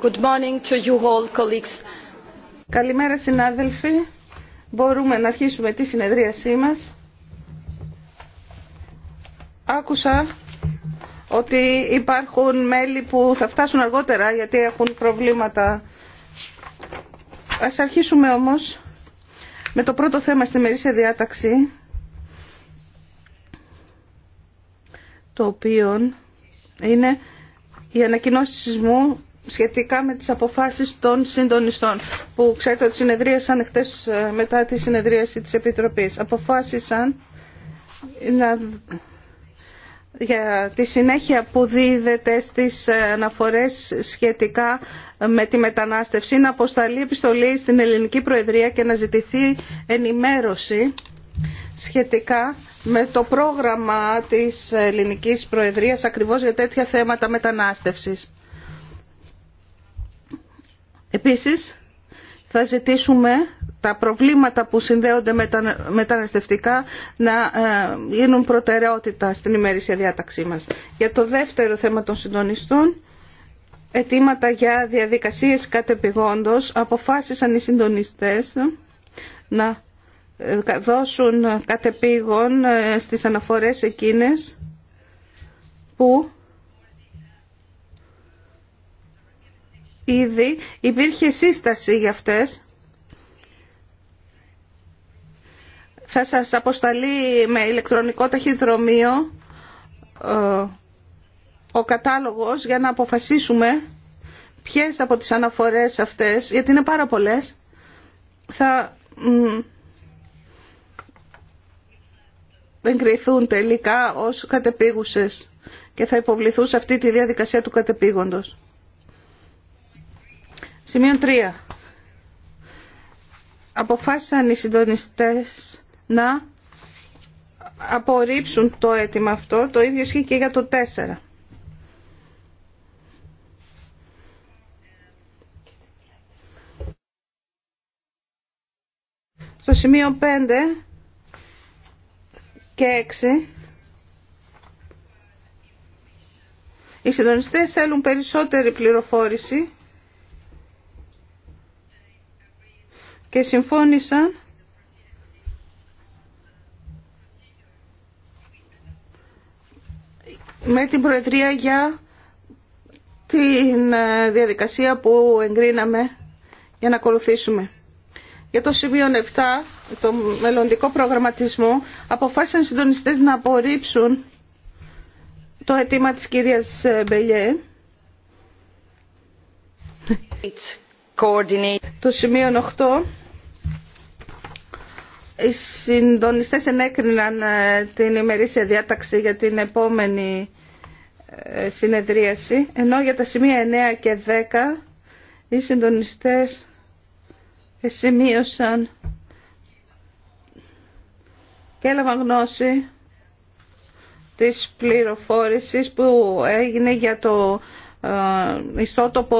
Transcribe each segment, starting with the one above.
Good morning to you all, colleagues. Καλημέρα συνάδελφοι. Μπορούμε να αρχίσουμε τη συνεδρίασή μας. Άκουσα ότι υπάρχουν μέλη που θα φτάσουν αργότερα γιατί έχουν προβλήματα. Ας αρχίσουμε όμως με το πρώτο θέμα στη μερίσια διάταξη το οποίο είναι η ανακοίνωση μου σχετικά με τις αποφάσεις των συντονιστών που ξέρετε ότι συνεδρίασαν χτες ε, μετά τη συνεδρίαση της Επιτροπής. Αποφάσισαν για τη συνέχεια που δίδεται στις αναφορές σχετικά με τη μετανάστευση να αποσταλεί επιστολή στην Ελληνική Προεδρία και να ζητηθεί ενημέρωση σχετικά με το πρόγραμμα της Ελληνικής Προεδρίας ακριβώς για τέτοια θέματα μετανάστευσης. Επίσης, θα ζητήσουμε τα προβλήματα που συνδέονται με τα μεταναστευτικά να ε, γίνουν προτεραιότητα στην ημερήσια διάταξή μας. Για το δεύτερο θέμα των συντονιστών, αιτήματα για διαδικασίες κατεπηγόντως, αποφάσισαν οι συντονιστές να ε, δώσουν κατεπήγον ε, στις αναφορές εκείνες που ήδη υπήρχε σύσταση για αυτές. Θα σας αποσταλεί με ηλεκτρονικό ταχυδρομείο ε, ο κατάλογος για να αποφασίσουμε ποιες από τις αναφορές αυτές, γιατί είναι πάρα πολλές, θα εγκριθούν τελικά ως κατεπήγουσες και θα υποβληθούν σε αυτή τη διαδικασία του κατεπήγοντος. Σημείο 3. Αποφάσισαν οι συντονιστές να απορρίψουν το αίτημα αυτό. Το ίδιο ισχύει και για το 4. Στο σημείο 5 και 6 οι συντονιστές θέλουν περισσότερη πληροφόρηση και συμφώνησαν με την Προεδρία για την ε, διαδικασία που εγκρίναμε για να ακολουθήσουμε. Για το σημείο 7, το μελλοντικό προγραμματισμό, αποφάσισαν οι συντονιστές να απορρίψουν το αιτήμα της κυρίας ε, Μπελιέ. Το σημείο 8 οι συντονιστές ενέκριναν ε, την ημερήσια διάταξη για την επόμενη ε, συνεδρίαση, ενώ για τα σημεία 9 και 10 οι συντονιστές ε, σημείωσαν και έλαβαν γνώση της πληροφόρησης που έγινε για το ιστότοπο,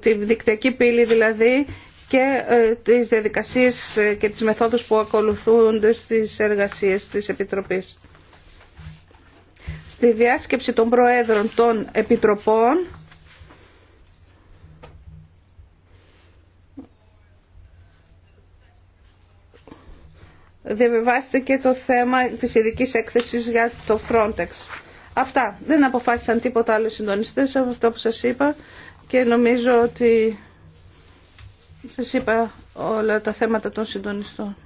τη δικτυακή πύλη δηλαδή, και ε, τις διαδικασίες ε, και τις μεθόδους που ακολουθούνται στις εργασίες της Επιτροπής. Στη διάσκεψη των Προέδρων των Επιτροπών διαβεβάστηκε το θέμα της ειδική έκθεσης για το Frontex. Αυτά. Δεν αποφάσισαν τίποτα άλλο συντονιστές από αυτό που σας είπα και νομίζω ότι σας είπα όλα τα θέματα των συντονιστών.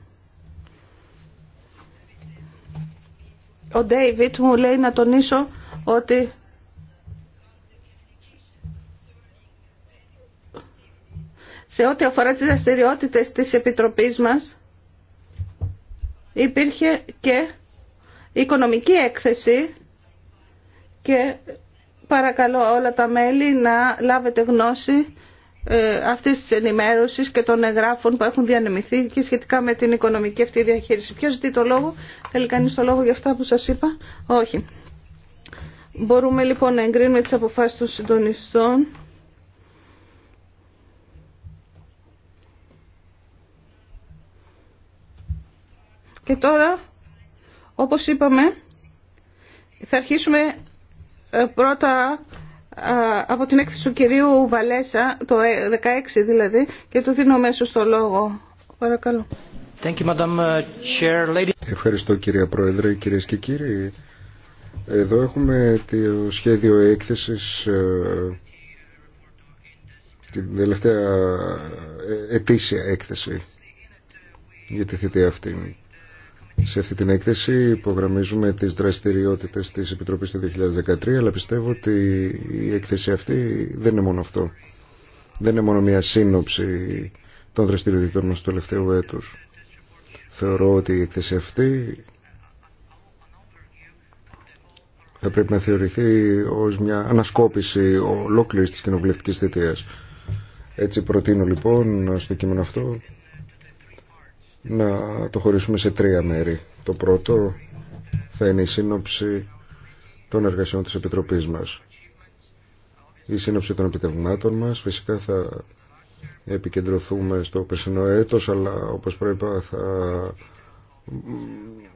Ο Ντέιβιτ μου λέει να τονίσω ότι σε ό,τι αφορά τις δραστηριότητε της Επιτροπής μας υπήρχε και οικονομική έκθεση και παρακαλώ όλα τα μέλη να λάβετε γνώση ε, αυτής της ενημέρωσης και των εγγράφων που έχουν διανεμηθεί και σχετικά με την οικονομική αυτή διαχείριση. Ποιος ζητεί το λόγο, θέλει κανείς το λόγο για αυτά που σας είπα. Όχι. Μπορούμε λοιπόν να εγκρίνουμε τις αποφάσεις των συντονιστών. Και τώρα, όπως είπαμε, θα αρχίσουμε ε, πρώτα από την έκθεση του κυρίου Βαλέσα, το 16 ε, δηλαδή, και του δίνω μέσω στο λόγο. Παρακαλώ. Thank you, Madam uh, Chair. Ευχαριστώ κυρία Πρόεδρε, κυρίες και κύριοι. Εδώ έχουμε το σχέδιο έκθεσης ε, την τελευταία ε, ετήσια έκθεση για τη θητεία αυτήν. Σε αυτή την έκθεση υπογραμμίζουμε τις δραστηριότητες της Επιτροπής του 2013, αλλά πιστεύω ότι η έκθεση αυτή δεν είναι μόνο αυτό. Δεν είναι μόνο μια σύνοψη των δραστηριοτήτων μας του τελευταίου έτους. Θεωρώ ότι η έκθεση αυτή θα πρέπει να θεωρηθεί ως μια ανασκόπηση ολόκληρης της κοινοβουλευτικής θητείας. Έτσι προτείνω λοιπόν στο κείμενο αυτό να το χωρίσουμε σε τρία μέρη. Το πρώτο θα είναι η σύνοψη των εργασιών της Επιτροπής μας. Η σύνοψη των επιτευγμάτων μας φυσικά θα επικεντρωθούμε στο περσινό έτος, αλλά όπως πρέπει θα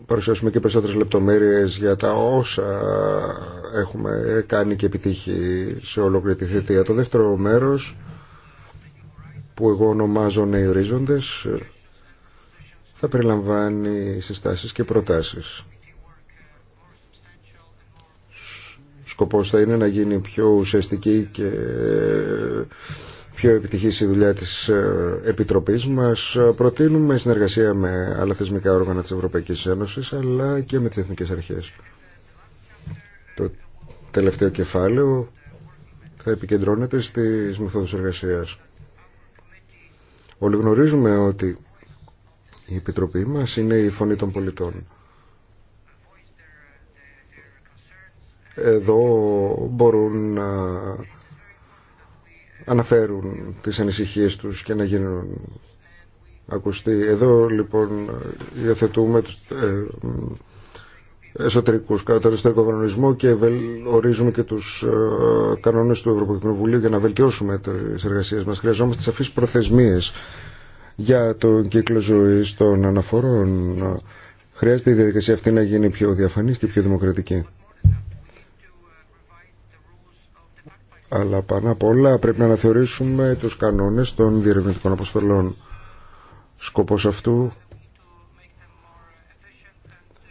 παρουσιάσουμε και περισσότερες λεπτομέρειες για τα όσα έχουμε κάνει και επιτύχει σε ολόκληρη τη θητεία. Το δεύτερο μέρος που εγώ ονομάζω νέοι ορίζοντες θα περιλαμβάνει συστάσεις και προτάσεις. Σκοπός θα είναι να γίνει πιο ουσιαστική και ε, πιο επιτυχής η δουλειά της ε, Επιτροπής μας. Προτείνουμε συνεργασία με άλλα θεσμικά όργανα της Ευρωπαϊκής Ένωσης αλλά και με τις Εθνικές Αρχές. Το τελευταίο κεφάλαιο θα επικεντρώνεται στις μεθόδους εργασίας. Όλοι γνωρίζουμε ότι η Επιτροπή μας είναι η φωνή των πολιτών. Εδώ μπορούν να αναφέρουν τις ανησυχίες τους και να γίνουν ακουστοί. Εδώ λοιπόν υιοθετούμε ε, εσωτερικούς, το εσωτερικό κανονισμό και ορίζουμε και τους ε, κανόνες του Ευρωπαϊκού Κοινοβουλίου για να βελτιώσουμε τις εργασίες μας. Χρειαζόμαστε σαφείς προθεσμίες για τον κύκλο ζωή των αναφορών. Χρειάζεται η διαδικασία αυτή να γίνει πιο διαφανής και πιο δημοκρατική. Αλλά πάνω απ' όλα πρέπει να αναθεωρήσουμε τους κανόνες των διερευνητικών αποστολών. Σκοπός αυτού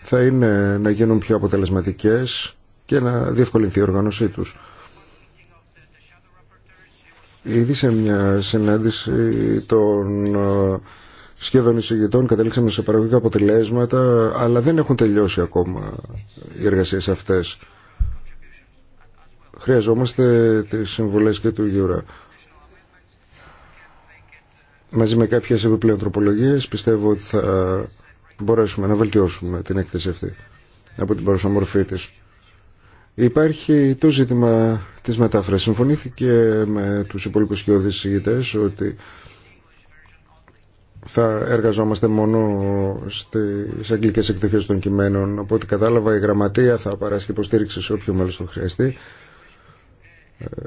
θα είναι να γίνουν πιο αποτελεσματικές και να διευκολυνθεί η οργάνωσή τους. Ήδη σε μια συνάντηση των ε, σχεδόν εισηγητών κατέληξαμε σε παραγωγικά αποτελέσματα, αλλά δεν έχουν τελειώσει ακόμα οι εργασίες αυτές. Χρειαζόμαστε τις συμβουλές και του Γιούρα. Μαζί με κάποιες επιπλέον τροπολογίες πιστεύω ότι θα μπορέσουμε να βελτιώσουμε την έκθεση αυτή από την παρουσία μορφή Υπάρχει το ζήτημα της μετάφρασης. Συμφωνήθηκε με τους υπόλοιπους συγγητέ ότι θα εργαζόμαστε μόνο στις αγγλικές εκδοχές των κειμένων. Από κατάλαβα η γραμματεία θα παράσχει υποστήριξη σε όποιο μέλος το χρειαστεί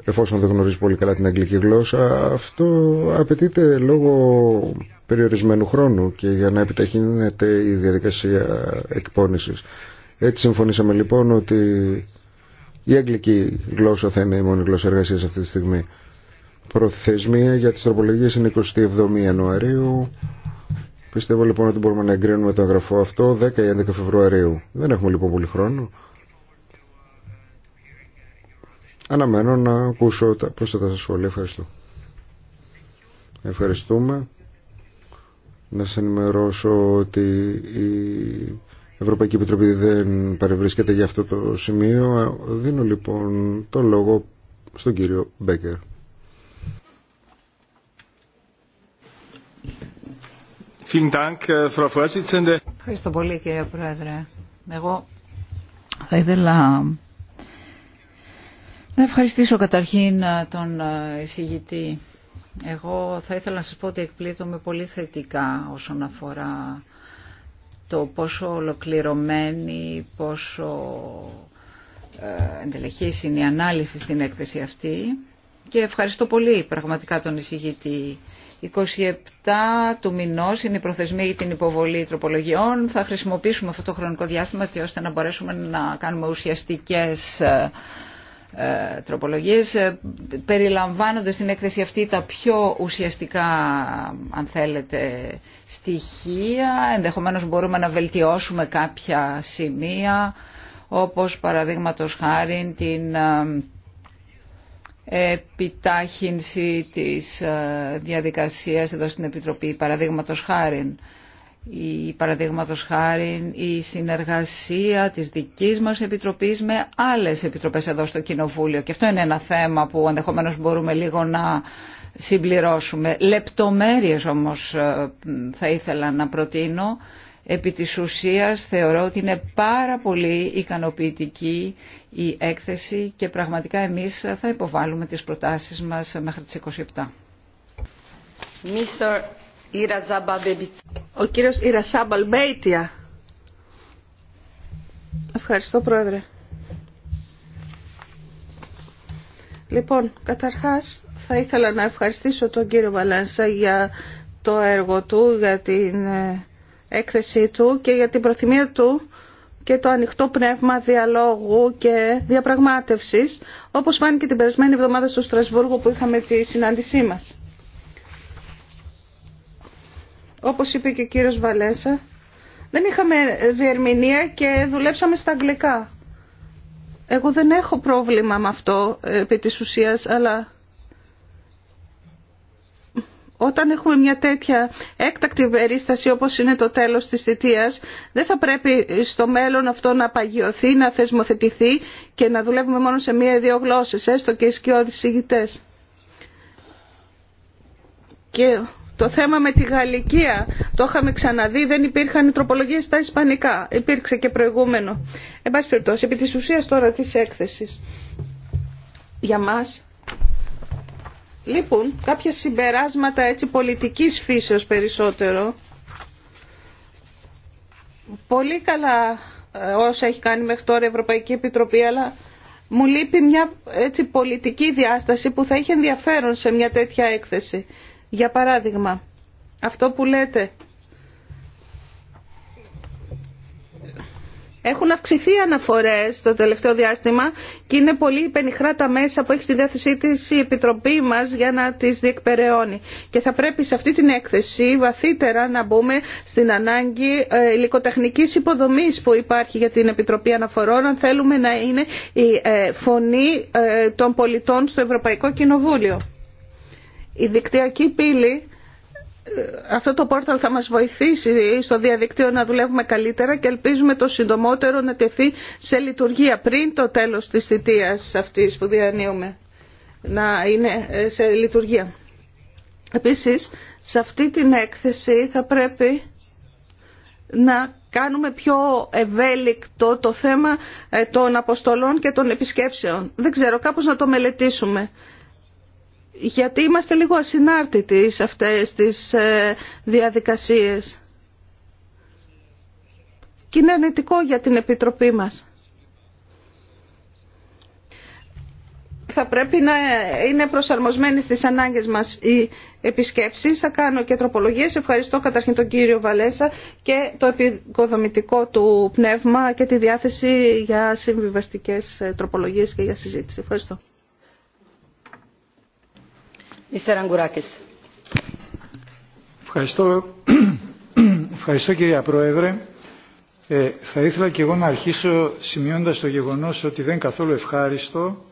εφόσον δεν γνωρίζει πολύ καλά την αγγλική γλώσσα. Αυτό απαιτείται λόγω περιορισμένου χρόνου και για να επιταχύνεται η διαδικασία εκπόνησης. Έτσι συμφωνήσαμε λοιπόν ότι η αγγλική γλώσσα θα είναι η μόνη γλώσσα εργασίας αυτή τη στιγμή. Προθεσμία για τις τροπολογίες είναι 27 Ιανουαρίου. Πιστεύω λοιπόν ότι μπορούμε να εγκρίνουμε το εγγραφό αυτό 10 ή 11 Φεβρουαρίου. Δεν έχουμε λοιπόν πολύ χρόνο. Αναμένω να ακούσω τα πρόσθετα σας σχόλια. Ευχαριστώ. Ευχαριστούμε. Να σας ενημερώσω ότι η Ευρωπαϊκή Επιτροπή δεν παρευρίσκεται για αυτό το σημείο. Δίνω λοιπόν το λόγο στον κύριο Μπέκερ. Äh, Ευχαριστώ πολύ κύριε Πρόεδρε. Εγώ θα ήθελα να ευχαριστήσω καταρχήν ε, τον ε, εισηγητή. Εγώ θα ήθελα να σας πω ότι εκπλήττω πολύ θετικά όσον αφορά το πόσο ολοκληρωμένη, πόσο ε, εντελεχής είναι η ανάλυση στην έκθεση αυτή και ευχαριστώ πολύ πραγματικά τον εισηγητή. 27 του μηνό είναι η προθεσμία για την υποβολή τροπολογιών. Θα χρησιμοποιήσουμε αυτό το χρονικό διάστημα ώστε να μπορέσουμε να κάνουμε ουσιαστικές ε, ε, τροπολογίες. Ε, περιλαμβάνονται στην έκθεση αυτή τα πιο ουσιαστικά, αν θέλετε, στοιχεία. Ενδεχομένως μπορούμε να βελτιώσουμε κάποια σημεία, όπως παραδείγματος χάρη την ε, επιτάχυνση της διαδικασίας εδώ στην Επιτροπή, παραδείγματος χάρη η παραδείγματο χάρη η συνεργασία της δικής μας επιτροπής με άλλε επιτροπές εδώ στο Κοινοβούλιο. Και αυτό είναι ένα θέμα που ενδεχομένω μπορούμε λίγο να συμπληρώσουμε. Λεπτομέρειες όμως ε, θα ήθελα να προτείνω. Επί της ουσίας θεωρώ ότι είναι πάρα πολύ ικανοποιητική η έκθεση και πραγματικά εμείς θα υποβάλουμε τις προτάσεις μας μέχρι τις 27. Mr. Ο κύριος Ιρασάμπαλ Μπέιτια. Ευχαριστώ πρόεδρε. Λοιπόν, καταρχάς θα ήθελα να ευχαριστήσω τον κύριο Βαλένσα για το έργο του, για την ε, έκθεσή του και για την προθυμία του και το ανοιχτό πνεύμα διαλόγου και διαπραγμάτευσης, όπως φάνηκε την περασμένη εβδομάδα στο Στρασβούργο που είχαμε τη συνάντησή μας όπως είπε και ο κύριος Βαλέσα, δεν είχαμε διερμηνία και δουλέψαμε στα αγγλικά. Εγώ δεν έχω πρόβλημα με αυτό επί της ουσίας, αλλά όταν έχουμε μια τέτοια έκτακτη περίσταση όπως είναι το τέλος της θητείας, δεν θα πρέπει στο μέλλον αυτό να παγιωθεί, να θεσμοθετηθεί και να δουλεύουμε μόνο σε μία ή δύο γλώσσες, έστω και οι σκιώδεις το θέμα με τη Γαλλικία το είχαμε ξαναδεί, δεν υπήρχαν τροπολογίες στα Ισπανικά. Υπήρξε και προηγούμενο. Εν πάση περιπτώσει, επί της ουσίας τώρα της έκθεσης. Για μας λείπουν κάποια συμπεράσματα έτσι πολιτικής φύσεως περισσότερο. Πολύ καλά ε, όσα έχει κάνει μέχρι τώρα η Ευρωπαϊκή Επιτροπή, αλλά μου λείπει μια πολιτική διάσταση που θα είχε ενδιαφέρον σε μια τέτοια έκθεση. Για παράδειγμα, αυτό που λέτε, Έχουν αυξηθεί οι αναφορές το τελευταίο διάστημα και είναι πολύ υπενιχρά τα μέσα που έχει στη διάθεσή της η Επιτροπή μας για να τις διεκπεραιώνει. Και θα πρέπει σε αυτή την έκθεση βαθύτερα να μπούμε στην ανάγκη ε, υλικοτεχνικής υποδομής που υπάρχει για την Επιτροπή Αναφορών αν θέλουμε να είναι η ε, φωνή ε, των πολιτών στο Ευρωπαϊκό Κοινοβούλιο. Η δικτυακή πύλη, ε, αυτό το πόρταλ θα μας βοηθήσει στο διαδικτύο να δουλεύουμε καλύτερα και ελπίζουμε το συντομότερο να τεθεί σε λειτουργία πριν το τέλος της θητείας αυτής που διανύουμε. Να είναι ε, σε λειτουργία. Επίσης, σε αυτή την έκθεση θα πρέπει να κάνουμε πιο ευέλικτο το θέμα ε, των αποστολών και των επισκέψεων. Δεν ξέρω, κάπως να το μελετήσουμε γιατί είμαστε λίγο ασυνάρτητοι σε αυτές τις ε, διαδικασίες. Και είναι αρνητικό για την Επιτροπή μας. Θα πρέπει να είναι προσαρμοσμένη στις ανάγκες μας οι επισκέψεις. Θα κάνω και τροπολογίες. Ευχαριστώ καταρχήν τον κύριο Βαλέσα και το επικοδομητικό του πνεύμα και τη διάθεση για συμβιβαστικές ε, τροπολογίες και για συζήτηση. Ευχαριστώ. Ευχαριστώ. κυρία Πρόεδρε. Ε, θα ήθελα και εγώ να αρχίσω σημειώνοντας το γεγονός ότι δεν καθόλου ευχάριστο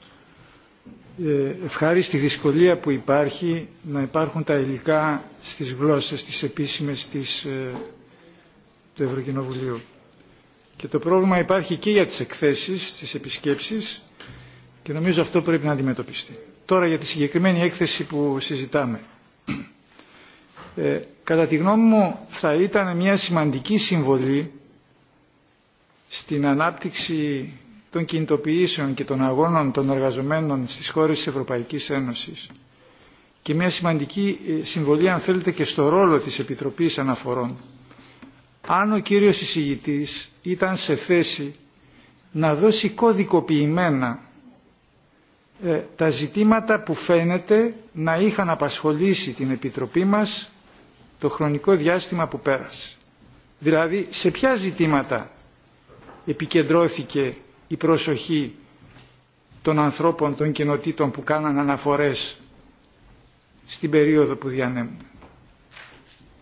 ε, ευχάριστη δυσκολία που υπάρχει να υπάρχουν τα υλικά στις γλώσσες, τις επίσημες της, ε, του Ευρωκοινοβουλίου. Και το πρόβλημα υπάρχει και για τις εκθέσεις, τις επισκέψεις και νομίζω αυτό πρέπει να αντιμετωπιστεί. Τώρα για τη συγκεκριμένη έκθεση που συζητάμε. Ε, κατά τη γνώμη μου θα ήταν μια σημαντική συμβολή στην ανάπτυξη των κινητοποιήσεων και των αγώνων των εργαζομένων στις χώρες της Ευρωπαϊκής Ένωσης και μια σημαντική ε, συμβολή αν θέλετε και στο ρόλο της Επιτροπής Αναφορών αν ο κύριος εισηγητής ήταν σε θέση να δώσει κωδικοποιημένα ε, τα ζητήματα που φαίνεται να είχαν απασχολήσει την Επιτροπή μας το χρονικό διάστημα που πέρασε. Δηλαδή, σε ποια ζητήματα επικεντρώθηκε η προσοχή των ανθρώπων, των κοινοτήτων που κάναν αναφορές στην περίοδο που διανέμουν.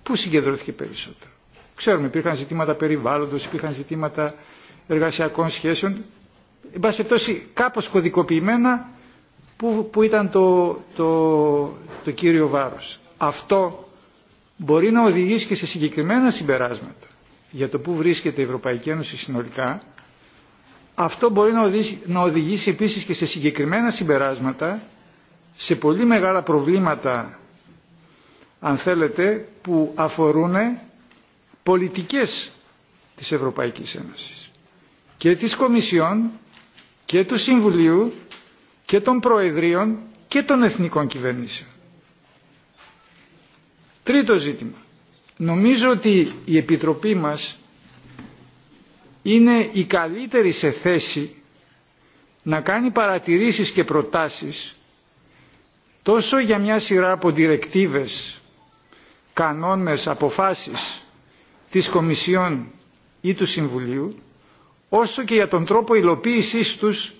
Πού συγκεντρώθηκε περισσότερο. Ξέρουμε, υπήρχαν ζητήματα περιβάλλοντος, υπήρχαν ζητήματα εργασιακών σχέσεων. Εν πάση περιπτώσει, κάπως κωδικοποιημένα που, ήταν το, το, κύριο βάρος. Αυτό μπορεί να οδηγήσει και σε συγκεκριμένα συμπεράσματα για το που βρίσκεται η Ευρωπαϊκή Ένωση συνολικά. Αυτό μπορεί να οδηγήσει, να οδηγήσει επίσης και σε συγκεκριμένα συμπεράσματα σε πολύ μεγάλα προβλήματα αν θέλετε που αφορούν πολιτικές της Ευρωπαϊκής Ένωσης και της Κομισιόν και του Συμβουλίου και των Προεδρίων και των Εθνικών Κυβερνήσεων. Τρίτο ζήτημα. Νομίζω ότι η Επιτροπή μας είναι η καλύτερη σε θέση να κάνει παρατηρήσεις και προτάσεις τόσο για μια σειρά από διρεκτίβες, κανόνες, αποφάσεις της Κομισιόν ή του Συμβουλίου, όσο και για τον τρόπο υλοποίησής τους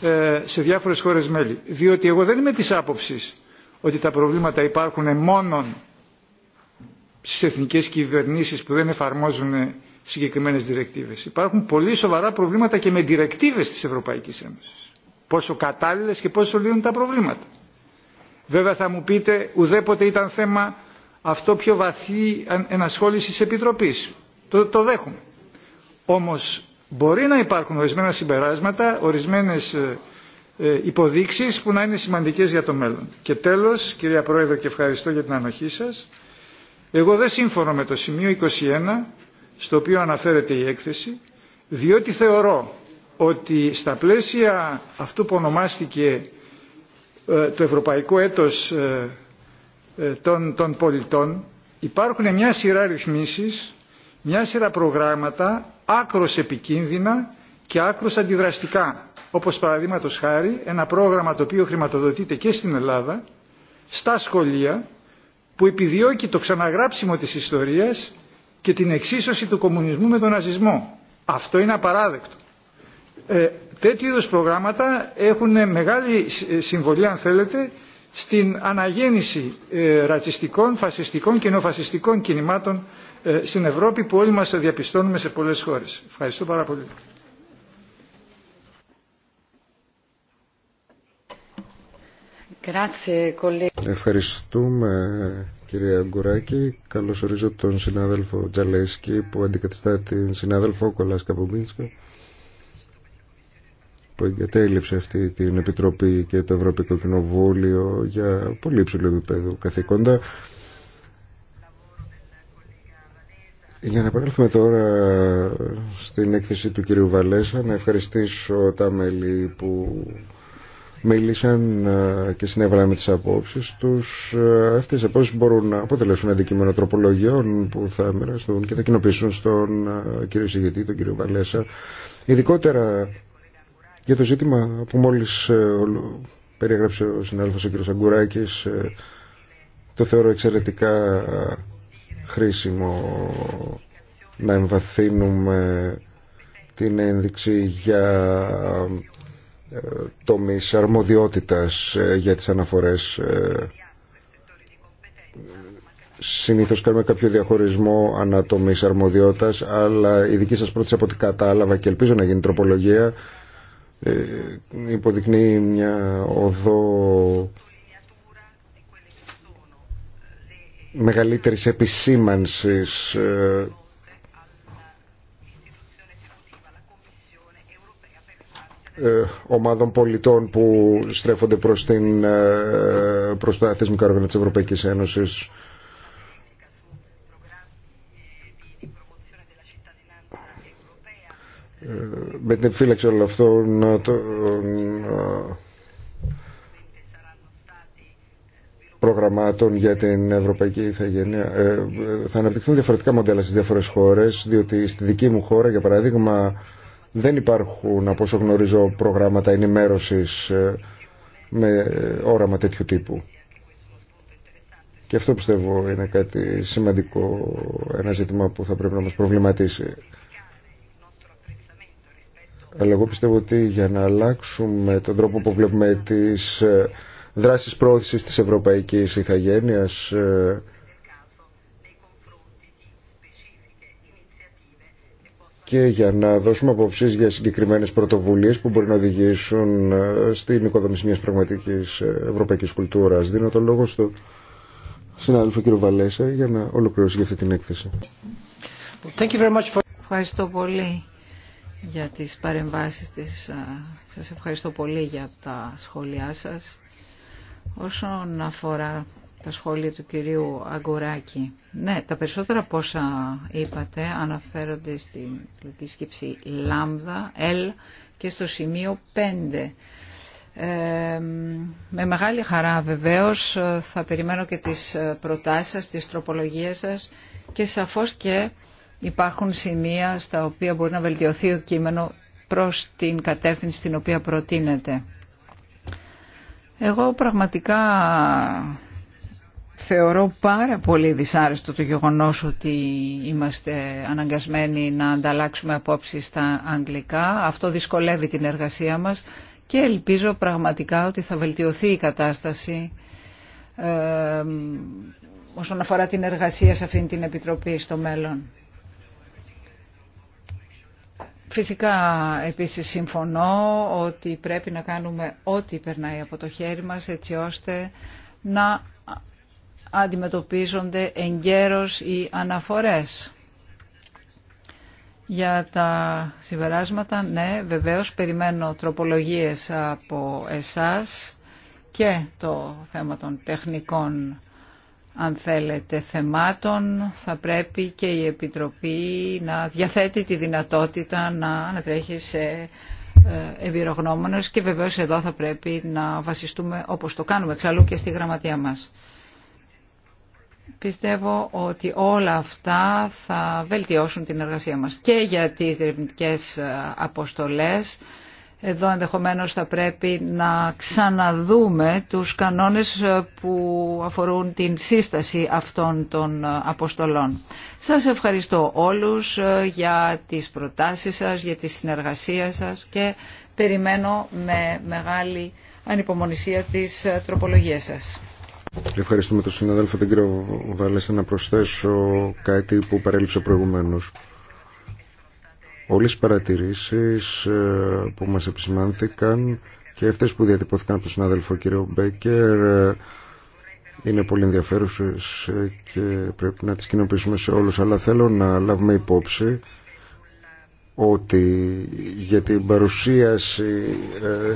ε, σε διάφορες χώρες μέλη. Διότι εγώ δεν είμαι της άποψης ότι τα προβλήματα υπάρχουν μόνο στις εθνικές κυβερνήσεις που δεν εφαρμόζουν συγκεκριμένες διρεκτίβες. Υπάρχουν πολύ σοβαρά προβλήματα και με διρεκτίβες της Ευρωπαϊκής Ένωσης. Πόσο κατάλληλες και πόσο λύνουν τα προβλήματα. Βέβαια θα μου πείτε ουδέποτε ήταν θέμα αυτό πιο βαθύ ενασχόλησης επιτροπής. Το, το δέχομαι. Όμως Μπορεί να υπάρχουν ορισμένα συμπεράσματα, ορισμένες ε, ε, υποδείξεις που να είναι σημαντικές για το μέλλον. Και τέλος, κυρία Πρόεδρε και ευχαριστώ για την ανοχή σας, εγώ δεν σύμφωνο με το σημείο 21 στο οποίο αναφέρεται η έκθεση, διότι θεωρώ ότι στα πλαίσια αυτού που ονομάστηκε ε, το Ευρωπαϊκό Έτος των, Πολιτών υπάρχουν μια σειρά ρυθμίσεις μια σειρά προγράμματα άκρος επικίνδυνα και άκρος αντιδραστικά. Όπως παραδείγματο χάρη ένα πρόγραμμα το οποίο χρηματοδοτείται και στην Ελλάδα, στα σχολεία, που επιδιώκει το ξαναγράψιμο της ιστορίας και την εξίσωση του κομμουνισμού με τον ναζισμό. Αυτό είναι απαράδεκτο. Ε, τέτοιου είδους προγράμματα έχουν μεγάλη ε, συμβολή, αν θέλετε, στην αναγέννηση ε, ρατσιστικών, φασιστικών και νοφασιστικών κινημάτων ε, στην Ευρώπη που όλοι μας διαπιστώνουμε σε πολλές χώρες. Ευχαριστώ πάρα πολύ. Ευχαριστούμε κυρία Γκουράκη. Καλώς ορίζω τον συνάδελφο Τζαλέσκι που αντικαταστά την συνάδελφο Κολάσκα Καπομπίνσκα που εγκατέλειψε αυτή την Επιτροπή και το Ευρωπαϊκό Κοινοβούλιο για πολύ υψηλό επίπεδο καθήκοντα. Για να επανέλθουμε τώρα στην έκθεση του κυρίου Βαλέσα, να ευχαριστήσω τα μέλη που μίλησαν και συνέβαλαν με τις απόψεις τους. Αυτές οι απόψεις μπορούν να αποτελέσουν αντικείμενο τροπολογιών που θα μοιραστούν και θα κοινοποιήσουν στον κύριο Συγητή, τον κύριο Βαλέσα. Ειδικότερα για το ζήτημα που μόλις ε, περιέγραψε ο συνάδελφος ο κύριος ε, το θεωρώ εξαιρετικά χρήσιμο να εμβαθύνουμε την ένδειξη για ε, τομείς αρμοδιότητας ε, για τις αναφορές. Ε, συνήθως κάνουμε κάποιο διαχωρισμό ανά ανατομής αρμοδιότητας, αλλά η δική σας πρόταση από ό,τι κατάλαβα και ελπίζω να γίνει τροπολογία, υποδεικνύει μια οδό μεγαλύτερης επισήμανσης ε, ε, ομάδων πολιτών που στρέφονται προς, την, ε, προς τα θεσμικά όργανα της Ευρωπαϊκής Ένωσης. Με την φύλαξη προγραμμάτων για την Ευρωπαϊκή Ιθαγένεια. Ε, θα αναπτυχθούν διαφορετικά μοντέλα στις διάφορες χώρες, διότι στη δική μου χώρα, για παράδειγμα, δεν υπάρχουν, από όσο γνωρίζω, προγράμματα ενημέρωσης ε, με όραμα τέτοιου τύπου. Και αυτό πιστεύω είναι κάτι σημαντικό, ένα ζήτημα που θα πρέπει να μας προβληματίσει. Αλλά εγώ πιστεύω ότι για να αλλάξουμε τον τρόπο που βλέπουμε τις ε, δράσεις πρόθεσης της Ευρωπαϊκής Ιθαγένειας ε, και για να δώσουμε απόψεις για συγκεκριμένες πρωτοβουλίες που μπορεί να οδηγήσουν ε, στην οικοδομήση μιας πραγματικής ε, ευρωπαϊκής κουλτούρας. Δίνω το λόγο στο συνάδελφο κύριο Βαλέσα για να ολοκληρώσει για αυτή την έκθεση. Thank you very much for... Ευχαριστώ πολύ για τις παρεμβάσεις της. Σας ευχαριστώ πολύ για τα σχόλιά σας. Όσον αφορά τα σχόλια του κυρίου Αγκουράκη. Ναι, τα περισσότερα πόσα είπατε αναφέρονται στην λογική σκέψη λάμδα, L και στο σημείο 5. Ε, με μεγάλη χαρά βεβαίως θα περιμένω και τις προτάσεις σας, τις τροπολογίες σας και σαφώς και υπάρχουν σημεία στα οποία μπορεί να βελτιωθεί ο κείμενο προς την κατεύθυνση στην οποία προτείνεται. Εγώ πραγματικά θεωρώ πάρα πολύ δυσάρεστο το γεγονός ότι είμαστε αναγκασμένοι να ανταλλάξουμε απόψεις στα αγγλικά. Αυτό δυσκολεύει την εργασία μας και ελπίζω πραγματικά ότι θα βελτιωθεί η κατάσταση ε, όσον αφορά την εργασία σε αυτήν την Επιτροπή στο μέλλον. Φυσικά επίσης συμφωνώ ότι πρέπει να κάνουμε ό,τι περνάει από το χέρι μας έτσι ώστε να αντιμετωπίζονται εγκαίρως οι αναφορές. Για τα συμπεράσματα, ναι, βεβαίως περιμένω τροπολογίες από εσάς και το θέμα των τεχνικών αν θέλετε, θεμάτων θα πρέπει και η Επιτροπή να διαθέτει τη δυνατότητα να ανατρέχει σε ε, εμπειρογνώμονες και βεβαίως εδώ θα πρέπει να βασιστούμε όπως το κάνουμε εξαλλού και στη γραμματεία μας. Πιστεύω ότι όλα αυτά θα βελτιώσουν την εργασία μας και για τις διερευνητικές ε, αποστολές εδώ ενδεχομένως θα πρέπει να ξαναδούμε τους κανόνες ε, που αφορούν την σύσταση αυτών των ε, αποστολών. Σας ευχαριστώ όλους ε, για τις προτάσεις σας, για τη συνεργασία σας και περιμένω με μεγάλη ανυπομονησία τις τροπολογίες σας. Ευχαριστούμε τον συνάδελφο κύριο Βαλέσσα, να προσθέσω κάτι που παρέλειψε προηγουμένως. Όλες οι παρατηρήσεις ε, που μας επισημάνθηκαν και αυτές που διατυπώθηκαν από τον συνάδελφο κ. Μπέκερ ε, είναι πολύ ενδιαφέρουσες ε, και πρέπει να τις κοινοποιήσουμε σε όλους. Αλλά θέλω να λάβουμε υπόψη ότι για την παρουσίαση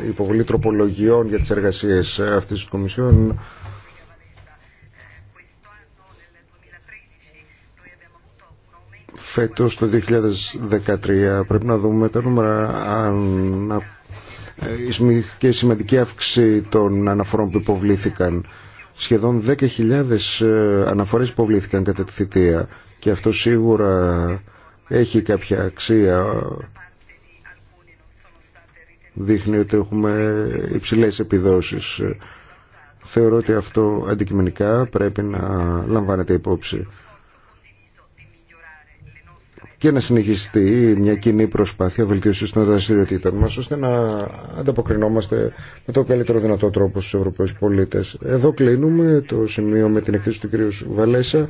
υποβολή τροπολογιών για τις εργασίες αυτής της Κομισιόν φέτος το 2013 πρέπει να δούμε τα νούμερα αν ε, και σημαντική αύξηση των αναφορών που υποβλήθηκαν σχεδόν 10.000 ε, αναφορές υποβλήθηκαν κατά τη θητεία και αυτό σίγουρα έχει κάποια αξία δείχνει ότι έχουμε υψηλές επιδόσεις θεωρώ ότι αυτό αντικειμενικά πρέπει να λαμβάνεται υπόψη και να συνεχιστεί μια κοινή προσπάθεια βελτίωση των δραστηριοτήτων μα, ώστε να ανταποκρινόμαστε με τον καλύτερο δυνατό τρόπο στου Ευρωπαίου πολίτε. Εδώ κλείνουμε το σημείο με την εκθέση του κ. Βαλέσα.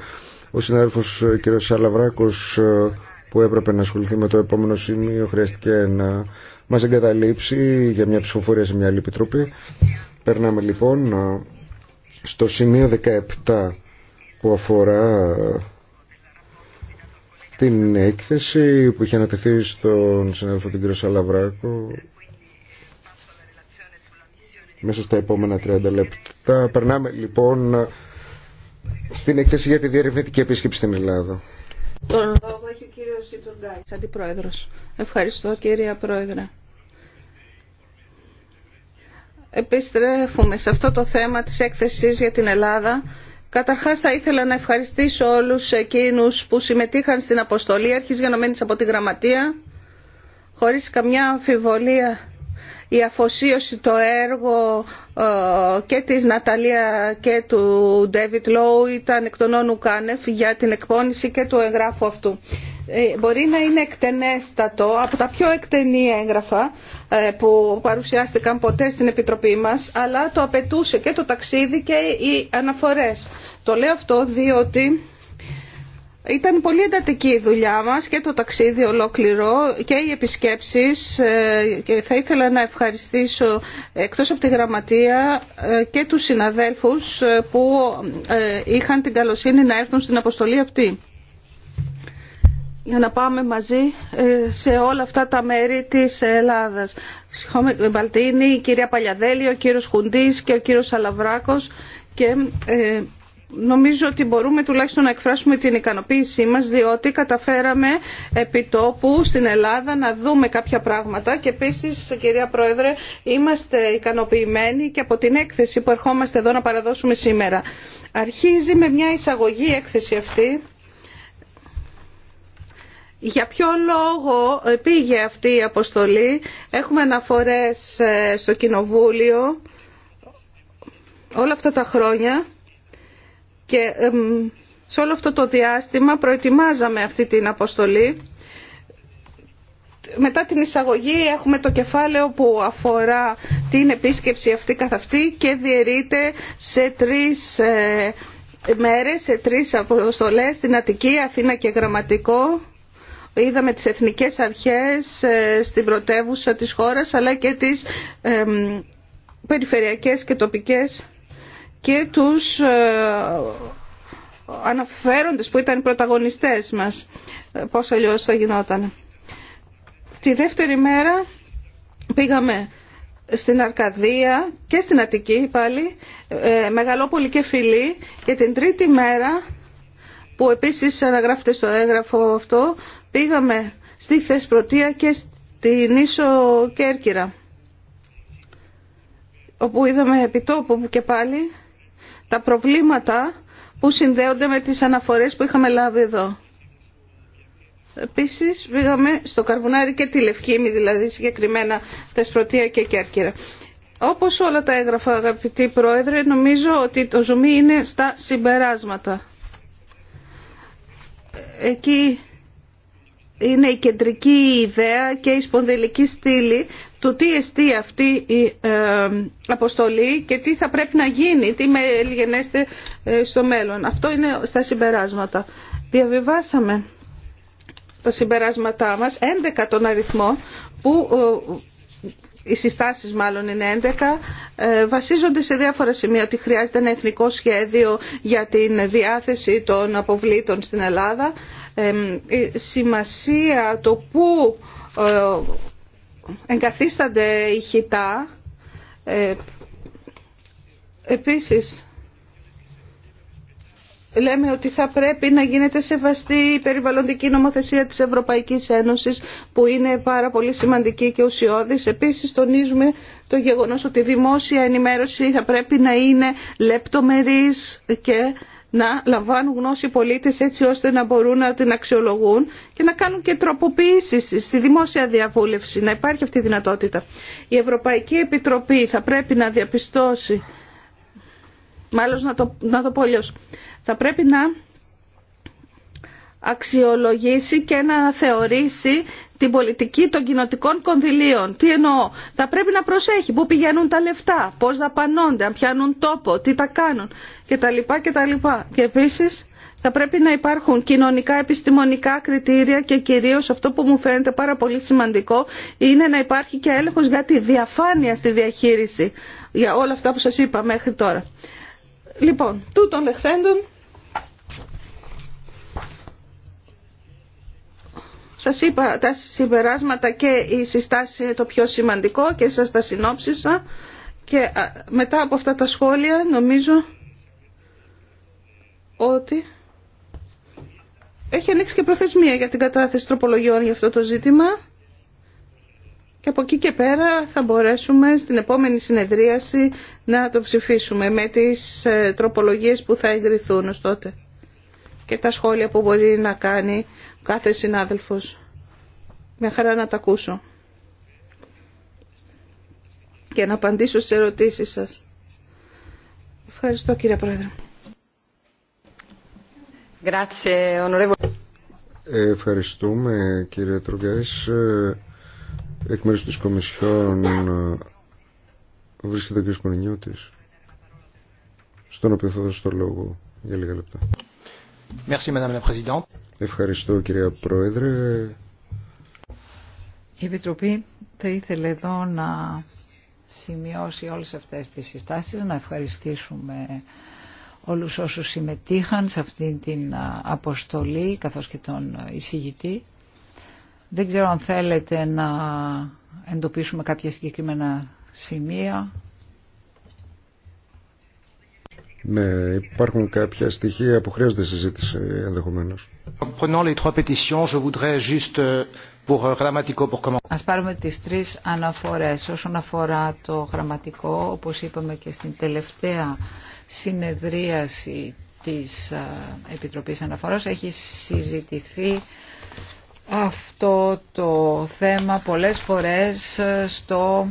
Ο συνάδελφο ε, κ. Σαλαβράκο, ε, που έπρεπε να ασχοληθεί με το επόμενο σημείο, χρειάστηκε να μα εγκαταλείψει για μια ψηφοφορία σε μια άλλη επιτροπή. Περνάμε λοιπόν ε, στο σημείο 17 που αφορά την έκθεση που είχε ανατεθεί στον συνάδελφο τον κύριο Σαλαβράκο μέσα στα επόμενα 30 λεπτά. Περνάμε λοιπόν στην έκθεση για τη διερευνητική επίσκεψη στην Ελλάδα. Τον λόγο έχει ο αντιπρόεδρος. Ευχαριστώ κύριε Πρόεδρε. Επιστρέφουμε σε αυτό το θέμα της έκθεσης για την Ελλάδα Καταρχάς θα ήθελα να ευχαριστήσω όλους εκείνους που συμμετείχαν στην αποστολή αρχής γενομένης από τη Γραμματεία χωρίς καμιά αμφιβολία η αφοσίωση, το έργο ε, και της Ναταλία και του Ντέβιτ Λόου ήταν εκ των όνου Κάνεφ για την εκπόνηση και του εγγράφου αυτού. Ε, μπορεί να είναι εκτενέστατο, από τα πιο εκτενή έγγραφα ε, που παρουσιάστηκαν ποτέ στην Επιτροπή μας, αλλά το απαιτούσε και το ταξίδι και οι αναφορές. Το λέω αυτό διότι ήταν πολύ εντατική η δουλειά μας και το ταξίδι ολόκληρο και οι επισκέψεις ε, και θα ήθελα να ευχαριστήσω εκτός από τη γραμματεία ε, και τους συναδέλφους ε, που είχαν την καλοσύνη να έρθουν στην αποστολή αυτή για να πάμε μαζί σε όλα αυτά τα μέρη της Ελλάδας. Μπαλτίνη, η κυρία Παλιαδέλη, ο κύριος Χουντής και ο κύριος Αλαβράκος και νομίζω ότι μπορούμε τουλάχιστον να εκφράσουμε την ικανοποίησή μας διότι καταφέραμε επί τόπου στην Ελλάδα να δούμε κάποια πράγματα και επίσης κυρία Πρόεδρε είμαστε ικανοποιημένοι και από την έκθεση που ερχόμαστε εδώ να παραδώσουμε σήμερα. Αρχίζει με μια εισαγωγή έκθεση αυτή για ποιο λόγο πήγε αυτή η αποστολή. Έχουμε αναφορές ε, στο Κοινοβούλιο όλα αυτά τα χρόνια και σε όλο αυτό το διάστημα προετοιμάζαμε αυτή την αποστολή. Μετά την εισαγωγή έχουμε το κεφάλαιο που αφορά την επίσκεψη αυτή καθ' αυτή και διαιρείται σε τρεις ε, μέρες, σε τρεις αποστολές, στην Αττική, Αθήνα και Γραμματικό. Είδαμε τις εθνικές αρχές ε, στην πρωτεύουσα της χώρας αλλά και τις περιφερειακές και τοπικές και τους ε, αναφέροντες που ήταν οι πρωταγωνιστές μας, ε, πώς αλλιώς θα γινόταν. Τη δεύτερη μέρα πήγαμε στην Αρκαδία και στην Αττική πάλι, ε, Μεγαλόπολη και Φιλή και την τρίτη μέρα που επίσης αναγράφεται στο έγγραφο αυτό, πήγαμε στη Θεσπρωτεία και στην Ίσο Κέρκυρα, όπου είδαμε επιτόπου και πάλι τα προβλήματα που συνδέονται με τις αναφορές που είχαμε λάβει εδώ. Επίσης βήγαμε στο Καρβουνάρι και τη Λευκήμη, δηλαδή συγκεκριμένα τα και Κέρκυρα. Όπως όλα τα έγγραφα αγαπητοί Πρόεδρε, νομίζω ότι το ζουμί είναι στα συμπεράσματα. Εκεί είναι η κεντρική ιδέα και η σπονδυλική στήλη του τι εστί αυτή η ε, αποστολή και τι θα πρέπει να γίνει, τι μελγενέστε ε, στο μέλλον. Αυτό είναι στα συμπεράσματα. Διαβιβάσαμε τα συμπεράσματά μας, 11 τον αριθμό, που ε, οι συστάσεις μάλλον είναι 11, βασίζονται σε διάφορα σημεία ότι χρειάζεται ένα εθνικό σχέδιο για την διάθεση των αποβλήτων στην Ελλάδα, σημασία το πού εγκαθίστανται ηχητά. Ε, επίσης, λέμε ότι θα πρέπει να γίνεται σεβαστή η περιβαλλοντική νομοθεσία της Ευρωπαϊκής Ένωσης που είναι πάρα πολύ σημαντική και ουσιώδης. Επίσης τονίζουμε το γεγονός ότι η δημόσια ενημέρωση θα πρέπει να είναι λεπτομερής και να λαμβάνουν γνώση οι πολίτες έτσι ώστε να μπορούν να την αξιολογούν και να κάνουν και τροποποιήσεις στη δημόσια διαβούλευση, να υπάρχει αυτή η δυνατότητα. Η Ευρωπαϊκή Επιτροπή θα πρέπει να διαπιστώσει, μάλλον να το, να το πω θα πρέπει να αξιολογήσει και να θεωρήσει την πολιτική των κοινοτικών κονδυλίων. Τι εννοώ. Θα πρέπει να προσέχει πού πηγαίνουν τα λεφτά, πώς δαπανώνται, αν πιάνουν τόπο, τι τα κάνουν κτλ. λοιπά Και Και επίση θα πρέπει να υπάρχουν κοινωνικά επιστημονικά κριτήρια και κυρίως αυτό που μου φαίνεται πάρα πολύ σημαντικό είναι να υπάρχει και έλεγχος για τη διαφάνεια στη διαχείριση για όλα αυτά που σας είπα μέχρι τώρα. Λοιπόν, τούτων λεχθέντων Σας είπα τα συμπεράσματα και η συστάση είναι το πιο σημαντικό και σας τα συνόψισα και μετά από αυτά τα σχόλια νομίζω ότι έχει ανοίξει και προθεσμία για την κατάθεση τροπολογιών για αυτό το ζήτημα και από εκεί και πέρα θα μπορέσουμε στην επόμενη συνεδρίαση να το ψηφίσουμε με τις ε, τροπολογίες που θα εγκριθούν ως τότε και τα σχόλια που μπορεί να κάνει κάθε συνάδελφος. Με χαρά να τα ακούσω και να απαντήσω στις ερωτήσεις σας. Ευχαριστώ κύριε Πρόεδρε. Ευχαριστούμε κύριε Τρογκάης. Εκ μέρους της Κομισιόν βρίσκεται ο κύριος Κονινιώτης, στον οποίο θα δώσω το λόγο για λίγα λεπτά. Ευχαριστώ κυρία Πρόεδρε. Η Επιτροπή θα ήθελε εδώ να σημειώσει όλες αυτές τις συστάσεις, να ευχαριστήσουμε όλους όσους συμμετείχαν σε αυτή την αποστολή καθώς και τον εισηγητή. Δεν ξέρω αν θέλετε να εντοπίσουμε κάποια συγκεκριμένα σημεία. Ναι, υπάρχουν κάποια στοιχεία που χρειάζονται συζήτηση ενδεχομένω. Euh, euh, Α πάρουμε τι τρει αναφορέ. Όσον αφορά το γραμματικό, όπως είπαμε και στην τελευταία συνεδρίαση τη ε, Επιτροπής αναφορών, έχει συζητηθεί αυτό το θέμα πολλές φορές στο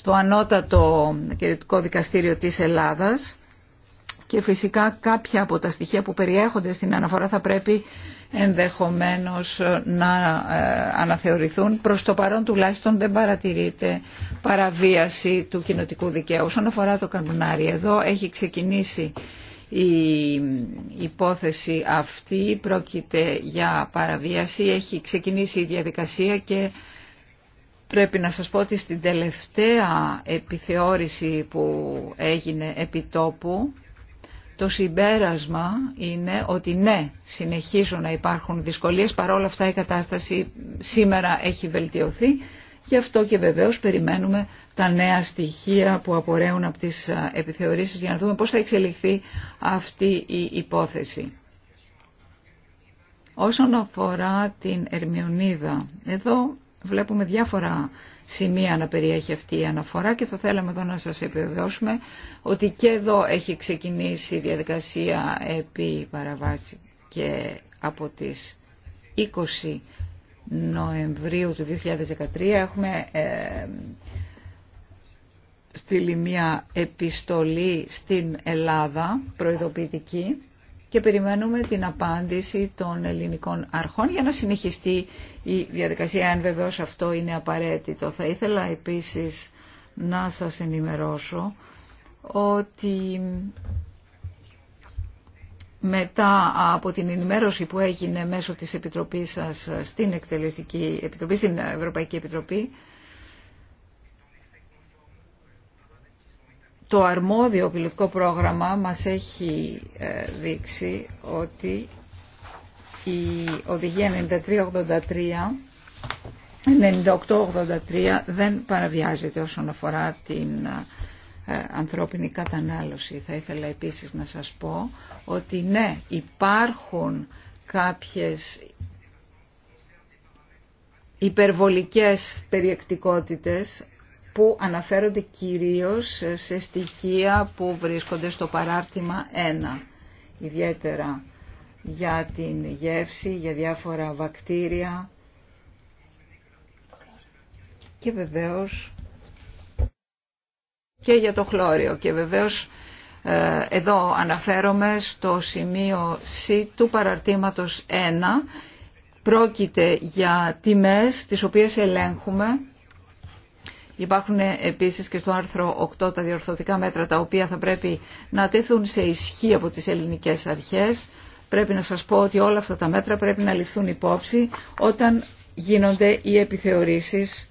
στο ανώτατο κυριωτικό δικαστήριο της Ελλάδας και φυσικά κάποια από τα στοιχεία που περιέχονται στην αναφορά θα πρέπει ενδεχομένως να ε, αναθεωρηθούν. Προς το παρόν τουλάχιστον δεν παρατηρείται παραβίαση του κοινοτικού δικαίου. Όσον αφορά το κανονάρι εδώ έχει ξεκινήσει η υπόθεση αυτή, πρόκειται για παραβίαση, έχει ξεκινήσει η διαδικασία και Πρέπει να σας πω ότι στην τελευταία επιθεώρηση που έγινε επιτόπου, το συμπέρασμα είναι ότι ναι, συνεχίζουν να υπάρχουν δυσκολίες, παρόλα αυτά η κατάσταση σήμερα έχει βελτιωθεί. Γι' αυτό και βεβαίως περιμένουμε τα νέα στοιχεία που απορρέουν από τις επιθεωρήσεις για να δούμε πώς θα εξελιχθεί αυτή η υπόθεση. Όσον αφορά την Ερμιονίδα, εδώ Βλέπουμε διάφορα σημεία να περιέχει αυτή η αναφορά και θα θέλαμε εδώ να σας επιβεβαιώσουμε ότι και εδώ έχει ξεκινήσει η διαδικασία επί παραβάση και από τις 20 Νοεμβρίου του 2013 έχουμε ε, στείλει μια επιστολή στην Ελλάδα προειδοποιητική και περιμένουμε την απάντηση των ελληνικών αρχών για να συνεχιστεί η διαδικασία, αν βεβαίως αυτό είναι απαραίτητο. Θα ήθελα επίσης να σας ενημερώσω ότι μετά από την ενημέρωση που έγινε μέσω της Επιτροπής σας στην Εκτελεστική Επιτροπή, στην Ευρωπαϊκή Επιτροπή, το αρμόδιο πιλωτικό πρόγραμμα μας έχει ε, δείξει ότι η οδηγία 9383 9883 δεν παραβιάζεται όσον αφορά την ε, ανθρώπινη κατανάλωση. Θα ήθελα επίσης να σας πω ότι ναι, υπάρχουν κάποιες υπερβολικές περιεκτικότητες που αναφέρονται κυρίως σε στοιχεία που βρίσκονται στο παράρτημα 1, ιδιαίτερα για την γεύση, για διάφορα βακτήρια και βεβαίως και για το χλώριο. Και βεβαίως ε, εδώ αναφέρομαι στο σημείο C του παραρτήματος 1. Πρόκειται για τιμές τις οποίες ελέγχουμε Υπάρχουν επίσης και στο άρθρο 8 τα διορθωτικά μέτρα τα οποία θα πρέπει να τεθούν σε ισχύ από τις ελληνικές αρχές. Πρέπει να σας πω ότι όλα αυτά τα μέτρα πρέπει να ληφθούν υπόψη όταν γίνονται οι επιθεωρήσεις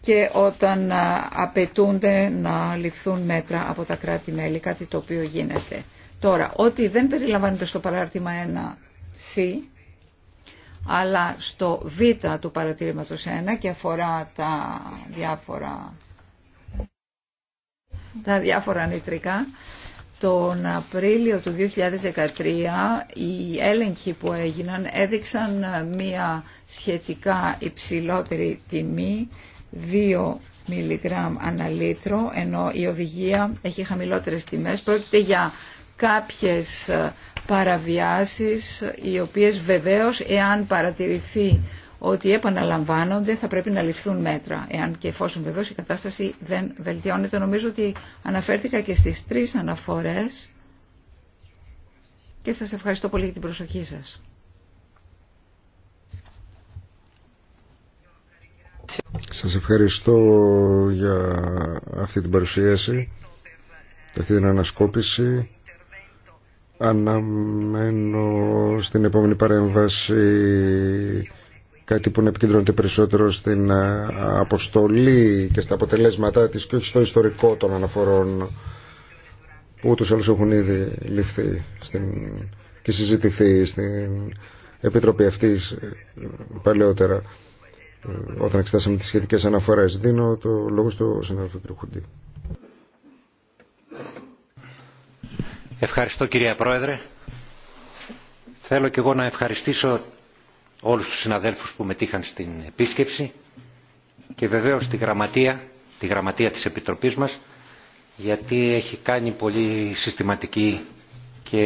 και όταν απαιτούνται να ληφθούν μέτρα από τα κράτη-μέλη, κάτι το οποίο γίνεται. Τώρα, ό,τι δεν περιλαμβάνεται στο παράρτημα 1C αλλά στο β του παρατηρήματος 1 και αφορά τα διάφορα, τα διάφορα νητρικά, τον Απρίλιο του 2013 οι έλεγχοι που έγιναν έδειξαν μία σχετικά υψηλότερη τιμή 2 μιλιγκράμμ αναλύτρο, ενώ η οδηγία έχει χαμηλότερες τιμές. Πρόκειται για κάποιες παραβιάσεις οι οποίες βεβαίως εάν παρατηρηθεί ότι επαναλαμβάνονται θα πρέπει να ληφθούν μέτρα. Εάν και εφόσον βεβαίως η κατάσταση δεν βελτιώνεται. Νομίζω ότι αναφέρθηκα και στις τρεις αναφορές και σας ευχαριστώ πολύ για την προσοχή σας. Σας ευχαριστώ για αυτή την παρουσίαση, αυτή την ανασκόπηση. Αναμένω στην επόμενη παρέμβαση κάτι που να επικεντρώνεται περισσότερο στην ε, αποστολή και στα αποτελέσματά της και όχι στο ιστορικό των αναφορών που ούτως άλλως έχουν ήδη ληφθεί στην... και συζητηθεί στην Επιτροπή αυτή ε, παλαιότερα ε, όταν εξετάσαμε τις σχετικές αναφορές. Δίνω το λόγο στο συνάδελφο κ. Ευχαριστώ κυρία Πρόεδρε. Θέλω και εγώ να ευχαριστήσω όλους τους συναδέλφους που μετήχαν στην επίσκεψη και βεβαίως τη γραμματεία, τη γραμματεία της Επιτροπής μας γιατί έχει κάνει πολύ συστηματική και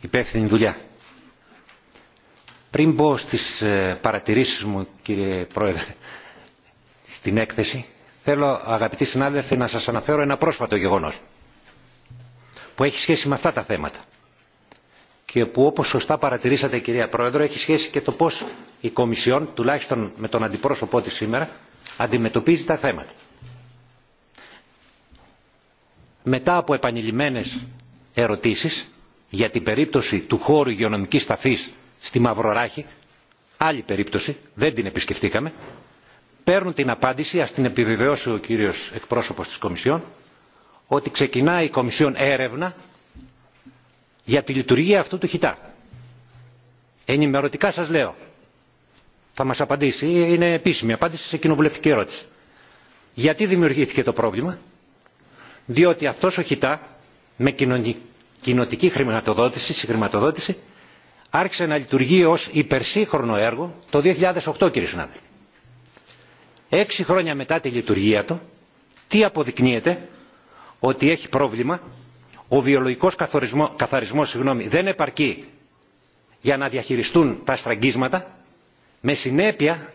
υπεύθυνη δουλειά. Πριν μπω στις ε, παρατηρήσεις μου κύριε Πρόεδρε στην έκθεση θέλω αγαπητοί συνάδελφοι να σας αναφέρω ένα πρόσφατο γεγονός που έχει σχέση με αυτά τα θέματα και που όπως σωστά παρατηρήσατε κυρία Πρόεδρο έχει σχέση και το πώς η Κομισιόν, τουλάχιστον με τον αντιπρόσωπό της σήμερα, αντιμετωπίζει τα θέματα. Μετά από επανειλημμένες ερωτήσεις για την περίπτωση του χώρου υγειονομικής ταφής στη Μαυροράχη, άλλη περίπτωση, δεν την επισκεφτήκαμε, παίρνουν την απάντηση, ας την επιβεβαιώσει ο κύριος εκπρόσωπος της Κομισιόν, ότι ξεκινάει η Κομισιόν έρευνα για τη λειτουργία αυτού του χιτά. Ενημερωτικά σας λέω. Θα μας απαντήσει. Είναι επίσημη απάντηση σε κοινοβουλευτική ερώτηση. Γιατί δημιουργήθηκε το πρόβλημα. Διότι αυτός ο χιτά με κοινοτική χρηματοδότηση, συγχρηματοδότηση, άρχισε να λειτουργεί ως υπερσύγχρονο έργο το 2008 κύριε Έξι χρόνια μετά τη λειτουργία του, τι αποδεικνύεται, ότι έχει πρόβλημα, ο βιολογικός καθαρισμός συγγνώμη, δεν επαρκεί για να διαχειριστούν τα στραγγίσματα, με συνέπεια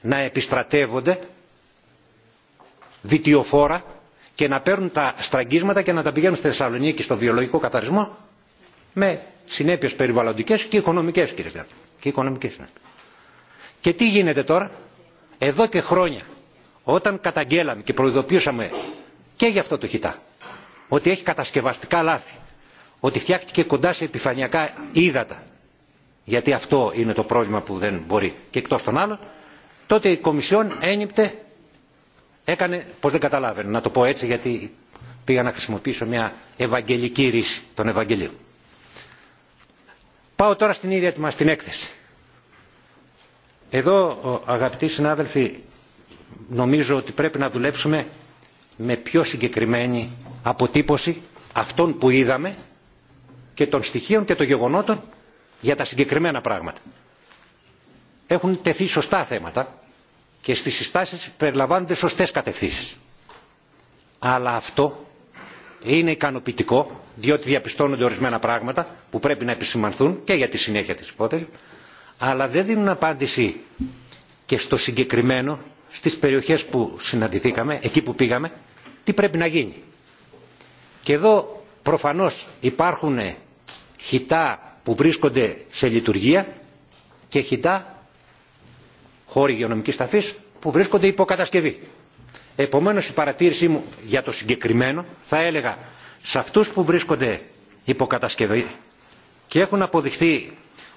να επιστρατεύονται διτιοφόρα και να παίρνουν τα στραγγίσματα και να τα πηγαίνουν στη Θεσσαλονίκη στο βιολογικό καθαρισμό με συνέπειες περιβαλλοντικές και οικονομικές κύριε Και οικονομικές Και τι γίνεται τώρα. Εδώ και χρόνια όταν καταγγέλαμε και προειδοποιούσαμε και γι' αυτό το χιτά. Ότι έχει κατασκευαστικά λάθη. Ότι φτιάχτηκε κοντά σε επιφανειακά ύδατα. Γιατί αυτό είναι το πρόβλημα που δεν μπορεί. Και εκτός των άλλων, τότε η Κομισιόν ένιπτε, έκανε, πως δεν καταλάβαινε, να το πω έτσι γιατί πήγα να χρησιμοποιήσω μια ευαγγελική ρίση των Ευαγγελίων. Πάω τώρα στην ίδια μας την έκθεση. Εδώ, αγαπητοί συνάδελφοι, νομίζω ότι πρέπει να δουλέψουμε με πιο συγκεκριμένη αποτύπωση αυτών που είδαμε και των στοιχείων και των γεγονότων για τα συγκεκριμένα πράγματα. Έχουν τεθεί σωστά θέματα και στις συστάσεις περιλαμβάνονται σωστές κατευθύνσεις. Αλλά αυτό είναι ικανοποιητικό διότι διαπιστώνονται ορισμένα πράγματα που πρέπει να επισημανθούν και για τη συνέχεια της υπόθεσης αλλά δεν δίνουν απάντηση και στο συγκεκριμένο στις περιοχές που συναντηθήκαμε, εκεί που πήγαμε τι πρέπει να γίνει. Και εδώ προφανώς υπάρχουν χιτά που βρίσκονται σε λειτουργία και χιτά χώροι υγειονομικής σταθής που βρίσκονται υποκατασκευή. Επομένως η παρατήρησή μου για το συγκεκριμένο θα έλεγα σε αυτούς που βρίσκονται υποκατασκευή και έχουν αποδειχθεί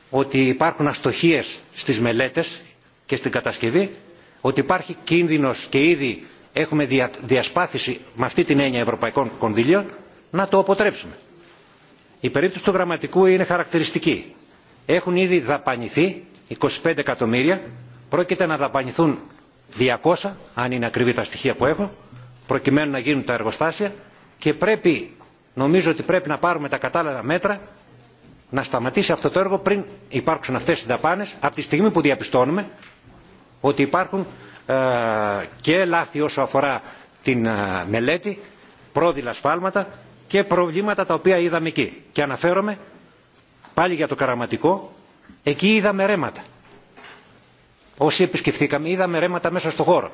ότι υπάρχουν αστοχίες στις μελέτες και στην κατασκευή, ότι υπάρχει κίνδυνος και ήδη έχουμε διασπάθηση με αυτή την έννοια ευρωπαϊκών κονδυλίων να το αποτρέψουμε. Η περίπτωση του γραμματικού είναι χαρακτηριστική. Έχουν ήδη δαπανηθεί 25 εκατομμύρια, πρόκειται να δαπανηθούν 200, αν είναι ακριβή τα στοιχεία που έχω, προκειμένου να γίνουν τα εργοστάσια και πρέπει, νομίζω ότι πρέπει να πάρουμε τα κατάλληλα μέτρα να σταματήσει αυτό το έργο πριν υπάρξουν αυτές οι δαπάνες, από τη στιγμή που διαπιστώνουμε ότι υπάρχουν ε, και λάθη όσο αφορά την ε, μελέτη, πρόδειλα σφάλματα και προβλήματα τα οποία είδαμε εκεί. Και αναφέρομαι πάλι για το καραματικό, εκεί είδαμε ρέματα. Όσοι επισκεφθήκαμε είδαμε ρέματα μέσα στο χώρο.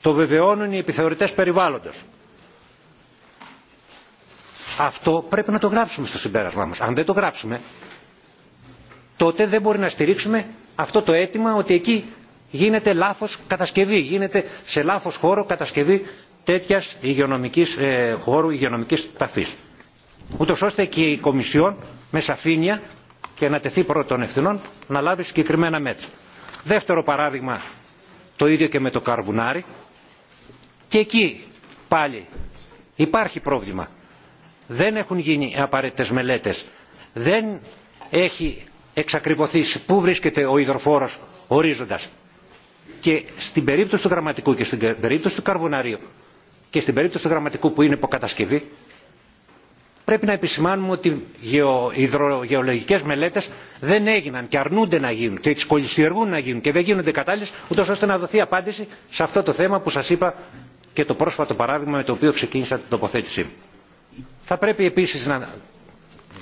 Το βεβαιώνουν οι επιθεωρητές περιβάλλοντος. Αυτό πρέπει να το γράψουμε στο συμπέρασμά μας. Αν δεν το γράψουμε, τότε δεν μπορεί να στηρίξουμε αυτό το αίτημα ότι εκεί γίνεται λάθος κατασκευή, γίνεται σε λάθος χώρο κατασκευή τέτοιας υγειονομικής, ε, χώρου υγειονομικής ταφής. Ούτως ώστε και η Κομισιόν με σαφήνεια και να τεθεί των ευθυνών να λάβει συγκεκριμένα μέτρα. Δεύτερο παράδειγμα, το ίδιο και με το καρβουνάρι. Και εκεί πάλι υπάρχει πρόβλημα. Δεν έχουν γίνει απαραίτητες μελέτες. Δεν έχει εξακριβωθεί πού βρίσκεται ο υδροφόρος ορίζοντας και στην περίπτωση του γραμματικού και στην περίπτωση του καρβουναρίου και στην περίπτωση του γραμματικού που είναι υποκατασκευή πρέπει να επισημάνουμε ότι οι υδρογεωλογικές μελέτες δεν έγιναν και αρνούνται να γίνουν και τις κολυσιεργούν να γίνουν και δεν γίνονται κατάλληλες ούτως ώστε να δοθεί απάντηση σε αυτό το θέμα που σας είπα και το πρόσφατο παράδειγμα με το οποίο ξεκίνησα την τοποθέτησή μου. Θα πρέπει επίσης να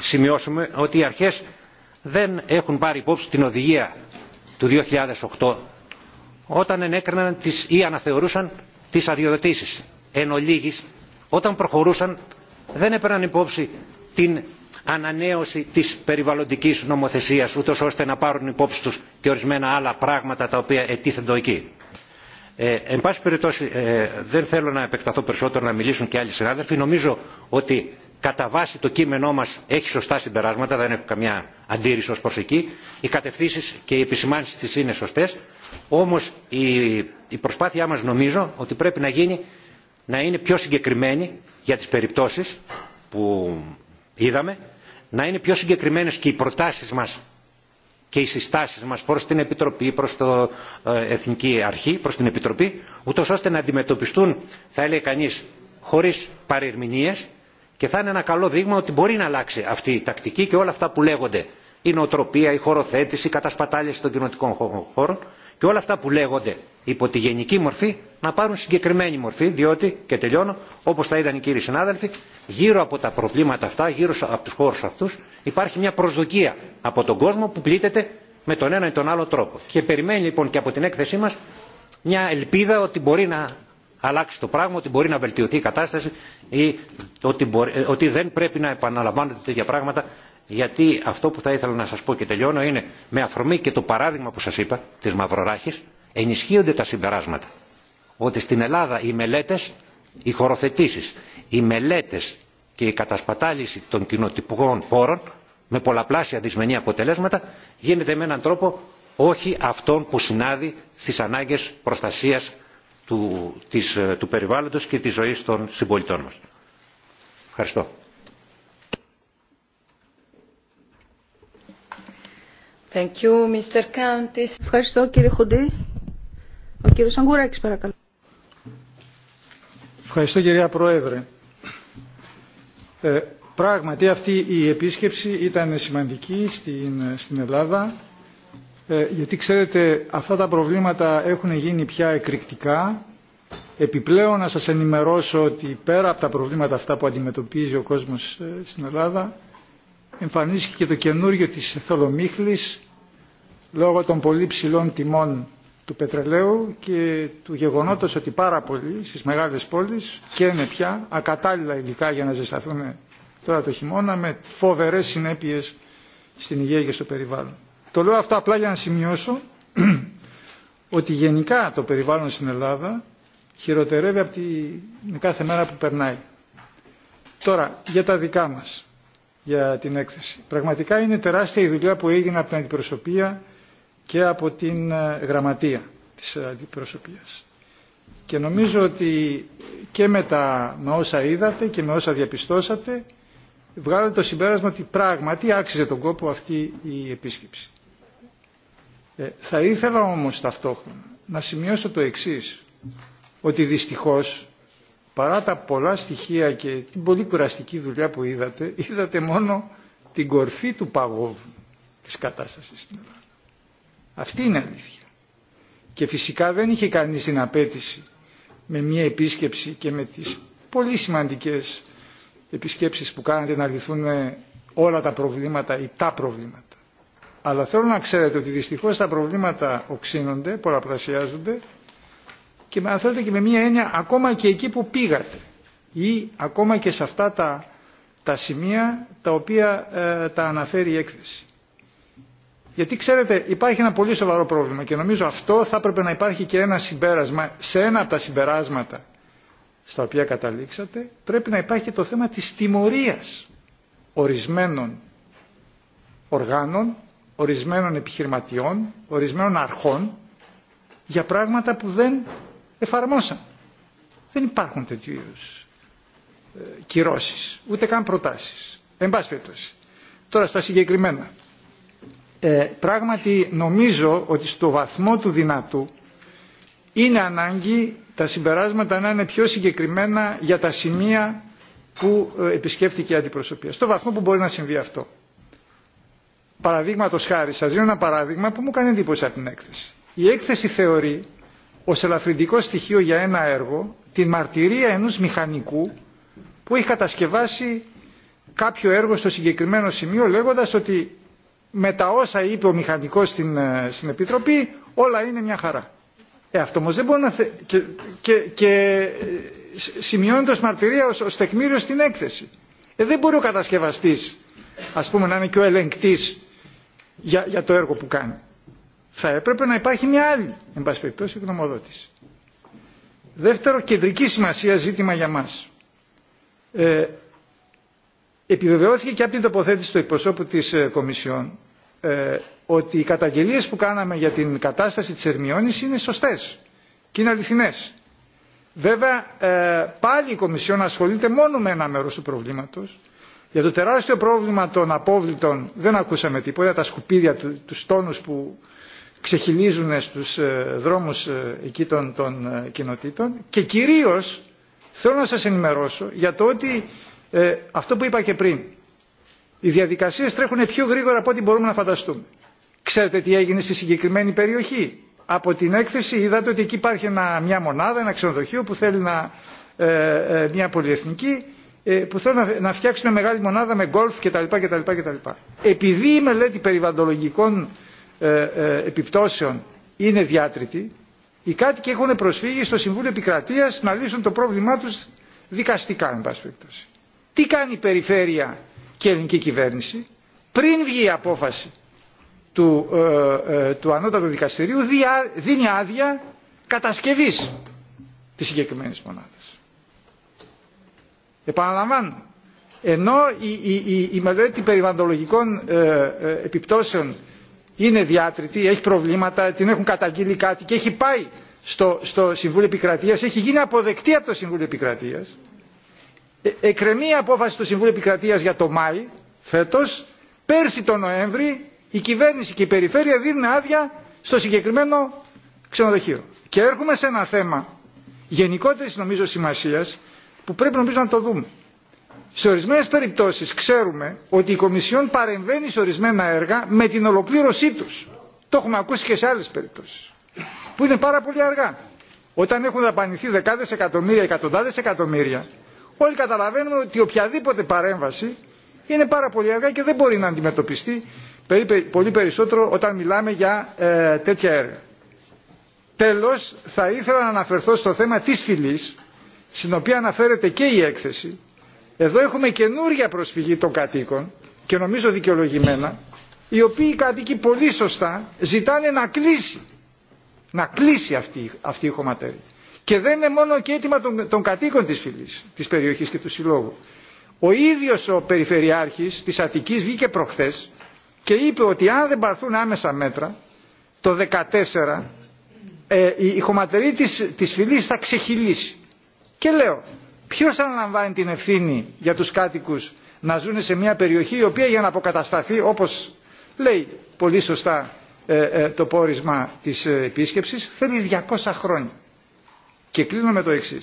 σημειώσουμε ότι οι αρχές δεν έχουν πάρει υπόψη την οδηγία του 2008 όταν ενέκριναν τις, ή αναθεωρούσαν τις αδειοδοτήσεις. Εν ολίγης, όταν προχωρούσαν δεν έπαιρναν υπόψη την ανανέωση της περιβαλλοντικής νομοθεσίας ούτως ώστε να πάρουν υπόψη τους και ορισμένα άλλα πράγματα τα οποία ετίθενται εκεί. Ε, εν πάση περιπτώσει ε, δεν θέλω να επεκταθώ περισσότερο να μιλήσουν και άλλοι συνάδελφοι. Νομίζω ότι κατά βάση το κείμενό μας έχει σωστά συμπεράσματα, δεν έχω καμιά αντίρρηση ως προς εκεί. Οι κατευθύνσεις και οι επισημάνσεις της είναι σωστές. Όμως η, προσπάθειά μας νομίζω ότι πρέπει να γίνει να είναι πιο συγκεκριμένη για τις περιπτώσεις που είδαμε, να είναι πιο συγκεκριμένες και οι προτάσεις μας και οι συστάσεις μας προς την Επιτροπή, προς την ε, Εθνική Αρχή, προς την Επιτροπή, ούτως ώστε να αντιμετωπιστούν, θα έλεγε κανείς, χωρίς παρερμηνίες και θα είναι ένα καλό δείγμα ότι μπορεί να αλλάξει αυτή η τακτική και όλα αυτά που λέγονται. Η νοοτροπία, η χωροθέτηση, η κατασπατάληση των κοινωτικών χώρων και όλα αυτά που λέγονται υπό τη γενική μορφή να πάρουν συγκεκριμένη μορφή διότι και τελειώνω όπως τα είδαν οι κύριοι συνάδελφοι γύρω από τα προβλήματα αυτά γύρω από τους χώρους αυτούς υπάρχει μια προσδοκία από τον κόσμο που πλήττεται με τον ένα ή τον άλλο τρόπο και περιμένει λοιπόν και από την έκθεσή μας μια ελπίδα ότι μπορεί να αλλάξει το πράγμα ότι μπορεί να βελτιωθεί η κατάσταση ή ότι, ότι δεν πρέπει να επαναλαμβάνονται τέτοια πράγματα γιατί αυτό που θα ήθελα να σας πω και τελειώνω είναι με αφορμή και το παράδειγμα που σας είπα της Μαυροράχης ενισχύονται τα συμπεράσματα ότι στην Ελλάδα οι μελέτες, οι χωροθετήσεις, οι μελέτες και η κατασπατάληση των κοινοτυπικών πόρων με πολλαπλάσια δυσμενή αποτελέσματα γίνεται με έναν τρόπο όχι αυτόν που συνάδει στις ανάγκες προστασίας του, της, ε, του περιβάλλοντος και της ζωής των συμπολιτών μας. Ευχαριστώ. Ευχαριστώ κύριε Χοντή. Ο κύριος Αγγουράκης, παρακαλώ. Ευχαριστώ κυρία Πρόεδρε. Ε, πράγματι αυτή η επίσκεψη ήταν σημαντική στην, Ελλάδα ε, γιατί ξέρετε αυτά τα προβλήματα έχουν γίνει πια εκρηκτικά. Επιπλέον να σας ενημερώσω ότι πέρα από τα προβλήματα αυτά που αντιμετωπίζει ο κόσμος ε, στην Ελλάδα εμφανίστηκε και το καινούριο της Θολομύχλης λόγω των πολύ ψηλών τιμών του πετρελαίου και του γεγονότος ότι πάρα πολλοί στις μεγάλες πόλεις καίνε πια ακατάλληλα υλικά για να ζεσταθούν τώρα το χειμώνα με φοβερές συνέπειες στην υγεία και στο περιβάλλον. Το λέω αυτό απλά για να σημειώσω ότι γενικά το περιβάλλον στην Ελλάδα χειροτερεύει από την κάθε μέρα που περνάει. Τώρα, για τα δικά μας για την έκθεση. Πραγματικά είναι τεράστια η δουλειά που έγινε από την αντιπροσωπεία και από την ε, γραμματεία της αντιπροσωπείας. Και νομίζω ότι και με, τα, με όσα είδατε και με όσα διαπιστώσατε βγάλετε το συμπέρασμα ότι πράγματι άξιζε τον κόπο αυτή η επίσκεψη. Ε, θα ήθελα όμως ταυτόχρονα να σημειώσω το εξής ότι δυστυχώς παρά τα πολλά στοιχεία και την πολύ κουραστική δουλειά που είδατε, είδατε μόνο την κορφή του παγόβου της κατάστασης στην Ελλάδα. Αυτή είναι αλήθεια. Και φυσικά δεν είχε κανείς την απέτηση με μια επίσκεψη και με τις πολύ σημαντικές επισκέψεις που κάνατε να λυθούν όλα τα προβλήματα ή τα προβλήματα. Αλλά θέλω να ξέρετε ότι δυστυχώς τα προβλήματα οξύνονται, πολλαπλασιάζονται και αν θέλετε και με μία έννοια ακόμα και εκεί που πήγατε ή ακόμα και σε αυτά τα, τα σημεία τα οποία ε, τα αναφέρει η έκθεση. Γιατί ξέρετε υπάρχει ένα πολύ σοβαρό πρόβλημα και νομίζω αυτό θα έπρεπε να υπάρχει και ένα συμπέρασμα σε ένα από τα συμπεράσματα στα οποία καταλήξατε πρέπει να υπάρχει και το θέμα της τιμωρίας ορισμένων οργάνων, ορισμένων επιχειρηματιών, ορισμένων αρχών για πράγματα που δεν εφαρμόσαν. Δεν υπάρχουν τέτοιου είδου ε, κυρώσει, ούτε καν προτάσει. Εν πάση περιπτώσει. Τώρα στα συγκεκριμένα. Ε, πράγματι νομίζω ότι στο βαθμό του δυνατού είναι ανάγκη τα συμπεράσματα να είναι πιο συγκεκριμένα για τα σημεία που ε, επισκέφθηκε η αντιπροσωπεία. Στο βαθμό που μπορεί να συμβεί αυτό. Παραδείγματο χάρη, σα δίνω ένα παράδειγμα που μου κάνει εντύπωση από την έκθεση. Η έκθεση θεωρεί ως ελαφρυντικό στοιχείο για ένα έργο την μαρτυρία ενός μηχανικού που έχει κατασκευάσει κάποιο έργο στο συγκεκριμένο σημείο λέγοντας ότι με τα όσα είπε ο μηχανικός στην, ε, στην Επιτροπή όλα είναι μια χαρά. Ε, αυτό όμως δεν μπορεί να... και, και, και ε, σημειώνεται μαρτυρία, ως, ως τεκμήριο στην έκθεση. Ε, δεν μπορεί ο κατασκευαστής, ας πούμε, να είναι και ο ελεγκτής για το έργο που κάνει. Θα έπρεπε να υπάρχει μια άλλη, εν πάση περιπτώσει, γνωμοδότηση. Δεύτερο, κεντρική σημασία ζήτημα για μας. Ε, επιβεβαιώθηκε και από την τοποθέτηση του εκπροσώπου της ε, Κομισιόν ε, ότι οι καταγγελίες που κάναμε για την κατάσταση της Ερμιώνης είναι σωστές και είναι αληθινές. Βέβαια, ε, πάλι η Κομισιόν ασχολείται μόνο με ένα μέρος του προβλήματος. Για το τεράστιο πρόβλημα των απόβλητων δεν ακούσαμε τίποτα, τα σκουπίδια, του, τους που ξεχυλίζουν στους ε, δρόμους ε, εκεί των, ε, κοινοτήτων και κυρίως θέλω να σας ενημερώσω για το ότι αυτό που είπα και πριν οι διαδικασίες τρέχουν πιο γρήγορα από ό,τι μπορούμε να φανταστούμε. Ξέρετε τι έγινε στη συγκεκριμένη περιοχή. Από την έκθεση είδατε ότι εκεί υπάρχει μια μονάδα, ένα ξενοδοχείο που θέλει να, μια πολυεθνική που θέλει να, να μια μεγάλη μονάδα με γκολφ κτλ. κτλ. Επειδή η μελέτη περιβαλλοντολογικών ε, ε, επιπτώσεων είναι διάτρητη, οι κάτοικοι έχουν προσφύγει στο Συμβούλιο Επικρατείας να λύσουν το πρόβλημά τους δικαστικά, εν πάση Τι κάνει η Περιφέρεια και η ελληνική κυβέρνηση πριν βγει η απόφαση του, ε, του ανώτατου δικαστηρίου δίνει άδεια κατασκευής της συγκεκριμένης μονάδας. Επαναλαμβάνω, ενώ η, η, η, η μελέτη περιβαλλοντολογικών επιπτώσεων είναι διάτρητη, έχει προβλήματα, την έχουν καταγγείλει κάτι και έχει πάει στο, στο Συμβούλιο Επικρατείας, έχει γίνει αποδεκτή από το Συμβούλιο Επικρατείας. Ε, εκρεμεί η απόφαση του Συμβούλιο Επικρατείας για το Μάη φέτος. Πέρσι το Νοέμβρη η κυβέρνηση και η περιφέρεια δίνουν άδεια στο συγκεκριμένο ξενοδοχείο. Και έρχομαι σε ένα θέμα γενικότερης νομίζω σημασίας που πρέπει νομίζω να το δούμε σε ορισμένες περιπτώσεις ξέρουμε ότι η Κομισιόν παρεμβαίνει σε ορισμένα έργα με την ολοκλήρωσή τους. Το έχουμε ακούσει και σε άλλες περιπτώσεις. Που είναι πάρα πολύ αργά. Όταν έχουν δαπανηθεί δεκάδες εκατομμύρια, εκατοντάδες εκατομμύρια, όλοι καταλαβαίνουμε ότι οποιαδήποτε παρέμβαση είναι πάρα πολύ αργά και δεν μπορεί να αντιμετωπιστεί πολύ περισσότερο όταν μιλάμε για ε, τέτοια έργα. Τέλος, θα ήθελα να αναφερθώ στο θέμα της φυλής, στην οποία αναφέρεται και η έκθεση, εδώ έχουμε καινούργια προσφυγή των κατοίκων και νομίζω δικαιολογημένα οι οποίοι οι κατοίκοι πολύ σωστά ζητάνε να κλείσει. Να κλείσει αυτή, αυτή η χωματερή. Και δεν είναι μόνο και αίτημα των, των κατοίκων της φυλής, της περιοχής και του συλλόγου. Ο ίδιος ο Περιφερειάρχης της Αττικής βγήκε προχθές και είπε ότι αν δεν παρθούν άμεσα μέτρα, το 2014 ε, η, η χωματερή της, της φυλής θα ξεχυλήσει. Και λέω, Ποιο αναλαμβάνει την ευθύνη για τους κάτοικου να ζουν σε μια περιοχή η οποία για να αποκατασταθεί όπως λέει πολύ σωστά ε, ε, το πόρισμα της ε, επίσκεψης θέλει 200 χρόνια. Και κλείνω με το εξή.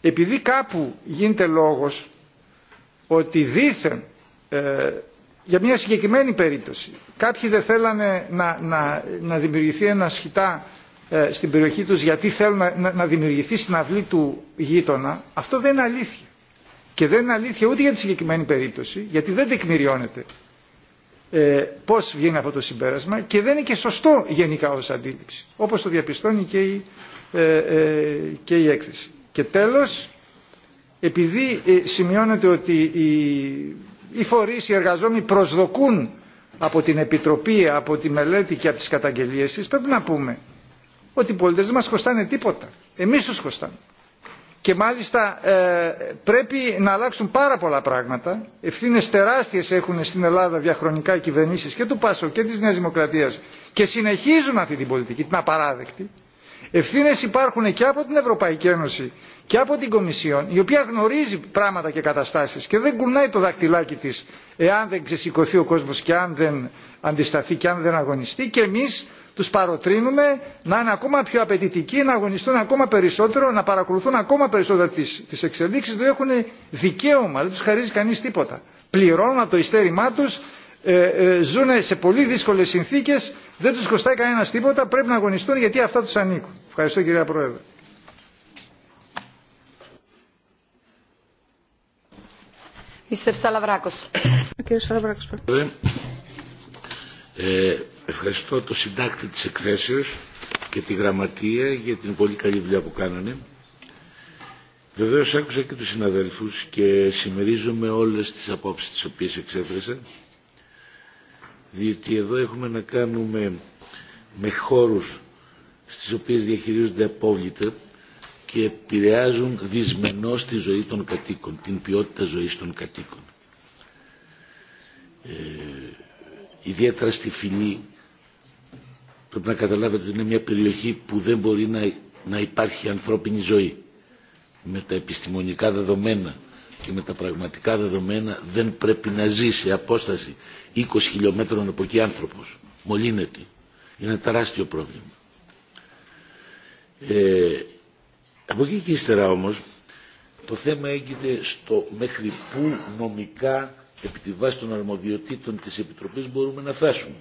Επειδή κάπου γίνεται λόγος ότι δήθεν για μια συγκεκριμένη περίπτωση κάποιοι δεν θέλανε να, να, να δημιουργηθεί ένα σχητά ε, στην περιοχή τους γιατί θέλουν να, να δημιουργηθεί στην αυλή του γείτονα, αυτό δεν είναι αλήθεια. Και δεν είναι αλήθεια ούτε για τη συγκεκριμένη περίπτωση, γιατί δεν τεκμηριώνεται ε, πώς βγαίνει αυτό το συμπέρασμα και δεν είναι και σωστό γενικά ως αντίληψη, όπως το διαπιστώνει και η, ε, ε, και η έκθεση. Και τέλος, επειδή σημειώνεται ότι οι, οι φορείς, οι εργαζόμενοι προσδοκούν από την Επιτροπή, από τη μελέτη και από τις καταγγελίες της, πρέπει να πούμε ότι οι πολίτες δεν μας χρωστάνε τίποτα. Εμείς τους χρωστάμε. Και μάλιστα ε, πρέπει να αλλάξουν πάρα πολλά πράγματα. Ευθύνες τεράστιε έχουν στην Ελλάδα διαχρονικά οι κυβερνήσει και του Πάσο και της Νέα Δημοκρατία και συνεχίζουν αυτή την πολιτική, την απαράδεκτη. Ευθύνε υπάρχουν και από την Ευρωπαϊκή Ένωση και από την Κομισιόν, η οποία γνωρίζει πράγματα και καταστάσεις και δεν κουνάει το δαχτυλάκι της εάν δεν ξεσηκωθεί ο κόσμο και αν δεν αντισταθεί και αν δεν αγωνιστεί. Και εμεί τους παροτρύνουμε να είναι ακόμα πιο απαιτητικοί, να αγωνιστούν ακόμα περισσότερο, να παρακολουθούν ακόμα περισσότερα τις, τις εξελίξεις, δεν έχουν δικαίωμα, δεν τους χαρίζει κανείς τίποτα. Πληρώνουν από το ειστέρημά τους, ε, ε ζουν σε πολύ δύσκολες συνθήκες, δεν τους κοστάει κανένας τίποτα, πρέπει να αγωνιστούν γιατί αυτά τους ανήκουν. Ευχαριστώ κυρία Πρόεδρε. Κύριε Ε, Ευχαριστώ το συντάκτη της εκθέσεως και τη γραμματεία για την πολύ καλή δουλειά που κάνανε. Βεβαίως άκουσα και τους συναδέλφους και συμμερίζομαι όλες τις απόψεις τις οποίες εξέφρασαν διότι εδώ έχουμε να κάνουμε με χώρους στις οποίες διαχειρίζονται απόβλητα και επηρεάζουν δυσμενώς τη ζωή των κατοίκων, την ποιότητα ζωής των κατοίκων. Ε, ιδιαίτερα στη φυλή πρέπει να καταλάβετε ότι είναι μια περιοχή που δεν μπορεί να, υπάρχει ανθρώπινη ζωή. Με τα επιστημονικά δεδομένα και με τα πραγματικά δεδομένα δεν πρέπει να ζει σε απόσταση 20 χιλιόμετρων από εκεί άνθρωπος. Μολύνεται. Είναι τεράστιο πρόβλημα. Ε, από εκεί και ύστερα όμως το θέμα έγκυται στο μέχρι πού νομικά επί τη βάση των αρμοδιοτήτων της Επιτροπής μπορούμε να φτάσουμε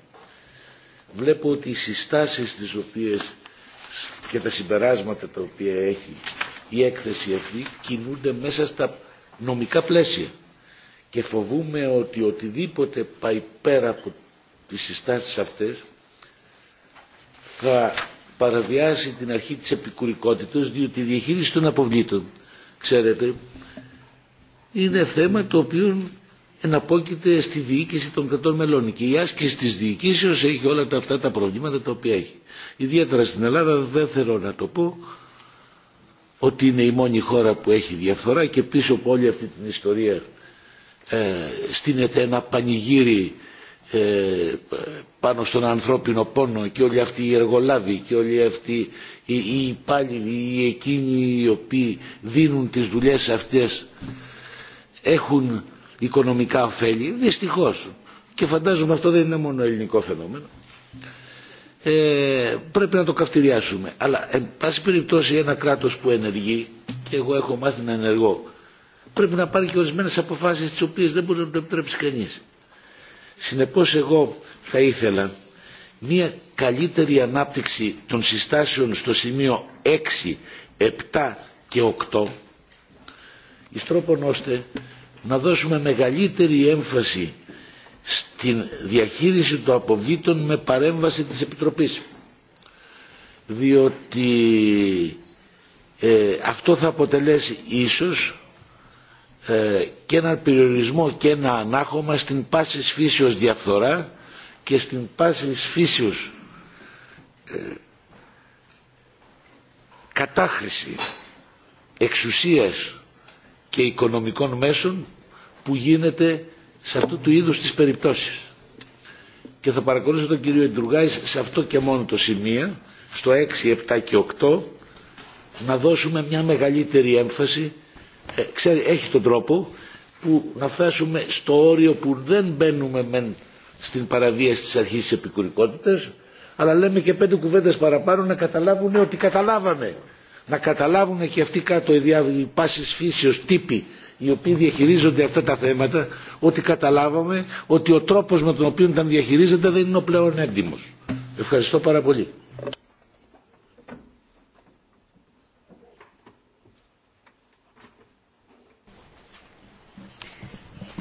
βλέπω ότι οι συστάσεις τις οποίες και τα συμπεράσματα τα οποία έχει η έκθεση αυτή κινούνται μέσα στα νομικά πλαίσια και φοβούμε ότι οτιδήποτε πάει πέρα από τις συστάσεις αυτές θα παραβιάσει την αρχή της επικουρικότητας διότι η διαχείριση των αποβλήτων ξέρετε είναι θέμα το οποίο εναπόκειται στη διοίκηση των κρατών μελών. Και η άσκηση της διοικήσεως έχει όλα τα, αυτά τα προβλήματα τα οποία έχει. Ιδιαίτερα στην Ελλάδα δεν θέλω να το πω ότι είναι η μόνη χώρα που έχει διαφθορά και πίσω από όλη αυτή την ιστορία ε, στείνεται ένα πανηγύρι ε, πάνω στον ανθρώπινο πόνο και όλοι αυτοί οι εργολάβοι και όλοι αυτοί οι, οι υπάλληλοι οι εκείνοι οι οποίοι δίνουν τις δουλειές αυτές έχουν οικονομικά ωφέλη, δυστυχώς. Και φαντάζομαι αυτό δεν είναι μόνο ελληνικό φαινόμενο. Ε, πρέπει να το καυτηριάσουμε. Αλλά, εν πάση περιπτώσει, ένα κράτος που ενεργεί, και εγώ έχω μάθει να ενεργώ, πρέπει να πάρει και ορισμένες αποφάσεις τις οποίες δεν μπορεί να το επιτρέψει κανείς. Συνεπώς εγώ θα ήθελα μια καλύτερη ανάπτυξη των συστάσεων στο σημείο 6, 7 και 8 εις τρόπον ώστε να δώσουμε μεγαλύτερη έμφαση στην διαχείριση των αποβλήτων με παρέμβαση της Επιτροπής. Διότι ε, αυτό θα αποτελέσει ίσως ε, και έναν περιορισμό και ένα ανάχωμα στην πάση φύσεως διαφθορά και στην πάση φύσεως ε, κατάχρηση εξουσίας και οικονομικών μέσων που γίνεται σε αυτού του είδους τις περιπτώσεις. Και θα παρακολουθήσω τον κύριο Ιντρουγάης σε αυτό και μόνο το σημείο, στο 6, 7 και 8, να δώσουμε μια μεγαλύτερη έμφαση, ε, ξέρει, έχει τον τρόπο, που να φτάσουμε στο όριο που δεν μπαίνουμε μεν στην παραβίαση της αρχής της επικουρικότητας, αλλά λέμε και πέντε κουβέντες παραπάνω να καταλάβουν ότι καταλάβαμε να καταλάβουν και αυτοί κάτω οι πάσης φύσεως τύποι οι οποίοι διαχειρίζονται αυτά τα θέματα ότι καταλάβαμε ότι ο τρόπος με τον οποίο τα διαχειρίζεται δεν είναι ο πλέον έντιμος. Ευχαριστώ πάρα πολύ.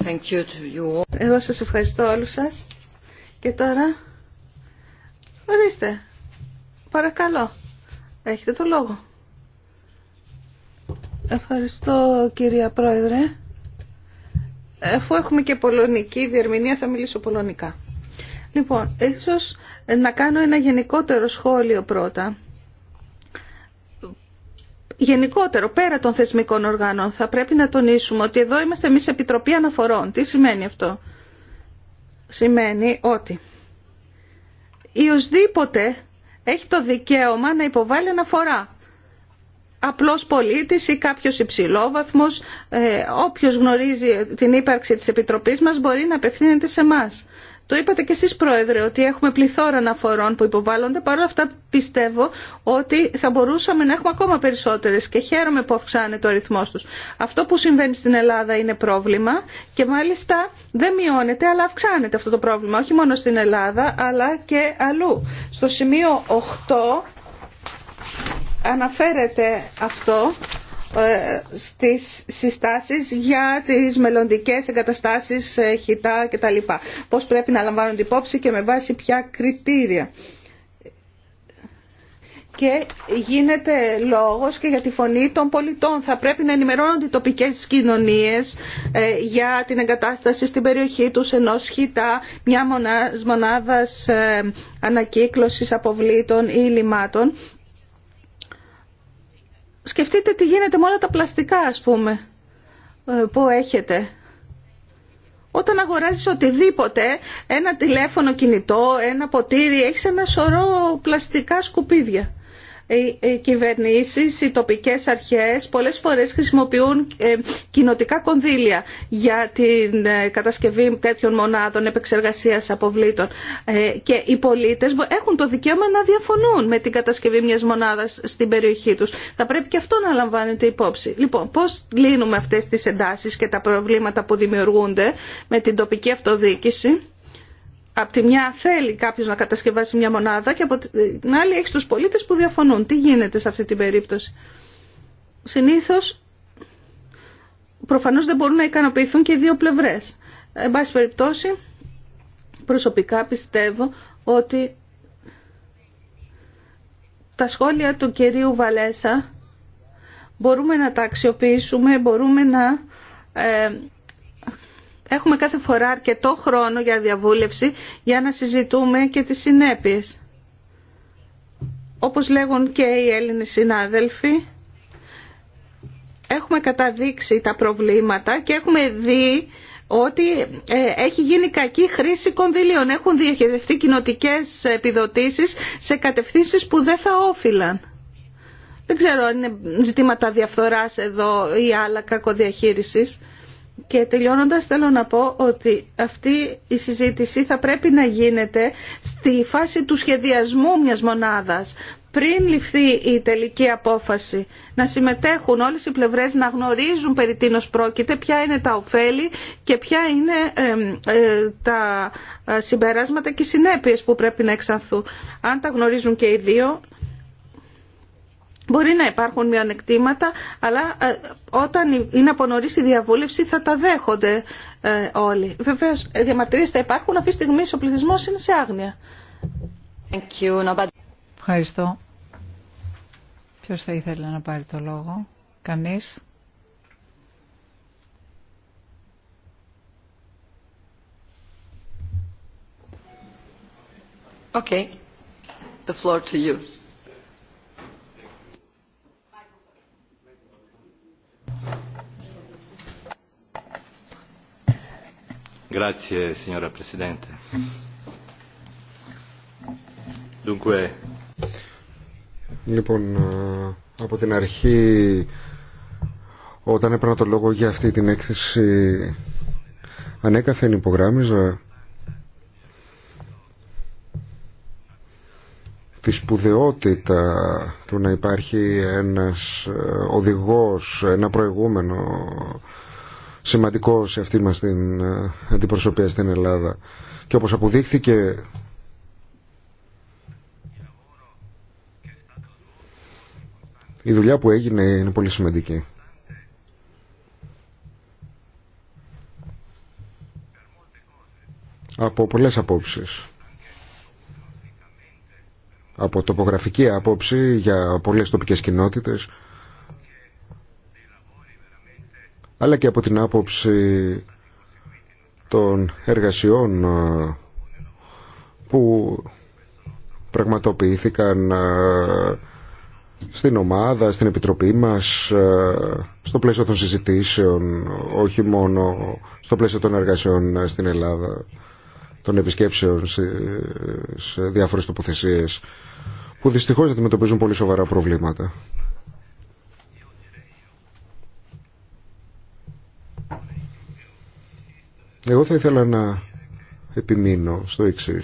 Thank you to you. Εγώ σας ευχαριστώ όλους σας. Και τώρα, ορίστε, παρακαλώ, έχετε το λόγο. Ευχαριστώ κυρία Πρόεδρε. Αφού έχουμε και πολωνική διερμηνία θα μιλήσω πολωνικά. Λοιπόν, ίσως να κάνω ένα γενικότερο σχόλιο πρώτα. Γενικότερο, πέρα των θεσμικών οργάνων, θα πρέπει να τονίσουμε ότι εδώ είμαστε εμείς Επιτροπή Αναφορών. Τι σημαίνει αυτό. Σημαίνει ότι η έχει το δικαίωμα να υποβάλει αναφορά απλός πολίτης ή κάποιος υψηλόβαθμος, ε, όποιος γνωρίζει την ύπαρξη της Επιτροπής μας μπορεί να απευθύνεται σε εμά. Το είπατε και εσείς Πρόεδρε ότι έχουμε πληθώρα αναφορών που υποβάλλονται, παρόλα αυτά πιστεύω ότι θα μπορούσαμε να έχουμε ακόμα περισσότερες και χαίρομαι που αυξάνεται ο αριθμός τους. Αυτό που συμβαίνει στην Ελλάδα είναι πρόβλημα και μάλιστα δεν μειώνεται αλλά αυξάνεται αυτό το πρόβλημα, όχι μόνο στην Ελλάδα αλλά και αλλού. Στο σημείο 8 αναφέρεται αυτό ε, στις συστάσεις για τις μελλοντικές εγκαταστάσεις χιτά και κτλ. Πώς πρέπει να λαμβάνονται υπόψη και με βάση ποια κριτήρια. Και γίνεται λόγος και για τη φωνή των πολιτών. Θα πρέπει να ενημερώνονται οι τοπικές κοινωνίες ε, για την εγκατάσταση στην περιοχή τους ενός χιτά, μια μονάδας ε, ανακύκλωσης αποβλήτων ή λιμάτων σκεφτείτε τι γίνεται με όλα τα πλαστικά ας πούμε ε, που έχετε. Όταν αγοράζεις οτιδήποτε, ένα τηλέφωνο κινητό, ένα ποτήρι, έχεις ένα σωρό πλαστικά σκουπίδια οι ε, ε, κυβερνήσεις, οι τοπικές αρχές πολλές φορές χρησιμοποιούν ε, κοινοτικά κονδύλια για την κατασκευή τέτοιων μονάδων επεξεργασίας αποβλήτων και οι πολίτες έχουν το δικαίωμα να διαφωνούν με την κατασκευή μιας μονάδας στην περιοχή τους. Θα πρέπει και αυτό να λαμβάνεται υπόψη. Λοιπόν, πώς λύνουμε αυτές τις εντάσεις και τα προβλήματα που δημιουργούνται με την τοπική αυτοδιοίκηση από τη μια θέλει κάποιος να κατασκευάσει μια μονάδα και από την άλλη έχει τους πολίτες που διαφωνούν. Τι γίνεται σε αυτή την περίπτωση. Συνήθως, προφανώς δεν μπορούν να ικανοποιηθούν και οι δύο πλευρές. Εν πάση περιπτώσει, προσωπικά πιστεύω ότι τα σχόλια του κυρίου Βαλέσα μπορούμε να τα αξιοποιήσουμε, μπορούμε να ε, έχουμε κάθε φορά αρκετό χρόνο για διαβούλευση για να συζητούμε και τις συνέπειες. Όπως λέγουν και οι Έλληνες συνάδελφοι, έχουμε καταδείξει τα προβλήματα και έχουμε δει ότι ε, έχει γίνει κακή χρήση κονδυλίων. Έχουν διαχειριστεί κοινοτικέ επιδοτήσεις σε κατευθύνσεις που δεν θα όφυλαν. Δεν ξέρω αν είναι ζητήματα διαφθοράς εδώ ή άλλα κακοδιαχείρισης. Και τελειώνοντας θέλω να πω ότι αυτή η συζήτηση θα πρέπει να γίνεται στη φάση του σχεδιασμού μιας μονάδας πριν ληφθεί η τελική απόφαση. Να συμμετέχουν όλες οι πλευρές, να γνωρίζουν περί τίνος πρόκειται, ποια είναι τα ωφέλη και ποια είναι ε, τα συμπεράσματα και οι συνέπειες που πρέπει να εξανθούν. Αν τα γνωρίζουν και οι δύο, Μπορεί να υπάρχουν μειονεκτήματα, αλλά ε, όταν είναι από νωρίς η διαβούλευση θα τα δέχονται ε, όλοι. Βεβαίω ε, διαμαρτυρίε θα υπάρχουν, αυτή τη στιγμή ο πληθυσμό είναι σε άγνοια. Ευχαριστώ. Ποιο θα ήθελε να πάρει το λόγο. Κανείς. Okay. The floor to you. Λοιπόν, από την αρχή, όταν έπαιρνα το λόγο για αυτή την έκθεση, ανέκαθεν υπογράμμιζα τη σπουδαιότητα του να υπάρχει ένας ε, οδηγός, ένα προηγούμενο σημαντικό σε αυτή μας την ε, αντιπροσωπεία στην Ελλάδα. Και όπως αποδείχθηκε η δουλειά που έγινε είναι πολύ σημαντική. Από πολλές απόψεις. Από τοπογραφική άποψη για πολλές τοπικές κοινότητες αλλά και από την άποψη των εργασιών ε, που πραγματοποιήθηκαν ε, στην ομάδα, στην επιτροπή μας, ε, στο πλαίσιο των συζητήσεων, όχι μόνο στο πλαίσιο των εργασιών στην Ελλάδα, των επισκέψεων σε διάφορες τοποθεσίες, που δυστυχώς αντιμετωπίζουν πολύ σοβαρά προβλήματα. Εγώ θα ήθελα να επιμείνω στο εξή.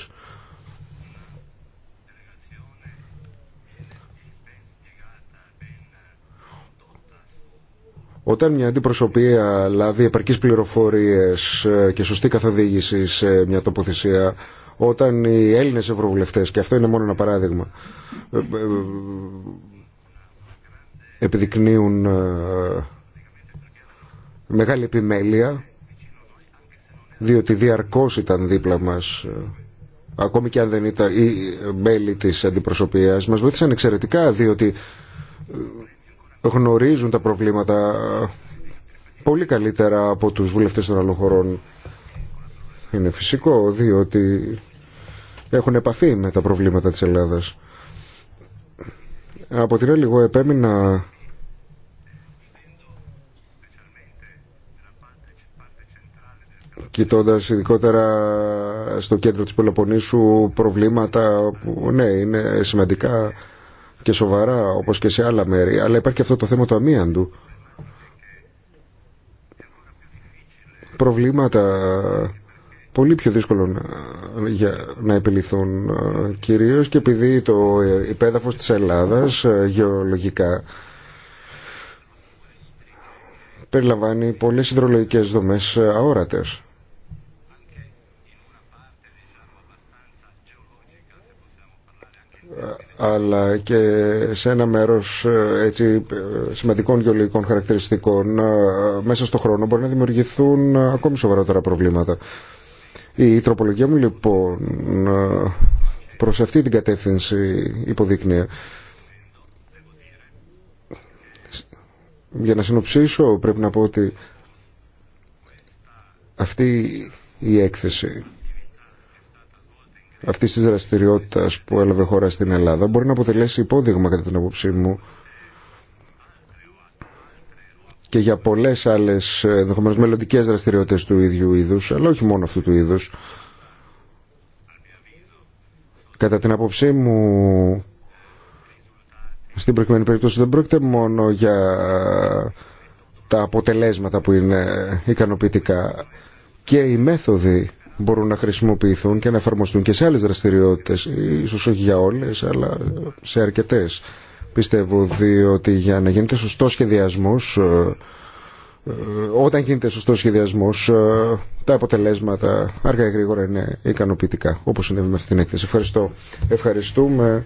Όταν μια αντιπροσωπεία λάβει επαρκείς πληροφορίες ε, και σωστή καθοδήγηση σε μια τοποθεσία, όταν οι Έλληνες ευρωβουλευτές, και αυτό είναι μόνο ένα παράδειγμα, ε, ε, επιδεικνύουν μεγάλη επιμέλεια διότι διαρκώς ήταν δίπλα μας ε, ακόμη και αν δεν ήταν οι ε, μέλη της αντιπροσωπείας μας βοήθησαν εξαιρετικά διότι ε, γνωρίζουν τα προβλήματα πολύ καλύτερα από τους βουλευτές των άλλων χωρών είναι φυσικό διότι έχουν επαφή με τα προβλήματα της Ελλάδας από την άλλη εγώ επέμεινα κοιτώντα ειδικότερα στο κέντρο της Πελοποννήσου προβλήματα που ναι είναι σημαντικά και σοβαρά όπως και σε άλλα μέρη αλλά υπάρχει και αυτό το θέμα του αμίαντου προβλήματα πολύ πιο δύσκολο να, για, να επιληθούν κυρίως και επειδή το υπέδαφος της Ελλάδας γεωλογικά περιλαμβάνει πολλές υδρολογικές δομές αόρατες αλλά και σε ένα μέρος ε, έτσι, σημαντικών γεωλογικών χαρακτηριστικών ε, μέσα στον χρόνο μπορεί να δημιουργηθούν ε, ακόμη σοβαρότερα προβλήματα. Η τροπολογία μου λοιπόν προς αυτή την κατεύθυνση υποδείκνυε. Για να συνοψίσω πρέπει να πω ότι αυτή η έκθεση αυτή τη δραστηριότητα που έλαβε χώρα στην Ελλάδα μπορεί να αποτελέσει υπόδειγμα κατά την απόψή μου και για πολλέ άλλες ενδεχομένω μελλοντικέ δραστηριότητες του ίδιου είδου, αλλά όχι μόνο αυτού του είδου. κατά την απόψή μου στην προηγούμενη περίπτωση δεν πρόκειται μόνο για τα αποτελέσματα που είναι ικανοποιητικά και οι μέθοδοι μπορούν να χρησιμοποιηθούν και να εφαρμοστούν και σε άλλες δραστηριότητες, ίσως όχι για όλες, αλλά σε αρκετές. Πιστεύω διότι για να γίνεται σωστό σχεδιασμός, ε, ε, όταν γίνεται σωστό σχεδιασμός, ε, τα αποτελέσματα αργά ή γρήγορα είναι ικανοποιητικά, όπως συνέβη με αυτή την έκθεση. Ευχαριστώ. Ευχαριστούμε.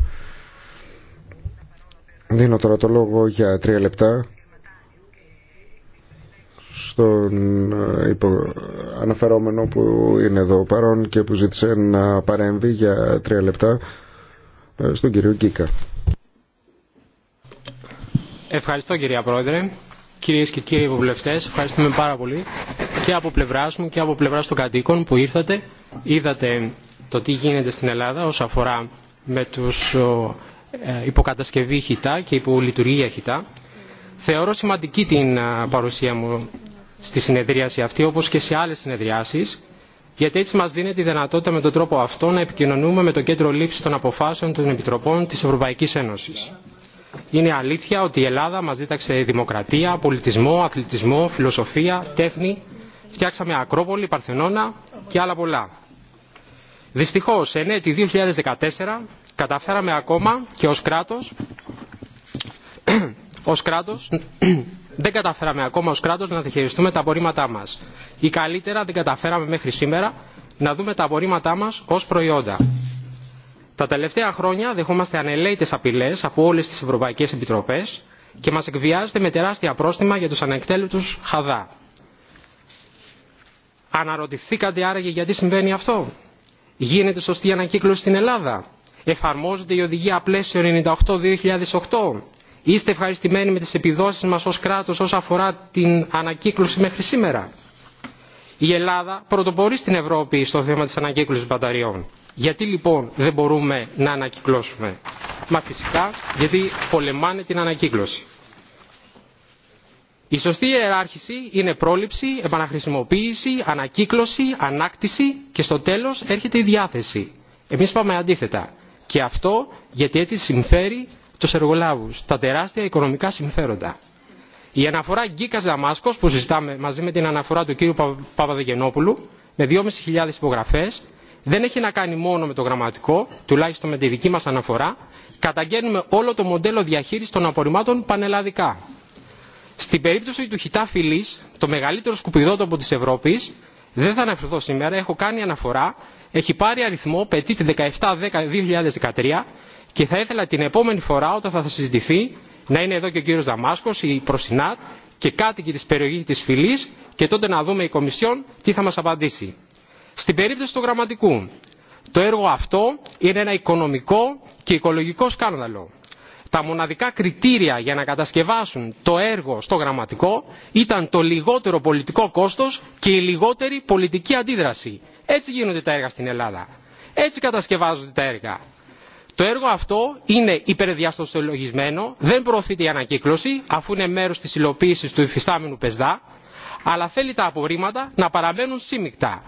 Δίνω τώρα το λόγο για τρία λεπτά στον ε, αναφερόμενο που είναι εδώ παρόν και που ζήτησε να παρέμβει για τρία λεπτά ε, στον κύριο Γκίκα. Ευχαριστώ κυρία Πρόεδρε. Κυρίε και κύριοι υποβουλευτέ, ευχαριστούμε πάρα πολύ και από πλευρά μου και από πλευρά των κατοίκων που ήρθατε. Είδατε το τι γίνεται στην Ελλάδα όσον αφορά με τους ε, υποκατασκευή χιτά και υπολειτουργία χιτά. Θεωρώ σημαντική την παρουσία μου στη συνεδρίαση αυτή όπως και σε άλλες συνεδριάσεις γιατί έτσι μας δίνεται η δυνατότητα με τον τρόπο αυτό να επικοινωνούμε με το κέντρο λήψης των αποφάσεων των επιτροπών της Ευρωπαϊκής Ένωσης. Είναι αλήθεια ότι η Ελλάδα μας δίταξε δημοκρατία, πολιτισμό, αθλητισμό, φιλοσοφία, τέχνη. Φτιάξαμε Ακρόπολη, Παρθενώνα και άλλα πολλά. Δυστυχώς, εν έτη 2014 καταφέραμε ακόμα και ως κράτος, ως κράτος δεν καταφέραμε ακόμα ως κράτος να διαχειριστούμε τα απορρίμματά μας ή καλύτερα δεν καταφέραμε μέχρι σήμερα να δούμε τα απορρίμματά μας ως προϊόντα. Τα τελευταία χρόνια δεχόμαστε ανελαίτες απειλές από όλες τις ευρωπαϊκές επιτροπές και μας εκβιάζεται με τεράστια πρόστιμα για τους ανεκτέλετους χαδά. Αναρωτηθήκατε άραγε γιατί συμβαίνει αυτό. Γίνεται σωστή ανακύκλωση στην Ελλάδα. Εφαρμόζεται η οδηγία πλαίσιο 98-2008 Είστε ευχαριστημένοι με τις επιδόσεις μας ως κράτος όσον αφορά την ανακύκλωση μέχρι σήμερα. Η Ελλάδα πρωτοπορεί στην Ευρώπη στο θέμα της ανακύκλωσης μπαταριών. Γιατί λοιπόν δεν μπορούμε να ανακυκλώσουμε. Μα φυσικά γιατί πολεμάνε την ανακύκλωση. Η σωστή ιεράρχηση είναι πρόληψη, επαναχρησιμοποίηση, ανακύκλωση, ανάκτηση και στο τέλος έρχεται η διάθεση. Εμείς πάμε αντίθετα. Και αυτό γιατί έτσι συμφέρει τους εργολάβους, τα τεράστια οικονομικά συμφέροντα. Η αναφορά Γκίκας Δαμάσκος που συζητάμε μαζί με την αναφορά του κ. Παπαδεγενόπουλου με 2.500 υπογραφές δεν έχει να κάνει μόνο με το γραμματικό, τουλάχιστον με τη δική μας αναφορά, καταγγέλνουμε όλο το μοντέλο διαχείρισης των απορριμμάτων πανελλαδικά. Στην περίπτωση του χιτά Φιλής, το μεγαλύτερο σκουπιδότοπο της Ευρώπης, δεν θα αναφερθώ σήμερα, έχω κάνει αναφορά, έχει πετύχει αριθμό, πετήτη 17-10-2013, και θα ήθελα την επόμενη φορά όταν θα συζητηθεί να είναι εδώ και ο κύριος Δαμάσκος ή Προσινάτ και κάτοικοι της περιοχής της φυλής και τότε να δούμε η Κομισιόν τι θα μας απαντήσει. Στην περίπτωση του γραμματικού, το έργο αυτό είναι ένα οικονομικό και οικολογικό σκάνδαλο. Τα μοναδικά κριτήρια για να κατασκευάσουν το έργο στο γραμματικό ήταν το λιγότερο πολιτικό κόστος και η λιγότερη πολιτική αντίδραση. Έτσι γίνονται τα έργα στην Ελλάδα. Έτσι κατασκευάζονται τα έργα. Το έργο αυτό είναι υπερδιαστολογισμένο, δεν προωθείται η ανακύκλωση αφού είναι μέρος της υλοποίησης του υφιστάμενου ΠΕΣΔΑ, αλλά θέλει τα απορρίμματα να παραμένουν σύμμικτα.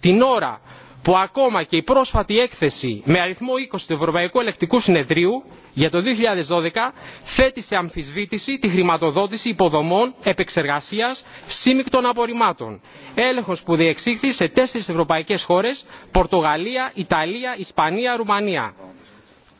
Την ώρα που ακόμα και η πρόσφατη έκθεση με αριθμό 20 του Ευρωπαϊκού Ελεκτικού Συνεδρίου για το 2012 θέτει σε αμφισβήτηση τη χρηματοδότηση υποδομών επεξεργασίας σύμικτων απορριμμάτων. Έλεγχος που διεξήχθη σε τέσσερις ευρωπαϊκές χώρες, Πορτογαλία, Ιταλία, Ισπανία, Ρουμανία.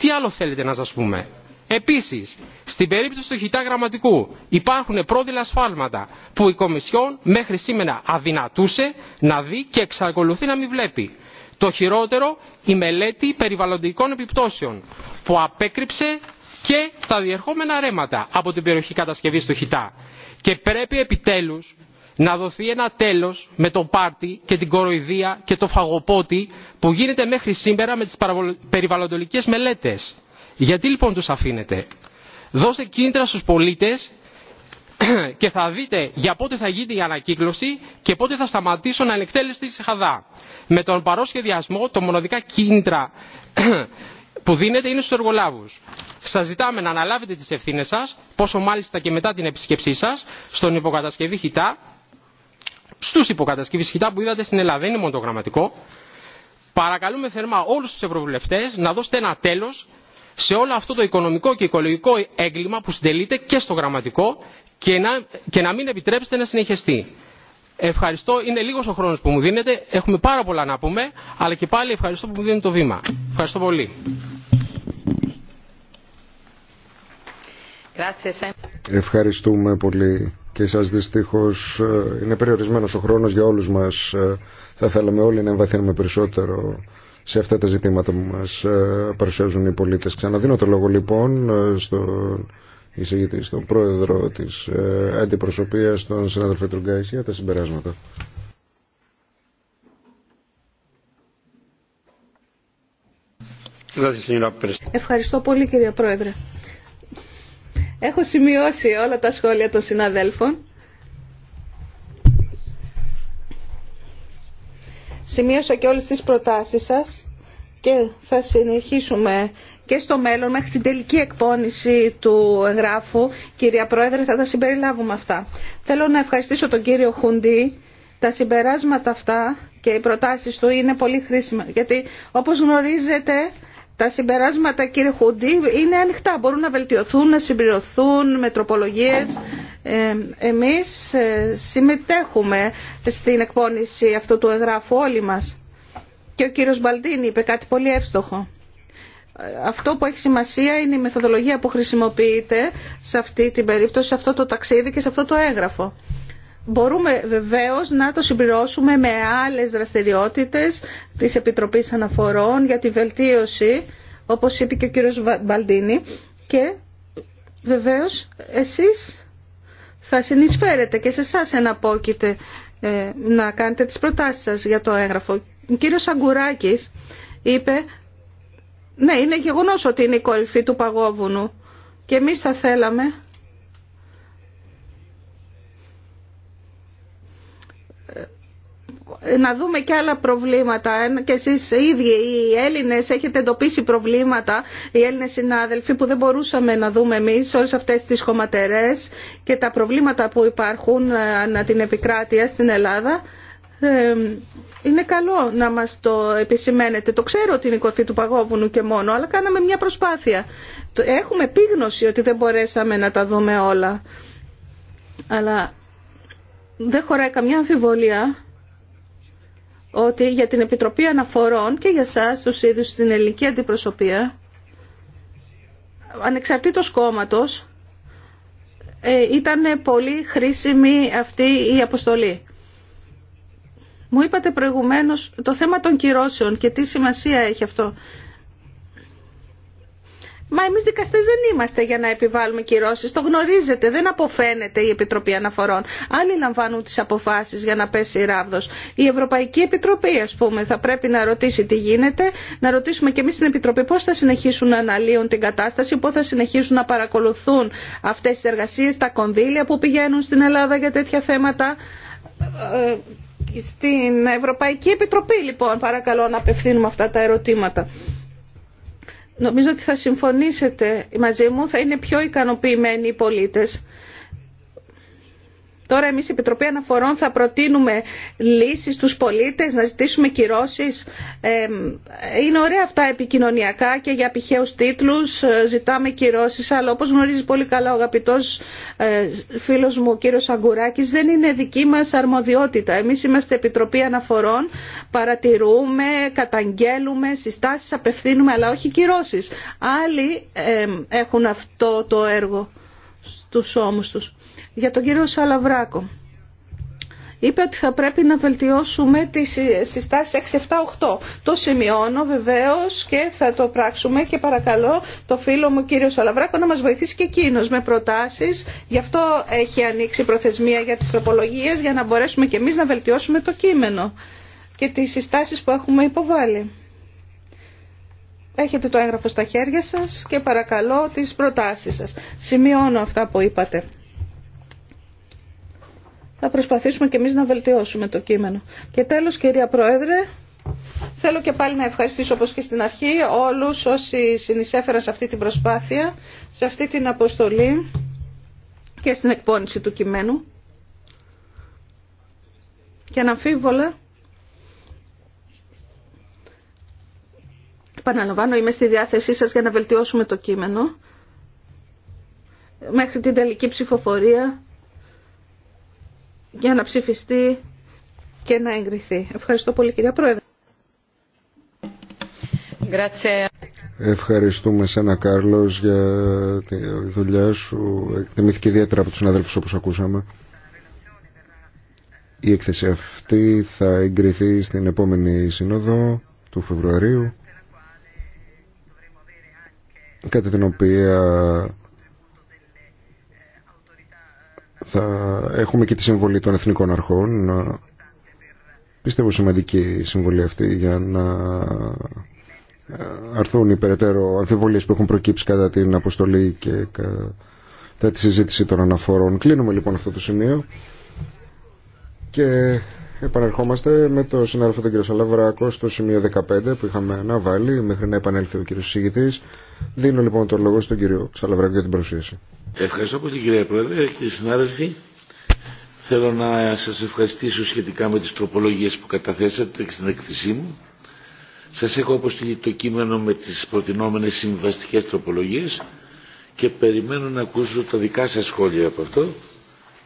Τι άλλο θέλετε να σας πούμε. Επίσης, στην περίπτωση του χιτά γραμματικού υπάρχουν πρόδειλα σφάλματα που η Κομισιόν μέχρι σήμερα αδυνατούσε να δει και εξακολουθεί να μην βλέπει. Το χειρότερο, η μελέτη περιβαλλοντικών επιπτώσεων που απέκρυψε και τα διερχόμενα ρέματα από την περιοχή κατασκευής του χιτά. Και πρέπει επιτέλους να δοθεί ένα τέλος με το πάρτι και την κοροϊδία και το φαγοπότι που γίνεται μέχρι σήμερα με τις περιβαλλοντολικές μελέτες. Γιατί λοιπόν τους αφήνετε. Δώστε κίνητρα στους πολίτες και θα δείτε για πότε θα γίνει η ανακύκλωση και πότε θα σταματήσουν να ανεκτέλεστε στη χαδά. Με τον παρόσχεδιασμό, το μοναδικά κίνητρα που δίνεται είναι στους εργολάβους. Σας ζητάμε να αναλάβετε τις ευθύνες σας, πόσο μάλιστα και μετά την επισκεψή σας, στον υποκατασκευή Χιτά, στους υποκατασκευείς χιτά που είδατε στην Ελλάδα. Δεν είναι μόνο το γραμματικό. Παρακαλούμε θερμά όλους τους ευρωβουλευτές να δώσετε ένα τέλος σε όλο αυτό το οικονομικό και οικολογικό έγκλημα που συντελείται και στο γραμματικό και να, και να μην επιτρέψετε να συνεχιστεί. Ευχαριστώ. Είναι λίγος ο χρόνος που μου δίνετε. Έχουμε πάρα πολλά να πούμε, αλλά και πάλι ευχαριστώ που μου δίνετε το βήμα. Ευχαριστώ πολύ. Ευχαριστούμε πολύ και σας δυστυχώς ε, είναι περιορισμένος ο χρόνος για όλους μας. Ε, θα θέλαμε όλοι να εμβαθύνουμε περισσότερο σε αυτά τα ζητήματα που μας ε, παρουσιάζουν οι πολίτες. Ξαναδίνω το λόγο λοιπόν στον εισηγητή, στον πρόεδρο της αντιπροσωπείας, τον συνάδελφο Τρουγκάης, για τα συμπεράσματα. Ευχαριστώ πολύ κύριε Πρόεδρε. Έχω σημειώσει όλα τα σχόλια των συναδέλφων. Σημείωσα και όλες τις προτάσεις σας και θα συνεχίσουμε και στο μέλλον μέχρι την τελική εκπόνηση του εγγράφου. Κυρία Πρόεδρε, θα τα συμπεριλάβουμε αυτά. Θέλω να ευχαριστήσω τον κύριο Χουντή. Τα συμπεράσματα αυτά και οι προτάσεις του είναι πολύ χρήσιμα, γιατί όπως γνωρίζετε τα συμπεράσματα, κύριε Χούντι, είναι ανοιχτά. Μπορούν να βελτιωθούν, να συμπληρωθούν με τροπολογίες. Ε, εμείς ε, συμμετέχουμε στην εκπόνηση αυτού του εγγράφου όλοι μας. Και ο κύριος Μπαλτίνη είπε κάτι πολύ εύστοχο. Αυτό που έχει σημασία είναι η μεθοδολογία που χρησιμοποιείται σε αυτή την περίπτωση, σε αυτό το ταξίδι και σε αυτό το έγγραφο. Μπορούμε βεβαίως να το συμπληρώσουμε με άλλες δραστηριότητες της Επιτροπής Αναφορών για τη βελτίωση, όπως είπε και ο κύριος Μπαλτίνη, και βεβαίως εσείς θα συνεισφέρετε και σε εσά εναπόκειται ε, να κάνετε τις προτάσεις σας για το έγγραφο. Ο κύριος Αγκουράκης είπε, ναι είναι γεγονός ότι είναι η κορυφή του παγόβουνου και εμείς θα θέλαμε να δούμε και άλλα προβλήματα. Και εσείς οι ίδιοι οι Έλληνες έχετε εντοπίσει προβλήματα, οι Έλληνες συνάδελφοι που δεν μπορούσαμε να δούμε εμείς όλες αυτές τις χωματερές και τα προβλήματα που υπάρχουν ε, ανά την επικράτεια στην Ελλάδα. Ε, είναι καλό να μας το επισημαίνετε. Το ξέρω ότι είναι η κορφή του Παγόβουνου και μόνο, αλλά κάναμε μια προσπάθεια. Έχουμε πείγνωση ότι δεν μπορέσαμε να τα δούμε όλα. Αλλά δεν χωράει καμιά αμφιβολία ότι για την Επιτροπή Αναφορών και για σας τους ίδιους στην ελληνική αντιπροσωπεία, ανεξαρτήτως κόμματος, ε, ήταν πολύ χρήσιμη αυτή η αποστολή. Μου είπατε προηγουμένως το θέμα των κυρώσεων και τι σημασία έχει αυτό. Μα εμεί δικαστέ δεν είμαστε για να επιβάλλουμε κυρώσει. Το γνωρίζετε, δεν αποφαίνεται η Επιτροπή Αναφορών. Άλλοι λαμβάνουν τι αποφάσει για να πέσει η ράβδο. Η Ευρωπαϊκή Επιτροπή, α πούμε, θα πρέπει να ρωτήσει τι γίνεται, να ρωτήσουμε και εμεί στην Επιτροπή πώ θα συνεχίσουν να αναλύουν την κατάσταση, πώ θα συνεχίσουν να παρακολουθούν αυτέ τι εργασίε, τα κονδύλια που πηγαίνουν στην Ελλάδα για τέτοια θέματα. Ε, στην Ευρωπαϊκή Επιτροπή, λοιπόν, παρακαλώ να απευθύνουμε αυτά τα ερωτήματα. Νομίζω ότι θα συμφωνήσετε μαζί μου, θα είναι πιο ικανοποιημένοι οι πολίτες Τώρα εμείς η Επιτροπή Αναφορών θα προτείνουμε λύσεις στους πολίτες, να ζητήσουμε κυρώσεις. Ε, είναι ωραία αυτά επικοινωνιακά και για πηχαίους τίτλους ε, ζητάμε κυρώσεις, αλλά όπως γνωρίζει πολύ καλά ο αγαπητός ε, φίλος μου ο κύριος Αγκουράκης, δεν είναι δική μας αρμοδιότητα. Εμείς είμαστε Επιτροπή Αναφορών, παρατηρούμε, καταγγέλουμε, συστάσεις απευθύνουμε, αλλά όχι κυρώσεις. Άλλοι έχουν αυτό το έργο στους ώμους τους. Για τον κύριο Σαλαβράκο. Είπε ότι θα πρέπει να βελτιώσουμε τις συστάσεις 6-7-8. Το σημειώνω βεβαίως και θα το πράξουμε και παρακαλώ το φίλο μου κύριο Σαλαβράκο να μας βοηθήσει και εκείνο με προτάσεις. Γι' αυτό έχει ανοίξει προθεσμία για τις τροπολογίες για να μπορέσουμε και εμείς να βελτιώσουμε το κείμενο και τις συστάσεις που έχουμε υποβάλει. Έχετε το έγγραφο στα χέρια σας και παρακαλώ τις προτάσεις σας. Σημειώνω αυτά που είπατε θα προσπαθήσουμε και εμείς να βελτιώσουμε το κείμενο. Και τέλος κυρία Πρόεδρε, θέλω και πάλι να ευχαριστήσω όπως και στην αρχή όλους όσοι συνεισέφεραν σε αυτή την προσπάθεια, σε αυτή την αποστολή και στην εκπόνηση του κειμένου. Και αναμφίβολα, επαναλαμβάνω, είμαι στη διάθεσή σας για να βελτιώσουμε το κείμενο μέχρι την τελική ψηφοφορία για να ψηφιστεί και να εγκριθεί. Ευχαριστώ πολύ κυρία Πρόεδρε. Ευχαριστούμε σένα Κάρλος για τη δουλειά σου. Εκτιμήθηκε ιδιαίτερα από τους συναδέλφους όπως ακούσαμε. Η έκθεση αυτή θα εγκριθεί στην επόμενη συνόδο του Φεβρουαρίου κατά την οποία θα έχουμε και τη συμβολή των εθνικών αρχών. Πιστεύω σημαντική συμβολή αυτή για να ε, αρθούν οι περαιτέρω αμφιβολίες που έχουν προκύψει κατά την αποστολή και κατά τη συζήτηση των αναφορών. Κλείνουμε λοιπόν αυτό το σημείο και Επαναρχόμαστε με τον συνάδελφο τον κύριο Σαλαβράκο στο σημείο 15 που είχαμε αναβάλει μέχρι να επανέλθει ο κύριο Συγητή. Δίνω λοιπόν τον λόγο στον κύριο Σαλαβράκο για την παρουσίαση. Ευχαριστώ πολύ κύριε Πρόεδρε, κύριοι συνάδελφοι. Θέλω να σα ευχαριστήσω σχετικά με τι τροπολογίε που καταθέσατε στην εκθεσή μου. Σα έχω αποστείλει το κείμενο με τι προτινόμενε συμβαστικέ τροπολογίε και περιμένω να ακούσω τα δικά σα σχόλια από αυτό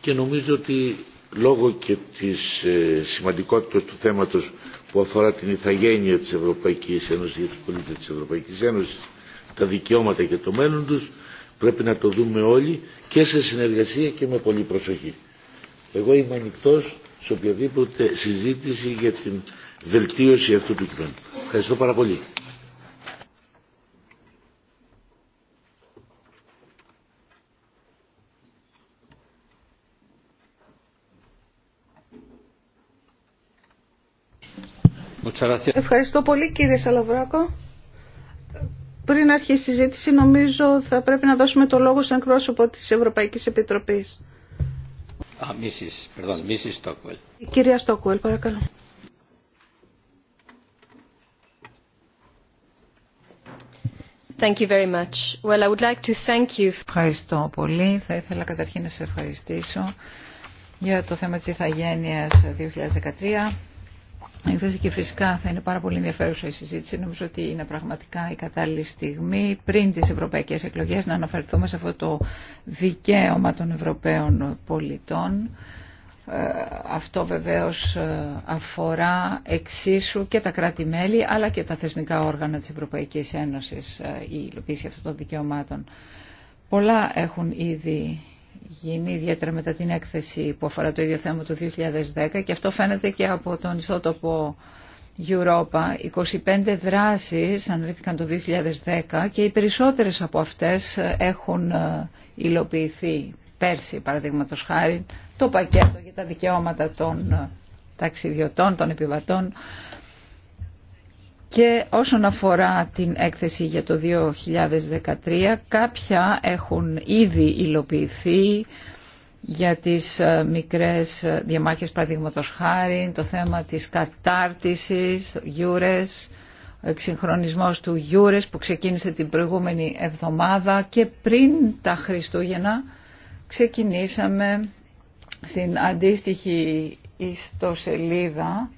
και νομίζω ότι λόγω και της ε, σημαντικότητας του θέματος που αφορά την ηθαγένεια της Ευρωπαϊκής Ένωσης και τους πολίτες της Ευρωπαϊκής Ένωσης, τα δικαιώματα και το μέλλον τους, πρέπει να το δούμε όλοι και σε συνεργασία και με πολύ προσοχή. Εγώ είμαι ανοιχτό σε οποιαδήποτε συζήτηση για την βελτίωση αυτού του κειμένου. Ευχαριστώ πάρα πολύ. Ευχαριστώ πολύ κύριε Σαλαβράκο. Πριν αρχίσει η συζήτηση νομίζω θα πρέπει να δώσουμε το λόγο στον εκπρόσωπο της Ευρωπαϊκής Επιτροπής. κυρία Στόκουελ, παρακαλώ. Ευχαριστώ πολύ. Θα ήθελα καταρχήν να σε ευχαριστήσω για το θέμα της Ιθαγένειας 2013 έκθεση και φυσικά θα είναι πάρα πολύ ενδιαφέρουσα η συζήτηση. Νομίζω ότι είναι πραγματικά η κατάλληλη στιγμή πριν τις ευρωπαϊκές εκλογές να αναφερθούμε σε αυτό το δικαίωμα των Ευρωπαίων πολιτών. Ε, αυτό βεβαίως ε, αφορά εξίσου και τα κράτη-μέλη αλλά και τα θεσμικά όργανα της Ευρωπαϊκής Ένωσης ε, η υλοποίηση αυτών των δικαιωμάτων. Πολλά έχουν ήδη γίνει ιδιαίτερα μετά την έκθεση που αφορά το ίδιο θέμα του 2010 και αυτό φαίνεται και από τον ισότοπο Europa. 25 δράσεις αναλύθηκαν το 2010 και οι περισσότερες από αυτές έχουν ε, υλοποιηθεί πέρσι παραδείγματος χάρη το πακέτο για τα δικαιώματα των ε, ταξιδιωτών, των επιβατών και όσον αφορά την έκθεση για το 2013, κάποια έχουν ήδη υλοποιηθεί για τις ε, μικρές ε, διαμάχες παραδείγματο χάρη, το θέμα της κατάρτισης, γιούρες, εξυγχρονισμός του γιούρες που ξεκίνησε την προηγούμενη εβδομάδα και πριν τα Χριστούγεννα ξεκινήσαμε στην αντίστοιχη ιστοσελίδα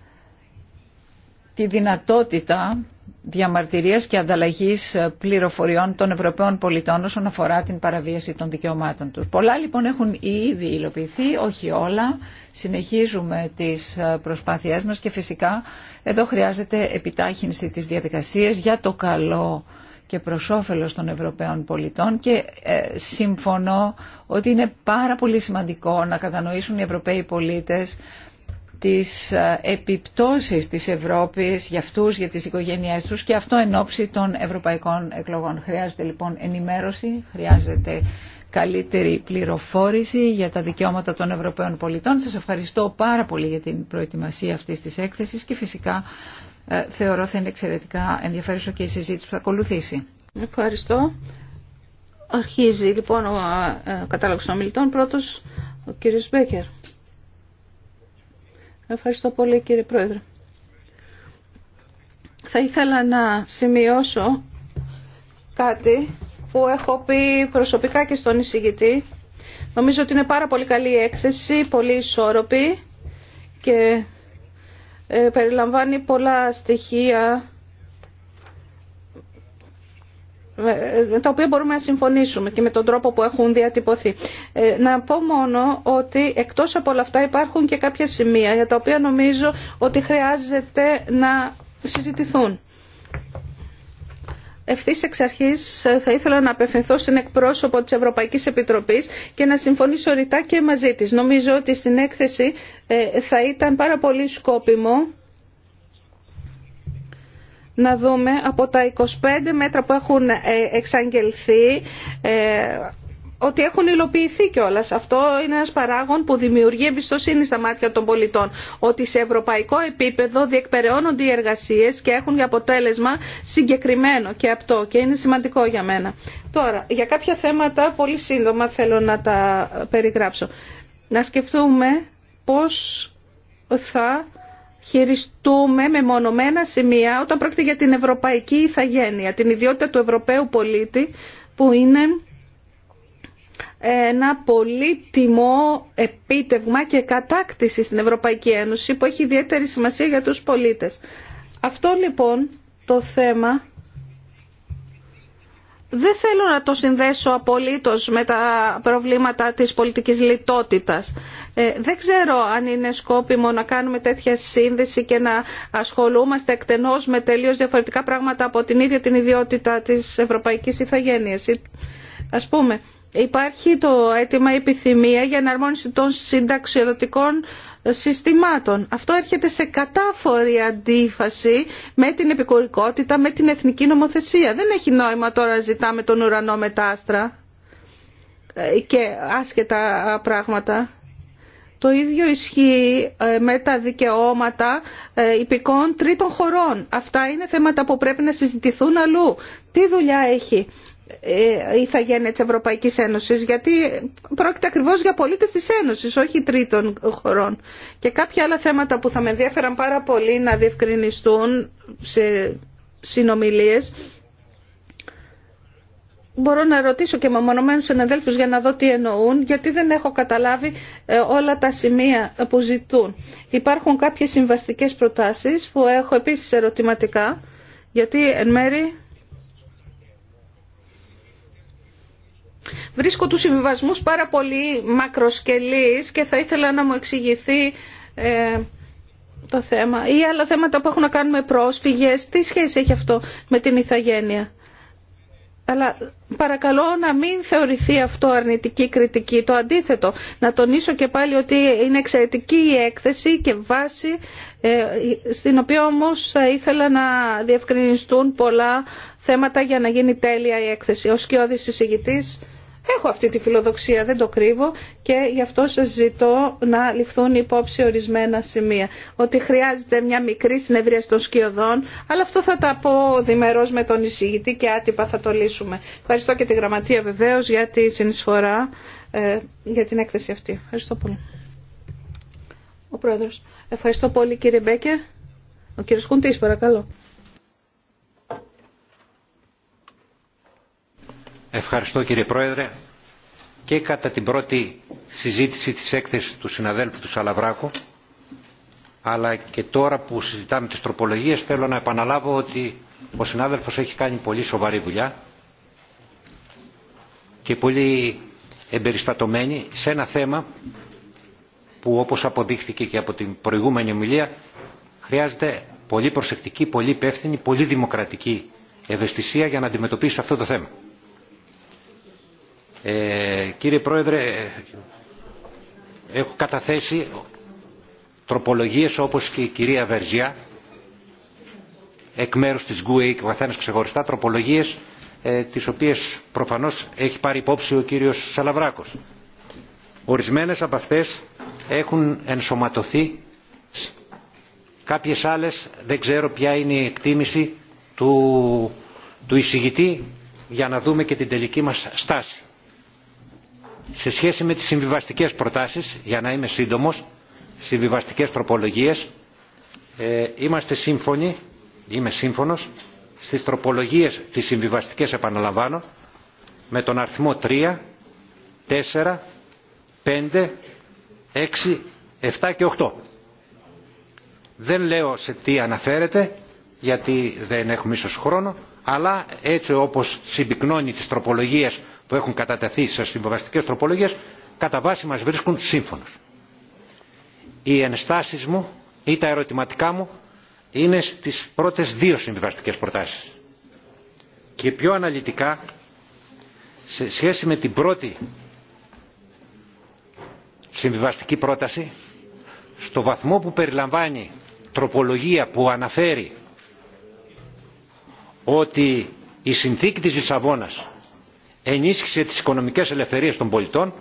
τη δυνατότητα διαμαρτυρίας και ανταλλαγής πληροφοριών των Ευρωπαίων πολιτών όσον αφορά την παραβίαση των δικαιωμάτων τους. Πολλά λοιπόν έχουν ήδη υλοποιηθεί, όχι όλα. Συνεχίζουμε τις προσπάθειές μας και φυσικά εδώ χρειάζεται επιτάχυνση της διαδικασίας για το καλό και προς όφελος των Ευρωπαίων πολιτών και ε, συμφωνώ ότι είναι πάρα πολύ σημαντικό να κατανοήσουν οι Ευρωπαίοι πολίτες τις ε, επιπτώσεις της Ευρώπης για αυτούς, για τις οικογένειές τους και αυτό εν ώψη των ευρωπαϊκών εκλογών. Χρειάζεται λοιπόν ενημέρωση, χρειάζεται καλύτερη πληροφόρηση για τα δικαιώματα των Ευρωπαίων πολιτών. Σας ευχαριστώ πάρα πολύ για την προετοιμασία αυτής της έκθεσης και φυσικά ε, θεωρώ θα είναι εξαιρετικά ενδιαφέρουσα και η συζήτηση που θα ακολουθήσει. Ευχαριστώ. Αρχίζει λοιπόν ο ε, κατάλογος των ομιλητών. Πρώτος ο κύριος Μπέκερ. Ευχαριστώ πολύ κύριε Πρόεδρε. Θα ήθελα να σημειώσω κάτι που έχω πει προσωπικά και στον εισηγητή. Νομίζω ότι είναι πάρα πολύ καλή η έκθεση, πολύ ισόρροπη και ε, περιλαμβάνει πολλά στοιχεία τα οποία μπορούμε να συμφωνήσουμε και με τον τρόπο που έχουν διατυπωθεί. Ε, να πω μόνο ότι εκτός από όλα αυτά υπάρχουν και κάποια σημεία για τα οποία νομίζω ότι χρειάζεται να συζητηθούν. Ευθύ εξ αρχή ε, θα ήθελα να απευθυνθώ στην εκπρόσωπο τη Ευρωπαϊκή Επιτροπή και να συμφωνήσω ρητά και μαζί τη. Νομίζω ότι στην έκθεση ε, θα ήταν πάρα πολύ σκόπιμο να δούμε από τα 25 μέτρα που έχουν ε, εξαγγελθεί ε, ότι έχουν υλοποιηθεί κιόλα. Αυτό είναι ένα παράγον που δημιουργεί εμπιστοσύνη στα μάτια των πολιτών. Ότι σε ευρωπαϊκό επίπεδο διεκπεραιώνονται οι εργασίε και έχουν για αποτέλεσμα συγκεκριμένο και αυτό. Και είναι σημαντικό για μένα. Τώρα, για κάποια θέματα πολύ σύντομα θέλω να τα περιγράψω. Να σκεφτούμε πώς θα χειριστούμε με μονομένα σημεία όταν πρόκειται για την ευρωπαϊκή ηθαγένεια, την ιδιότητα του Ευρωπαίου πολίτη που είναι ένα πολύτιμο επίτευγμα και κατάκτηση στην Ευρωπαϊκή Ένωση που έχει ιδιαίτερη σημασία για τους πολίτες. Αυτό λοιπόν το θέμα δεν θέλω να το συνδέσω απολύτως με τα προβλήματα της πολιτικής λιτότητας. Ε, δεν ξέρω αν είναι σκόπιμο να κάνουμε τέτοια σύνδεση και να ασχολούμαστε εκτενώς με τελείως διαφορετικά πράγματα από την ίδια την ιδιότητα της ευρωπαϊκής ηθαγένειας. Ε, ας πούμε, υπάρχει το αίτημα επιθυμία για εναρμόνιση των συνταξιοδοτικών συστημάτων. Αυτό έρχεται σε κατάφορη αντίφαση με την επικουρικότητα, με την εθνική νομοθεσία. Δεν έχει νόημα τώρα να ζητάμε τον ουρανό με τα άστρα ε, και άσχετα πράγματα. Το ίδιο ισχύει ε, με τα δικαιώματα ε, υπηκών τρίτων χωρών. Αυτά είναι θέματα που πρέπει να συζητηθούν αλλού. Τι δουλειά έχει ε, η ηθαγένεια της Ευρωπαϊκής Ένωσης γιατί πρόκειται ακριβώς για πολίτες της Ένωσης όχι τρίτων χωρών και κάποια άλλα θέματα που θα με ενδιαφέραν πάρα πολύ να διευκρινιστούν σε συνομιλίες μπορώ να ρωτήσω και με μονομένου συναδέλφου για να δω τι εννοούν, γιατί δεν έχω καταλάβει ε, όλα τα σημεία που ζητούν. Υπάρχουν κάποιε συμβαστικέ προτάσει που έχω επίση ερωτηματικά, γιατί εν μέρη. Βρίσκω τους συμβιβασμούς πάρα πολύ μακροσκελείς και θα ήθελα να μου εξηγηθεί ε, το θέμα. Ή άλλα θέματα που έχουν να κάνουν με πρόσφυγες. Τι σχέση έχει αυτό με την ηθαγένεια. Αλλά παρακαλώ να μην θεωρηθεί αυτό αρνητική κριτική. Το αντίθετο, να τονίσω και πάλι ότι είναι εξαιρετική η έκθεση και βάση ε, στην οποία όμως θα ήθελα να διευκρινιστούν πολλά θέματα για να γίνει τέλεια η έκθεση. Ο Σκιώδης εισηγητής Έχω αυτή τη φιλοδοξία, δεν το κρύβω και γι' αυτό σας ζητώ να ληφθούν υπόψη ορισμένα σημεία. Ότι χρειάζεται μια μικρή συνεδρία των σκιωδών, αλλά αυτό θα τα πω διμερώς με τον εισηγητή και άτυπα θα το λύσουμε. Ευχαριστώ και τη γραμματεία βεβαίως για τη συνεισφορά ε, για την έκθεση αυτή. Ευχαριστώ πολύ. Ο Πρόεδρος. Ευχαριστώ πολύ κύριε Μπέκερ. Ο κύριος Χουντής παρακαλώ. Ευχαριστώ κύριε Πρόεδρε. Και κατά την πρώτη συζήτηση της έκθεσης του συναδέλφου του Σαλαβράκου αλλά και τώρα που συζητάμε τις τροπολογίες θέλω να επαναλάβω ότι ο συνάδελφος έχει κάνει πολύ σοβαρή δουλειά και πολύ εμπεριστατωμένη σε ένα θέμα που όπως αποδείχθηκε και από την προηγούμενη ομιλία χρειάζεται πολύ προσεκτική, πολύ υπεύθυνη, πολύ δημοκρατική ευαισθησία για να αντιμετωπίσει αυτό το θέμα. Ε, κύριε Πρόεδρε, έχω καταθέσει τροπολογίες όπως και η κυρία Βερζιά εκ μέρους της ΓΚΟΕ και ο καθένας ξεχωριστά τροπολογίες ε, τις οποίες προφανώς έχει πάρει υπόψη ο κύριος Σαλαβράκος. Ορισμένες από αυτές έχουν ενσωματωθεί κάποιες άλλες δεν ξέρω ποια είναι η εκτίμηση του, του εισηγητή για να δούμε και την τελική μας στάση σε σχέση με τις συμβιβαστικές προτάσεις, για να είμαι σύντομος, συμβιβαστικές τροπολογίες, ε, είμαστε σύμφωνοι, είμαι σύμφωνος, στις τροπολογίες, τις συμβιβαστικές επαναλαμβάνω, με τον αριθμό 3, 4, 5, 6, 7 και 8. Δεν λέω σε τι αναφέρεται, γιατί δεν έχουμε ίσως χρόνο, αλλά έτσι όπως συμπυκνώνει τις τροπολογίες που έχουν κατατεθεί σε συμβιβαστικέ τροπολογίες κατά βάση μας βρίσκουν σύμφωνος. Οι ενστάσεις μου ή τα ερωτηματικά μου είναι στις πρώτες δύο συμβιβαστικές προτάσεις. Και πιο αναλυτικά, σε σχέση με την πρώτη συμβιβαστική πρόταση, στο βαθμό που περιλαμβάνει τροπολογία που αναφέρει ότι η συνθήκη της Λισαβόνας ενίσχυση τις οικονομικές ελευθερίες των πολιτών.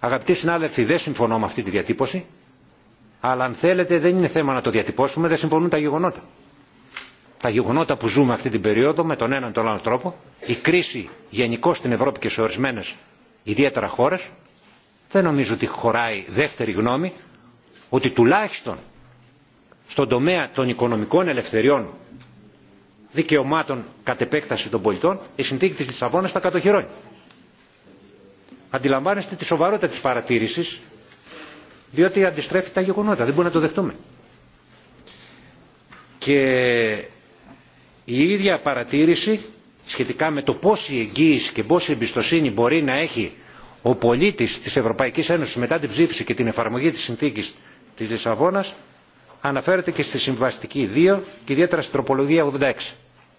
Αγαπητοί συνάδελφοι, δεν συμφωνώ με αυτή τη διατύπωση, αλλά αν θέλετε δεν είναι θέμα να το διατυπώσουμε, δεν συμφωνούν τα γεγονότα. Τα γεγονότα που ζούμε αυτή την περίοδο με τον έναν τον άλλο τρόπο, η κρίση γενικώ στην Ευρώπη και σε ορισμένε ιδιαίτερα χώρε, δεν νομίζω ότι χωράει δεύτερη γνώμη ότι τουλάχιστον στον τομέα των οικονομικών ελευθεριών δικαιωμάτων κατ' επέκταση των πολιτών, η συνθήκη της Λισαβόνας τα κατοχυρώνει. Αντιλαμβάνεστε τη σοβαρότητα της παρατήρησης, διότι αντιστρέφει τα γεγονότα, δεν μπορούμε να το δεχτούμε. Και η ίδια παρατήρηση σχετικά με το πόση εγγύηση και πόση εμπιστοσύνη μπορεί να έχει ο πολίτης της Ευρωπαϊκής Ένωσης μετά την ψήφιση και την εφαρμογή της συνθήκης της Λισαβόνας αναφέρεται και στη συμβαστική 2 και ιδιαίτερα στην τροπολογία 86.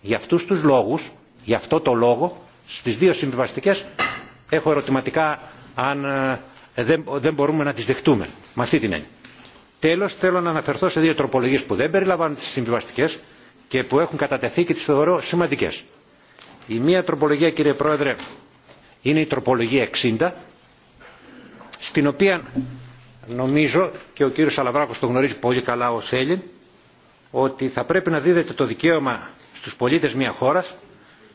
Για αυτούς τους λόγους, για αυτό το λόγο, στις δύο συμβιβαστικές έχω ερωτηματικά αν ε, δεν, δεν μπορούμε να τις δεχτούμε. Με αυτή την έννοια. Τέλος θέλω να αναφερθώ σε δύο τροπολογίες που δεν περιλαμβάνουν τις συμβιβαστικές και που έχουν κατατεθεί και τις θεωρώ σημαντικές. Η μία τροπολογία κύριε Πρόεδρε είναι η τροπολογία 60 στην οποία νομίζω και ο κύριος Αλαβράκος το γνωρίζει πολύ καλά ως Έλλην ότι θα πρέπει να δίδεται το δικαίωμα στους πολίτες μιας χώρας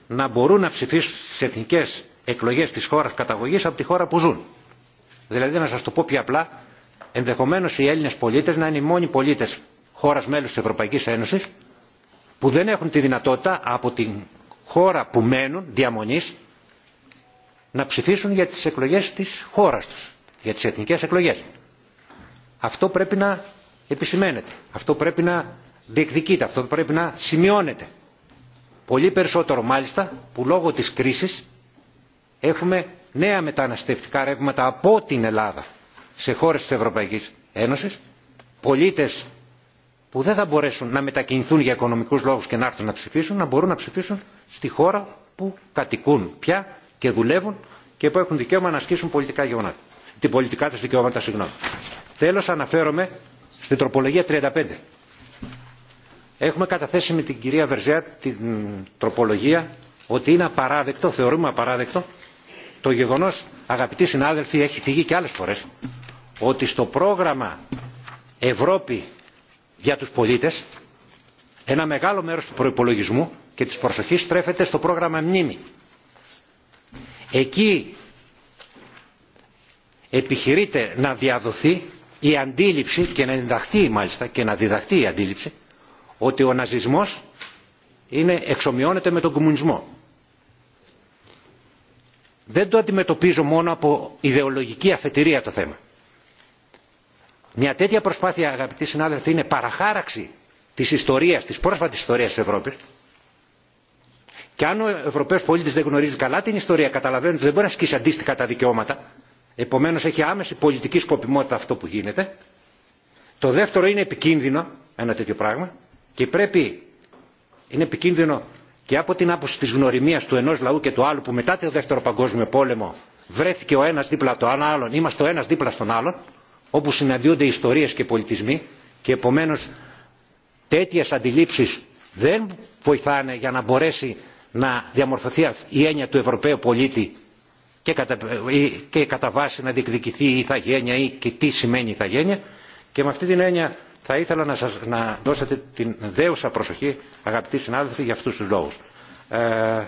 να μπορούν να ψηφίσουν στις εθνικές εκλογές της χώρας καταγωγής από τη χώρα που ζουν. Δηλαδή να σας το πω πιο απλά, ενδεχομένως οι Έλληνες πολίτες να είναι οι μόνοι πολίτες χώρας μέλους της Ευρωπαϊκής Ένωσης που δεν έχουν τη δυνατότητα από την χώρα που μένουν διαμονής να ψηφίσουν για τις εκλογές της χώρας τους, για τις εθνικές εκλογές. Αυτό πρέπει να επισημαίνεται, αυτό πρέπει να διεκδικείται, αυτό πρέπει να σημειώνεται πολύ περισσότερο μάλιστα που λόγω της κρίσης έχουμε νέα μεταναστευτικά ρεύματα από την Ελλάδα σε χώρες της Ευρωπαϊκής Ένωσης, πολίτες που δεν θα μπορέσουν να μετακινηθούν για οικονομικούς λόγους και να έρθουν να ψηφίσουν, να μπορούν να ψηφίσουν στη χώρα που κατοικούν πια και δουλεύουν και που έχουν δικαίωμα να ασκήσουν πολιτικά Την πολιτικά τους δικαιώματα, συγγνώμη. Τέλος αναφέρομαι στην τροπολογία 35 Έχουμε καταθέσει με την κυρία Βερζέα την τροπολογία ότι είναι απαράδεκτο, θεωρούμε απαράδεκτο, το γεγονός, αγαπητοί συνάδελφοι, έχει θυγεί και άλλες φορές, ότι στο πρόγραμμα Ευρώπη για τους πολίτες, ένα μεγάλο μέρος του προϋπολογισμού και της προσοχής στρέφεται στο πρόγραμμα Μνήμη. Εκεί επιχειρείται να διαδοθεί η αντίληψη και να μάλιστα και να διδαχθεί η αντίληψη ότι ο ναζισμός είναι, εξομοιώνεται με τον κομμουνισμό. Δεν το αντιμετωπίζω μόνο από ιδεολογική αφετηρία το θέμα. Μια τέτοια προσπάθεια αγαπητοί συνάδελφοι είναι παραχάραξη της ιστορίας, της πρόσφατης ιστορίας της Ευρώπης και αν ο Ευρωπαίος πολίτης δεν γνωρίζει καλά την ιστορία καταλαβαίνει ότι δεν μπορεί να σκίσει αντίστοιχα τα δικαιώματα επομένως έχει άμεση πολιτική σκοπιμότητα αυτό που γίνεται. Το δεύτερο είναι επικίνδυνο ένα τέτοιο πράγμα και πρέπει, είναι επικίνδυνο και από την άποψη της γνωριμίας του ενός λαού και του άλλου που μετά το δεύτερο παγκόσμιο πόλεμο βρέθηκε ο ένας δίπλα των άλλον, είμαστε ο ένας δίπλα στον άλλον, όπου συναντιούνται ιστορίες και πολιτισμοί και επομένως τέτοιες αντιλήψεις δεν βοηθάνε για να μπορέσει να διαμορφωθεί η έννοια του Ευρωπαίου πολίτη και κατά, και κατά βάση να διεκδικηθεί η ηθαγένεια ή και τι σημαίνει η ηθαγένεια και με αυτή την έννοια θα ήθελα να, σας, να δώσετε την δέουσα προσοχή, αγαπητοί συνάδελφοι, για αυτούς τους λόγους. Ε,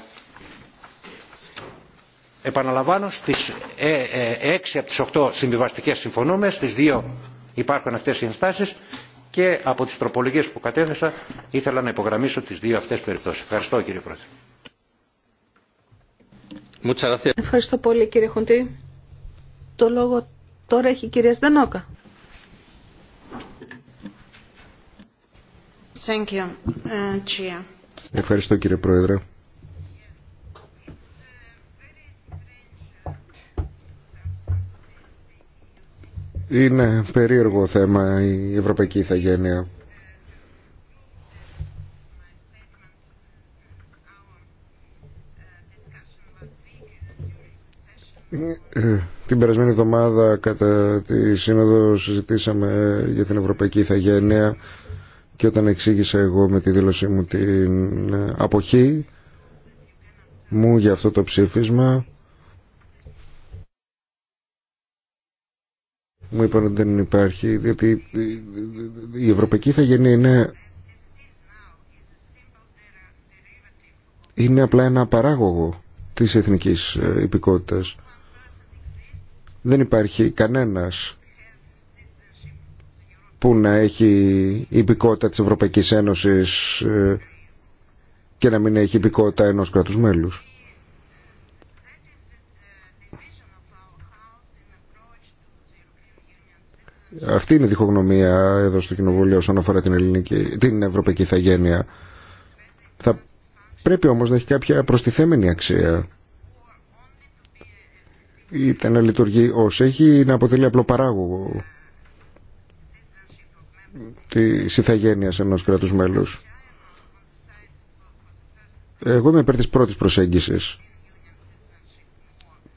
επαναλαμβάνω, στις ε, ε, έξι από τις οκτώ συμβιβαστικές συμφωνούμε, στις δύο υπάρχουν αυτές οι ενστάσεις και από τις τροπολογίες που κατέθεσα ήθελα να υπογραμμίσω τις δύο αυτές περιπτώσεις. Ευχαριστώ κύριε Πρόεδρε. Ευχαριστώ πολύ κύριε Χοντή. Το λόγο τώρα έχει η κυρία Στανόκα. Uh, Ευχαριστώ κύριε Πρόεδρε. Είναι περίεργο θέμα η ευρωπαϊκή Ιθαγένεια. Ε, την περασμένη εβδομάδα κατά τη Σύνοδο συζητήσαμε για την Ευρωπαϊκή Ιθαγένεια και όταν εξήγησα εγώ με τη δήλωσή μου την ε, αποχή μου για αυτό το ψήφισμα μου είπαν ότι δεν υπάρχει διότι η Ευρωπαϊκή Ιθαγενή είναι είναι απλά ένα παράγωγο της εθνικής ε, υπηκότητας δεν υπάρχει κανένας που να έχει υπηκότητα της Ευρωπαϊκής Ένωσης ε, και να μην έχει υπηκότητα ενός κράτους μέλους. Αυτή είναι η διχογνωμία εδώ στο Κοινοβούλιο όσον αφορά την, ελληνική, την ευρωπαϊκή Ιθαγένεια. Θα πρέπει όμως να έχει κάποια προστιθέμενη αξία είτε να λειτουργεί ως έχει ή να αποτελεί απλό παράγωγο τη ηθαγένειας ενός κράτους μέλους. Εγώ είμαι υπέρ της πρώτης προσέγγισης.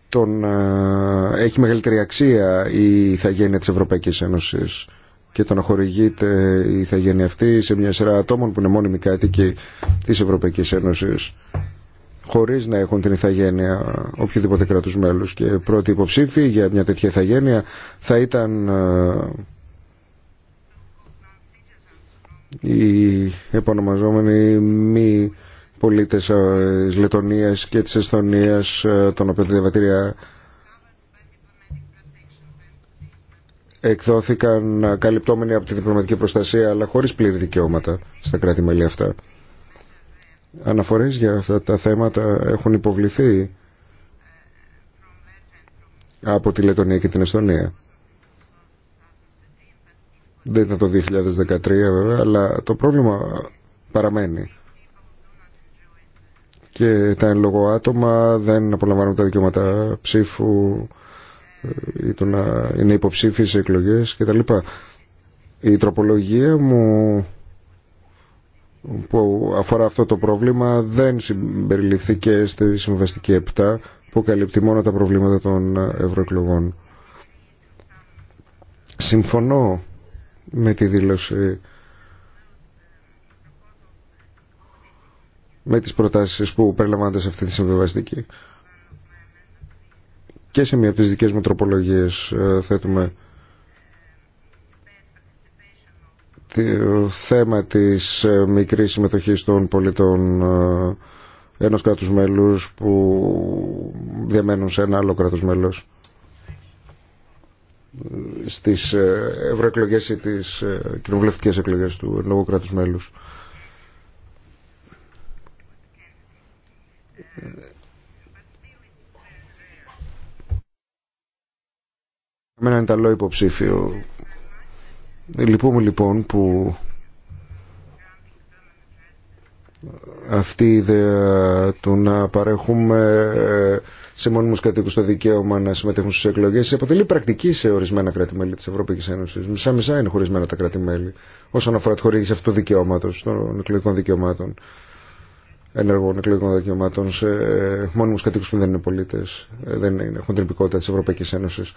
Τον, ε, έχει μεγαλύτερη αξία η ηθαγένεια της Ευρωπαϊκής Ένωσης και το να χορηγείται η ηθαγένεια αυτή σε μια σειρά ατόμων που είναι μόνιμοι κάτοικοι της Ευρωπαϊκής Ένωσης χωρίς να έχουν την ηθαγένεια οποιοδήποτε κράτους μέλους και πρώτη υποψήφοι για μια τέτοια ηθαγένεια θα ήταν ε, οι επωνομαζόμενοι μη πολίτες ε, της Λετωνίας και της Εσθονίας ε, των οποίων τη διαβατήρια εκδόθηκαν ε, καλυπτόμενοι από τη διπλωματική προστασία αλλά χωρίς πλήρη δικαιώματα στα κράτη-μέλη αυτά. Αναφορές για αυτά τα θέματα έχουν υποβληθεί από τη Λετωνία και την Εστονία. Δεν ήταν το 2013 βέβαια, αλλά το πρόβλημα παραμένει. Και τα εν λόγω άτομα δεν απολαμβάνουν τα δικαιώματα ψήφου ε, ή το να είναι υποψήφιοι σε εκλογές κτλ. Η τροπολογία μου που αφορά αυτό το πρόβλημα δεν συμπεριληφθήκε στη Συμβαστική έπτα που καλύπτει μόνο τα προβλήματα των ευρωεκλογών. Συμφωνώ με τη δήλωση με τις προτάσεις που περιλαμβάνονται σε αυτή τη συμβιβαστική. Και σε μία από τις δικές μου τροπολογίες ε, θέτουμε το θέμα της ε, μικρής συμμετοχής των πολιτών ε, ενός κράτους μέλους που διαμένουν σε ένα άλλο κράτος μέλος στις ε, ευρωεκλογέ ε, λοιπόν, η τις κοινοβουλευτικέ εκλογες του λογω κρατους μελους εμενα ειναι ταλο υποψηφιο λυπουμε λοιπον που αυτη η ιδεα του να παρέχουμε ε, σε μόνιμου κατοίκου το δικαίωμα να συμμετέχουν στι εκλογέ, αποτελεί πρακτική σε ορισμένα κράτη-μέλη τη Ευρωπαϊκή Μισά μισά είναι χωρισμένα τα κράτη-μέλη όσον αφορά τη χορήγηση αυτού του δικαιώματο, των εκλογικών δικαιωμάτων, ενεργών εκλογικών δικαιωμάτων σε μόνιμου κατοίκου που δεν είναι πολίτε, δεν έχουν την υπηκότητα της Ευρωπαϊκής Ένωσης.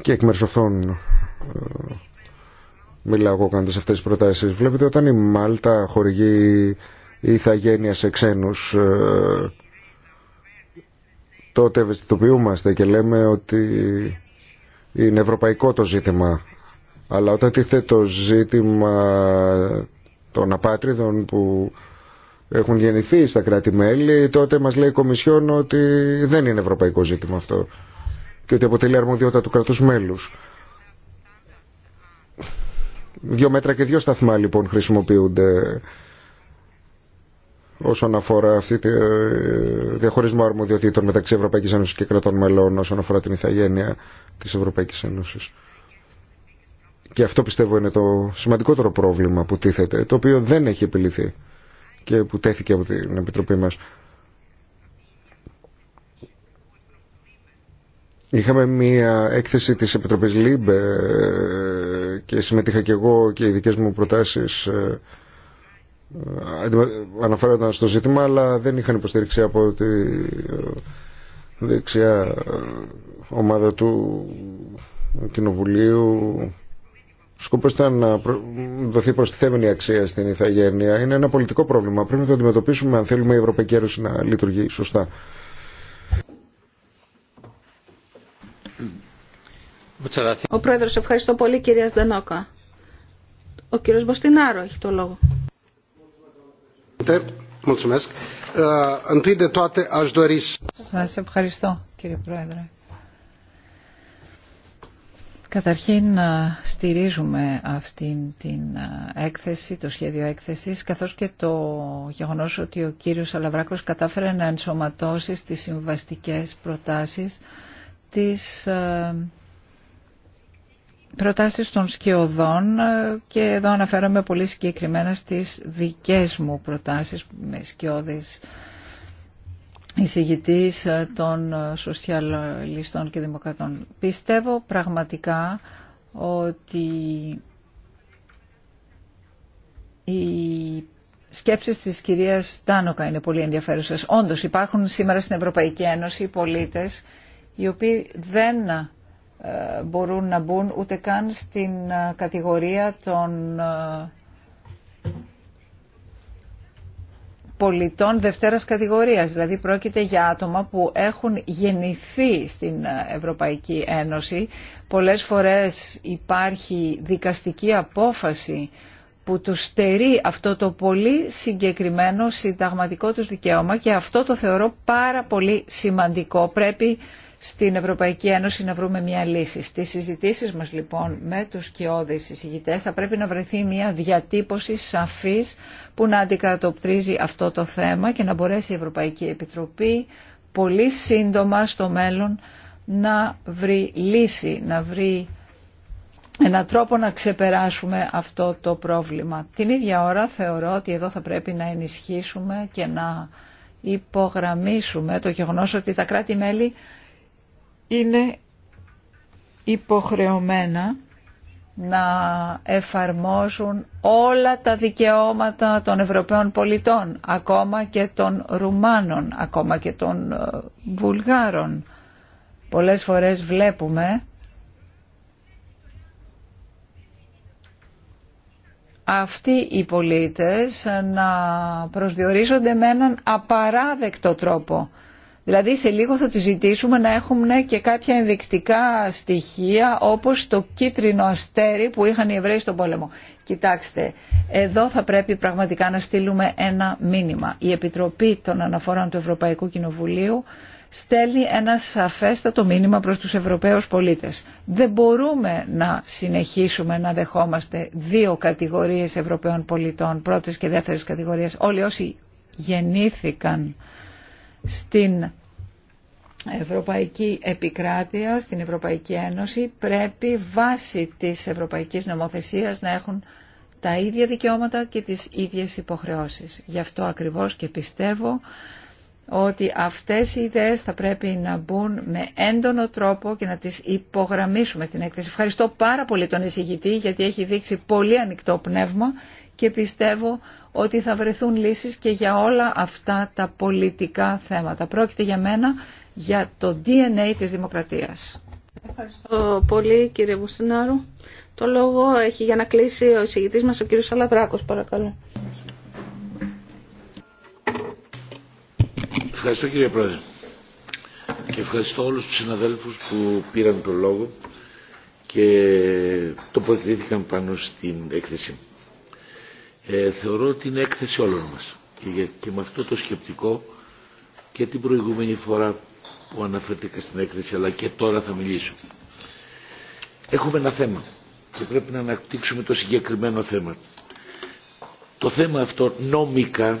Και εκ μέρου αυτών ε, μιλάω εγώ κάνοντα αυτέ τι προτάσει. Βλέπετε όταν η Μάλτα χορηγεί ηθαγένεια σε ξένους ε, τότε ευαισθητοποιούμαστε και λέμε ότι είναι ευρωπαϊκό το ζήτημα αλλά όταν τίθε το ζήτημα των απάτριδων που έχουν γεννηθεί στα κράτη-μέλη τότε μας λέει η Κομισιόν ότι δεν είναι ευρωπαϊκό ζήτημα αυτό και ότι αποτελεί αρμοδιότητα του κρατούς μέλους. Δύο μέτρα και δύο σταθμά λοιπόν χρησιμοποιούνται όσον αφορά αυτή τη ε, διαχωρισμό αρμοδιοτήτων μεταξύ Ευρωπαϊκής Ένωσης και κρατών μελών όσον αφορά την ηθαγένεια της Ευρωπαϊκής Ένωσης. Και αυτό πιστεύω είναι το σημαντικότερο πρόβλημα που τίθεται, το οποίο δεν έχει επιληθεί και που τέθηκε από την Επιτροπή μας. Είχαμε μία έκθεση της Επιτροπής ΛΥΜΠΕ ε, και συμμετείχα και εγώ και οι δικές μου προτάσεις ε, αναφέρονταν στο ζήτημα αλλά δεν είχαν υποστήριξη από τη δεξιά ε, ομάδα του Κοινοβουλίου. Σκοπό ήταν να δοθεί προστιθέμενη αξία στην ηθαγένεια. Είναι ένα πολιτικό πρόβλημα. Πρέπει να το αντιμετωπίσουμε αν θέλουμε η Ευρωπαϊκή Ένωση να λειτουργεί σωστά. Ο Πρόεδρος, ευχαριστώ πολύ κυρία Σδενόκα. Ο κύριος Μποστινάρο έχει το λόγο. Uh, Σας ευχαριστώ κύριε Πρόεδρε. Καταρχήν uh, στηρίζουμε αυτή την uh, έκθεση, το σχέδιο έκθεσης, καθώς και το γεγονός ότι ο κύριος Αλαβράκος κατάφερε να ενσωματώσει στις συμβαστικές προτάσεις της προτάσεις των σκιωδών ε, και εδώ αναφέρομαι πολύ συγκεκριμένα στις δικές μου προτάσεις με η εισηγητής ε, των ε, σοσιαλιστών και δημοκρατών. Πιστεύω πραγματικά ότι οι σκέψεις της κυρίας Τάνοκα είναι πολύ ενδιαφέρουσες. Όντως υπάρχουν σήμερα στην Ευρωπαϊκή Ένωση πολίτες οι οποίοι δεν μπορούν να μπουν ούτε καν στην ε, κατηγορία των ε, πολιτών δευτέρας κατηγορίας. Δηλαδή πρόκειται για άτομα που έχουν γεννηθεί στην ε, Ευρωπαϊκή Ένωση. Πολλές φορές υπάρχει δικαστική απόφαση που τους στερεί αυτό το πολύ συγκεκριμένο συνταγματικό τους δικαίωμα και αυτό το θεωρώ πάρα πολύ σημαντικό. Πρέπει στην Ευρωπαϊκή Ένωση να βρούμε μια λύση. Στις συζητήσεις μας λοιπόν με τους κοιόδης συζητητές θα πρέπει να βρεθεί μια διατύπωση σαφής που να αντικατοπτρίζει αυτό το θέμα και να μπορέσει η Ευρωπαϊκή Επιτροπή πολύ σύντομα στο μέλλον να βρει λύση, να βρει ένα τρόπο να ξεπεράσουμε αυτό το πρόβλημα. Την ίδια ώρα θεωρώ ότι εδώ θα πρέπει να ενισχύσουμε και να υπογραμμίσουμε το γεγονός ότι τα κράτη-μέλη είναι υποχρεωμένα να εφαρμόσουν όλα τα δικαιώματα των Ευρωπαίων πολιτών, ακόμα και των Ρουμάνων, ακόμα και των ε, Βουλγάρων. Πολλές φορές βλέπουμε αυτοί οι πολίτες να προσδιορίζονται με έναν απαράδεκτο τρόπο. Δηλαδή σε λίγο θα τη ζητήσουμε να έχουμε ναι, και κάποια ενδεικτικά στοιχεία όπως το κίτρινο αστέρι που είχαν οι Εβραίοι στον πόλεμο. Κοιτάξτε, εδώ θα πρέπει πραγματικά να στείλουμε ένα μήνυμα. Η Επιτροπή των Αναφορών του Ευρωπαϊκού Κοινοβουλίου στέλνει ένα σαφέστατο μήνυμα προς τους Ευρωπαίους πολίτες. Δεν μπορούμε να συνεχίσουμε να δεχόμαστε δύο κατηγορίες Ευρωπαίων πολιτών, πρώτης και δεύτερες κατηγορίες. όλοι όσοι γεννήθηκαν στην Ευρωπαϊκή Επικράτεια, στην Ευρωπαϊκή Ένωση, πρέπει βάσει της Ευρωπαϊκής Νομοθεσίας να έχουν τα ίδια δικαιώματα και τις ίδιες υποχρεώσεις. Γι' αυτό ακριβώς και πιστεύω ότι αυτές οι ιδέες θα πρέπει να μπουν με έντονο τρόπο και να τις υπογραμμίσουμε στην έκθεση. Ευχαριστώ πάρα πολύ τον εισηγητή γιατί έχει δείξει πολύ ανοιχτό πνεύμα και πιστεύω ότι θα βρεθούν λύσεις και για όλα αυτά τα πολιτικά θέματα. Πρόκειται για μένα για το DNA της δημοκρατίας. Ευχαριστώ πολύ κύριε Βουστινάρου. Το λόγο έχει για να κλείσει ο εισηγητής μας ο κύριος Αλαβράκος, παρακαλώ. Ευχαριστώ κύριε Πρόεδρε και ευχαριστώ όλους τους συναδέλφους που πήραν το λόγο και τοποθετήθηκαν πάνω στην έκθεση ε, θεωρώ την έκθεση όλων μας και, με αυτό το σκεπτικό και την προηγούμενη φορά που αναφέρθηκα στην έκθεση αλλά και τώρα θα μιλήσω. Έχουμε ένα θέμα και πρέπει να αναπτύξουμε το συγκεκριμένο θέμα. Το θέμα αυτό νόμικα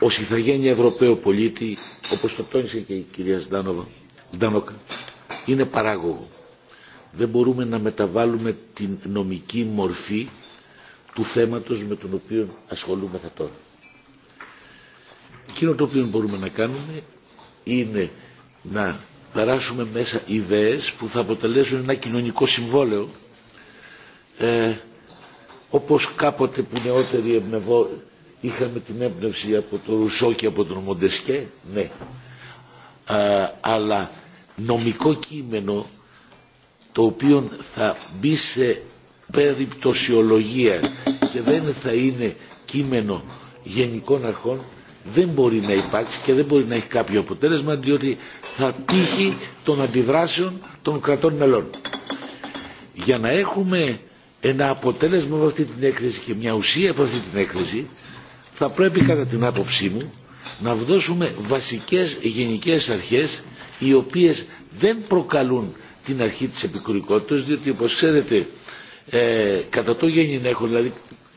ο ηθαγένεια Ευρωπαίο πολίτη όπως το τόνισε και η κυρία Σντάνοκα είναι παράγωγο. Δεν μπορούμε να μεταβάλουμε την νομική μορφή του θέματος με τον οποίο ασχολούμαστε τώρα. Εκείνο το οποίο μπορούμε να κάνουμε είναι να περάσουμε μέσα ιδέες που θα αποτελέσουν ένα κοινωνικό συμβόλαιο ε, όπως κάποτε που νεότεροι είχαμε την έμπνευση από το Ρουσό και από τον Μοντεσκέ, ναι. αλλά νομικό κείμενο το οποίο θα μπει σε περιπτωσιολογία και δεν θα είναι κείμενο γενικών αρχών δεν μπορεί να υπάρξει και δεν μπορεί να έχει κάποιο αποτέλεσμα διότι θα τύχει των αντιδράσεων των κρατών μελών. Για να έχουμε ένα αποτέλεσμα από αυτή την έκθεση και μια ουσία από αυτή την έκθεση θα πρέπει κατά την άποψή μου να δώσουμε βασικές γενικές αρχές οι οποίες δεν προκαλούν την αρχή της επικουρικότητας διότι όπως ξέρετε ε, κατά το γέννη έχω, δηλαδή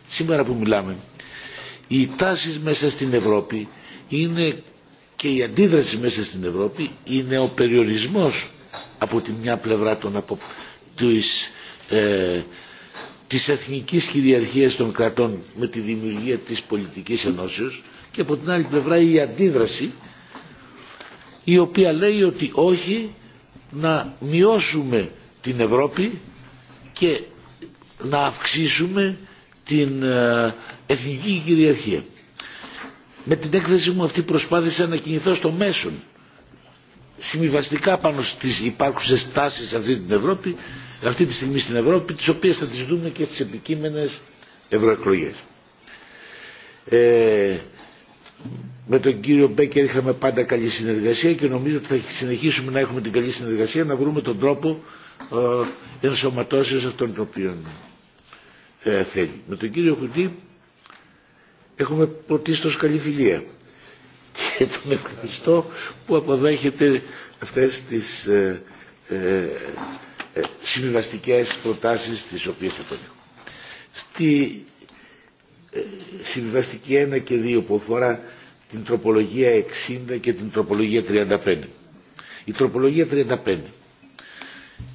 σήμερα που μιλάμε, οι τάσεις μέσα στην Ευρώπη είναι και η αντίδραση μέσα στην Ευρώπη είναι ο περιορισμός από τη μια πλευρά των, από, τους ε, της εθνικής κυριαρχίας των κρατών με τη δημιουργία της πολιτικής ενώσεως και από την άλλη πλευρά η αντίδραση η οποία λέει ότι όχι να μειώσουμε την Ευρώπη και να αυξήσουμε την ε, εθνική κυριαρχία. Με την έκθεση μου αυτή προσπάθησα να κινηθώ στο μέσον συμβιβαστικά πάνω στις υπάρχουσες τάσεις αυτή την Ευρώπη, αυτή τη στιγμή στην Ευρώπη, τις οποίες θα τις δούμε και στις επικείμενες ευρωεκλογές. Ε, με τον κύριο Μπέκερ είχαμε πάντα καλή συνεργασία και νομίζω ότι θα συνεχίσουμε να έχουμε την καλή συνεργασία να βρούμε τον τρόπο ε, ενσωματώσεις αυτών των οποίων ε, θέλει. Με τον κύριο Χουντή έχουμε πρωτίστως καλή φιλία και τον ευχαριστώ που αποδέχεται αυτές τις ε, ε, ε συμβιβαστικές προτάσεις τις οποίες θα τον Στη συμβιβαστική 1 και 2 που αφορά την τροπολογία 60 και την τροπολογία 35. Η τροπολογία 35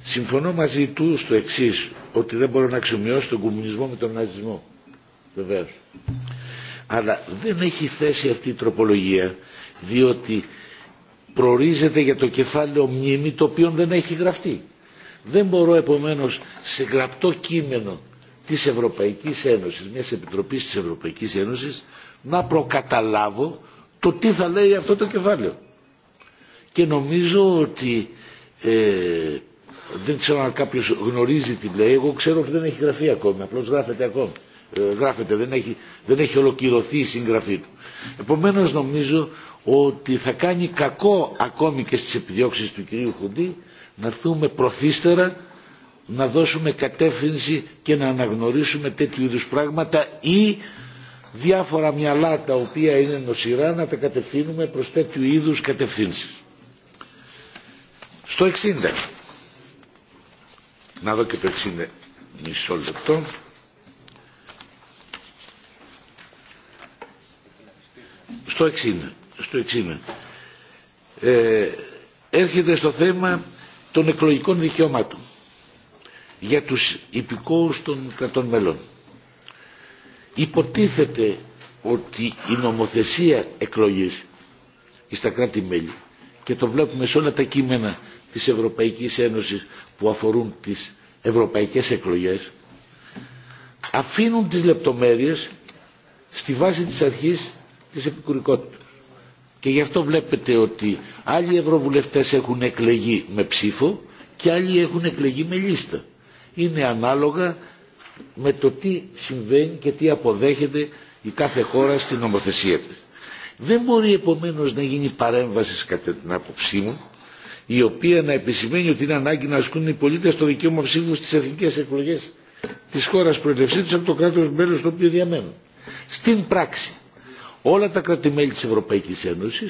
Συμφωνώ μαζί του στο εξή, ότι δεν μπορώ να αξιομοιώσω τον κομμουνισμό με τον ναζισμό. Βεβαίω. Αλλά δεν έχει θέση αυτή η τροπολογία, διότι προορίζεται για το κεφάλαιο μνήμη το οποίο δεν έχει γραφτεί. Δεν μπορώ επομένως σε γραπτό κείμενο της Ευρωπαϊκής Ένωσης, μιας επιτροπής της Ευρωπαϊκής Ένωσης, να προκαταλάβω το τι θα λέει αυτό το κεφάλαιο. Και νομίζω ότι ε, δεν ξέρω αν κάποιο γνωρίζει τι λέει. Εγώ ξέρω ότι δεν έχει γραφεί ακόμη. Απλώ γράφεται ακόμη. Ε, γράφεται, δεν έχει, δεν έχει ολοκληρωθεί η συγγραφή του. Επομένω νομίζω ότι θα κάνει κακό ακόμη και στι επιδιώξει του κυρίου Χουντή να έρθουμε προθύστερα να δώσουμε κατεύθυνση και να αναγνωρίσουμε τέτοιου είδου πράγματα ή διάφορα μυαλά τα οποία είναι νοσηρά να τα κατευθύνουμε προς τέτοιου είδους κατευθύνσεις. Στο 60 να δω και το είναι μισό λεπτό. Στο 60. Στο ε, έρχεται στο θέμα των εκλογικών δικαιωμάτων για τους υπηκόους των κρατών μελών. Υποτίθεται ότι η νομοθεσία εκλογής στα κράτη-μέλη και το βλέπουμε σε όλα τα κείμενα της Ευρωπαϊκής Ένωσης που αφορούν τις ευρωπαϊκές εκλογές αφήνουν τις λεπτομέρειες στη βάση της αρχής της επικουρικότητας. Και γι' αυτό βλέπετε ότι άλλοι ευρωβουλευτές έχουν εκλεγεί με ψήφο και άλλοι έχουν εκλεγεί με λίστα. Είναι ανάλογα με το τι συμβαίνει και τι αποδέχεται η κάθε χώρα στην νομοθεσία της. Δεν μπορεί επομένως να γίνει παρέμβαση κατά την άποψή μου η οποία να επισημαίνει ότι είναι ανάγκη να ασκούν οι πολίτε το δικαίωμα ψήφου στι εθνικέ εκλογέ τη χώρα προελευσή του από το κράτο μέλο στο οποίο διαμένουν. Στην πράξη, όλα τα κράτη-μέλη τη Ευρωπαϊκή Ένωση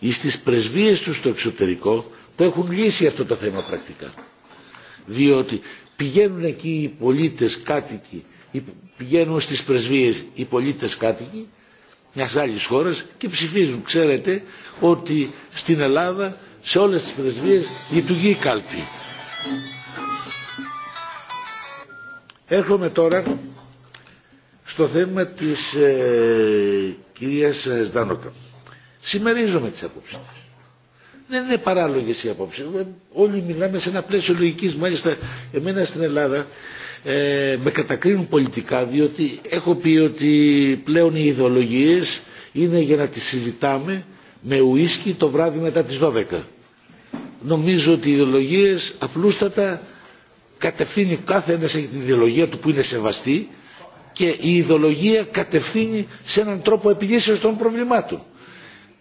ή στι πρεσβείε του στο εξωτερικό το έχουν λύσει αυτό το θέμα πρακτικά. Διότι πηγαίνουν εκεί οι πολίτε κάτοικοι, πηγαίνουν στι πρεσβείε οι πολίτε κάτοικοι μια άλλη χώρα και ψηφίζουν. Ξέρετε ότι στην Ελλάδα σε όλες τις πρεσβείες λειτουργεί η κάλπη. Έρχομαι τώρα στο θέμα της ε, κυρίας Σδάνοκα. Ε, Συμμερίζομαι τις απόψεις Δεν είναι παράλογες οι απόψεις. Ε, όλοι μιλάμε σε ένα πλαίσιο λογικής. Μάλιστα εμένα στην Ελλάδα ε, με κατακρίνουν πολιτικά διότι έχω πει ότι πλέον οι ιδεολογίες είναι για να τις συζητάμε με ουίσκι το βράδυ μετά τις 12 νομίζω ότι οι ιδεολογίες απλούστατα κατευθύνει κάθε ένα σε την ιδεολογία του που είναι σεβαστή και η ιδεολογία κατευθύνει σε έναν τρόπο επιλύσεως των προβλημάτων.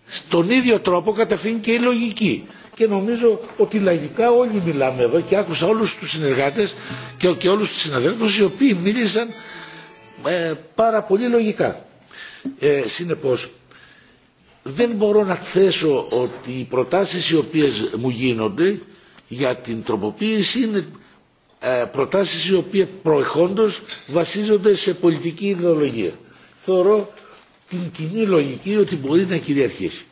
Στον ίδιο τρόπο κατευθύνει και η λογική. Και νομίζω ότι λαγικά όλοι μιλάμε εδώ και άκουσα όλους τους συνεργάτες και, όλου όλους τους συναδέλφους οι οποίοι μίλησαν ε, πάρα πολύ λογικά. Ε, συνεπώς δεν μπορώ να θέσω ότι οι προτάσεις οι οποίες μου γίνονται για την τροποποίηση είναι ε, προτάσεις οι οποίες προεχόντως βασίζονται σε πολιτική ιδεολογία. Θεωρώ την κοινή λογική ότι μπορεί να κυριαρχήσει.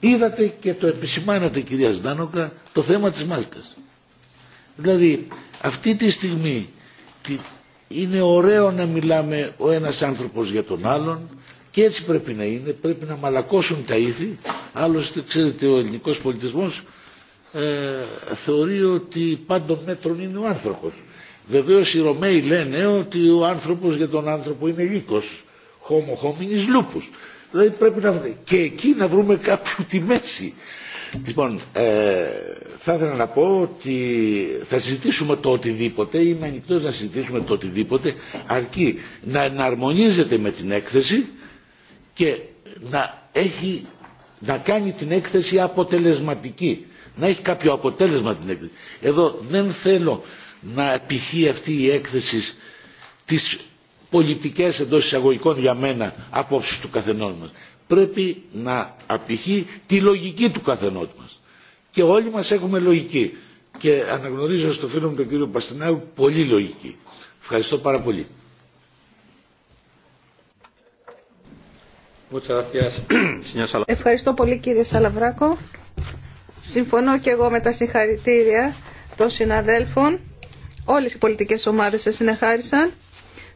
Είδατε και το επισημάνατε κυρία Σντάνοκα το θέμα της Μάλτας. Δηλαδή αυτή τη στιγμή είναι ωραίο να μιλάμε ο ένας άνθρωπος για τον άλλον και έτσι πρέπει να είναι, πρέπει να μαλακώσουν τα ήθη. Άλλωστε, ξέρετε, ο ελληνικός πολιτισμός ε, θεωρεί ότι πάντων μέτρων είναι ο άνθρωπος. Βεβαίως οι Ρωμαίοι λένε ότι ο άνθρωπος για τον άνθρωπο είναι λύκος. Homo hominis lupus. Δηλαδή πρέπει να και εκεί να βρούμε κάποιο τη μέση. Λοιπόν, ε, θα ήθελα να πω ότι θα συζητήσουμε το οτιδήποτε, είμαι ανοιχτό να συζητήσουμε το οτιδήποτε, αρκεί να εναρμονίζεται με την έκθεση και να, έχει, να κάνει την έκθεση αποτελεσματική. Να έχει κάποιο αποτέλεσμα την έκθεση. Εδώ δεν θέλω να επιχεί αυτή η έκθεση τις πολιτικές εντό εισαγωγικών για μένα απόψεις του καθενός μας. Πρέπει να απηχεί τη λογική του καθενός μας. Και όλοι μας έχουμε λογική. Και αναγνωρίζω στο φίλο μου τον κύριο Παστινάου πολύ λογική. Ευχαριστώ πάρα πολύ. Ευχαριστώ πολύ κύριε Σαλαβράκο. Συμφωνώ και εγώ με τα συγχαρητήρια των συναδέλφων. Όλες οι πολιτικές ομάδες σας συνεχάρισαν.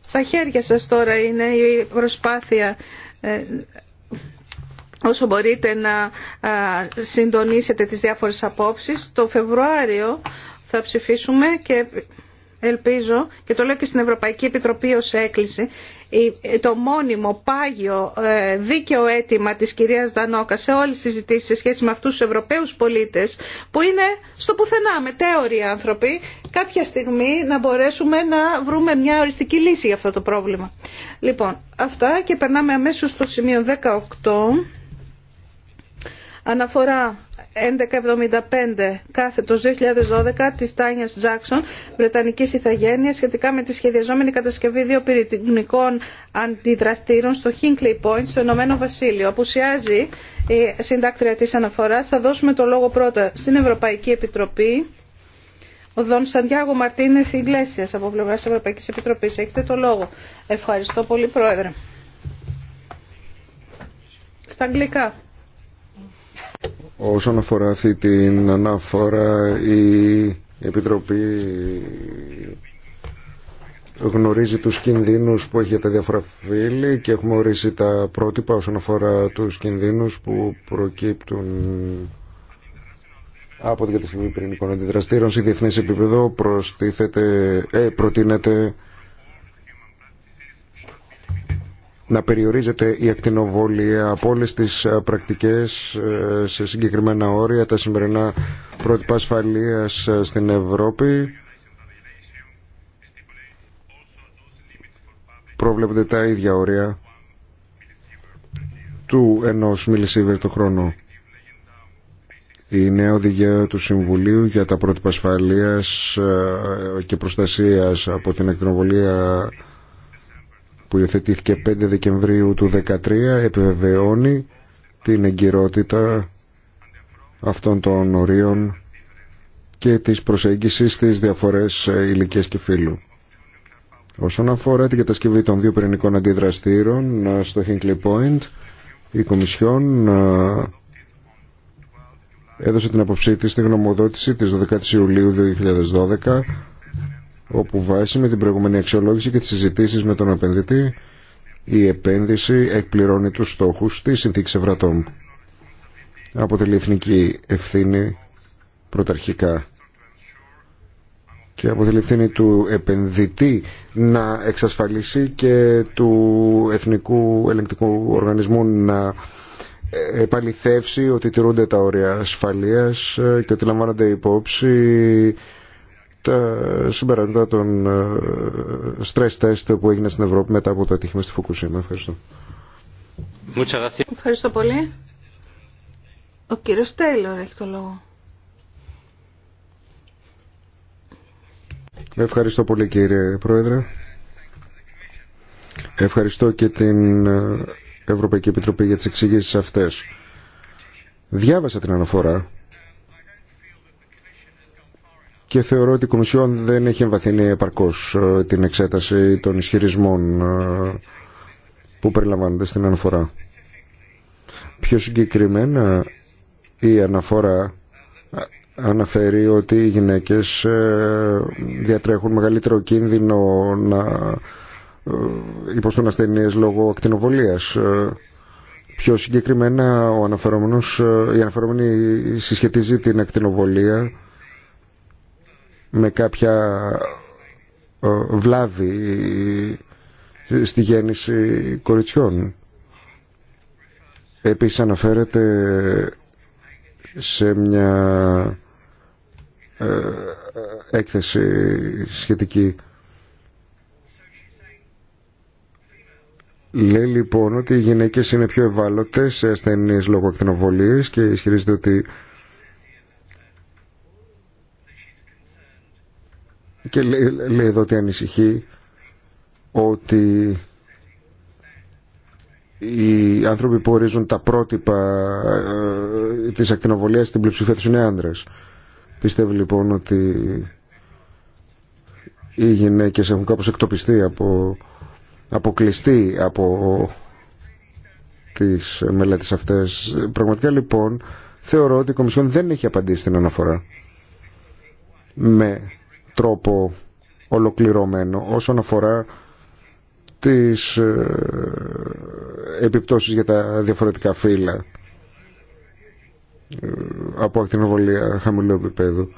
Στα χέρια σας τώρα είναι η προσπάθεια ε, όσο μπορείτε να συντονίσετε τις διάφορες απόψεις. Το Φεβρουάριο θα ψηφίσουμε και ελπίζω και το λέω και στην Ευρωπαϊκή Επιτροπή ως έκκληση το μόνιμο πάγιο ε, δίκαιο αίτημα της κυρίας Δανόκα σε όλες τις συζητήσεις σε σχέση με αυτούς τους Ευρωπαίους πολίτες που είναι στο πουθενά μετέωροι άνθρωποι κάποια στιγμή να μπορέσουμε να βρούμε μια οριστική λύση για αυτό το πρόβλημα. Λοιπόν, αυτά και περνάμε αμέσως στο σημείο 18 αναφορά 1175 κάθετος 2012 της Τάνιας Τζάξον, Βρετανικής Ιθαγένειας, σχετικά με τη σχεδιαζόμενη κατασκευή δύο πυρηνικών αντιδραστήρων στο Hinkley Point, στο Ηνωμένο Βασίλειο. Απουσιάζει η συντάκτρια της αναφοράς. Θα δώσουμε το λόγο πρώτα στην Ευρωπαϊκή Επιτροπή. Ο Δον Σαντιάγο Μαρτίνεθ Ιγκλέσιας από πλευρά της Ευρωπαϊκής Επιτροπής. Έχετε το λόγο. Ευχαριστώ πολύ, Πρόεδρε. Στα αγγλικά. Όσον αφορά αυτή την αναφορά, η Επιτροπή γνωρίζει τους κινδύνους που έχει τα διάφορα και έχουμε ορίσει τα πρότυπα όσον αφορά τους κινδύνους που προκύπτουν από την κατασκευή πυρηνικών αντιδραστήρων σε διεθνές επίπεδο ε, προτείνεται να περιορίζεται η ακτινοβολία από όλε τι ε, πρακτικέ ε, σε συγκεκριμένα όρια, τα σημερινά πρότυπα ασφαλεία ε, στην Ευρώπη. Προβλέπονται τα ίδια όρια του ενός μιλισίβερ το χρόνο. Η νέα οδηγία του Συμβουλίου για τα πρότυπα ασφαλείας και προστασίας από την ακτινοβολία που υιοθετήθηκε 5 Δεκεμβρίου του 2013 επιβεβαιώνει την εγκυρότητα αυτών των ορίων και της προσέγγισης στις διαφορές ε, ηλικίες και φύλου. Όσον αφορά την κατασκευή των δύο πυρηνικών αντιδραστήρων ε, στο Hinkley Point, η Κομισιόν ε, έδωσε την αποψή της στη γνωμοδότηση της 12 Ιουλίου 2012 όπου βάσει με την προηγούμενη αξιολόγηση και τις συζητήσεις με τον επενδυτή η επένδυση εκπληρώνει τους στόχους της συνθήκης Ευρατών. Αποτελεί εθνική ευθύνη πρωταρχικά και αποτελεί ευθύνη του επενδυτή να εξασφαλίσει και του Εθνικού Ελεγκτικού Οργανισμού να ε, επαληθεύσει ότι τηρούνται τα όρια ασφαλείας ε, και ότι λαμβάνονται υπόψη τα συμπεραντά των ε, stress test που έγινε στην Ευρώπη μετά από το ατύχημα στη Φουκουσίμα. Ευχαριστώ. Ευχαριστώ πολύ. Ο κύριος Τέιλορ έχει το λόγο. Ευχαριστώ πολύ κύριε Πρόεδρε. Ευχαριστώ και την ε, Ευρωπαϊκή Επιτροπή για τις εξηγήσεις αυτές. Διάβασα την αναφορά και θεωρώ ότι η Κομισιόν δεν έχει εμβαθύνει επαρκώς ε, την εξέταση των ισχυρισμών ε, που περιλαμβάνονται στην αναφορά. Πιο συγκεκριμένα η αναφορά ε, αναφέρει ότι οι γυναίκες διατρέχουν μεγαλύτερο κίνδυνο να υποστούν ασθενείες λόγω ακτινοβολίας. Πιο συγκεκριμένα ο αναφερόμενος, η αναφερόμενη συσχετίζει την ακτινοβολία με κάποια ε, βλάβη στη γέννηση κοριτσιών. Επίσης αναφέρεται σε μια ε, έκθεση σχετική. Λέει λοιπόν ότι οι γυναίκες είναι πιο ευάλωτες σε ασθενείς λόγω και ισχυρίζεται ότι και λέει, εδώ ότι ανησυχεί ότι οι άνθρωποι που ορίζουν τα πρότυπα ε, της ακτινοβολίας στην πλειοψηφία τους είναι άντρες. Πιστεύει λοιπόν ότι οι γυναίκες έχουν κάπως εκτοπιστεί από, αποκλειστεί από τις μελέτες αυτές. Πραγματικά λοιπόν θεωρώ ότι η Κομισιόν δεν έχει απαντήσει στην αναφορά με τρόπο ολοκληρωμένο όσον αφορά τις ε, επιπτώσεις για τα διαφορετικά φύλλα ε, από ακτινοβολία χαμηλού επίπεδου.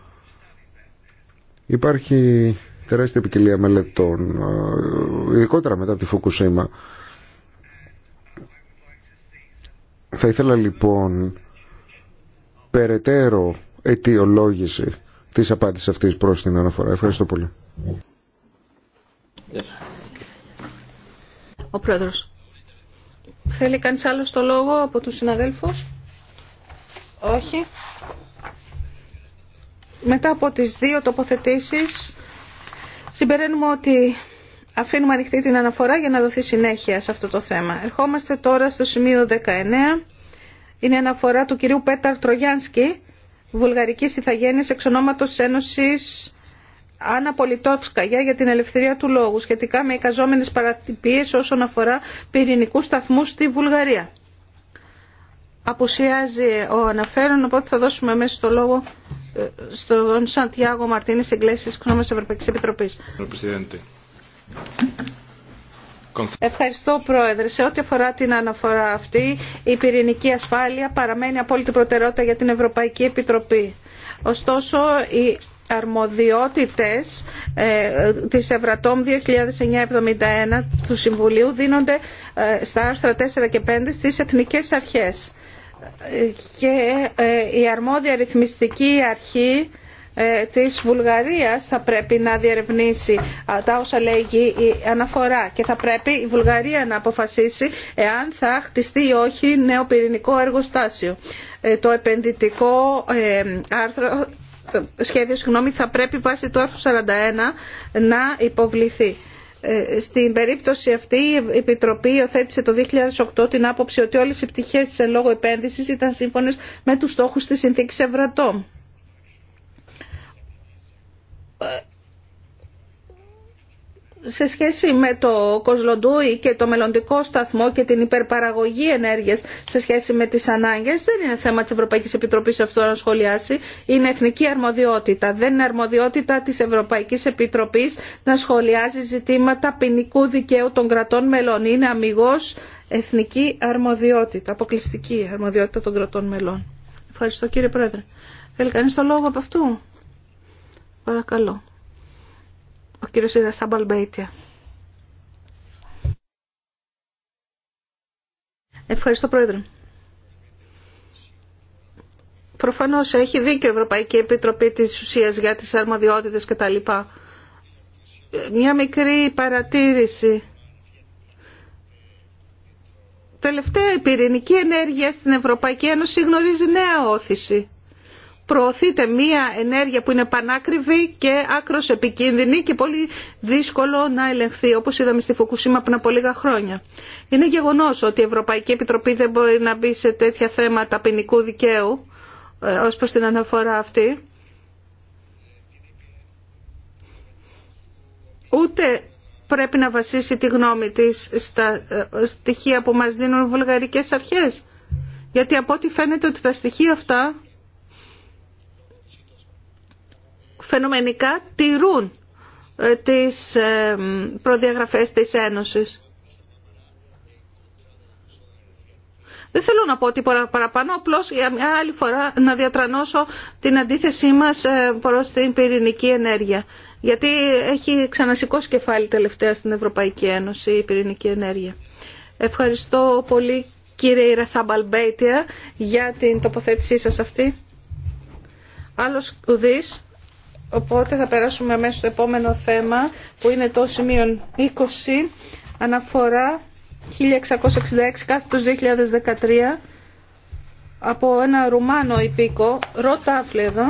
Υπάρχει τεράστια ποικιλία μελετών, ε, ειδικότερα μετά από τη Φουκουσίμα. Θα ήθελα λοιπόν περαιτέρω αιτιολόγηση της απάντησης αυτής προς την αναφορά. Ευχαριστώ πολύ. Ο Πρόεδρος. Θέλει κανείς άλλο το λόγο από τους συναδέλφους. Όχι. Μετά από τις δύο τοποθετήσεις συμπεραίνουμε ότι αφήνουμε ανοιχτή την αναφορά για να δοθεί συνέχεια σε αυτό το θέμα. Ερχόμαστε τώρα στο σημείο 19. Είναι η αναφορά του κυρίου Πέταρ Τρογιάνσκι Βουλγαρική ηθαγένειας εξ ονόματος Ένωσης Άννα για την ελευθερία του λόγου σχετικά με εικαζόμενες παρατυπίες όσον αφορά πυρηνικούς σταθμούς στη Βουλγαρία. Αποουσιάζει ο αναφέρον, οπότε θα δώσουμε μέσα το λόγο ε, στον Σαντιάγο Μαρτίνης Εγκλέσης, Ξενόμενης Ευρωπαϊκής Επιτροπής. Ευχαριστώ Πρόεδρε. Σε ό,τι αφορά την αναφορά αυτή, η πυρηνική ασφάλεια παραμένει απόλυτη προτεραιότητα για την Ευρωπαϊκή Επιτροπή. Ωστόσο, οι αρμοδιότητες ε, της Ευρατόμ του Συμβουλίου δίνονται ε, στα άρθρα 4 και 5 στις εθνικές αρχές. Ε, και ε, η αρμόδια ρυθμιστική αρχή ε, της Βουλγαρίας θα πρέπει να διερευνήσει τα όσα λέγει η αναφορά και θα πρέπει η Βουλγαρία να αποφασίσει εάν θα χτιστεί ή όχι νέο πυρηνικό εργοστάσιο. Ε, το επενδυτικό ε, άρθρο, σχέδιο συγγνώμη, θα πρέπει βάσει του άρθρου 41 να υποβληθεί. Στην περίπτωση αυτή η Επιτροπή υιοθέτησε το 2008 την άποψη ότι όλες οι πτυχές σε λόγω επένδυσης ήταν σύμφωνες με τους στόχους της συνθήκης Ευρατόμ σε σχέση με το Κοσλοντούι και το μελλοντικό σταθμό και την υπερπαραγωγή ενέργειας σε σχέση με τις ανάγκες δεν είναι θέμα της Ευρωπαϊκής Επιτροπής αυτό να σχολιάσει. Είναι εθνική αρμοδιότητα. Δεν είναι αρμοδιότητα της Ευρωπαϊκής Επιτροπής να σχολιάζει ζητήματα ποινικού δικαίου των κρατών μελών. Είναι αμυγός εθνική αρμοδιότητα, αποκλειστική αρμοδιότητα των κρατών μελών. Ευχαριστώ κύριε Πρόεδρε. Θέλει το λόγο από αυτού. Παρακαλώ. Ο κύριος Ιρασάμπαλ Μπέιτια. Ευχαριστώ Πρόεδρε. Προφανώς έχει δίκιο η Ευρωπαϊκή Επιτροπή της Ουσίας για τις αρμοδιότητες κτλ. Μια μικρή παρατήρηση. Τελευταία η πυρηνική ενέργεια στην Ευρωπαϊκή Ένωση γνωρίζει νέα όθηση προωθείται μία ενέργεια που είναι πανάκριβη και άκρος επικίνδυνη και πολύ δύσκολο να ελεγχθεί, όπως είδαμε στη Φουκουσίμα πριν από λίγα χρόνια. Είναι γεγονός ότι η Ευρωπαϊκή Επιτροπή δεν μπορεί να μπει σε τέτοια θέματα ποινικού δικαίου ε, ως προς την αναφορά αυτή. Ούτε πρέπει να βασίσει τη γνώμη της στα ε, στοιχεία που μας δίνουν βουλγαρικές αρχές. Γιατί από ό,τι φαίνεται ότι τα στοιχεία αυτά φαινομενικά τηρούν ε, τις ε, προδιαγραφές της Ένωσης. Δεν θέλω να πω τίποτα παραπάνω, απλώς για μια άλλη φορά να διατρανώσω την αντίθεσή μας ε, προς την πυρηνική ενέργεια. Γιατί έχει ξανασηκώσει κεφάλι τελευταία στην Ευρωπαϊκή Ένωση η πυρηνική ενέργεια. Ευχαριστώ πολύ κύριε Μπέιτια για την τοποθέτησή σας αυτή. Άλλος ουδής Οπότε θα περάσουμε αμέσως στο επόμενο θέμα που είναι το σημείο 20 αναφορά 1666 κάθετος 2013 από ένα Ρουμάνο υπήκο, ρόταφλεδο εδώ.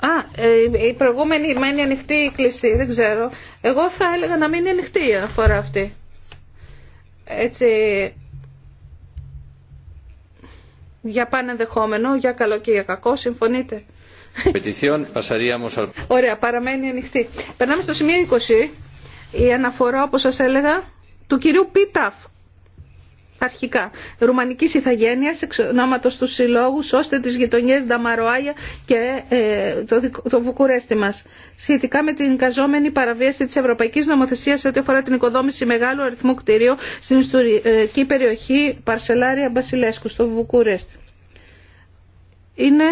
Α, ε, η προηγούμενη μένει ανοιχτή ή κλειστή, δεν ξέρω. Εγώ θα έλεγα να μείνει ανοιχτή η αφορά αυτή έτσι για πάνε για καλό και για κακό, συμφωνείτε. Ωραία, παραμένει ανοιχτή. Περνάμε στο σημείο 20, η αναφορά όπως σας έλεγα του κυρίου Πίταφ αρχικά. Ρουμανικής Ιθαγένειας, εξ ονόματος του συλλόγου, ώστε τις γειτονιές Νταμαροάγια και ε, το, το Βουκουρέστι μας. Σχετικά με την καζόμενη παραβίαση της Ευρωπαϊκής Νομοθεσίας σε ό,τι αφορά την οικοδόμηση μεγάλου αριθμού κτηρίου στην ιστορική περιοχή Παρσελάρια Μπασιλέσκου στο Βουκουρέστι. Είναι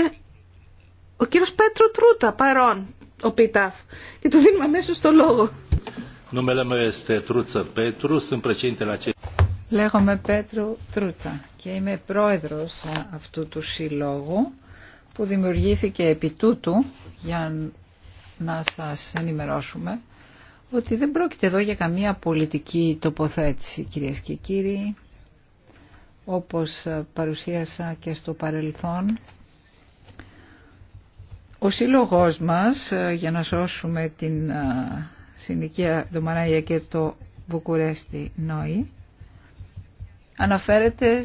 ο κύριος Πέτρο Τρούτα παρόν, ο ΠΙΤΑΦ. Και του δίνουμε αμέσως το λόγο. Λέγομαι Πέτρου Τρούτσα και είμαι πρόεδρος αυτού του συλλόγου που δημιουργήθηκε επί τούτου για να σας ενημερώσουμε ότι δεν πρόκειται εδώ για καμία πολιτική τοποθέτηση κυρίες και κύριοι όπως παρουσίασα και στο παρελθόν ο σύλλογός μας για να σώσουμε την ε, συνοικία Δωμαράια και το Βουκουρέστι Νόη αναφέρεται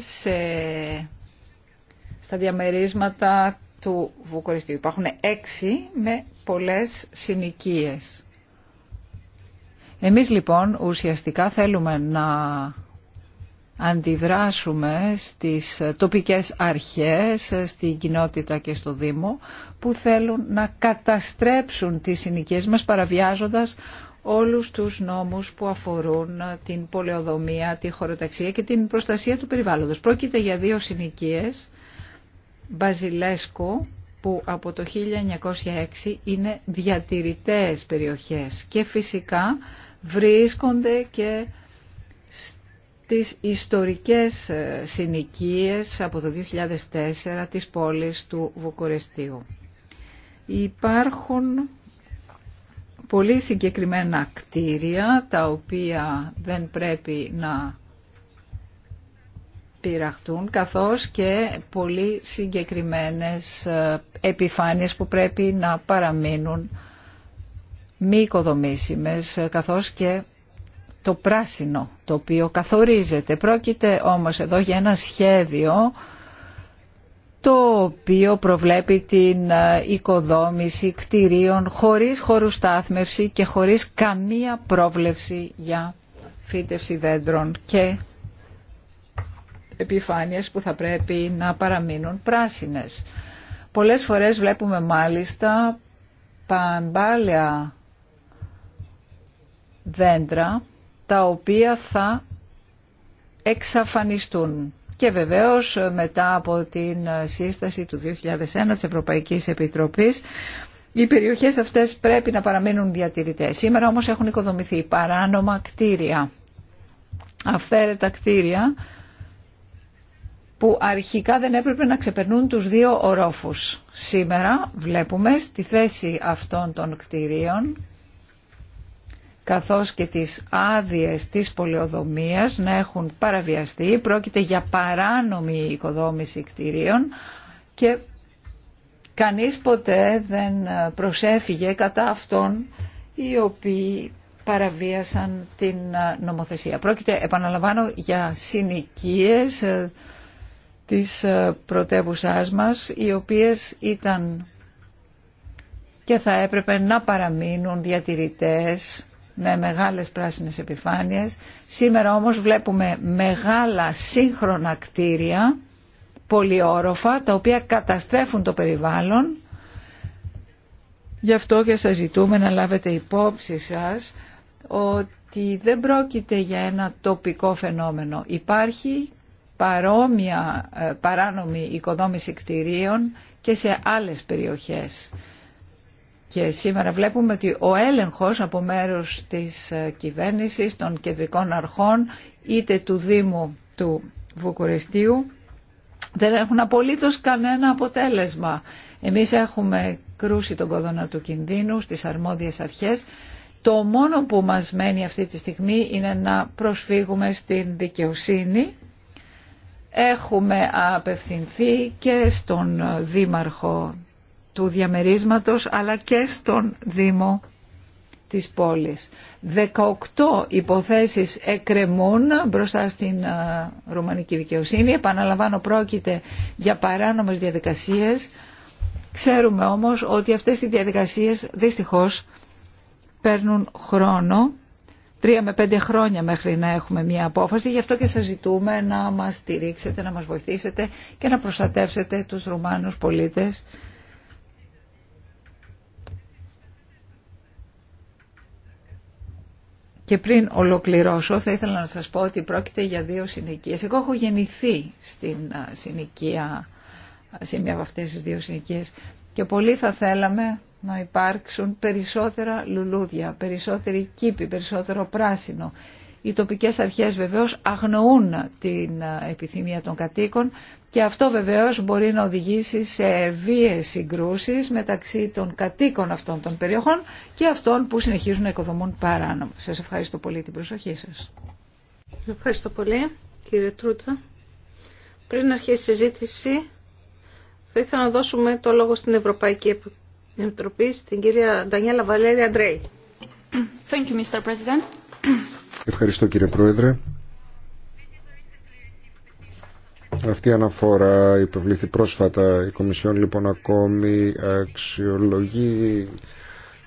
στα διαμερίσματα του Βουκοριστίου. Υπάρχουν έξι με πολλές συνοικίες. Εμείς λοιπόν ουσιαστικά θέλουμε να αντιδράσουμε στις τοπικές αρχές, στην κοινότητα και στο Δήμο που θέλουν να καταστρέψουν τις συνοικίες μας παραβιάζοντας όλους τους νόμους που αφορούν την πολεοδομία, τη χωροταξία και την προστασία του περιβάλλοντος. Πρόκειται για δύο συνοικίες, Μπαζιλέσκο, που από το 1906 είναι διατηρητές περιοχές και φυσικά βρίσκονται και τις ιστορικές ε, συνοικίες από το 2004 της πόλης του Βουκουρεστίου. Υπάρχουν πολύ συγκεκριμένα κτίρια τα οποία δεν πρέπει να πειραχτούν καθώς και πολύ συγκεκριμένες ε, επιφάνειες που πρέπει να παραμείνουν μη οικοδομήσιμες ε, καθώς και το πράσινο το οποίο καθορίζεται. Πρόκειται όμως εδώ για ένα σχέδιο το οποίο προβλέπει την ε, οικοδόμηση κτηρίων χωρίς χώρους στάθμευση και χωρίς καμία πρόβλεψη για φύτευση δέντρων και επιφάνειες που θα πρέπει να παραμείνουν πράσινες. Πολλές φορές βλέπουμε μάλιστα παμπάλια δέντρα τα οποία θα εξαφανιστούν και βεβαίως μετά από την σύσταση του 2001 της Ευρωπαϊκής Επιτροπής οι περιοχές αυτές πρέπει να παραμείνουν διατηρητές. Σήμερα όμως έχουν οικοδομηθεί παράνομα κτίρια, αυθαίρετα κτίρια που αρχικά δεν έπρεπε να ξεπερνούν τους δύο ορόφους. Σήμερα βλέπουμε στη θέση αυτών των κτιρίων καθώς και τις άδειες της πολεοδομίας να έχουν παραβιαστεί. Πρόκειται για παράνομη οικοδόμηση κτηρίων και κανείς ποτέ δεν προσέφυγε κατά αυτών οι οποίοι παραβίασαν την νομοθεσία. Πρόκειται, επαναλαμβάνω, για συνοικίες ε, της ε, πρωτεύουσα μας, οι οποίες ήταν και θα έπρεπε να παραμείνουν διατηρητές με μεγάλες πράσινες επιφάνειες. Σήμερα όμως βλέπουμε μεγάλα σύγχρονα κτίρια, πολυόροφα, τα οποία καταστρέφουν το περιβάλλον. Γι' αυτό και σας ζητούμε να λάβετε υπόψη σας ότι δεν πρόκειται για ένα τοπικό φαινόμενο. Υπάρχει παρόμοια ε, παράνομη οικοδόμηση κτηρίων και σε άλλες περιοχές. Και σήμερα βλέπουμε ότι ο έλεγχος από μέρους της ε, κυβέρνησης, των κεντρικών αρχών, είτε του Δήμου του Βουκουρεστίου, δεν έχουν απολύτως κανένα αποτέλεσμα. Εμείς έχουμε κρούσει τον κόδωνα του κινδύνου στις αρμόδιες αρχές. Το μόνο που μας μένει αυτή τη στιγμή είναι να προσφύγουμε στην δικαιοσύνη. Έχουμε απευθυνθεί και στον Δήμαρχο του διαμερίσματος αλλά και στον Δήμο της πόλης. 18 υποθέσεις εκκρεμούν μπροστά στην ρουμανική δικαιοσύνη. Επαναλαμβάνω πρόκειται για παράνομες διαδικασίες. Ξέρουμε όμως ότι αυτές οι διαδικασίες δυστυχώς παίρνουν χρόνο. Τρία με πέντε χρόνια μέχρι να έχουμε μια απόφαση. Γι' αυτό και σας ζητούμε να μας στηρίξετε, να μας βοηθήσετε και να προστατεύσετε τους Ρουμάνους πολίτες Και πριν ολοκληρώσω θα ήθελα να σας πω ότι πρόκειται για δύο συνοικίες. Εγώ έχω γεννηθεί στην συνοικία, σε μια από αυτές τις δύο συνοικίες και πολύ θα θέλαμε να υπάρξουν περισσότερα λουλούδια, περισσότερη κήπη, περισσότερο πράσινο. Οι τοπικές αρχές βεβαίως αγνοούν την ε, επιθυμία των κατοίκων και αυτό βεβαίως μπορεί να οδηγήσει σε βίες συγκρούσεις μεταξύ των κατοίκων αυτών των περιοχών και αυτών που συνεχίζουν να οικοδομούν παράνομα. Σας ευχαριστώ πολύ την προσοχή σας. Ευχαριστώ πολύ κύριε Τρούτα. Πριν αρχίσει η συζήτηση θα ήθελα να δώσουμε το λόγο στην Ευρωπαϊκή Επιτροπή, στην κυρία Ντανιέλα Βαλέρη Αντρέη. Ευχαριστώ κύριε Πρόεδρε. Αυτή η αναφορά υποβλήθη πρόσφατα. Η Κομισιόν λοιπόν ακόμη αξιολογεί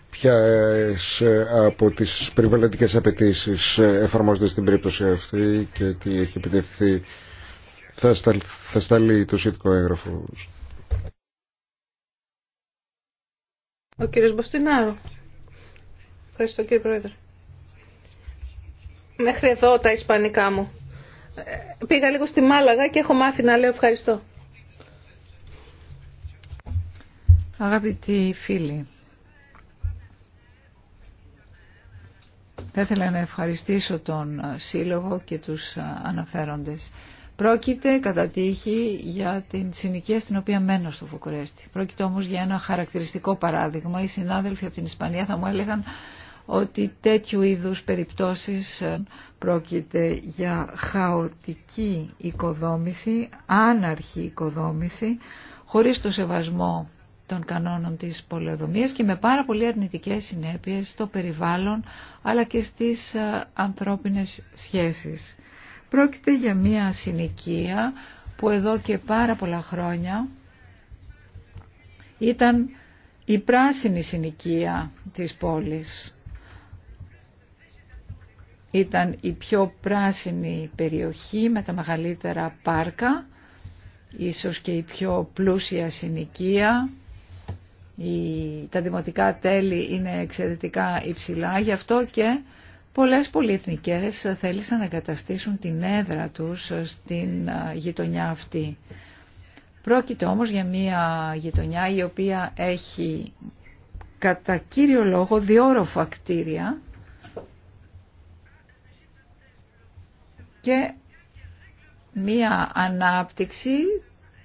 ποια από τις περιβαλλοντικές απαιτήσει εφαρμόζονται στην περίπτωση αυτή και τι έχει επιτευχθεί. Θα, σταλ, σταλεί το σχετικό έγγραφο. Ο κύριος Μποστινάου. Ευχαριστώ κύριε Πρόεδρε μέχρι εδώ τα ισπανικά μου. Πήγα λίγο στη Μάλαγα και έχω μάθει να λέω ευχαριστώ. Αγαπητοί φίλοι, θα ήθελα να ευχαριστήσω τον Σύλλογο και τους αναφέροντες. Πρόκειται κατά τύχη για την συνοικία στην οποία μένω στο Βουκουρέστι. Πρόκειται όμως για ένα χαρακτηριστικό παράδειγμα. Οι συνάδελφοι από την Ισπανία θα μου έλεγαν ότι τέτοιου είδους περιπτώσεις πρόκειται για χαοτική οικοδόμηση, άναρχη οικοδόμηση, χωρίς το σεβασμό των κανόνων της πολεοδομίας και με πάρα πολύ αρνητικές συνέπειες στο περιβάλλον αλλά και στις ε, ανθρώπινες σχέσεις. Πρόκειται για μία συνοικία που εδώ και πάρα πολλά χρόνια ήταν η πράσινη συνοικία της πόλης ήταν η πιο πράσινη περιοχή με τα μεγαλύτερα πάρκα, ίσως και η πιο πλούσια συνοικία. τα δημοτικά τέλη είναι εξαιρετικά υψηλά, γι' αυτό και πολλές πολυεθνικές θέλησαν να καταστήσουν την έδρα τους στην γειτονιά αυτή. Πρόκειται όμως για μια γειτονιά η οποία έχει κατά κύριο λόγο διόροφα κτίρια και μία ανάπτυξη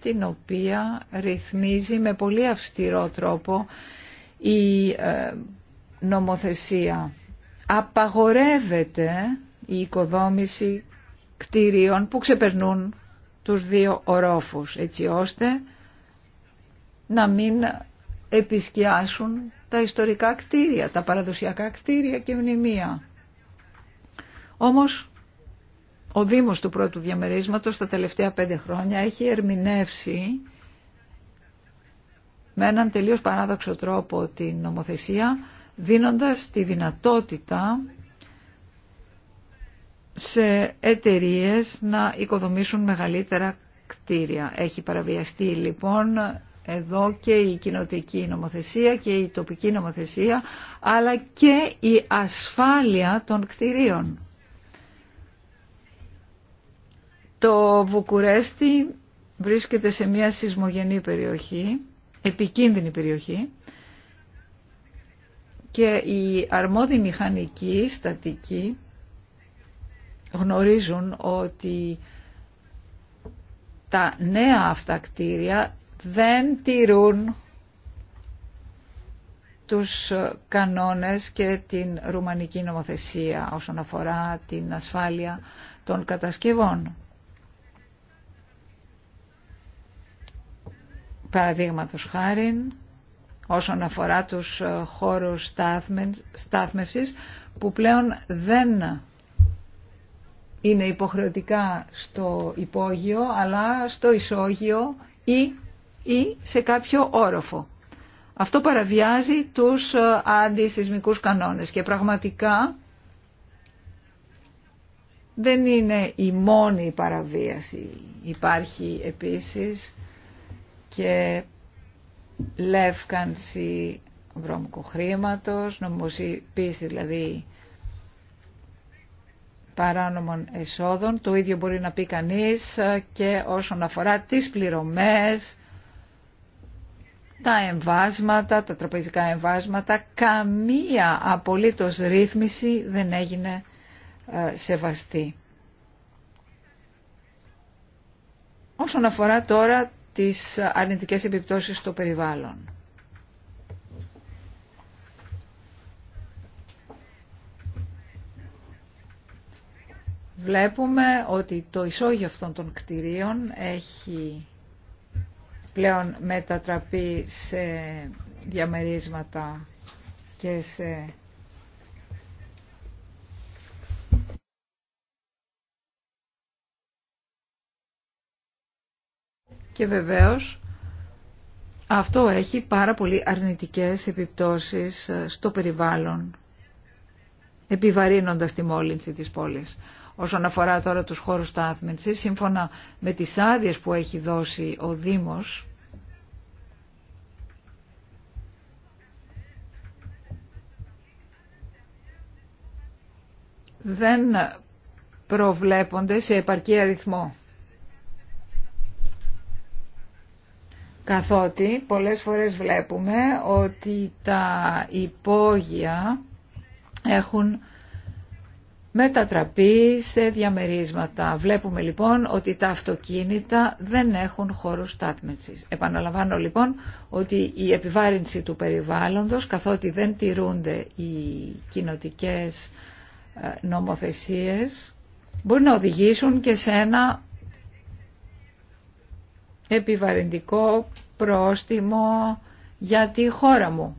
την οποία ρυθμίζει με πολύ αυστηρό τρόπο η ε, νομοθεσία. Απαγορεύεται η οικοδόμηση κτίριων που ξεπερνούν τους δύο ορόφους, έτσι ώστε να μην επισκιάσουν τα ιστορικά κτίρια, τα παραδοσιακά κτίρια και μνημεία. Όμως ο Δήμος του πρώτου διαμερίσματος τα τελευταία πέντε χρόνια έχει ερμηνεύσει με έναν τελείως παράδοξο τρόπο την νομοθεσία, δίνοντας τη δυνατότητα σε εταιρείε να οικοδομήσουν μεγαλύτερα κτίρια. Έχει παραβιαστεί λοιπόν εδώ και η κοινοτική νομοθεσία και η τοπική νομοθεσία, αλλά και η ασφάλεια των κτηρίων. Το Βουκουρέστι βρίσκεται σε μια σεισμογενή περιοχή, επικίνδυνη περιοχή και οι αρμόδιοι μηχανικοί, στατικοί γνωρίζουν ότι τα νέα αυτά κτίρια δεν τηρούν τους κανόνες και την ρουμανική νομοθεσία όσον αφορά την ασφάλεια των κατασκευών. παραδείγματος χάριν όσον αφορά τους ε, χώρους στάθμευσης που πλέον δεν είναι υποχρεωτικά στο υπόγειο αλλά στο ισόγειο ή, ή σε κάποιο όροφο. Αυτό παραβιάζει τους ε, αντισυσμικούς κανόνες και πραγματικά δεν είναι η μόνη παραβίαση. Υπάρχει επίσης και λεύκανση βρώμικου χρήματος, νομοσύπιση, δηλαδή παράνομων εσόδων. Το ίδιο μπορεί να πει κανείς και όσον αφορά τις πληρωμές, τα εμβάσματα, τα τραπεζικά εμβάσματα, καμία απολύτως ρύθμιση δεν έγινε ε, σεβαστή. Όσον αφορά τώρα τις αρνητικές επιπτώσεις στο περιβάλλον. Βλέπουμε ότι το ισόγειο αυτών των κτηρίων έχει πλέον μετατραπεί σε διαμερίσματα και σε και βεβαίως αυτό έχει πάρα πολύ αρνητικές επιπτώσεις ε, στο περιβάλλον, επιβαρύνοντας τη μόλυνση της πόλης. Όσον αφορά τώρα τους χώρους στάθμευσης, σύμφωνα με τις άδειε που έχει δώσει ο Δήμος, δεν προβλέπονται σε επαρκή αριθμό. καθότι πολλές φορές βλέπουμε ότι τα υπόγεια έχουν μετατραπεί σε διαμερίσματα. Βλέπουμε λοιπόν ότι τα αυτοκίνητα δεν έχουν χώρους στάθμευσης. Επαναλαμβάνω λοιπόν ότι η επιβάρυνση του περιβάλλοντος, καθότι δεν τηρούνται οι κοινοτικές ε, νομοθεσίες, μπορεί να οδηγήσουν και σε ένα επιβαρυντικό πρόστιμο για τη χώρα μου.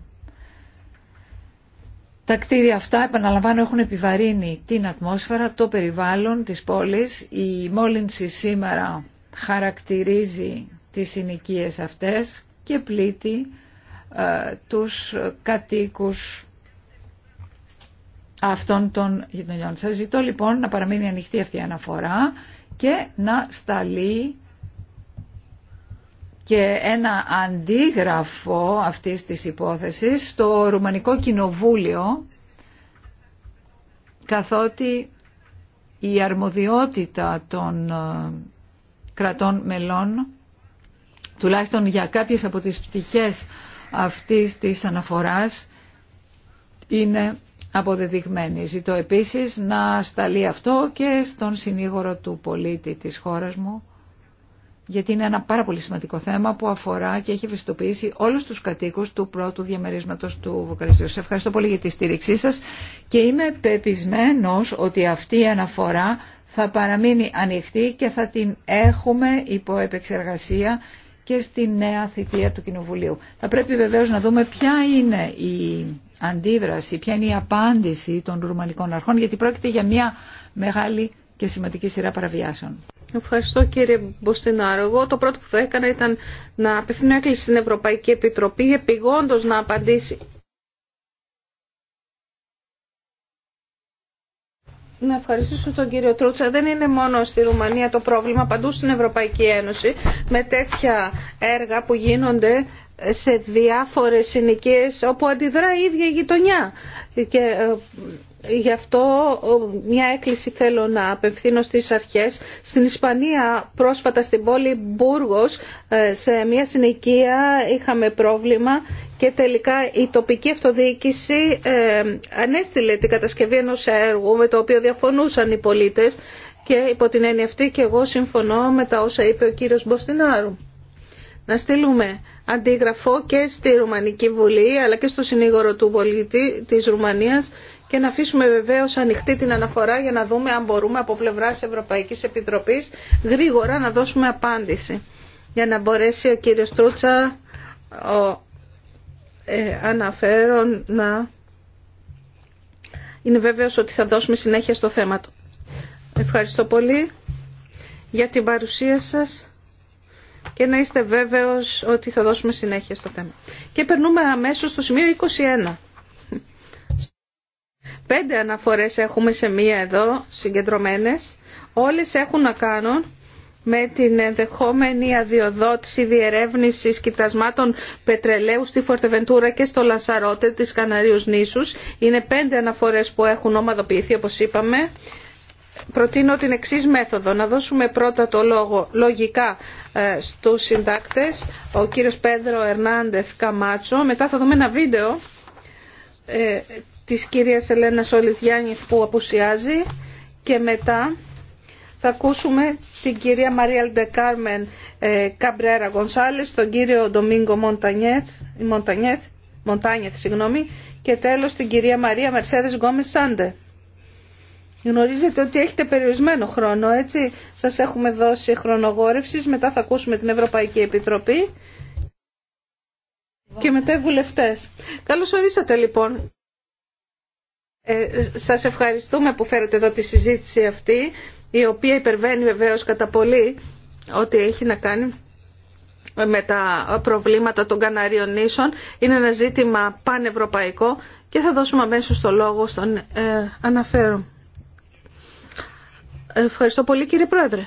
Τα κτίρια αυτά, επαναλαμβάνω, έχουν επιβαρύνει την ατμόσφαιρα, το περιβάλλον της πόλης. Η μόλυνση σήμερα χαρακτηρίζει τις συνοικίες αυτές και πλήττει ε, τους κατοίκους αυτών των γειτονιών. Σας ζητώ λοιπόν να παραμείνει ανοιχτή αυτή η αναφορά και να σταλεί και ένα αντίγραφο αυτής της υπόθεσης στο Ρουμανικό Κοινοβούλιο καθότι η αρμοδιότητα των ε, κρατών μελών τουλάχιστον για κάποιες από τις πτυχές αυτής της αναφοράς είναι αποδεδειγμένη. Ζητώ επίσης να σταλεί αυτό και στον συνήγορο του πολίτη της χώρας μου γιατί είναι ένα πάρα πολύ σημαντικό θέμα που αφορά και έχει ευαισθητοποιήσει όλους τους κατοίκους του πρώτου διαμερίσματος του Βουκαρεστίου. Σε ευχαριστώ πολύ για τη στήριξή σας και είμαι πεπισμένος ότι αυτή η αναφορά θα παραμείνει ανοιχτή και θα την έχουμε υπό επεξεργασία και στη νέα θητεία του Κοινοβουλίου. Θα πρέπει βεβαίως να δούμε ποια είναι η αντίδραση, ποια είναι η απάντηση των ρουμανικών αρχών, γιατί πρόκειται για μια μεγάλη και σημαντική σειρά παραβιάσεων. Ευχαριστώ κύριε Μποστινάρο. Εγώ το πρώτο που θα έκανα ήταν να απευθύνω έκκληση στην Ευρωπαϊκή Επιτροπή επιγόντως να απαντήσει. Να ευχαριστήσω τον κύριο Τρούτσα. Δεν είναι μόνο στη Ρουμανία το πρόβλημα, παντού στην Ευρωπαϊκή Ένωση με τέτοια έργα που γίνονται σε διάφορες συνοικίες όπου αντιδρά η ίδια η γειτονιά ε, Γι' αυτό μια έκκληση θέλω να απευθύνω στις αρχές. Στην Ισπανία πρόσφατα στην πόλη Μπούργος ε, σε μια συνοικία είχαμε πρόβλημα και τελικά η τοπική αυτοδιοίκηση ε, ανέστηλε την κατασκευή ενός έργου με το οποίο διαφωνούσαν οι πολίτες και υπό την έννοια αυτή και εγώ συμφωνώ με τα όσα είπε ο κύριος Μποστινάρου. Να στείλουμε αντίγραφο και στη Ρουμανική Βουλή αλλά και στο συνήγορο του πολίτη της Ρουμανίας και να αφήσουμε βεβαίως ανοιχτή την αναφορά για να δούμε αν μπορούμε από πλευράς Ευρωπαϊκής Επιτροπής γρήγορα να δώσουμε απάντηση για να μπορέσει ο κύριος Τρούτσα ο ε, αναφέρον να είναι βέβαιος ότι θα δώσουμε συνέχεια στο θέμα του. Ευχαριστώ πολύ για την παρουσία σας και να είστε βέβαιος ότι θα δώσουμε συνέχεια στο θέμα. Και περνούμε αμέσως στο σημείο 21. Πέντε αναφορές έχουμε σε μία εδώ συγκεντρωμένες. Όλες έχουν να κάνουν με την ενδεχόμενη αδειοδότηση διερεύνηση κοιτασμάτων πετρελαίου στη Φορτεβεντούρα και στο Λασαρότε της Καναρίους νήσους. Είναι πέντε αναφορές που έχουν ομαδοποιηθεί όπως είπαμε. Προτείνω την εξής μέθοδο, να δώσουμε πρώτα το λόγο λογικά ε, στους συντάκτες, ο κύριος Πέντρο Ερνάντεθ Καμάτσο, μετά θα δούμε ένα βίντεο ε, της κυρίας Ελένα Σόλης που απουσιάζει και μετά θα ακούσουμε την κυρία Μαρία Λντεκάρμεν ε, Καμπρέρα Γονσάλης, τον κύριο Ντομίνγκο Μοντανιέθ, συγγνώμη, και τέλος την κυρία Μαρία Μερσέδες Γκόμες Σάντε. Γνωρίζετε ότι έχετε περιορισμένο χρόνο, έτσι. Σας έχουμε δώσει χρονογόρευσης, μετά θα ακούσουμε την Ευρωπαϊκή Επιτροπή και μετά οι βουλευτές. Καλώς ορίσατε λοιπόν. Ε, σας ευχαριστούμε που φέρετε εδώ τη συζήτηση αυτή, η οποία υπερβαίνει βεβαίως κατά πολύ ό,τι έχει να κάνει με τα προβλήματα των Καναρίων νήσων. Είναι ένα ζήτημα πανευρωπαϊκό και θα δώσουμε αμέσω το λόγο στον ε, αναφέρον. Ευχαριστώ πολύ κύριε Πρόεδρε.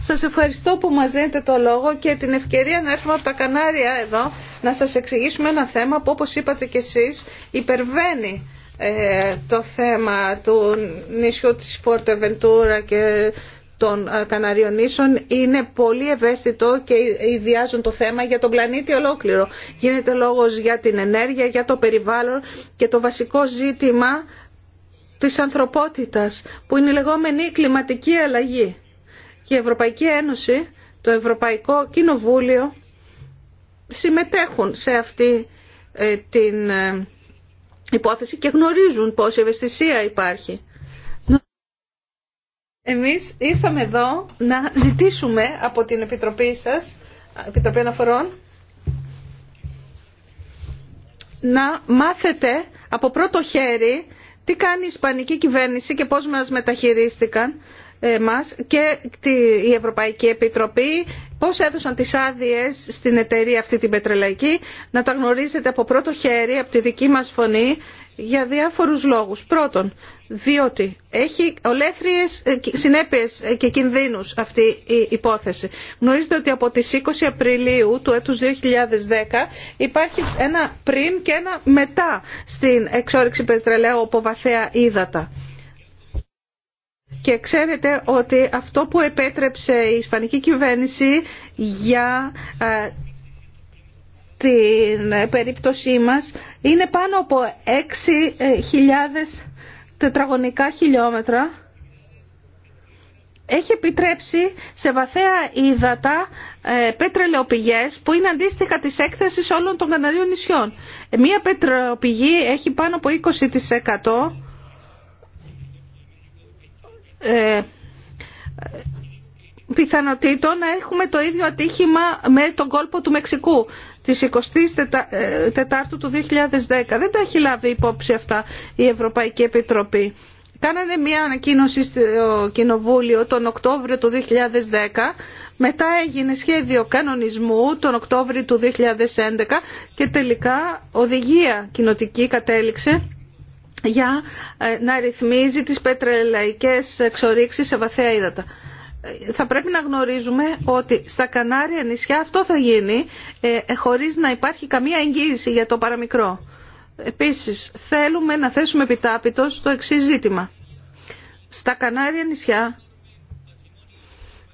Σας ευχαριστώ που μας δίνετε το λόγο και την ευκαιρία να έρθουμε από τα Κανάρια εδώ να σας εξηγήσουμε ένα θέμα που όπως είπατε και εσείς υπερβαίνει ε, το θέμα του νησιού της Πορτεβεντούρα και των ε, Καναρίων είναι πολύ ευαίσθητο και ιδιάζουν το θέμα για τον πλανήτη ολόκληρο. Γίνεται λόγος για την ενέργεια, για το περιβάλλον και το βασικό ζήτημα της ανθρωπότητας που είναι η λεγόμενη κλιματική αλλαγή. Και η Ευρωπαϊκή Ένωση, το Ευρωπαϊκό Κοινοβούλιο συμμετέχουν σε αυτή ε, την ε, υπόθεση και γνωρίζουν πόση ευαισθησία υπάρχει. Εμείς ήρθαμε εδώ να ζητήσουμε από την Επιτροπή σας, Επιτροπή Αναφορών, να μάθετε από πρώτο χέρι τι κάνει η Ισπανική κυβέρνηση και πώς μας μεταχειρίστηκαν μας και η Ευρωπαϊκή Επιτροπή πώς έδωσαν τις άδειες στην εταιρεία αυτή την πετρελαϊκή να τα γνωρίζετε από πρώτο χέρι, από τη δική μας φωνή για διάφορους λόγους. Πρώτον, διότι έχει ολέθριες ε, συνέπειες ε, και κινδύνους αυτή η υπόθεση. Γνωρίζετε ότι από τις 20 Απριλίου του έτους 2010 υπάρχει ένα πριν και ένα μετά στην εξόριξη πετρελαίου από βαθαία ύδατα. Και ξέρετε ότι αυτό που επέτρεψε η Ισπανική κυβέρνηση για ε, την περίπτωσή μας είναι πάνω από 6.000 τετραγωνικά χιλιόμετρα έχει επιτρέψει σε βαθαία ύδατα ε, πετρελαιοπηγές που είναι αντίστοιχα της έκθεσης όλων των Καναρίων νησιών. Μία πετρελαιοπηγή έχει πάνω από 20% ε, πιθανοτήτων να έχουμε το ίδιο ατύχημα με τον κόλπο του Μεξικού της 24ου ε, του 2010. Δεν τα έχει λάβει υπόψη αυτά η Ευρωπαϊκή Επιτροπή. Κάνανε μια ανακοίνωση στο Κοινοβούλιο τον Οκτώβριο του 2010, μετά έγινε σχέδιο κανονισμού τον Οκτώβριο του 2011 και τελικά οδηγία κοινοτική κατέληξε για ε, να ρυθμίζει τις πετρελαϊκές εξορίξεις σε βαθαία ύδατα θα πρέπει να γνωρίζουμε ότι στα Κανάρια νησιά αυτό θα γίνει ε, ε, χωρίς να υπάρχει καμία εγγύηση για το παραμικρό. Επίσης, θέλουμε να θέσουμε επιτάπητο στο εξή ζήτημα. Στα Κανάρια νησιά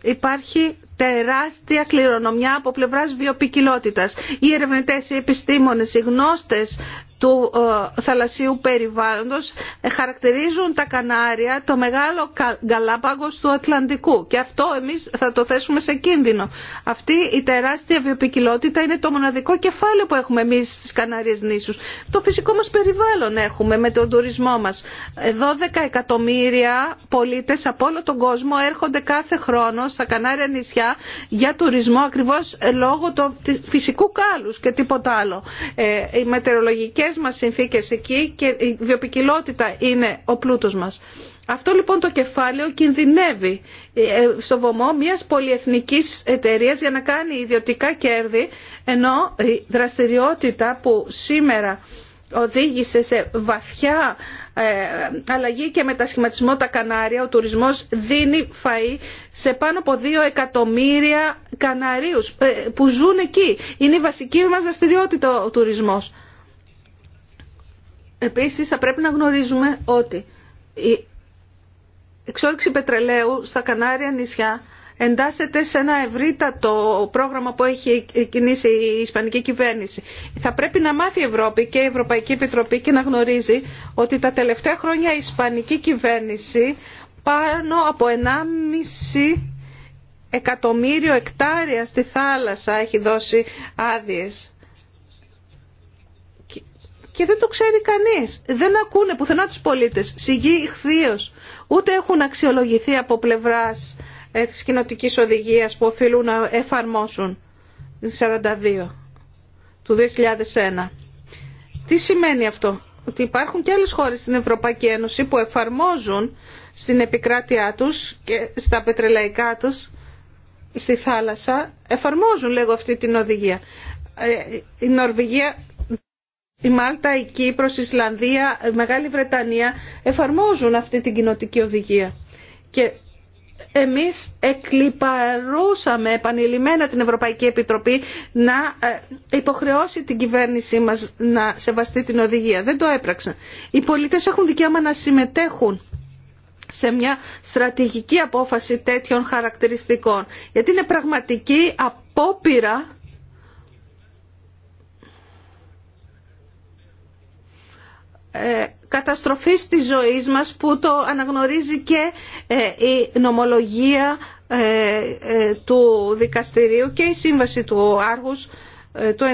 υπάρχει τεράστια κληρονομιά από πλευράς βιοπικιλότητας. Οι ερευνητές, οι επιστήμονες, οι γνώστες του ε, θαλασσίου περιβάλλοντος ε, χαρακτηρίζουν τα Κανάρια το μεγάλο καλάπαγκο του Ατλαντικού και αυτό εμείς θα το θέσουμε σε κίνδυνο. Αυτή η τεράστια βιοπικιλότητα είναι το μοναδικό κεφάλαιο που έχουμε εμείς στις Κανάριες νήσους. Το φυσικό μας περιβάλλον έχουμε με τον τουρισμό μας. 12 ε, εκατομμύρια πολίτες από όλο τον κόσμο έρχονται κάθε χρόνο στα Κανάρια νησιά για τουρισμό ακριβώς λόγω του φυσικού κάλους και τίποτα άλλο. οι μετεωρολογικές δικές μας συνθήκες εκεί και η βιοπικιλότητα είναι ο πλούτος μας. Αυτό λοιπόν το κεφάλαιο κινδυνεύει ε, στο βωμό μιας πολυεθνικής εταιρείας για να κάνει ιδιωτικά κέρδη, ενώ η δραστηριότητα που σήμερα οδήγησε σε βαθιά ε, αλλαγή και μετασχηματισμό τα Κανάρια, ο τουρισμός δίνει φαΐ σε πάνω από 2 εκατομμύρια Καναρίους ε, που ζουν εκεί. Είναι η βασική μας δραστηριότητα ο τουρισμός. Επίσης θα πρέπει να γνωρίζουμε ότι η εξόρυξη πετρελαίου στα Κανάρια νησιά εντάσσεται σε ένα ευρύτατο πρόγραμμα που έχει κινήσει η Ισπανική κυβέρνηση. Θα πρέπει να μάθει η Ευρώπη και η Ευρωπαϊκή Επιτροπή και να γνωρίζει ότι τα τελευταία χρόνια η Ισπανική κυβέρνηση πάνω από 1,5 εκατομμύριο εκτάρια στη θάλασσα έχει δώσει άδειες και δεν το ξέρει κανείς. Δεν ακούνε πουθενά τους πολίτες, συγγεί ηχθείω. Ούτε έχουν αξιολογηθεί από πλευράς ε, της κοινοτική οδηγίας που οφείλουν να εφαρμόσουν. 42 του 2001. Τι σημαίνει αυτό. Ότι υπάρχουν και άλλες χώρες στην Ευρωπαϊκή Ένωση που εφαρμόζουν στην επικράτειά τους και στα πετρελαϊκά τους στη θάλασσα εφαρμόζουν λέγω αυτή την οδηγία. Ε, η Νορβηγία η Μάλτα, η Κύπρος, η Ισλανδία, η Μεγάλη Βρετανία εφαρμόζουν αυτή την κοινοτική οδηγία. Και εμείς εκλυπαρούσαμε επανειλημμένα την Ευρωπαϊκή Επιτροπή να ε, υποχρεώσει την κυβέρνησή μας να σεβαστεί την οδηγία. Δεν το έπραξαν. Οι πολίτες έχουν δικαίωμα να συμμετέχουν σε μια στρατηγική απόφαση τέτοιων χαρακτηριστικών. Γιατί είναι πραγματική απόπειρα Ε, καταστροφής της ζωής μας που το αναγνωρίζει και ε, η νομολογία ε, του δικαστηρίου και η σύμβαση του Άργους το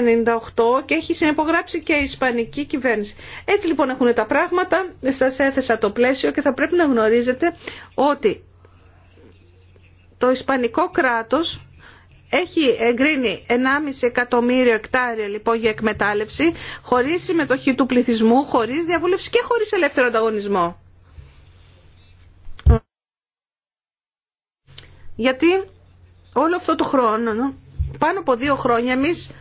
98 και έχει συνεπογράψει και η Ισπανική κυβέρνηση. Έτσι λοιπόν έχουν τα πράγματα, σας έθεσα το πλαίσιο και θα πρέπει να γνωρίζετε ότι το Ισπανικό κράτος έχει εγκρίνει 1,5 εκατομμύριο εκτάρια λοιπόν για εκμετάλλευση, χωρί συμμετοχή του πληθυσμού, χωρί διαβούλευση και χωρί ελεύθερο ανταγωνισμό. Γιατί όλο αυτό το χρόνο, πάνω από δύο χρόνια, εμείς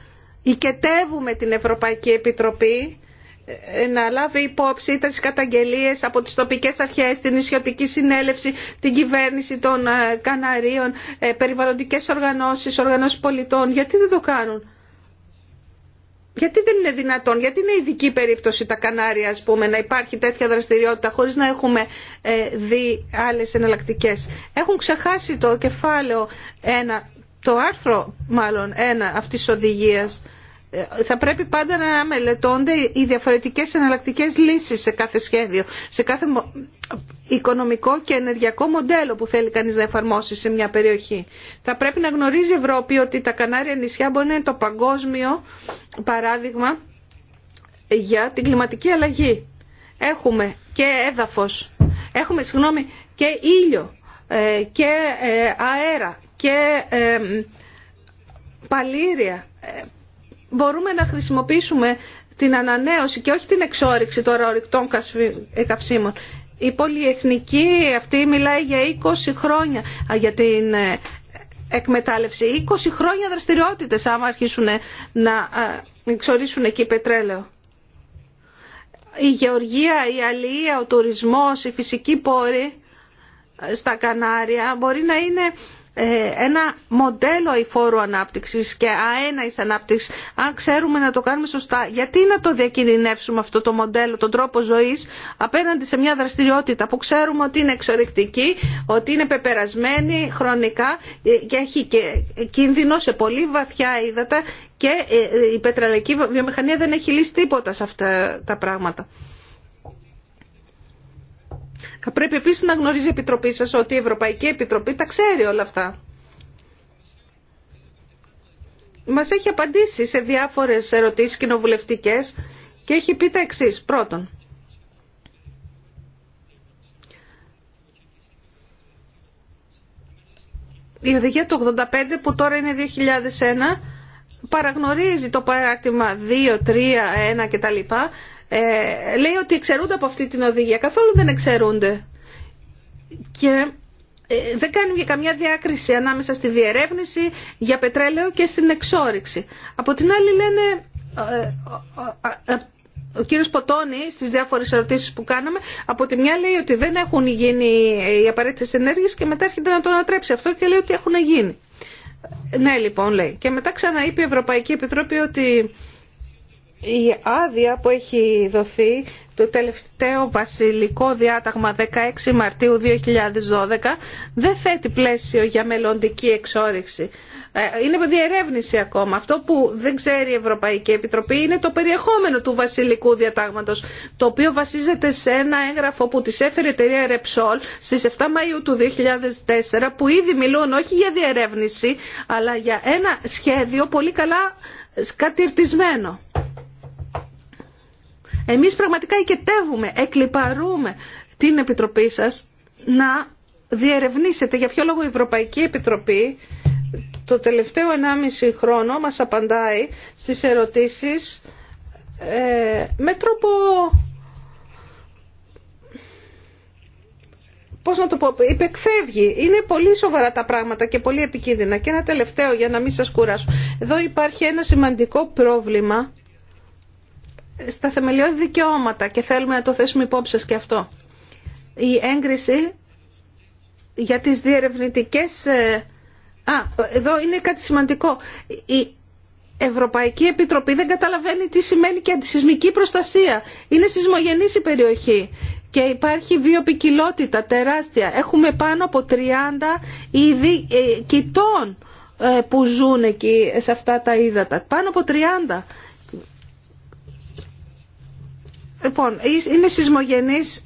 οικετεύουμε την Ευρωπαϊκή Επιτροπή ε, να λάβει υπόψη τι καταγγελίε από τι τοπικέ αρχέ, την ισιωτική συνέλευση, την κυβέρνηση των ε, Καναρίων, ε, περιβαλλοντικέ οργανώσει, οργανώσει πολιτών. Γιατί δεν το κάνουν. Γιατί δεν είναι δυνατόν, γιατί είναι ειδική περίπτωση τα Κανάρια ας πούμε, να υπάρχει τέτοια δραστηριότητα χωρίς να έχουμε δει άλλες εναλλακτικέ. Έχουν ξεχάσει το κεφάλαιο ένα, το άρθρο μάλλον ένα αυτής της οδηγίας θα πρέπει πάντα να μελετώνται οι διαφορετικές εναλλακτικές λύσεις σε κάθε σχέδιο, σε κάθε οικονομικό και ενεργειακό μοντέλο που θέλει κανείς να εφαρμόσει σε μια περιοχή. Θα πρέπει να γνωρίζει η Ευρώπη ότι τα Κανάρια νησιά μπορεί να είναι το παγκόσμιο παράδειγμα για την κλιματική αλλαγή. Έχουμε και έδαφος, έχουμε συγγνώμη, και ήλιο ε, και ε, αέρα και ε, παλήρια μπορούμε να χρησιμοποιήσουμε την ανανέωση και όχι την εξόριξη των ορυκτών καυσίμων. Η πολυεθνική αυτή μιλάει για 20 χρόνια για την ε, εκμετάλλευση. 20 χρόνια δραστηριότητες άμα αρχίσουν ε, να εξορίσουν εκεί πετρέλαιο. Η γεωργία, η αλληλεία, ο τουρισμός, η φυσική πόρη ε, στα Κανάρια μπορεί να είναι ε, ένα μοντέλο αηφόρου ανάπτυξης και αέναης ανάπτυξης, αν ξέρουμε να το κάνουμε σωστά, γιατί να το διακινδυνεύσουμε αυτό το μοντέλο, τον τρόπο ζωής, απέναντι σε μια δραστηριότητα που ξέρουμε ότι είναι εξορυκτική, ότι είναι πεπερασμένη χρονικά ε, και έχει και κίνδυνο σε πολύ βαθιά ύδατα και ε, η πετρελαϊκή βιομηχανία δεν έχει λύσει τίποτα σε αυτά τα πράγματα. Θα πρέπει επίσης να γνωρίζει η Επιτροπή σας ότι η Ευρωπαϊκή Επιτροπή τα ξέρει όλα αυτά. Μας έχει απαντήσει σε διάφορες ερωτήσεις κοινοβουλευτικές και έχει πει τα εξής. Πρώτον, η οδηγία του 85 που τώρα είναι 2001 παραγνωρίζει το παράρτημα 2, 3, 1 κτλ ε, λέει ότι εξαιρούνται από αυτή την οδηγία. Καθόλου δεν εξαιρούνται. Και ε, δεν κάνει καμιά διάκριση ανάμεσα στη διερεύνηση για πετρέλαιο και στην εξόριξη. Από την άλλη λένε, ε, ο κύριος Ποτώνη στις διάφορες ερωτήσεις που κάναμε, από τη μια λέει ότι δεν έχουν γίνει οι απαραίτητες ενέργειες και μετά έρχεται να το ανατρέψει αυτό και λέει ότι έχουν γίνει. Ναι λοιπόν λέει. Και μετά ξαναείπε η Ευρωπαϊκή Επιτροπή ότι η άδεια που έχει δοθεί το τελευταίο βασιλικό διάταγμα 16 Μαρτίου 2012 δεν θέτει πλαίσιο για μελλοντική εξόριξη. Ε, είναι διερεύνηση ακόμα. Αυτό που δεν ξέρει η Ευρωπαϊκή Επιτροπή είναι το περιεχόμενο του βασιλικού διατάγματος, το οποίο βασίζεται σε ένα έγγραφο που της έφερε η εταιρεία Repsol στις 7 Μαΐου του 2004, που ήδη μιλούν όχι για διερεύνηση, αλλά για ένα σχέδιο πολύ καλά κατηρτισμένο. Εμείς πραγματικά οικετεύουμε, εκλυπαρούμε την Επιτροπή σας να διερευνήσετε για ποιο λόγο η Ευρωπαϊκή Επιτροπή το τελευταίο 1,5 χρόνο μας απαντάει στις ερωτήσεις ε, με τρόπο πώς να το πω, υπεκφεύγει. Είναι πολύ σοβαρά τα πράγματα και πολύ επικίνδυνα. Και ένα τελευταίο για να μην σας κουράσω. Εδώ υπάρχει ένα σημαντικό πρόβλημα στα θεμελιώδη δικαιώματα και θέλουμε να το θέσουμε υπόψη σας και αυτό. Η έγκριση για τις διερευνητικές... Ε, α, εδώ είναι κάτι σημαντικό. Η Ευρωπαϊκή Επιτροπή δεν καταλαβαίνει τι σημαίνει και αντισυσμική προστασία. Είναι σεισμογενής η περιοχή και υπάρχει βιοπικιλότητα τεράστια. Έχουμε πάνω από 30 είδη ε, κοιτών ε, που ζουν εκεί σε αυτά τα ύδατα. Πάνω από 30 Λοιπόν, είναι σεισμογενής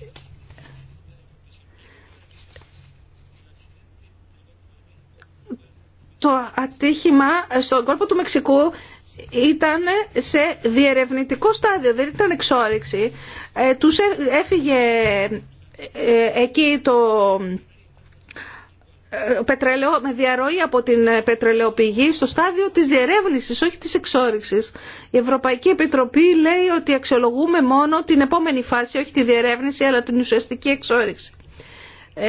το ατύχημα στον κόλπο του Μεξικού ήταν σε διερευνητικό στάδιο, δεν ήταν εξόριξη. Ε, τους ε- έφυγε ε, ε, εκεί το ε, με διαρροή από την ε, πετρελαιοπηγή στο στάδιο της διερεύνησης, όχι της εξόριξης. Η Ευρωπαϊκή Επιτροπή λέει ότι αξιολογούμε μόνο την επόμενη φάση, όχι τη διερεύνηση, αλλά την ουσιαστική εξόριξη. Ε,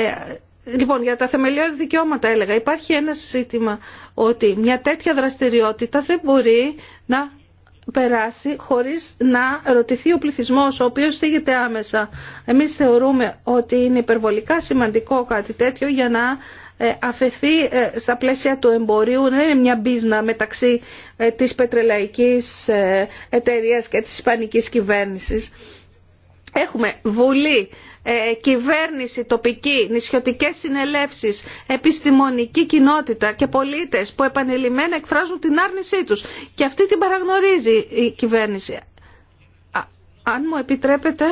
λοιπόν, για τα θεμελιώδη δικαιώματα έλεγα, υπάρχει ένα ζήτημα ότι μια τέτοια δραστηριότητα δεν μπορεί να περάσει χωρίς να ρωτηθεί ο πληθυσμός ο οποίος στήγεται άμεσα. Εμείς θεωρούμε ότι είναι υπερβολικά σημαντικό κάτι τέτοιο για να ε, αφαιθεί ε, στα πλαίσια του εμπορίου, δεν είναι μια μπίζνα μεταξύ ε, της πετρελαϊκής εταιρείας και της ισπανικής κυβέρνησης. Έχουμε βουλή, κυβέρνηση τοπική, νησιωτικές συνελεύσεις, επιστημονική κοινότητα και πολίτες που επανειλημμένα εκφράζουν την άρνησή τους. Και αυτή την παραγνωρίζει η κυβέρνηση. Αν μου επιτρέπετε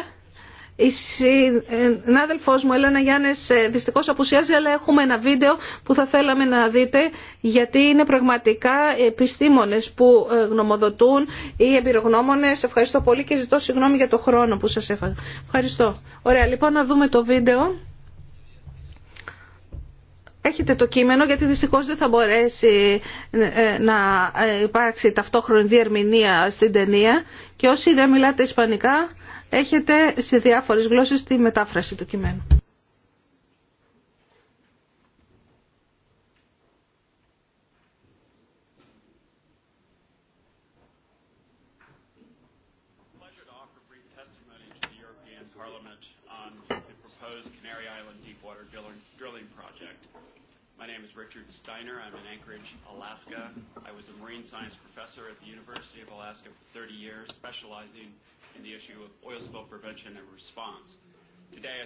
η συνάδελφός μου Έλενα Γιάννης ε, δυστυχώς απουσιάζει αλλά έχουμε ένα βίντεο που θα θέλαμε να δείτε γιατί είναι πραγματικά επιστήμονες που ε, γνωμοδοτούν ή εμπειρογνώμονες. Ευχαριστώ πολύ και ζητώ συγγνώμη για το χρόνο που σας έφαγα. Ευχαριστώ. Ωραία λοιπόν να δούμε το βίντεο. Έχετε το κείμενο γιατί δυστυχώς δεν θα μπορέσει ε, να υπάρξει ταυτόχρονη διερμηνία στην ταινία και όσοι δεν μιλάτε ισπανικά Έχετε σε διάφορες γλώσσες τη μετάφραση του κειμένου. Richard Steiner. I'm in Anchorage, Alaska. I was a marine science professor at the University of Alaska for 30 years, specializing in the issue of oil spill prevention and response. Today, I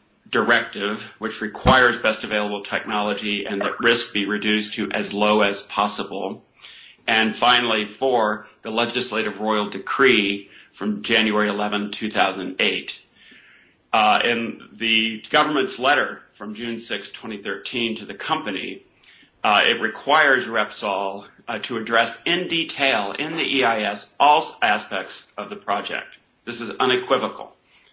directive, which requires best available technology and that risk be reduced to as low as possible. And finally, for the legislative royal decree from January 11, 2008. in the government's letter from June 6, 2013 to the company, it requires Repsol to address in detail in the EIS all aspects of the project. This is unequivocal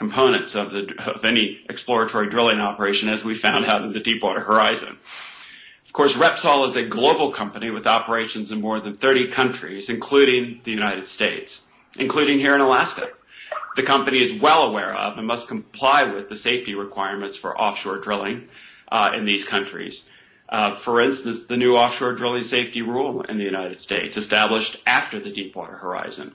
components of the of any exploratory drilling operation as we found out in the Deepwater Horizon. Of course, Repsol is a global company with operations in more than 30 countries, including the United States, including here in Alaska. The company is well aware of and must comply with the safety requirements for offshore drilling in these countries. For instance, the new offshore drilling safety rule in the United States, established after the Deepwater Horizon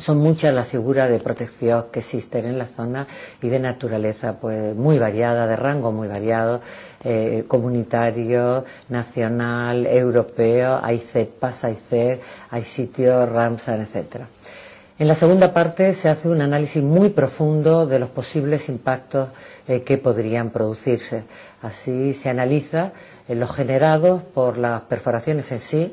son muchas las figuras de protección que existen en la zona y de naturaleza pues muy variada, de rango muy variado, eh, comunitario, nacional, europeo, hay cepas, hay CER, hay sitios, Ramsar, etcétera. En la segunda parte se hace un análisis muy profundo de los posibles impactos que podrían producirse. Así se analiza los generados por las perforaciones en sí,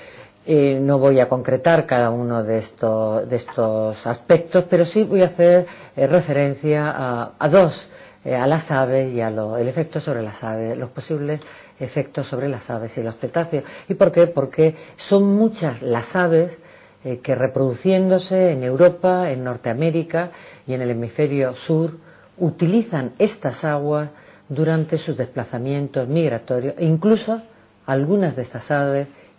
Eh, no voy a concretar cada uno de estos, de estos aspectos, pero sí voy a hacer referencia a, a dos, eh, a las aves y a lo, el efecto sobre las aves, los posibles efectos sobre las aves y los cetáceos. ¿Y por qué? Porque son muchas las aves eh, que reproduciéndose en Europa, en Norteamérica y en el hemisferio sur, utilizan estas aguas durante sus desplazamientos migratorios e incluso algunas de estas aves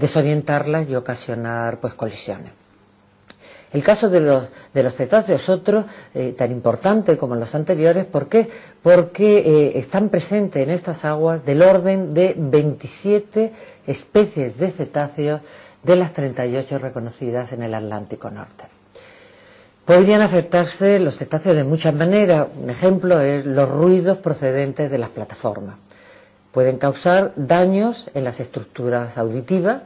desorientarlas y ocasionar pues colisiones. El caso de los, de los cetáceos es otro eh, tan importante como los anteriores. ¿Por qué? Porque eh, están presentes en estas aguas del orden de 27 especies de cetáceos de las 38 reconocidas en el Atlántico Norte. Podrían afectarse los cetáceos de muchas maneras. Un ejemplo es los ruidos procedentes de las plataformas. Pueden causar daños en las estructuras auditivas,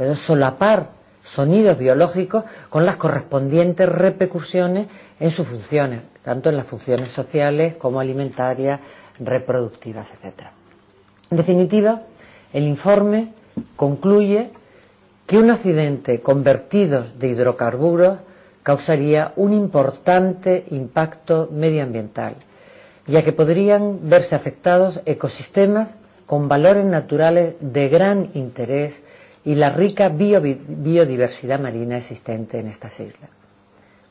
pueden solapar sonidos biológicos con las correspondientes repercusiones en sus funciones, tanto en las funciones sociales como alimentarias, reproductivas, etc. En definitiva, el informe concluye que un accidente convertido de hidrocarburos causaría un importante impacto medioambiental, ya que podrían verse afectados ecosistemas con valores naturales de gran interés y la rica biodiversidad marina existente en estas islas.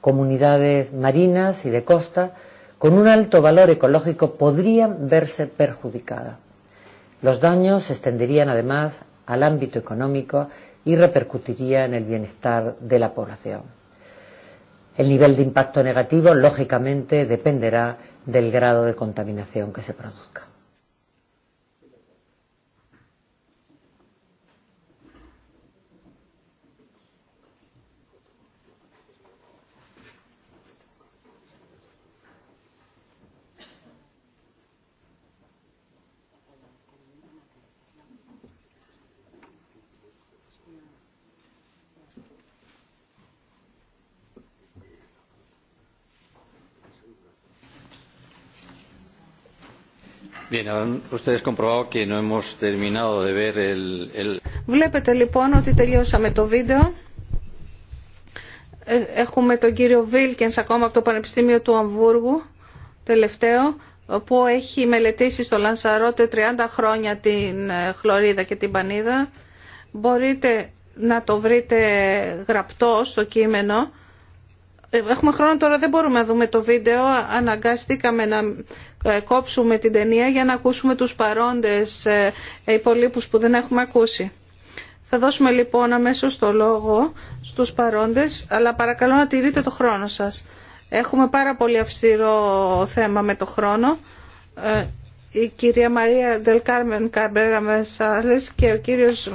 Comunidades marinas y de costa con un alto valor ecológico podrían verse perjudicadas. Los daños se extenderían además al ámbito económico y repercutiría en el bienestar de la población. El nivel de impacto negativo, lógicamente, dependerá del grado de contaminación que se produce. Βλέπετε λοιπόν ότι τελειώσαμε το βίντεο. Ε, έχουμε τον κύριο Βίλκενς ακόμα από το Πανεπιστήμιο του Αμβούργου, τελευταίο, που έχει μελετήσει στο Λανσαρότε 30 χρόνια την ε, χλωρίδα και την πανίδα. Μπορείτε να το βρείτε γραπτό στο κείμενο. Έχουμε χρόνο τώρα, δεν μπορούμε να δούμε το βίντεο. Αναγκαστήκαμε να ε, κόψουμε την ταινία για να ακούσουμε τους παρόντες ε, υπολείπους που δεν έχουμε ακούσει. Θα δώσουμε λοιπόν αμέσως το λόγο στους παρόντες, αλλά παρακαλώ να τηρείτε το χρόνο σας. Έχουμε πάρα πολύ αυστηρό θέμα με το χρόνο. Ε, η κυρία Μαρία Ντελκάρμεν Κάμπερα Μεσάλες και ο κύριος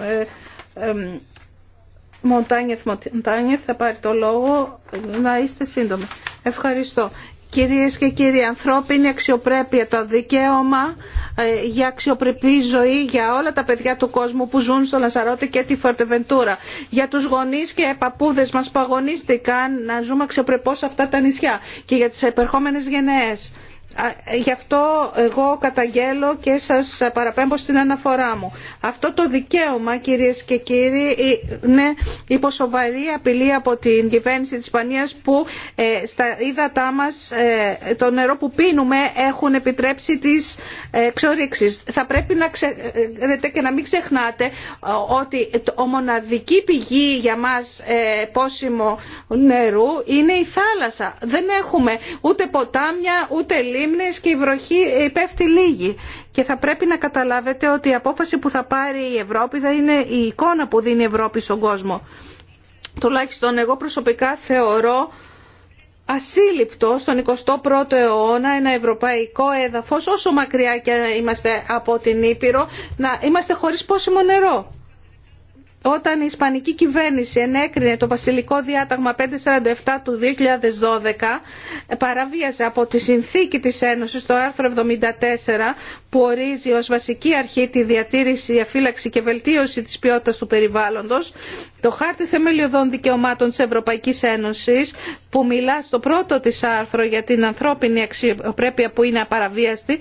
Μοντάνιεθ θα πάρει το λόγο να είστε σύντομοι. Ευχαριστώ. Κυρίες και κύριοι, ανθρώπινη αξιοπρέπεια, το δικαίωμα ε, για αξιοπρεπή ζωή για όλα τα παιδιά του κόσμου που ζουν στο Λασαρότη και τη Φορτεβεντούρα. Για τους γονείς και παππούδες μας που αγωνίστηκαν να ζούμε αξιοπρεπώς σε αυτά τα νησιά και για τις επερχόμενες γενναίες. Γι' αυτό εγώ καταγγέλω και σας παραπέμπω στην αναφορά μου. Αυτό το δικαίωμα κυρίες και κύριοι είναι υποσοβαρή απειλή από την κυβέρνηση της Ισπανίας που ε, στα ύδατά μας ε, το νερό που πίνουμε έχουν επιτρέψει τις ε, Θα πρέπει να ε, ξέρετε και να μην ξεχνάτε ότι ο μοναδική πηγή για μας πόσιμο νερού είναι η θάλασσα. Δεν έχουμε ούτε ποτάμια ούτε λίμνες και η βροχή ε, πέφτει λίγη. Και θα πρέπει να καταλάβετε ότι η απόφαση που θα πάρει η Ευρώπη θα είναι η εικόνα που δίνει η Ευρώπη στον κόσμο. Τουλάχιστον εγώ προσωπικά θεωρώ ασύλληπτο στον 21ο αιώνα ένα ευρωπαϊκό έδαφος όσο μακριά και είμαστε από την Ήπειρο να είμαστε χωρίς πόσιμο νερό όταν η Ισπανική κυβέρνηση ενέκρινε το βασιλικό διάταγμα 547 του 2012 παραβίασε από τη συνθήκη της Ένωσης το άρθρο 74 που ορίζει ως βασική αρχή τη διατήρηση, αφύλαξη και βελτίωση της ποιότητας του περιβάλλοντος το χάρτη θεμελιωδών δικαιωμάτων της Ευρωπαϊκής Ένωσης που μιλά στο πρώτο της άρθρο για την ανθρώπινη αξιοπρέπεια που είναι απαραβίαστη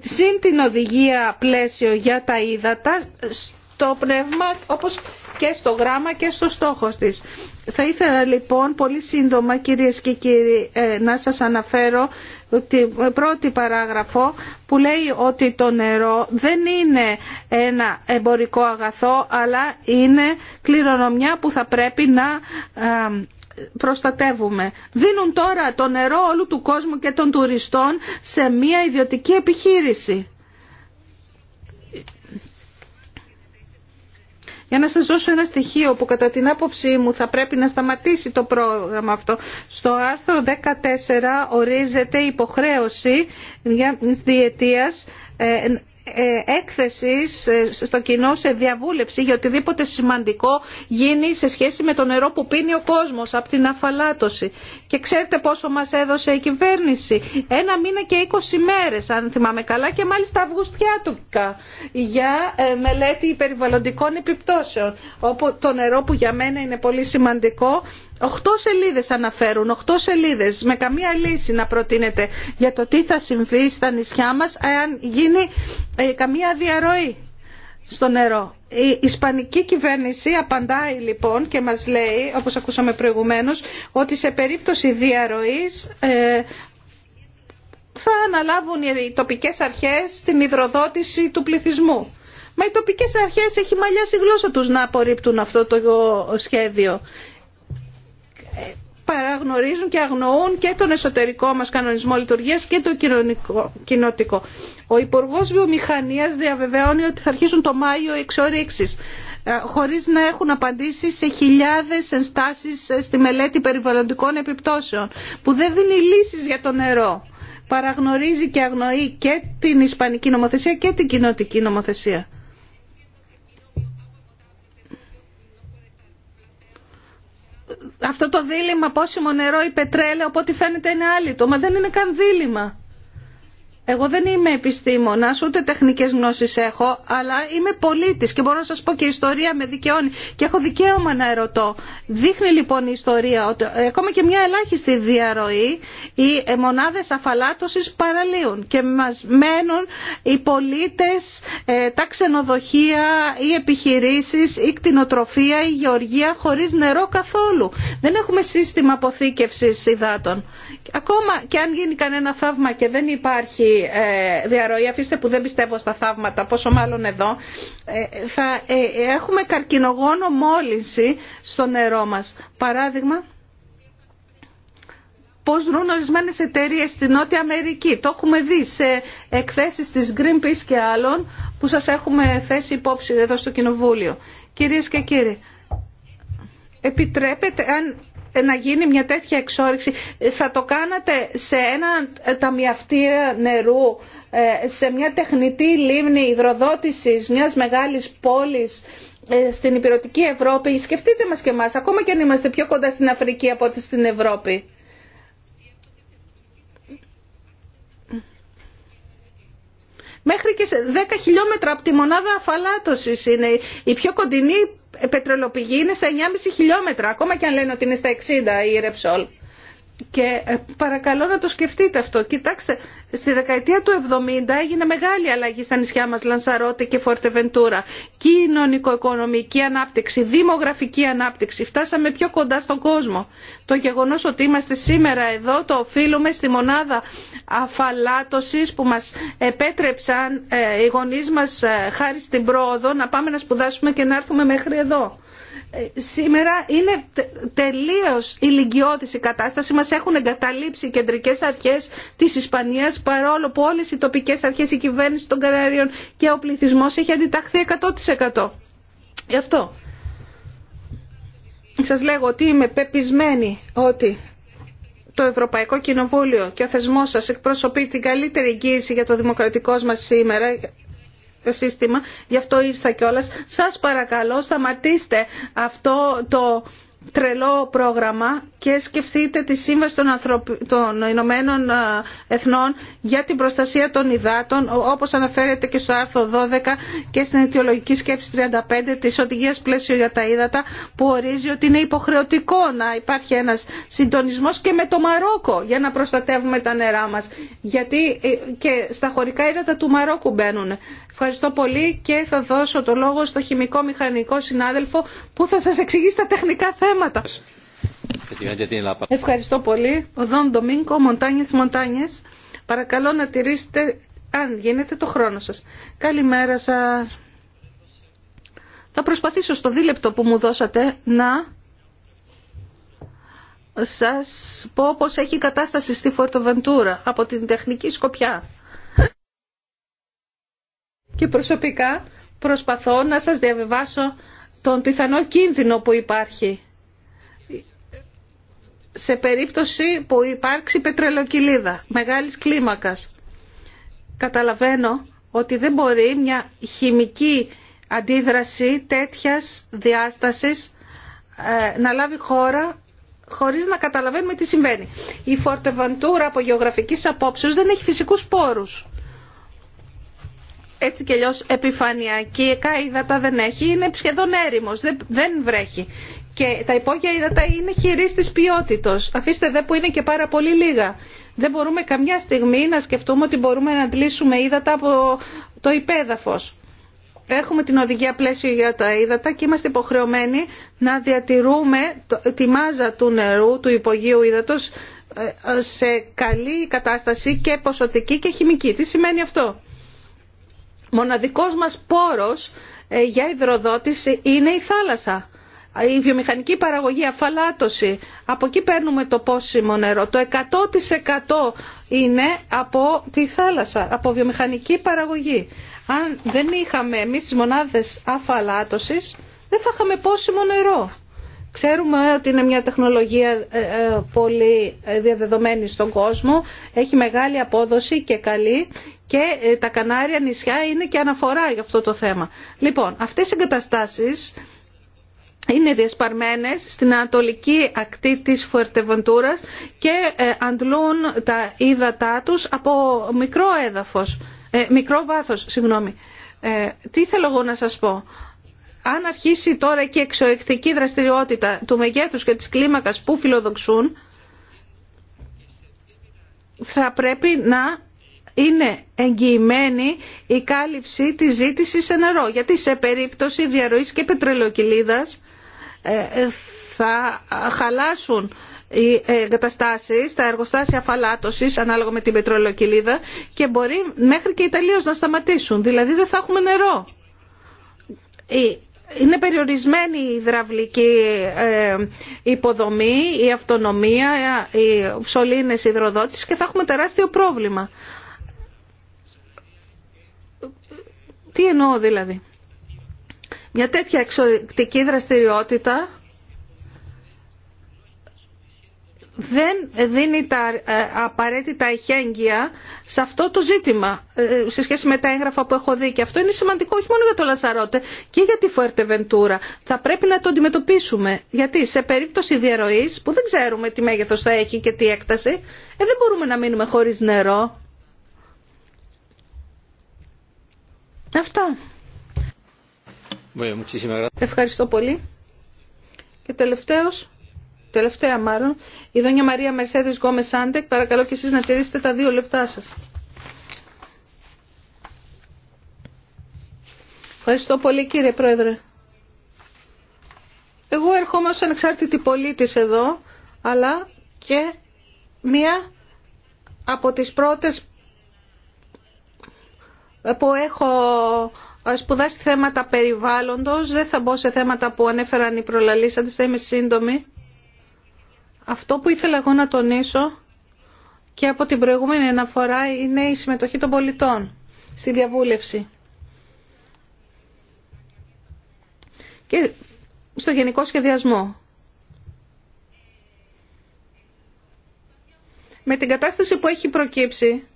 συν την οδηγία πλαίσιο για τα ύδατα στο πνεύμα όπως και στο γράμμα και στο στόχο της. Θα ήθελα λοιπόν πολύ σύντομα κυρίες και κύριοι ε, να σας αναφέρω την πρώτη παράγραφο που λέει ότι το νερό δεν είναι ένα εμπορικό αγαθό αλλά είναι κληρονομιά που θα πρέπει να ε, προστατεύουμε. Δίνουν τώρα το νερό όλου του κόσμου και των τουριστών σε μια ιδιωτική επιχείρηση. Για να σας δώσω ένα στοιχείο που κατά την άποψή μου θα πρέπει να σταματήσει το πρόγραμμα αυτό. Στο άρθρο 14 ορίζεται υποχρέωση διετίας ε, ε, έκθεση ε, στο κοινό σε διαβούλευση για οτιδήποτε σημαντικό γίνει σε σχέση με το νερό που πίνει ο κόσμος από την αφαλάτωση. Και ξέρετε πόσο μας έδωσε η κυβέρνηση. Ένα μήνα και 20 μέρες αν θυμάμαι καλά και μάλιστα αυγουστιάτουκα για ε, μελέτη περιβαλλοντικών επιπτώσεων όπου το νερό που για μένα είναι πολύ σημαντικό Οχτώ σελίδες αναφέρουν, οχτώ σελίδες με καμία λύση να προτείνεται για το τι θα συμβεί στα νησιά μας εάν γίνει ε, καμία διαρροή στο νερό. Η Ισπανική κυβέρνηση απαντάει λοιπόν και μας λέει, όπως ακούσαμε προηγουμένως, ότι σε περίπτωση διαρροής ε, θα αναλάβουν οι τοπικές αρχές την υδροδότηση του πληθυσμού. Μα οι τοπικές αρχές έχει μαλλιάσει γλώσσα τους να απορρίπτουν αυτό το σχέδιο παραγνωρίζουν και αγνοούν και τον εσωτερικό μας κανονισμό λειτουργίας και το κοινωτικό. Ο Υπουργός Βιομηχανίας διαβεβαιώνει ότι θα αρχίσουν το Μάιο εξορίξεις ε, χωρίς να έχουν απαντήσει σε χιλιάδες ενστάσεις ε, στη μελέτη περιβαλλοντικών επιπτώσεων που δεν δίνει λύσεις για το νερό. Παραγνωρίζει και αγνοεί και την Ισπανική νομοθεσία και την κοινωτική νομοθεσία. αυτό το δίλημα πόσιμο νερό ή πετρέλαιο από ό,τι φαίνεται είναι άλυτο, μα δεν είναι καν δίλημα. Εγώ δεν είμαι επιστήμονα, ούτε τεχνικέ γνώσει έχω, αλλά είμαι πολίτη και μπορώ να σα πω και η ιστορία με δικαιώνει και έχω δικαίωμα να ερωτώ. Δείχνει λοιπόν η ιστορία ότι ακόμα και μια ελάχιστη διαρροή οι μονάδε αφαλάτωση παραλύουν και μας μένουν οι πολίτε, ε, τα ξενοδοχεία, οι επιχειρήσει η κτηνοτροφία, η γεωργία χωρί νερό καθόλου. Δεν έχουμε σύστημα αποθήκευση υδάτων. Ακόμα και αν γίνει κανένα θαύμα και δεν υπάρχει ε, διαρροή, αφήστε που δεν πιστεύω στα θαύματα, πόσο μάλλον εδώ, ε, θα ε, έχουμε καρκινογόνο μόλυνση στο νερό μας. Παράδειγμα, πώς δρούν ορισμένε εταιρείε στη Νότια Αμερική. Το έχουμε δει σε εκθέσεις της Greenpeace και άλλων που σας έχουμε θέσει υπόψη εδώ στο Κοινοβούλιο. Κυρίες και κύριοι, επιτρέπετε αν ε, να γίνει μια τέτοια εξόριξη. Θα το κάνατε σε ένα ταμιαυτή νερού, ε, σε μια τεχνητή λίμνη υδροδότησης μιας μεγάλης πόλης ε, στην υπηρετική Ευρώπη. Σκεφτείτε μας και εμάς, ακόμα και αν είμαστε πιο κοντά στην Αφρική από ότι στην Ευρώπη. Μέχρι και σε 10 χιλιόμετρα από τη μονάδα αφαλάτωσης είναι η πιο κοντινή πετρελοπηγή είναι στα 9,5 χιλιόμετρα, ακόμα και αν λένε ότι είναι στα 60 η Ρεψόλ. Και ε, παρακαλώ να το σκεφτείτε αυτό. Κοιτάξτε, Στη δεκαετία του 70 έγινε μεγάλη αλλαγή στα νησιά μας Λανσαρότε και Φορτεβεντούρα. Κοινωνικο-οικονομική ανάπτυξη, δημογραφική ανάπτυξη. Φτάσαμε πιο κοντά στον κόσμο. Το γεγονός ότι είμαστε σήμερα εδώ το οφείλουμε στη μονάδα αφαλάτωσης που μας επέτρεψαν ε, οι γονείς μας ε, χάρη στην πρόοδο να πάμε να σπουδάσουμε και να έρθουμε μέχρι εδώ. Ε, σήμερα είναι τελείως ηλικιώτης η κατάσταση. Μας έχουν εγκαταλείψει οι κεντρικές αρχές της Ισπανίας παρόλο που όλες οι τοπικές αρχές, η κυβέρνηση των Καναρίων και ο πληθυσμός έχει αντιταχθεί 100%. Γι' αυτό σας λέγω ότι είμαι πεπισμένη ότι το Ευρωπαϊκό Κοινοβούλιο και ο θεσμός σας εκπροσωπεί την καλύτερη εγγύηση για το δημοκρατικό μας σήμερα σύστημα, γι' αυτό ήρθα κιόλας. Σας παρακαλώ σταματήστε αυτό το τρελό πρόγραμμα και σκεφτείτε τη Σύμβαση των, Ηνωμένων ε, Εθνών για την προστασία των υδάτων, όπως αναφέρεται και στο άρθρο 12 και στην αιτιολογική σκέψη 35 της Οδηγίας Πλαίσιο για τα Ήδατα, που ορίζει ότι είναι υποχρεωτικό να υπάρχει ένας συντονισμός και με το Μαρόκο για να προστατεύουμε τα νερά μας. Γιατί ε, και στα χωρικά ύδατα του Μαρόκου μπαίνουν. Ευχαριστώ πολύ και θα δώσω το λόγο στο χημικό μηχανικό συνάδελφο που θα σας εξηγήσει τα τεχνικά θέματα. Ευχαριστώ πολύ. Ο Δον Ντομίνκο, Μοντάνιες Μοντάνιες. Παρακαλώ να τηρήσετε, αν γίνεται, το χρόνο σας. Καλημέρα σας. Θα προσπαθήσω στο δίλεπτο που μου δώσατε να σας πω πώς έχει η κατάσταση στη Φορτοβεντούρα από την τεχνική σκοπιά και προσωπικά προσπαθώ να σας διαβεβάσω τον πιθανό κίνδυνο που υπάρχει σε περίπτωση που υπάρξει πετρελοκυλίδα μεγάλης κλίμακας. Καταλαβαίνω ότι δεν μπορεί μια χημική αντίδραση τέτοιας διάστασης ε, να λάβει χώρα χωρίς να καταλαβαίνουμε τι συμβαίνει. Η Φορτεβαντούρα από γεωγραφικής απόψεως δεν έχει φυσικούς πόρους έτσι κι αλλιώς επιφανειακή ύδατα δεν έχει, είναι σχεδόν έρημος, δεν, δεν βρέχει. Και τα υπόγεια ύδατα είναι χειρίς της ποιότητος. Αφήστε δε που είναι και πάρα πολύ λίγα. Δεν μπορούμε καμιά στιγμή να σκεφτούμε ότι μπορούμε να αντλήσουμε ύδατα από το υπέδαφος. Έχουμε την οδηγία πλαίσιο για τα ύδατα και είμαστε υποχρεωμένοι να διατηρούμε τη μάζα του νερού, του υπογείου ύδατος, ε, σε καλή κατάσταση και ποσοτική και χημική. Τι σημαίνει αυτό μοναδικός μας πόρος ε, για υδροδότηση είναι η θάλασσα. Η βιομηχανική παραγωγή, αφαλάτωση, από εκεί παίρνουμε το πόσιμο νερό. Το 100% είναι από τη θάλασσα, από βιομηχανική παραγωγή. Αν δεν είχαμε εμείς τις μονάδες αφαλάτωσης, δεν θα είχαμε πόσιμο νερό. Ξέρουμε ότι είναι μια τεχνολογία ε, ε, πολύ ε, διαδεδομένη στον κόσμο, έχει μεγάλη απόδοση και καλή και τα Κανάρια νησιά είναι και αναφορά για αυτό το θέμα. Λοιπόν, αυτές οι εγκαταστάσεις είναι διασπαρμένες στην ανατολική ακτή της Φουερτεβεντούρας και αντλούν τα ύδατά τους από μικρό έδαφος, μικρό βάθος, συγγνώμη. τι θέλω εγώ να σας πω αν αρχίσει τώρα και εξοεκτική δραστηριότητα του μεγέθους και της κλίμακας που φιλοδοξούν, θα πρέπει να είναι εγγυημένη η κάλυψη της ζήτησης σε νερό. Γιατί σε περίπτωση διαρροής και πετρελοκυλίδας ε, θα χαλάσουν οι ε, εγκαταστάσεις, τα εργοστάσια αφαλάτωσης ανάλογα με την πετρελοκυλίδα και μπορεί μέχρι και οι να σταματήσουν. Δηλαδή δεν θα έχουμε νερό είναι περιορισμένη η υδραυλική ε, υποδομή, η αυτονομία, ε, οι σωλήνες υδροδότησης και θα έχουμε τεράστιο πρόβλημα. Τι εννοώ δηλαδή. Μια τέτοια εξορυκτική δραστηριότητα δεν δίνει τα ε, απαραίτητα εχέγγυα σε αυτό το ζήτημα ε, σε σχέση με τα έγγραφα που έχω δει. Και αυτό είναι σημαντικό όχι μόνο για το Λασαρότε και για τη Φουέρτεβεντούρα. Θα πρέπει να το αντιμετωπίσουμε. Γιατί σε περίπτωση διαρροή που δεν ξέρουμε τι μέγεθος θα έχει και τι έκταση, ε, δεν μπορούμε να μείνουμε χωρίς νερό. Αυτά. Ευχαριστώ πολύ. Και τελευταίος τελευταία μάλλον, η Δόνια Μαρία Μερσέδης Γκόμες Άντεκ. Παρακαλώ και εσείς να τηρήσετε τα δύο λεπτά σας. Ευχαριστώ πολύ κύριε Πρόεδρε. Εγώ ερχόμαι ως ανεξάρτητη πολίτης εδώ, αλλά και μία από τις πρώτες που έχω σπουδάσει θέματα περιβάλλοντος, δεν θα μπω σε θέματα που ανέφεραν οι προλαλήσαντες, θα είμαι σύντομη. Αυτό που ήθελα εγώ να τονίσω και από την προηγούμενη αναφορά είναι η συμμετοχή των πολιτών στη διαβούλευση. Και στο γενικό σχεδιασμό. Με την κατάσταση που έχει προκύψει,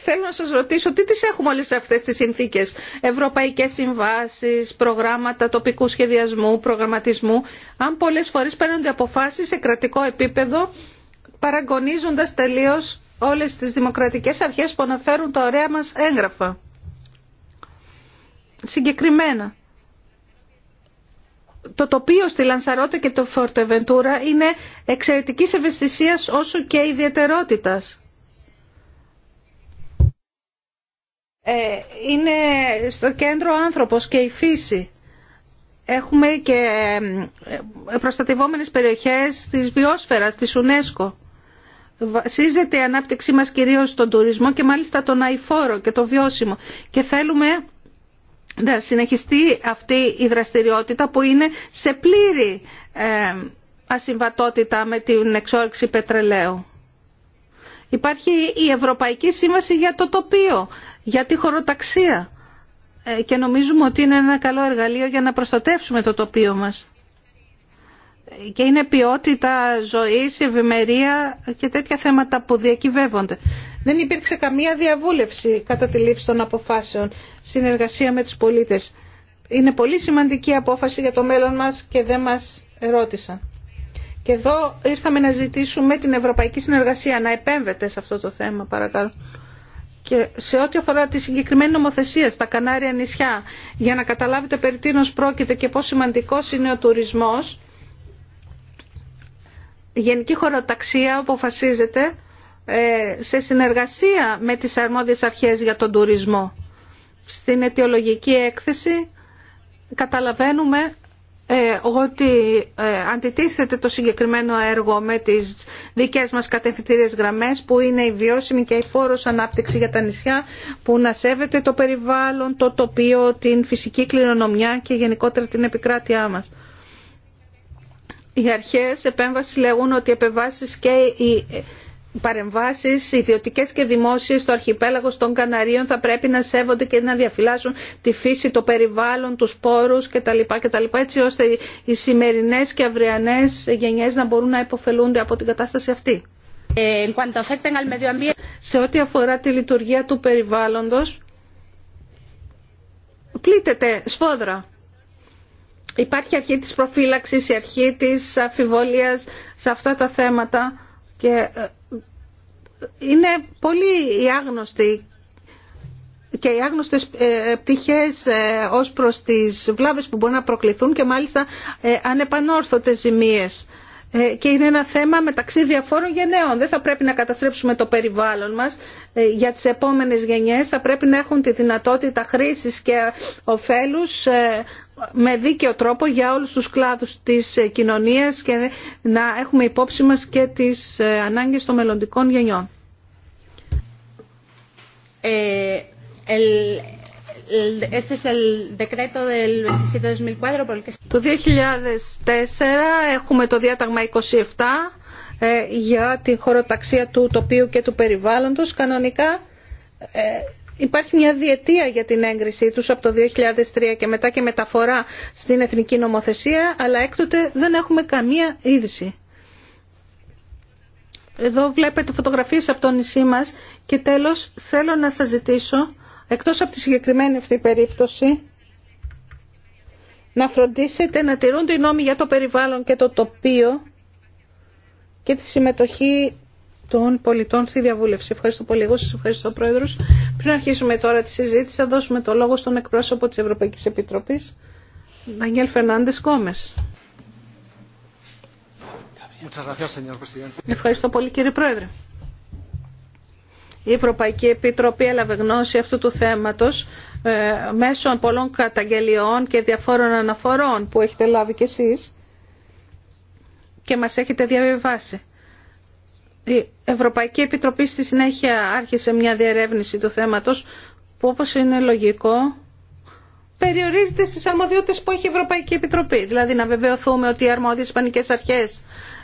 Θέλω να σας ρωτήσω τι τις έχουμε όλες αυτές τις συνθήκες, ευρωπαϊκές συμβάσεις, προγράμματα τοπικού σχεδιασμού, προγραμματισμού, αν πολλές φορές παίρνονται αποφάσεις σε κρατικό επίπεδο, παραγωνίζοντας τελείως όλες τις δημοκρατικές αρχές που αναφέρουν τα ωραία μας έγγραφα. Συγκεκριμένα, το τοπίο στη Λανσαρότα και το Φορτεβεντούρα είναι εξαιρετικής ευαισθησίας όσο και ιδιαιτερότητας Ε, είναι στο κέντρο άνθρωπος και η φύση. Έχουμε και ε, ε, προστατευόμενες περιοχές της βιόσφαιρας, της UNESCO. Βασίζεται η ανάπτυξή μας κυρίως στον τουρισμό και μάλιστα τον αηφόρο και το βιώσιμο. Και θέλουμε να συνεχιστεί αυτή η δραστηριότητα που είναι σε πλήρη ασυμβατότητα με την εξόρυξη πετρελαίου. Υπάρχει η Ευρωπαϊκή Σύμβαση για το τοπίο, για τη χωροταξία ε, και νομίζουμε ότι είναι ένα καλό εργαλείο για να προστατεύσουμε το τοπίο μας. Και είναι ποιότητα ζωής, ευημερία και τέτοια θέματα που διακυβεύονται. Δεν υπήρξε καμία διαβούλευση κατά τη λήψη των αποφάσεων, συνεργασία με τους πολίτες. Είναι πολύ σημαντική απόφαση για το μέλλον μας και δεν μας ερώτησαν. Και εδώ ήρθαμε να ζητήσουμε την Ευρωπαϊκή Συνεργασία να επέμβεται σε αυτό το θέμα, παρακαλώ. Και σε ό,τι αφορά τη συγκεκριμένη νομοθεσία στα Κανάρια νησιά, για να καταλάβετε περί τίνος πρόκειται και πόσο σημαντικός είναι ο τουρισμός, η Γενική Χωροταξία αποφασίζεται ε, σε συνεργασία με τις αρμόδιες αρχές για τον τουρισμό. Στην αιτιολογική έκθεση καταλαβαίνουμε ε, ότι ε, αντιτίθεται το συγκεκριμένο έργο με τις δικές μας κατευθυντήριες γραμμές που είναι η βιώσιμη και η φόρος ανάπτυξη για τα νησιά που να σέβεται το περιβάλλον, το τοπίο, την φυσική κληρονομιά και γενικότερα την επικράτειά μας. Οι αρχές επέμβαση λέγουν ότι επεμβάσεις και οι παρεμβάσεις ιδιωτικές και δημόσιες στο αρχιπέλαγος των Καναρίων θα πρέπει να σέβονται και να διαφυλάσσουν τη φύση, το περιβάλλον, τους πόρους κτλ. κτλ έτσι ώστε οι σημερινές και αυριανές γενιές να μπορούν να υποφελούνται από την κατάσταση αυτή. Ε, σε ό,τι αφορά τη λειτουργία του περιβάλλοντος, πλήττεται σφόδρα. Υπάρχει αρχή της προφύλαξης, η αρχή της αφιβολίας σε αυτά τα θέματα και ε, είναι πολύ οι άγνωστοι και οι άγνωστες ε, πτυχές ε, ως προς τις βλάβες που μπορεί να προκληθούν και μάλιστα ανεπανόρθωτες ζημίες. Ε, και είναι ένα θέμα μεταξύ διαφόρων γενναίων. Δεν θα πρέπει να καταστρέψουμε το περιβάλλον μας ε, για τις επόμενες γενιές. Θα πρέπει να έχουν τη δυνατότητα χρήσης και ωφέλους ε, με δίκαιο τρόπο για όλους τους κλάδους της κοινωνίας και να έχουμε υπόψη μας και τις ανάγκες των μελλοντικών γενιών este es el decreto del 27-2004 Το 2004 έχουμε το διάταγμα 27 ε, για τη χωροταξία του τοπίου και του περιβάλλοντος. Κανονικά ε, υπάρχει μια διετία για την έγκρισή τους από το 2003 και μετά και μεταφορά στην εθνική νομοθεσία, αλλά έκτοτε δεν έχουμε καμία είδηση. Εδώ βλέπετε φωτογραφίες από το νησί μας και τέλος θέλω να σας ζητήσω εκτός από τη συγκεκριμένη αυτή περίπτωση, να φροντίσετε να τηρούνται οι νόμοι για το περιβάλλον και το τοπίο και τη συμμετοχή των πολιτών στη διαβούλευση. Ευχαριστώ πολύ. Εγώ σας ευχαριστώ, Πρόεδρος. Πριν αρχίσουμε τώρα τη συζήτηση, θα δώσουμε το λόγο στον εκπρόσωπο της Ευρωπαϊκής Επιτροπής, Αγγέλ Φερνάντες Κόμες. Ευχαριστώ πολύ, κύριε Πρόεδρε. Η Ευρωπαϊκή Επιτροπή έλαβε γνώση αυτού του θέματος ε, μέσω πολλών καταγγελιών και διαφόρων αναφορών που έχετε λάβει κι εσείς και μας έχετε διαβιβάσει. Η Ευρωπαϊκή Επιτροπή στη συνέχεια άρχισε μια διερεύνηση του θέματος που όπως είναι λογικό περιορίζεται στις αρμοδιότητες που έχει η Ευρωπαϊκή Επιτροπή. Δηλαδή να βεβαιωθούμε ότι οι αρμόδιες ισπανικές αρχές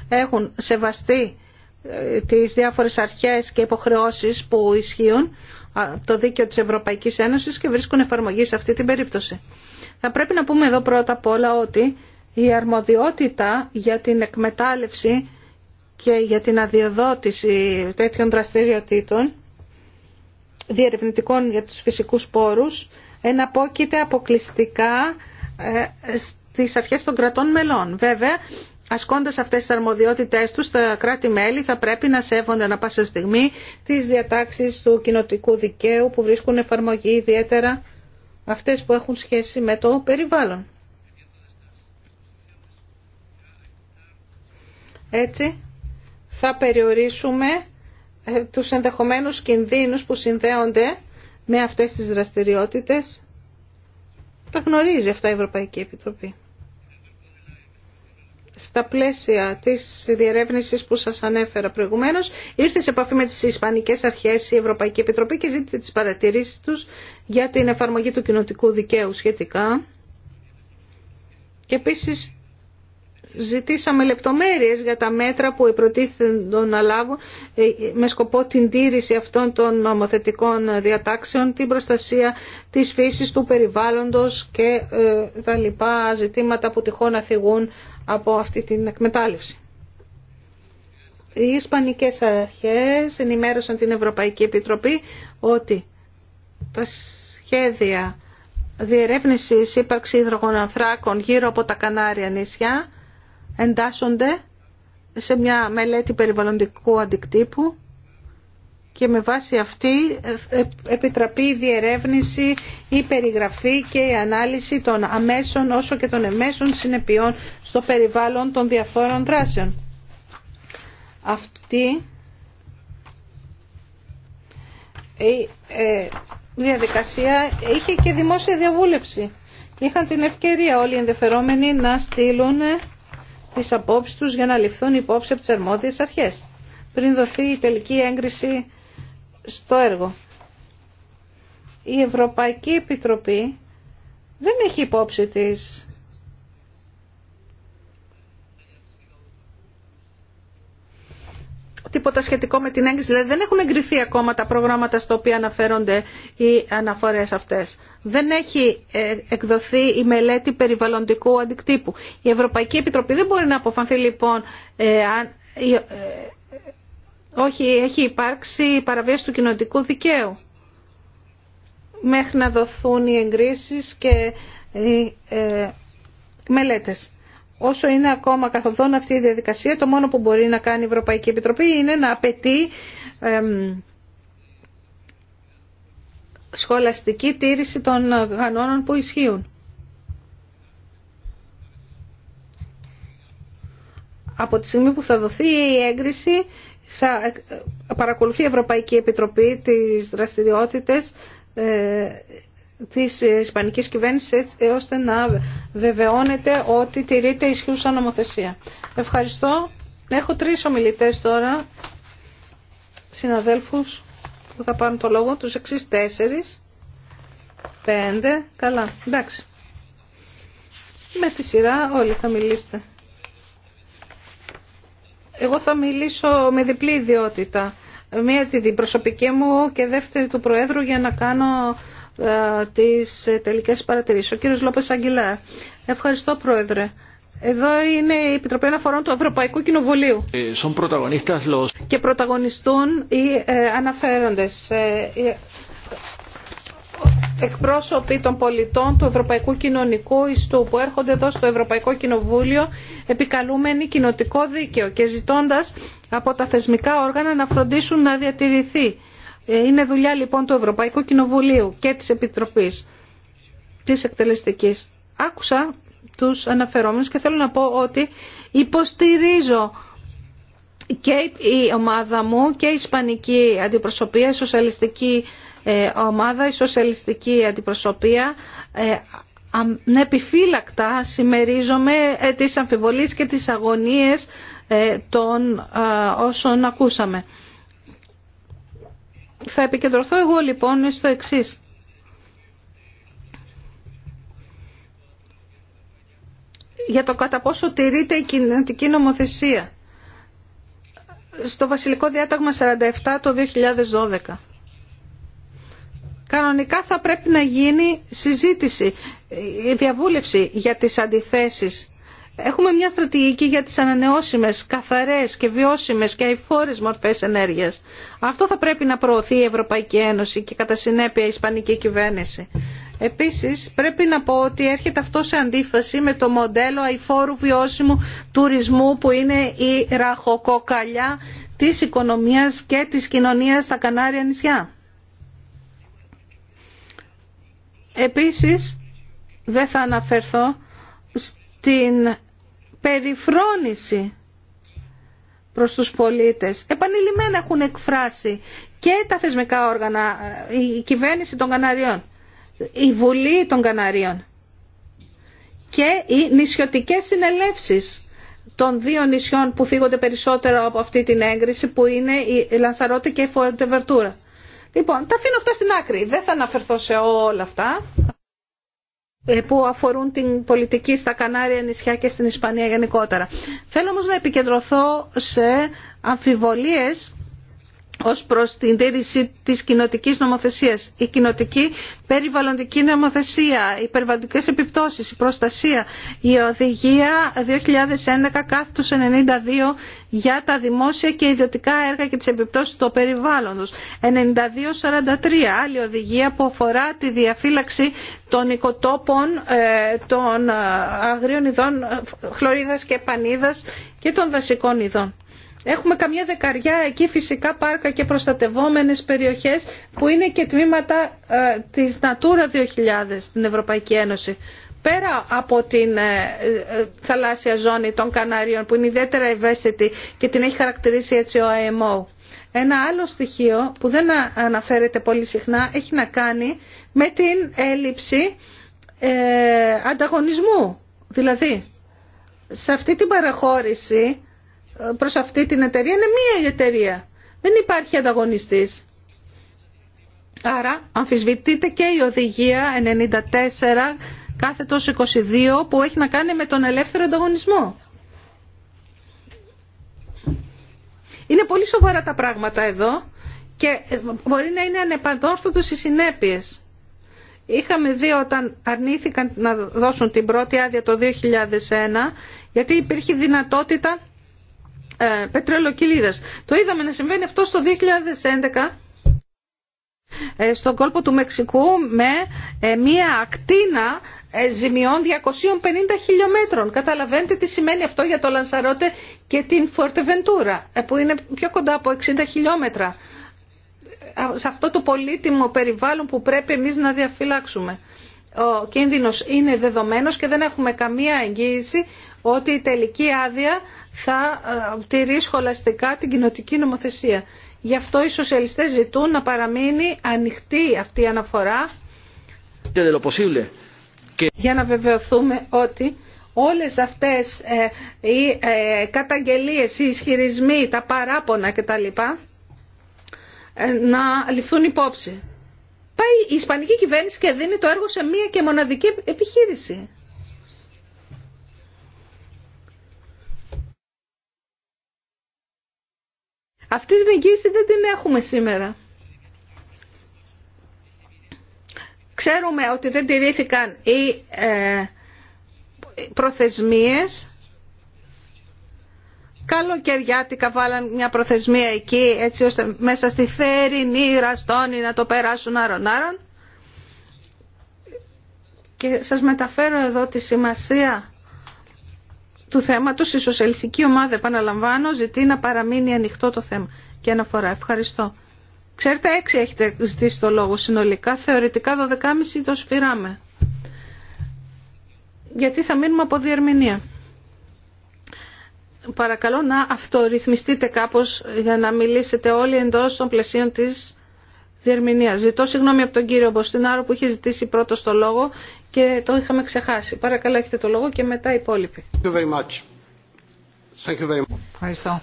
έχουν σεβαστεί ε, τις διάφορες αρχές και υποχρεώσεις που ισχύουν το δίκαιο της Ευρωπαϊκής Ένωσης και βρίσκουν εφαρμογή σε αυτή την περίπτωση. Θα πρέπει να πούμε εδώ πρώτα απ' όλα ότι η αρμοδιότητα για την εκμετάλλευση και για την αδειοδότηση τέτοιων δραστηριοτήτων διερευνητικών για τους φυσικούς πόρους εναπόκειται αποκλειστικά ε, στις αρχές των κρατών μελών. Βέβαια, ασκώντας αυτές τι αρμοδιότητές του, τα κράτη-μέλη θα πρέπει να σέβονται ανά πάσα στιγμή τι διατάξεις του κοινοτικού δικαίου που βρίσκουν εφαρμογή ιδιαίτερα αυτές που έχουν σχέση με το περιβάλλον. Έτσι, θα περιορίσουμε ε, τους ενδεχομένους κινδύνους που συνδέονται με αυτές τις δραστηριότητες. Τα γνωρίζει αυτά η Ευρωπαϊκή Επιτροπή στα πλαίσια της διερεύνησης που σας ανέφερα προηγουμένως, ήρθε σε επαφή με τις Ισπανικές Αρχές η Ευρωπαϊκή Επιτροπή και ζήτησε τις παρατηρήσεις τους για την εφαρμογή του κοινοτικού δικαίου σχετικά. Και επίσης ζητήσαμε λεπτομέρειες για τα μέτρα που προτίθενται να λάβουν ε, με σκοπό την τήρηση αυτών των νομοθετικών διατάξεων, την προστασία της φύσης του περιβάλλοντος και ε, τα λοιπά ζητήματα που τυχόν αφηγούν από αυτή την εκμετάλλευση. Οι Ισπανικές αρχές ενημέρωσαν την Ευρωπαϊκή Επιτροπή ότι τα σχέδια διερεύνησης ύπαρξη υδρογονανθράκων γύρω από τα Κανάρια νησιά εντάσσονται σε μια μελέτη περιβαλλοντικού αντικτύπου και με βάση αυτή ε, επιτραπεί η διερεύνηση, η περιγραφή και η ανάλυση των αμέσων όσο και των εμέσων συνεπειών στο περιβάλλον των διαφόρων δράσεων. Αυτή η ε, διαδικασία είχε και δημόσια διαβούλευση. Είχαν την ευκαιρία όλοι οι ενδιαφερόμενοι να στείλουν ε, τις απόψεις τους για να ληφθούν υπόψη από τις αρμόδιες αρχές. Πριν δοθεί η τελική έγκριση στο έργο. Η Ευρωπαϊκή Επιτροπή δεν έχει υπόψη της τίποτα σχετικό με την έγκριση. Δηλαδή δεν έχουν εγκριθεί ακόμα τα προγράμματα στα οποία αναφέρονται οι αναφορές αυτές. Δεν έχει ε, εκδοθεί η μελέτη περιβαλλοντικού αντικτύπου. Η Ευρωπαϊκή Επιτροπή δεν μπορεί να αποφανθεί λοιπόν ε, αν ε, όχι, έχει υπάρξει παραβίαση του κοινοτικού δικαίου μέχρι να δοθούν οι εγκρίσεις και οι ε, μελέτες. Όσο είναι ακόμα καθοδόν αυτή η διαδικασία, το μόνο που μπορεί να κάνει η Ευρωπαϊκή Επιτροπή είναι να απαιτεί σχολαστική τήρηση των κανόνων που ισχύουν. Από τη στιγμή που θα δοθεί η έγκριση θα ε, παρακολουθεί η Ευρωπαϊκή Επιτροπή τις δραστηριότητες ε, της Ισπανικής κυβέρνησης έτσι ε, ώστε να βεβαιώνεται ότι τηρείται ισχύουσα νομοθεσία. Ευχαριστώ. Έχω τρεις ομιλητές τώρα, συναδέλφους που θα πάρουν το λόγο, τους εξή τέσσερις, πέντε, καλά, εντάξει. Με τη σειρά όλοι θα μιλήσετε. Εγώ θα μιλήσω με διπλή ιδιότητα. Μία την προσωπική μου και δεύτερη του Προέδρου για να κάνω ε, τις ε, τελικές παρατηρήσεις. Ο κύριος Λόπες Αγγιλά. Ευχαριστώ Πρόεδρε. Εδώ είναι η Επιτροπή Αναφορών του Ευρωπαϊκού Κοινοβουλίου. Ε, και πρωταγωνιστούν οι αναφέροντες εκπρόσωποι των πολιτών του Ευρωπαϊκού Κοινωνικού Ιστού που έρχονται εδώ στο Ευρωπαϊκό Κοινοβούλιο επικαλούμενοι κοινοτικό δίκαιο και ζητώντας από τα θεσμικά όργανα να φροντίσουν να διατηρηθεί. Ε, είναι δουλειά λοιπόν του Ευρωπαϊκού Κοινοβουλίου και της Επιτροπής της Εκτελεστικής. Άκουσα τους αναφερόμενους και θέλω να πω ότι υποστηρίζω και η ομάδα μου και η Ισπανική Αντιπροσωπεία, η Σοσιαλιστική ε, ομάδα, η σοσιαλιστική αντιπροσωπεία, ε, ανεπιφύλακτα συμμερίζομαι ε, τις αμφιβολίες και τις αγωνίες των όσων ακούσαμε. Θα επικεντρωθώ εγώ λοιπόν στο εξής. για το κατά πόσο τηρείται η κοινωνική νομοθεσία. Στο Βασιλικό Διάταγμα 47 το 2012 κανονικά θα πρέπει να γίνει συζήτηση, διαβούλευση για τις αντιθέσεις. Έχουμε μια στρατηγική για τις ανανεώσιμες, καθαρές και βιώσιμες και αηφόρες μορφές ενέργειας. Αυτό θα πρέπει να προωθεί η Ευρωπαϊκή Ένωση και κατά συνέπεια η Ισπανική κυβέρνηση. Επίσης πρέπει να πω ότι έρχεται αυτό σε αντίφαση με το μοντέλο αηφόρου βιώσιμου τουρισμού που είναι η ραχοκοκαλιά της οικονομίας και της κοινωνίας στα Κανάρια νησιά. Επίσης, δεν θα αναφερθώ στην περιφρόνηση προς τους πολίτες. Επανειλημμένα έχουν εκφράσει και τα θεσμικά όργανα, ε, η κυβέρνηση των Καναριών, η Βουλή των Καναριών και οι νησιωτικές συνελεύσεις των δύο νησιών που θίγονται περισσότερο από αυτή την έγκριση που είναι η Λανσαρότη και η Φορτεβερτούρα. Λοιπόν, τα αφήνω αυτά στην άκρη. Δεν θα αναφερθώ σε όλα αυτά ε, που αφορούν την πολιτική στα Κανάρια νησιά και στην Ισπανία γενικότερα. Θέλω όμως να επικεντρωθώ σε αμφιβολίες ως προς την τήρηση της κοινοτικής νομοθεσίας. Η κοινοτική περιβαλλοντική νομοθεσία, οι περιβαλλοντικές επιπτώσεις, η προστασία, η οδηγία 2011 κάθετος 92 για τα δημόσια και ιδιωτικά έργα και τις επιπτώσεις του περιβάλλοντος. 92-43, άλλη οδηγία που αφορά τη διαφύλαξη των οικοτόπων ε, των ε, αγρίων ειδών ε, χλωρίδας και πανίδας και των δασικών ειδών. Έχουμε καμιά δεκαριά εκεί φυσικά πάρκα και προστατευόμενες περιοχές που είναι και τμήματα ε, της Natura 2000 στην Ευρωπαϊκή Ένωση. Πέρα από την ε, ε, θαλάσσια ζώνη των Καναρίων που είναι ιδιαίτερα ευαίσθητη και την έχει χαρακτηρίσει έτσι ο IMO. Ένα άλλο στοιχείο που δεν αναφέρεται πολύ συχνά έχει να κάνει με την έλλειψη ανταγωνισμού. Δηλαδή, σε αυτή την παραχώρηση προς αυτή την εταιρεία είναι μία η εταιρεία. Δεν υπάρχει ανταγωνιστής. Άρα αμφισβητείται και η οδηγία 94 κάθετος 22 που έχει να κάνει με τον ελεύθερο ανταγωνισμό. Είναι πολύ σοβαρά τα πράγματα εδώ και μπορεί να είναι ανεπαντόρθωτος οι συνέπειες. Είχαμε δει όταν αρνήθηκαν να δώσουν την πρώτη άδεια το 2001 γιατί υπήρχε δυνατότητα ε, πετρελοκυλίδας. Το είδαμε να συμβαίνει αυτό στο 2011 ε, στον κόλπο του Μεξικού με ε, μία ακτίνα ε, ζημιών 250 χιλιόμετρων. Καταλαβαίνετε τι σημαίνει αυτό για το Λανσαρότε και την Φορτεβεντούρα που είναι πιο κοντά από 60 χιλιόμετρα σε αυτό το πολύτιμο περιβάλλον που πρέπει εμείς να διαφυλάξουμε. Ο κίνδυνος είναι δεδομένος και δεν έχουμε καμία εγγύηση ότι η τελική άδεια θα ε, τηρεί σχολαστικά την κοινοτική νομοθεσία. Γι' αυτό οι σοσιαλιστές ζητούν να παραμείνει ανοιχτή αυτή η αναφορά για να βεβαιωθούμε ότι όλες αυτές ε, οι ε, καταγγελίες, οι ισχυρισμοί, τα παράπονα κτλ. να ληφθούν υπόψη. Πάει η Ισπανική κυβέρνηση και δίνει το έργο σε μία και μοναδική επιχείρηση. Αυτή την εγγύηση δεν την έχουμε σήμερα. Ξέρουμε ότι δεν τηρήθηκαν οι ε, προθεσμίες. Καλοκαιριάτικα βάλαν μια προθεσμία εκεί έτσι ώστε μέσα στη θερινή ραστόνη να το περάσουν άρον άρον. Και σας μεταφέρω εδώ τη σημασία του θέματος. Η σοσιαλιστική ομάδα, επαναλαμβάνω, ζητεί να παραμείνει ανοιχτό το θέμα. Και αναφορά. Ευχαριστώ. Ξέρετε, έξι έχετε ζητήσει το λόγο συνολικά. Θεωρητικά δωδεκάμιση το σφυράμε. Γιατί θα μείνουμε από διερμηνία. Παρακαλώ να αυτορυθμιστείτε κάπως για να μιλήσετε όλοι εντός των πλαισίων της διερμηνίας. Ζητώ συγγνώμη από τον κύριο Μποστινάρο που είχε ζητήσει πρώτο το λόγο και το είχαμε ξεχάσει. Παρακαλώ έχετε το λόγο και μετά οι υπόλοιποι. Thank you very much. Thank you very much. Ευχαριστώ.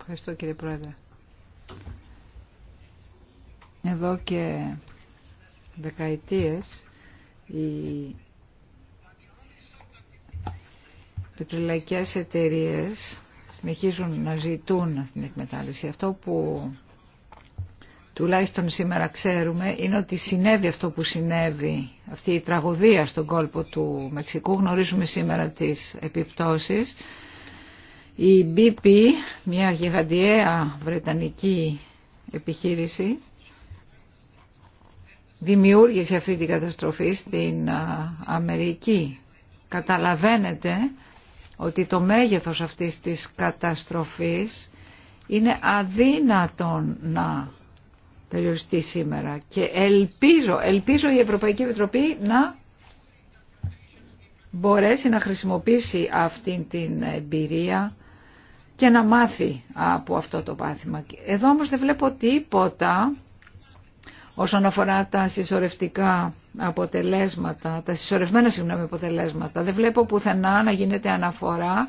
Ευχαριστώ κύριε Πρόεδρε. Εδώ και δεκαετίες οι πετρελαϊκές εταιρείες συνεχίζουν να ζητούν την εκμετάλλευση. Αυτό που τουλάχιστον σήμερα ξέρουμε, είναι ότι συνέβη αυτό που συνέβη, αυτή η τραγωδία στον κόλπο του Μεξικού. Γνωρίζουμε σήμερα τις επιπτώσεις. Η BP, μια γιγαντιαία βρετανική επιχείρηση, δημιούργησε αυτή την καταστροφή στην Αμερική. Καταλαβαίνετε ότι το μέγεθος αυτής της καταστροφής είναι αδύνατον να περιοριστεί σήμερα. Και ελπίζω, ελπίζω η Ευρωπαϊκή Επιτροπή να μπορέσει να χρησιμοποιήσει αυτή την εμπειρία και να μάθει από αυτό το πάθημα. Εδώ όμως δεν βλέπω τίποτα όσον αφορά τα συσσωρευτικά αποτελέσματα, τα συσσωρευμένα συγγνώμη αποτελέσματα. Δεν βλέπω πουθενά να γίνεται αναφορά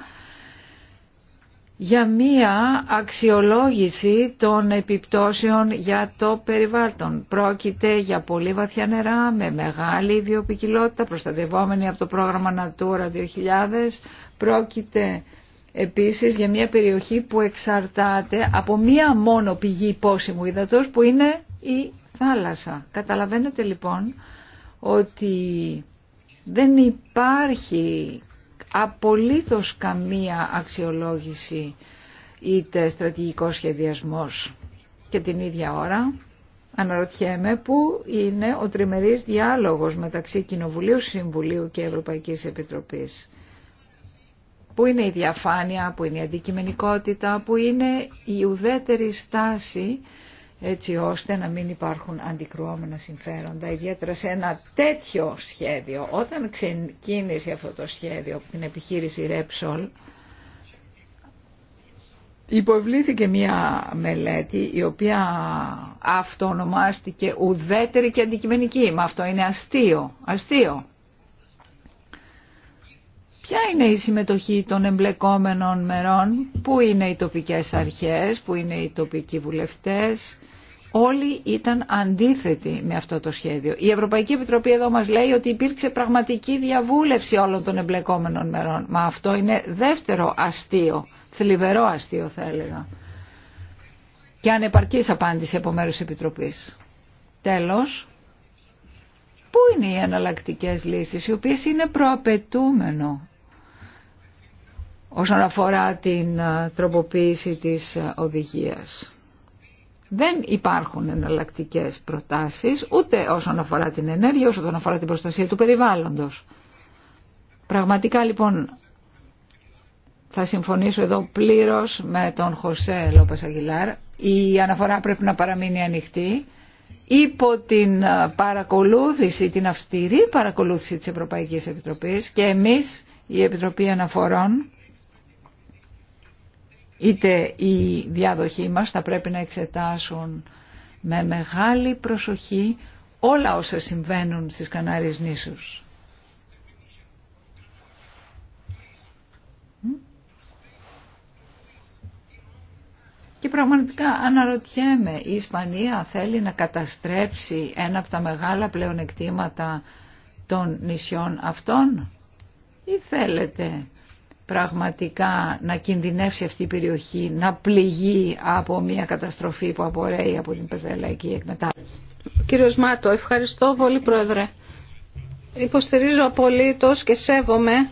για μία αξιολόγηση των επιπτώσεων για το περιβάλλον. Πρόκειται για πολύ βαθιά νερά με μεγάλη βιοπικιλότητα προστατευόμενη από το πρόγραμμα Natura 2000. Πρόκειται επίσης για μία περιοχή που εξαρτάται από μία μόνο πηγή πόσιμου ύδατος που είναι η θάλασσα. Καταλαβαίνετε λοιπόν ότι δεν υπάρχει απολύτως καμία αξιολόγηση είτε στρατηγικός σχεδιασμός. Και την ίδια ώρα αναρωτιέμαι που είναι ο τριμερής διάλογος μεταξύ Κοινοβουλίου, Συμβουλίου και Ευρωπαϊκής Επιτροπής. Πού είναι η διαφάνεια, πού είναι η αντικειμενικότητα, πού είναι η ουδέτερη στάση έτσι ώστε να μην υπάρχουν αντικρουόμενα συμφέροντα, ιδιαίτερα σε ένα τέτοιο σχέδιο. Όταν ξεκίνησε αυτό το σχέδιο από την επιχείρηση Repsol, υποβλήθηκε μία μελέτη η οποία αυτονομάστηκε ουδέτερη και αντικειμενική. Μα αυτό είναι αστείο, αστείο. Ποια είναι η συμμετοχή των εμπλεκόμενων μερών, πού είναι οι τοπικές αρχές, πού είναι οι τοπικοί βουλευτές, Όλοι ήταν αντίθετοι με αυτό το σχέδιο. Η Ευρωπαϊκή Επιτροπή εδώ μας λέει ότι υπήρξε πραγματική διαβούλευση όλων των εμπλεκόμενων μερών. Μα αυτό είναι δεύτερο αστείο, θλιβερό αστείο θα έλεγα. Και ανεπαρκής απάντηση από μέρους της Επιτροπής. Τέλος, πού είναι οι εναλλακτικέ λύσεις, οι οποίες είναι προαπαιτούμενο όσον αφορά την ε, τροποποίηση της ε, οδηγίας. Δεν υπάρχουν εναλλακτικέ προτάσεις ούτε όσον αφορά την ενέργεια, όσον αφορά την προστασία του περιβάλλοντος. Πραγματικά λοιπόν θα συμφωνήσω εδώ πλήρω με τον Χωσέ Λόπες Αγγιλάρ. Η αναφορά πρέπει να παραμείνει ανοιχτή υπό την ε, παρακολούθηση, την αυστηρή παρακολούθηση της Ευρωπαϊκής Επιτροπής και εμείς η Επιτροπή Αναφορών είτε οι διάδοχοί μας θα πρέπει να εξετάσουν με μεγάλη προσοχή όλα όσα συμβαίνουν στις Κανάριες νήσους. Και πραγματικά αναρωτιέμαι, η Ισπανία θέλει να καταστρέψει ένα από τα μεγάλα πλεονεκτήματα των νησιών αυτών ή θέλετε πραγματικά να αυτή η περιοχή, να πληγεί από μια καταστροφή που απορρέει από την πετρελαϊκή εκμετάλλευση. Κύριο Μάτο, ευχαριστώ πολύ Πρόεδρε. Υποστηρίζω απολύτως και σέβομαι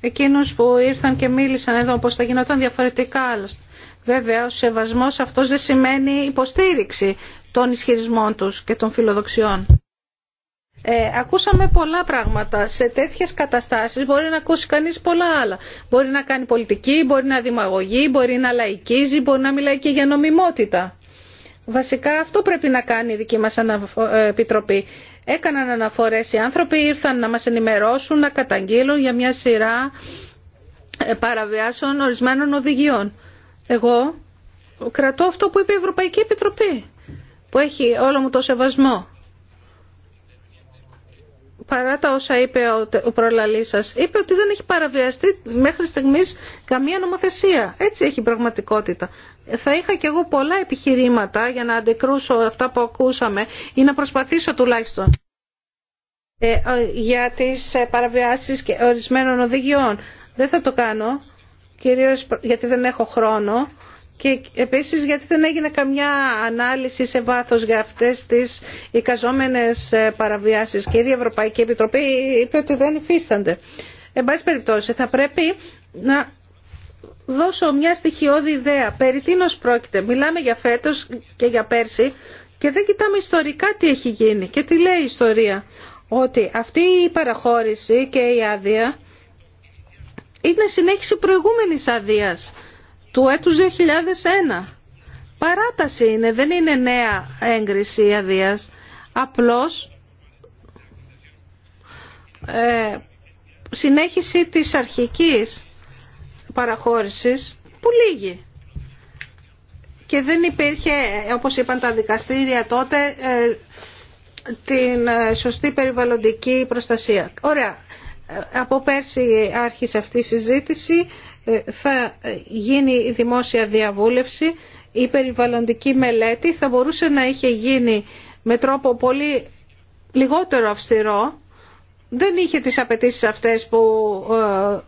εκείνους που ήρθαν και μίλησαν εδώ πως θα γινόταν διαφορετικά άλλωστε. Βέβαια, ο σεβασμός αυτός δεν σημαίνει υποστήριξη των ισχυρισμών τους και των φιλοδοξιών. Ε, ακούσαμε πολλά πράγματα. Σε τέτοιες καταστάσεις μπορεί να ακούσει κανείς πολλά άλλα. Μπορεί να κάνει πολιτική, μπορεί να δημαγωγεί, μπορεί να λαϊκίζει, μπορεί να μιλάει και για νομιμότητα. Βασικά αυτό πρέπει να κάνει η δική μας ε, επιτροπή. Έκαναν αναφορές οι άνθρωποι, ήρθαν να μας ενημερώσουν, να καταγγείλουν για μια σειρά ε, παραβιάσεων ορισμένων οδηγιών. Εγώ κρατώ αυτό που είπε η Ευρωπαϊκή Επιτροπή, που έχει όλο μου το σεβασμό παρά τα όσα είπε ο προλαλή σα, είπε ότι δεν έχει παραβιαστεί μέχρι στιγμή καμία νομοθεσία. Έτσι έχει η πραγματικότητα. Θα είχα κι εγώ πολλά επιχειρήματα για να αντικρούσω αυτά που ακούσαμε ή να προσπαθήσω τουλάχιστον ε, ε, για τις ε, παραβιάσεις και ορισμένων οδηγιών. Δεν θα το κάνω, κυρίως γιατί δεν έχω χρόνο και επίσης γιατί δεν έγινε καμιά ανάλυση σε βάθος για αυτές τις εικαζόμενες ε, παραβιάσεις και η Ευρωπαϊκή Επιτροπή είπε ότι δεν υφίστανται. Εν πάση περιπτώσει θα πρέπει να δώσω μια στοιχειώδη ιδέα. Περί τίνος πρόκειται. Μιλάμε για φέτος και για πέρσι και δεν κοιτάμε ιστορικά τι έχει γίνει και τι λέει η ιστορία. Ότι αυτή η παραχώρηση και η άδεια είναι συνέχιση προηγούμενης αδείας του έτους 2001. Παράταση είναι, δεν είναι νέα έγκριση αδείας. Απλώς ε, συνέχιση της αρχικής παραχώρησης που λύγει. Και δεν υπήρχε, όπως είπαν τα δικαστήρια τότε, ε, την ε, σωστή περιβαλλοντική προστασία. Ωραία. Ε, από πέρσι άρχισε αυτή η συζήτηση θα γίνει δημόσια διαβούλευση. Η περιβαλλοντική μελέτη θα μπορούσε να είχε γίνει με τρόπο πολύ λιγότερο αυστηρό. Δεν είχε τις απαιτήσει αυτές που ε,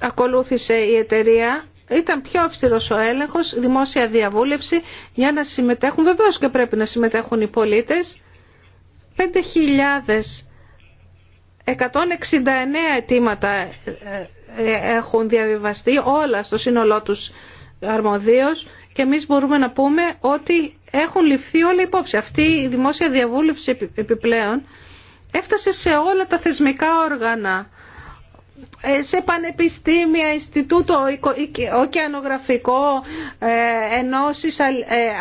ακολούθησε η εταιρεία. Ήταν πιο αυστηρός ο έλεγχος, δημόσια διαβούλευση για να συμμετέχουν. Βεβαίως και πρέπει να συμμετέχουν οι πολίτες. 5.169 αιτήματα ε, ε, έχουν διαβιβαστεί όλα στο σύνολό τους αρμοδίως και εμείς μπορούμε να πούμε ότι έχουν ληφθεί όλα υπόψη. Αυτή η δημόσια διαβούλευση επιπλέον έφτασε σε όλα τα θεσμικά όργανα, ε, σε πανεπιστήμια, Ινστιτούτο Οκεανογραφικό, ε, Ενώσεις ε,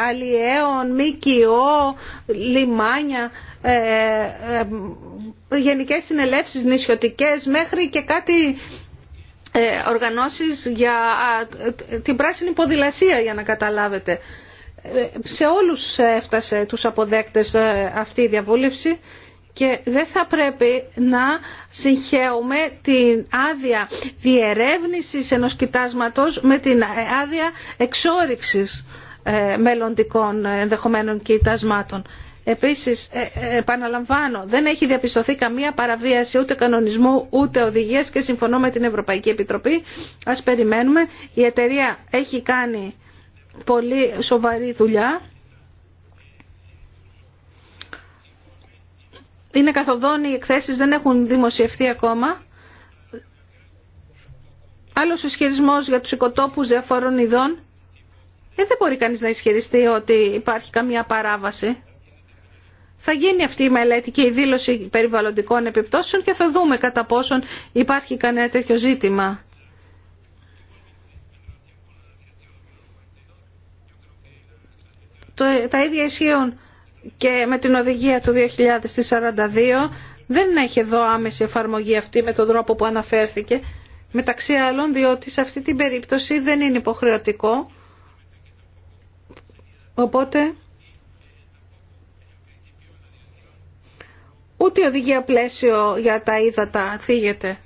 Αλλιέων, ΜΚΟ, Λιμάνια, γενικές συνελεύσεις νησιωτικές μέχρι και κάτι ε, οργανώσεις για την πράσινη ποδηλασία για να καταλάβετε. Ε, σε όλους έφτασε τους αποδέκτες ε, αυτή η διαβούλευση και δεν θα πρέπει να συγχαίουμε την άδεια διερεύνησης ενός κοιτάσματος με την άδεια εξόριξης μελλοντικών ενδεχομένων κοιτάσματων. Επίσης, ε, ε, επαναλαμβάνω, δεν έχει διαπιστωθεί καμία παραβίαση ούτε κανονισμού ούτε οδηγίας και συμφωνώ με την Ευρωπαϊκή Επιτροπή. Ας περιμένουμε. Η εταιρεία έχει κάνει πολύ σοβαρή δουλειά. Είναι καθοδόν οι εκθέσεις, δεν έχουν δημοσιευθεί ακόμα. Άλλος ισχυρισμό για τους οικοτόπους διαφόρων ειδών. Ε, δεν μπορεί κανείς να ισχυριστεί ότι υπάρχει καμία παράβαση. Θα γίνει αυτή η μελέτη και η δήλωση περιβαλλοντικών επιπτώσεων και θα δούμε κατά πόσον υπάρχει κανένα τέτοιο ζήτημα. τα ίδια ισχύουν και με την οδηγία του 2042. Δεν έχει εδώ άμεση εφαρμογή αυτή με τον τρόπο που αναφέρθηκε. Μεταξύ άλλων διότι σε αυτή την περίπτωση δεν είναι υποχρεωτικό. Οπότε Ούτε η οδηγία πλαίσιο για τα ύδατα φύγεται.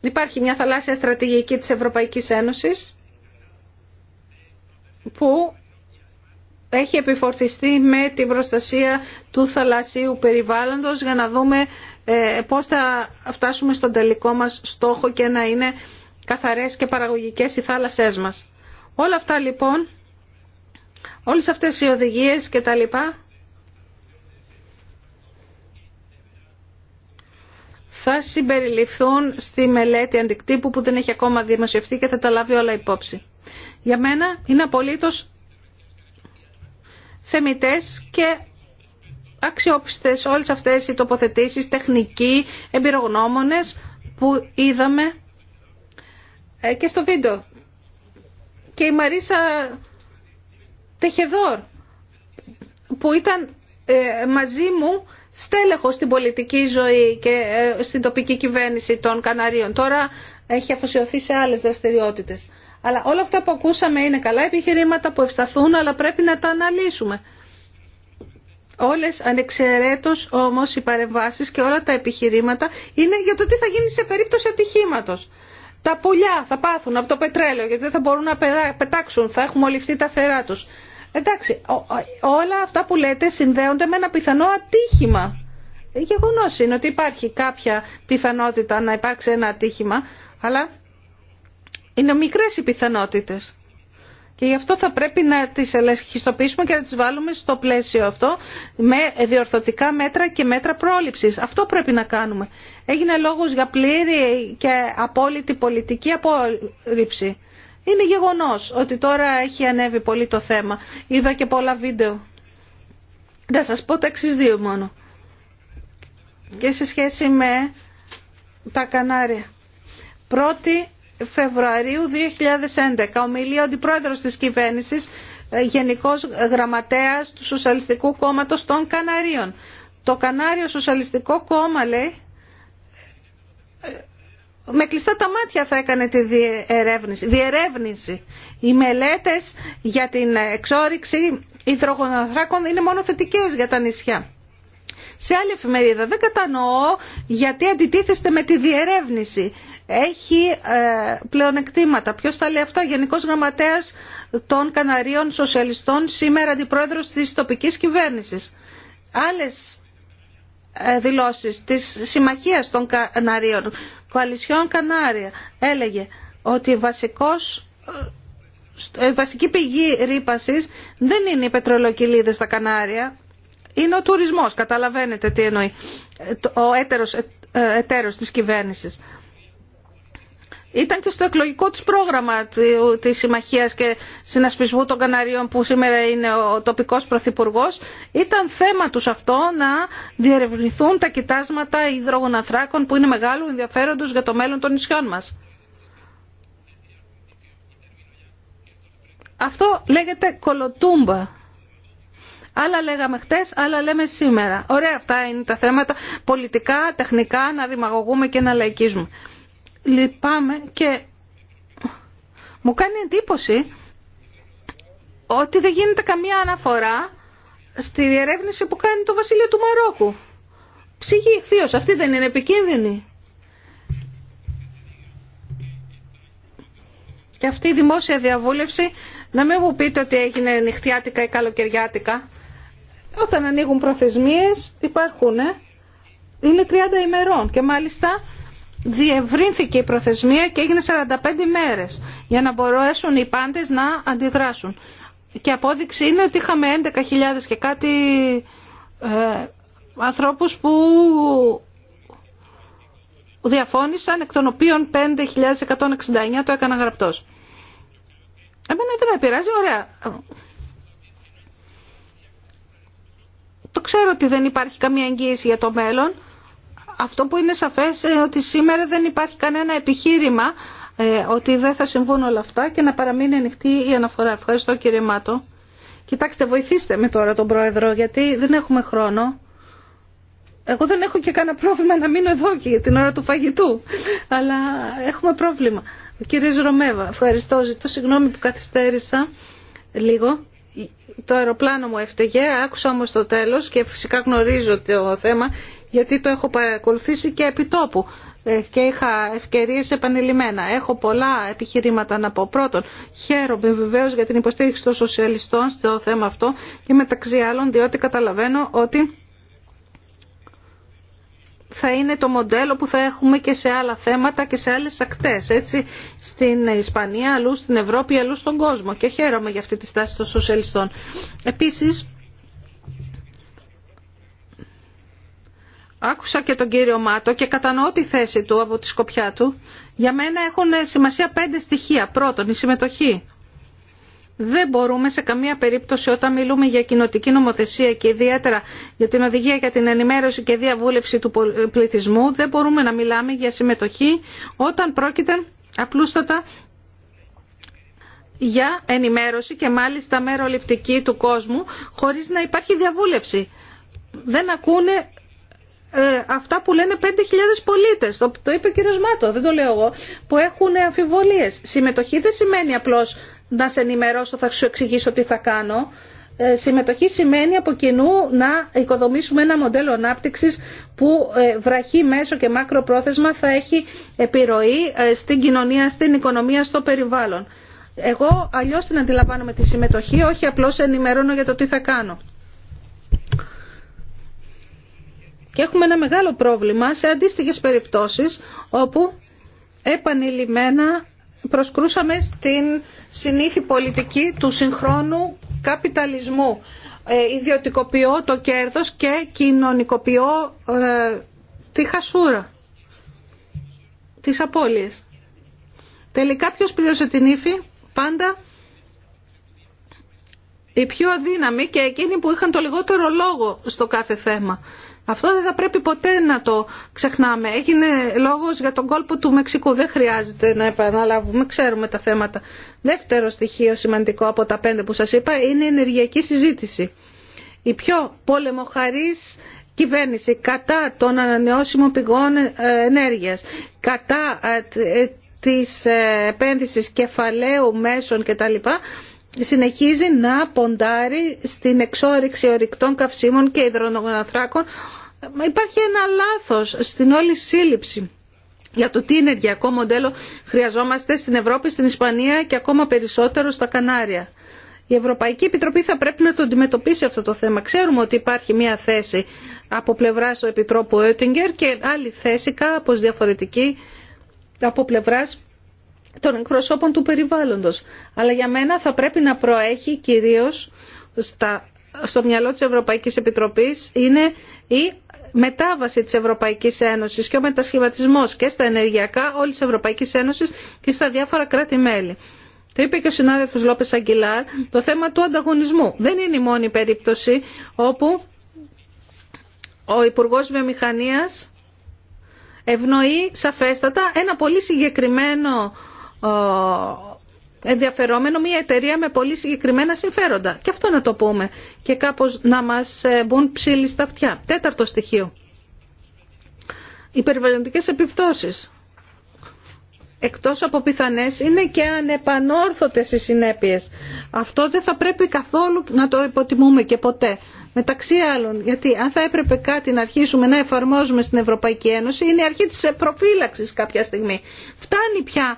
Υπάρχει μια θαλάσσια στρατηγική της Ευρωπαϊκής Ένωσης που έχει επιφορτιστεί με την προστασία του θαλασσίου περιβάλλοντος για να δούμε ε, πώς θα φτάσουμε στον τελικό μας στόχο και να είναι καθαρές και παραγωγικές οι θάλασσές μας. Όλα αυτά λοιπόν Όλες αυτές οι οδηγίες και τα λοιπά θα συμπεριληφθούν στη μελέτη αντικτύπου που δεν έχει ακόμα δημοσιευτεί και θα τα λάβει όλα υπόψη. Για μένα είναι απολύτως θεμητές και αξιόπιστες όλες αυτές οι τοποθετήσεις, τεχνικοί, εμπειρογνώμονες που είδαμε ε, και στο βίντεο. Και η Μαρίσα Τεχεδόρ, που ήταν ε, μαζί μου στέλεχο στην πολιτική ζωή και ε, στην τοπική κυβέρνηση των Καναρίων. Τώρα έχει αφοσιωθεί σε άλλες δραστηριότητες. Αλλά όλα αυτά που ακούσαμε είναι καλά επιχειρήματα που ευσταθούν, αλλά πρέπει να τα αναλύσουμε. Όλες ανεξαιρέτως όμως οι παρεμβάσεις και όλα τα επιχειρήματα είναι για το τι θα γίνει σε περίπτωση ατυχήματος. Τα πουλιά θα πάθουν από το πετρέλαιο γιατί δεν θα μπορούν να πετάξουν, θα έχουν μολυφθεί τα θερά τους. Εντάξει, όλα αυτά που λέτε συνδέονται με ένα πιθανό ατύχημα. Γεγονό είναι ότι υπάρχει κάποια πιθανότητα να υπάρξει ένα ατύχημα, αλλά είναι μικρές οι πιθανότητες. Και γι' αυτό θα πρέπει να τις ελεγχιστοποιήσουμε και να τις βάλουμε στο πλαίσιο αυτό με διορθωτικά μέτρα και μέτρα πρόληψης. Αυτό πρέπει να κάνουμε. Έγινε λόγος για πλήρη και απόλυτη πολιτική απόρριψη. Είναι γεγονός ότι τώρα έχει ανέβει πολύ το θέμα. Είδα και πολλά βίντεο. Θα σας πω τα εξής δύο μόνο. Και σε σχέση με τα Κανάρια. 1 1η Φεβρουαρίου 2011, ομιλία ο αντιπρόεδρος της κυβέρνησης, ε, γενικός γραμματέας του Σοσιαλιστικού Κόμματος των Καναρίων. Το Κανάριο Σοσιαλιστικό Κόμμα, λέει, ε, με κλειστά τα μάτια θα έκανε τη διερεύνηση. διερεύνηση. Οι μελέτες για την εξόριξη υδρογοναθράκων είναι μόνο θετικές για τα νησιά. Σε άλλη εφημερίδα δεν κατανοώ γιατί αντιτίθεστε με τη διερεύνηση. Έχει ε, πλεονεκτήματα. Ποιο τα λέει αυτά, Γενικό Γραμματέα των Καναρίων Σοσιαλιστών, σήμερα αντιπρόεδρο τη τοπική κυβέρνηση. Άλλε δηλώσει, της ε, συμμαχία των Καναρίων Κοαλισιόν Κανάρια έλεγε ότι βασικός, η ε, βασική πηγή ρήπασης δεν είναι οι πετρολοκυλίδες στα Κανάρια, είναι ο τουρισμός, καταλαβαίνετε τι εννοεί ε, ο έτερος ε, εταίρος της κυβέρνησης. Ήταν και στο εκλογικό τους πρόγραμμα της Συμμαχίας και Συνασπισμού των Καναρίων που σήμερα είναι ο τοπικός Πρωθυπουργό. Ήταν θέμα τους αυτό να διερευνηθούν τα κοιτάσματα ανθράκων που είναι μεγάλου ενδιαφέροντος για το μέλλον των νησιών μας. Αυτό λέγεται κολοτούμπα. Άλλα λέγαμε χτε, άλλα λέμε σήμερα. Ωραία αυτά είναι τα θέματα πολιτικά, τεχνικά, να δημαγωγούμε και να λαϊκίζουμε λυπάμαι και μου κάνει εντύπωση ότι δεν γίνεται καμία αναφορά στη διερεύνηση που κάνει το βασίλειο του Μαρόκου. Ψυχή ηχθείως, αυτή δεν είναι επικίνδυνη. Και αυτή η δημόσια διαβούλευση, να μην μου πείτε ότι έγινε νυχτιάτικα ή καλοκαιριάτικα. Όταν ανοίγουν προθεσμίες, υπάρχουν, είναι 30 ημερών και μάλιστα διευρύνθηκε η προθεσμία και έγινε 45 μέρες για να μπορέσουν οι πάντες να αντιδράσουν. Και απόδειξη είναι ότι είχαμε 11.000 και κάτι ε, ανθρώπους που διαφώνησαν, εκ των οποίων 5.169 το έκανα γραπτός. Εμένα δεν με πειράζει, ωραία. Το ξέρω ότι δεν υπάρχει καμία εγγύηση για το μέλλον, αυτό που είναι σαφές είναι ότι σήμερα δεν υπάρχει κανένα επιχείρημα ε, ότι δεν θα συμβούν όλα αυτά και να παραμείνει ανοιχτή η αναφορά. Ευχαριστώ κύριε Μάτο. Κοιτάξτε, βοηθήστε με τώρα τον Πρόεδρο, γιατί δεν έχουμε χρόνο. Εγώ δεν έχω και κανένα πρόβλημα να μείνω εδώ και την ώρα του φαγητού. Αλλά έχουμε πρόβλημα. Κύριε Ρωμέβα, ευχαριστώ. Ζητώ συγγνώμη που καθυστέρησα λίγο το αεροπλάνο μου έφταιγε, άκουσα όμως το τέλος και φυσικά γνωρίζω το θέμα γιατί το έχω παρακολουθήσει και επί τόπου ε, και είχα ευκαιρίες επανειλημμένα. Έχω πολλά επιχειρήματα να πω. Πρώτον, χαίρομαι βεβαίως για την υποστήριξη των σοσιαλιστών στο θέμα αυτό και μεταξύ άλλων διότι καταλαβαίνω ότι θα είναι το μοντέλο που θα έχουμε και σε άλλα θέματα και σε άλλες ακτές, έτσι, στην Ισπανία, αλλού στην Ευρώπη, αλλού στον κόσμο. Και χαίρομαι για αυτή τη στάση των σοσιαλιστών. Επίσης, άκουσα και τον κύριο Μάτο και κατανοώ τη θέση του από τη σκοπιά του. Για μένα έχουν σημασία πέντε στοιχεία. Πρώτον, η συμμετοχή δεν μπορούμε σε καμία περίπτωση όταν μιλούμε για κοινοτική νομοθεσία και ιδιαίτερα για την οδηγία για την ενημέρωση και διαβούλευση του πληθυσμού, δεν μπορούμε να μιλάμε για συμμετοχή όταν πρόκειται απλούστατα για ενημέρωση και μάλιστα μεροληπτική του κόσμου χωρίς να υπάρχει διαβούλευση. Δεν ακούνε ε, αυτά που λένε 5.000 πολίτες, το, το είπε ο κ. Μάτο, δεν το λέω εγώ, που έχουν αμφιβολίες. Συμμετοχή δεν σημαίνει απλώς να σε ενημερώσω, θα σου εξηγήσω τι θα κάνω. Ε, συμμετοχή σημαίνει από κοινού να οικοδομήσουμε ένα μοντέλο ανάπτυξης που ε, βραχή, μέσω και μακροπρόθεσμα θα έχει επιρροή ε, στην κοινωνία, στην οικονομία, στο περιβάλλον. Εγώ αλλιώς την αντιλαμβάνομαι τη συμμετοχή, όχι απλώς ενημερώνω για το τι θα κάνω. Και έχουμε ένα μεγάλο πρόβλημα σε αντίστοιχες περιπτώσεις όπου επανειλημμένα προσκρούσαμε στην συνήθη πολιτική του συγχρόνου καπιταλισμού. Ε, ιδιωτικοποιώ το κέρδος και κοινωνικοποιώ ε, τη χασούρα, τις απώλειες. Τελικά ποιος πλήρωσε την ύφη, πάντα οι πιο αδύναμοι και εκείνοι που είχαν το λιγότερο λόγο στο κάθε θέμα. Αυτό δεν θα πρέπει ποτέ να το ξεχνάμε. Έγινε λόγος για τον κόλπο του Μεξικού. Δεν χρειάζεται να επαναλάβουμε. Ξέρουμε τα θέματα. Δεύτερο στοιχείο σημαντικό από τα πέντε που σας είπα είναι η ενεργειακή συζήτηση. Η πιο πολεμοχαρής κυβέρνηση κατά των ανανεώσιμων πηγών ε, ενέργειας, κατά ε, ε, της επένδυσης κεφαλαίου μέσων κτλ συνεχίζει να ποντάρει στην εξόρυξη ορυκτών καυσίμων και υδρονογοναθράκων. Υπάρχει ένα λάθος στην όλη σύλληψη για το τι ενεργειακό μοντέλο χρειαζόμαστε στην Ευρώπη, στην Ισπανία και ακόμα περισσότερο στα Κανάρια. Η Ευρωπαϊκή Επιτροπή θα πρέπει να το αντιμετωπίσει αυτό το θέμα. Ξέρουμε ότι υπάρχει μια θέση από πλευρά του Επιτρόπου Οέτιγκερ και άλλη θέση κάπως διαφορετική από πλευράς των εκπροσώπων του περιβάλλοντος. Αλλά για μένα θα πρέπει να προέχει κυρίως στα, στο μυαλό της Ευρωπαϊκής Επιτροπής είναι η μετάβαση της Ευρωπαϊκής Ένωσης και ο μετασχηματισμός και στα ενεργειακά όλης της Ευρωπαϊκής Ένωσης και στα διάφορα κράτη-μέλη. Το είπε και ο συνάδελφος Λόπες Αγγιλάρ, το θέμα του ανταγωνισμού. Δεν είναι η μόνη περίπτωση όπου ο Υπουργός Βιομηχανίας ευνοεί σαφέστατα ένα πολύ συγκεκριμένο ενδιαφερόμενο μια εταιρεία με πολύ συγκεκριμένα συμφέροντα. Και αυτό να το πούμε και κάπως να μας ε, μπουν ψήλοι στα αυτιά. Τέταρτο στοιχείο. Υπερβαλλοντικές επιπτώσεις. Εκτός από πιθανές είναι και ανεπανόρθωτες οι συνέπειες. Αυτό δεν θα πρέπει καθόλου να το υποτιμούμε και ποτέ. Μεταξύ άλλων, γιατί αν θα έπρεπε κάτι να αρχίσουμε να εφαρμόζουμε στην Ευρωπαϊκή Ένωση, είναι η αρχή της προφύλαξης κάποια στιγμή. Φτάνει πια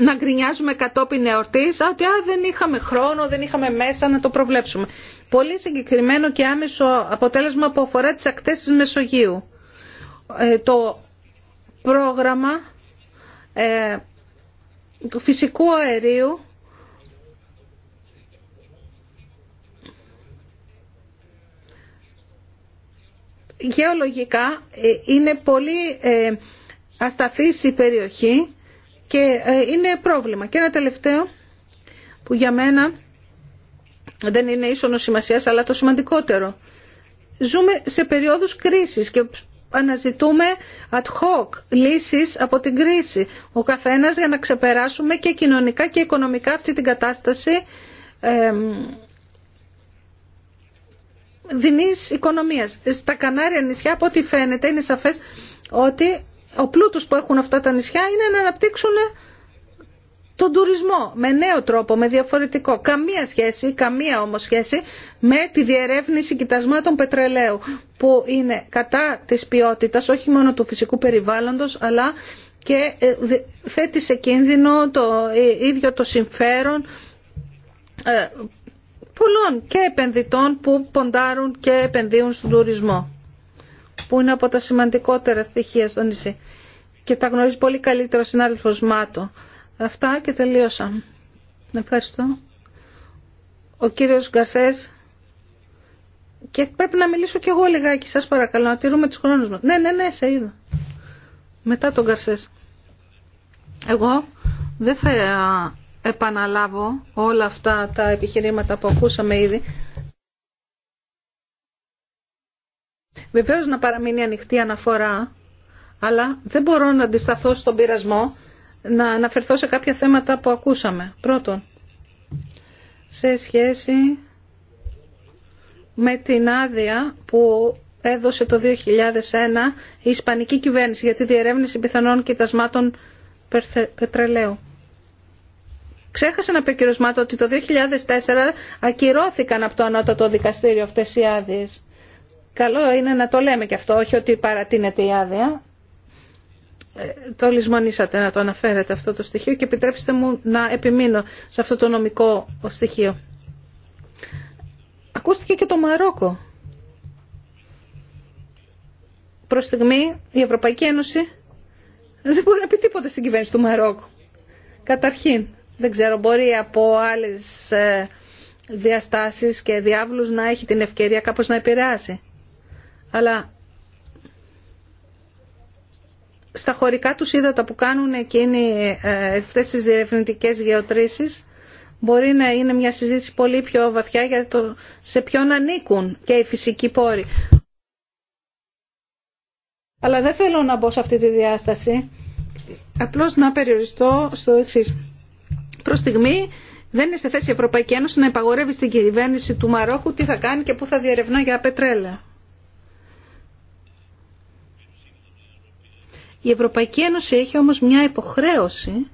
να γκρινιάζουμε κατόπιν εορτής ότι α, δεν είχαμε χρόνο, δεν είχαμε μέσα να το προβλέψουμε. Πολύ συγκεκριμένο και άμεσο αποτέλεσμα που αφορά τι ακτέ τη Μεσογείου. Ε, το πρόγραμμα ε, του φυσικού αερίου γεωλογικά ε, είναι πολύ ε, ασταθής η περιοχή και ε, είναι πρόβλημα. Και ένα τελευταίο που για μένα δεν είναι ίσονο σημασία, αλλά το σημαντικότερο. Ζούμε σε περίοδους κρίσης και αναζητούμε ad hoc λύσεις από την κρίση. Ο καθένας για να ξεπεράσουμε και κοινωνικά και οικονομικά αυτή την κατάσταση ε, δεινής οικονομίας. Στα Κανάρια νησιά από ό,τι φαίνεται είναι σαφές ότι ο πλούτος που έχουν αυτά τα νησιά είναι να αναπτύξουν τον τουρισμό με νέο τρόπο, με διαφορετικό. Καμία σχέση, καμία όμως σχέση με τη διερεύνηση κοιτασμάτων πετρελαίου που είναι κατά της ποιότητας όχι μόνο του φυσικού περιβάλλοντος αλλά και ε, θέτει σε κίνδυνο το ε, ίδιο το συμφέρον ε, πολλών και επενδυτών που ποντάρουν και επενδύουν στον τουρισμό που είναι από τα σημαντικότερα στοιχεία στο νησί. Και τα γνωρίζει πολύ καλύτερο ο συνάδελφο Μάτο. Αυτά και τελείωσα. Ευχαριστώ. Ο κύριος Γκασές. Και πρέπει να μιλήσω κι εγώ λιγάκι, σας παρακαλώ, να τηρούμε τους χρόνους μας. Ναι, ναι, ναι, σε είδα. Μετά τον Γκαρσές. Εγώ δεν θα επαναλάβω όλα αυτά τα επιχειρήματα που ακούσαμε ήδη. Βεβαίω να παραμείνει ανοιχτή αναφορά, αλλά δεν μπορώ να αντισταθώ στον πειρασμό να αναφερθώ σε κάποια θέματα που ακούσαμε. Πρώτον, σε σχέση με την άδεια που έδωσε το 2001 η Ισπανική κυβέρνηση για τη διερεύνηση πιθανών κοιτασμάτων πετρελαίου. Ξέχασε να πει ο ότι το 2004 ακυρώθηκαν από το Ανώτατο Δικαστήριο αυτές οι άδειες. Καλό είναι να το λέμε και αυτό, όχι ότι παρατείνεται η άδεια. Ε, το λησμονήσατε να το αναφέρετε αυτό το στοιχείο και επιτρέψτε μου να επιμείνω σε αυτό το νομικό στοιχείο. Ακούστηκε και το Μαρόκο. Προς στιγμή η Ευρωπαϊκή Ένωση δεν μπορεί να πει τίποτα στην κυβέρνηση του Μαρόκου. Καταρχήν, δεν ξέρω, μπορεί από άλλες ε, διαστάσεις και διάβλους να έχει την ευκαιρία κάπως να επηρεάσει αλλά στα χωρικά τους ύδατα που κάνουν εκείνοι ε, αυτές τις διερευνητικές γεωτρήσεις μπορεί να είναι μια συζήτηση πολύ πιο βαθιά για το σε ποιον ανήκουν και οι φυσικοί πόροι. Αλλά δεν θέλω να μπω σε αυτή τη διάσταση. Απλώς να περιοριστώ στο εξή. Προς στιγμή δεν είναι σε θέση η Ευρωπαϊκή Ένωση να υπαγορεύει στην κυβέρνηση του Μαρόχου τι θα κάνει και πού θα διερευνά για πετρέλα. Η Ευρωπαϊκή Ένωση έχει όμως μια υποχρέωση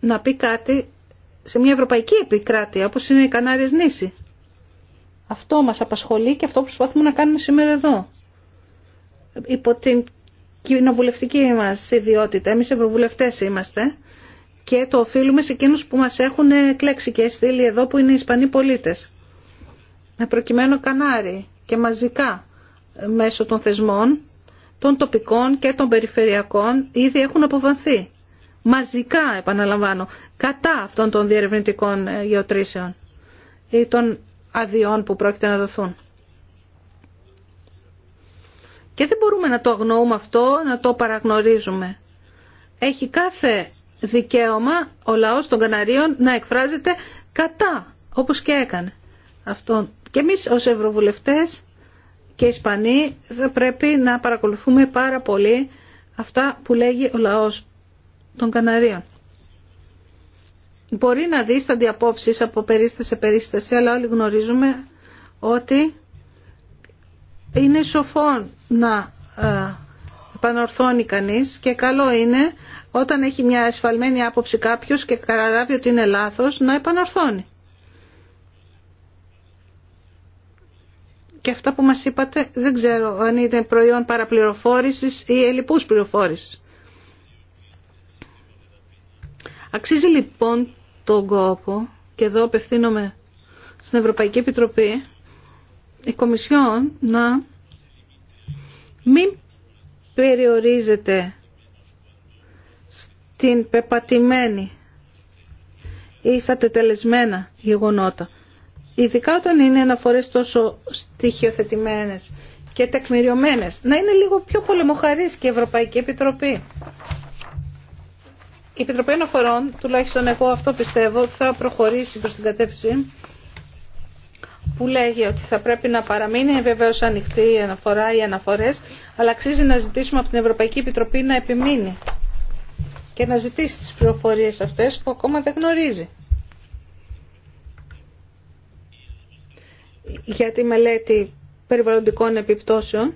να πει κάτι σε μια ευρωπαϊκή επικράτεια όπως είναι οι Κανάριες νήσι. Αυτό μας απασχολεί και αυτό που προσπαθούμε να κάνουμε σήμερα εδώ. Υπό την κοινοβουλευτική μας ιδιότητα, εμείς ευρωβουλευτές είμαστε και το οφείλουμε σε εκείνους που μας έχουν κλέξει και στείλει εδώ που είναι οι Ισπανοί πολίτες. Με προκειμένο Κανάρι και μαζικά μέσω των θεσμών των τοπικών και των περιφερειακών ήδη έχουν αποβανθεί. Μαζικά, επαναλαμβάνω, κατά αυτών των διερευνητικών ε, γεωτρήσεων ή των αδειών που πρόκειται να δοθούν. Και δεν μπορούμε να το αγνοούμε αυτό, να το παραγνωρίζουμε. Έχει κάθε δικαίωμα ο λαός των Καναρίων να εκφράζεται κατά, όπως και έκανε αυτό. Και εμείς ως Ευρωβουλευτές και οι Ισπανοί θα πρέπει να παρακολουθούμε πάρα πολύ αυτά που λέγει ο λαός των Καναρίων. Μπορεί να τα διαπόψεις από περίσταση σε περίσταση, αλλά όλοι γνωρίζουμε ότι είναι σοφό να ε, επανορθώνει κανείς και καλό είναι όταν έχει μια εσφαλμένη άποψη κάποιος και καταλάβει ότι είναι λάθος να επανορθώνει. Και αυτά που μας είπατε δεν ξέρω αν είναι προϊόν παραπληροφόρησης ή ελλειπούς πληροφόρησης. Αξίζει λοιπόν τον κόπο, και εδώ απευθύνομαι στην Ευρωπαϊκή Επιτροπή, η Κομισιόν να μην περιορίζεται στην πεπατημένη ή στα τετελεσμένα γεγονότα ειδικά όταν είναι αναφορές τόσο στοιχειοθετημένες και τεκμηριωμένες, να είναι λίγο πιο πολεμοχαρής και η Ευρωπαϊκή Επιτροπή. Η Επιτροπή Αναφορών, τουλάχιστον εγώ αυτό πιστεύω, θα προχωρήσει προς την κατεύθυνση που λέγει ότι θα πρέπει να παραμείνει βεβαίω ανοιχτή η αναφορά ή αναφορές, αλλά αξίζει να ζητήσουμε από την Ευρωπαϊκή Επιτροπή να επιμείνει και να ζητήσει τις πληροφορίες αυτές που ακόμα δεν γνωρίζει. για τη μελέτη περιβαλλοντικών επιπτώσεων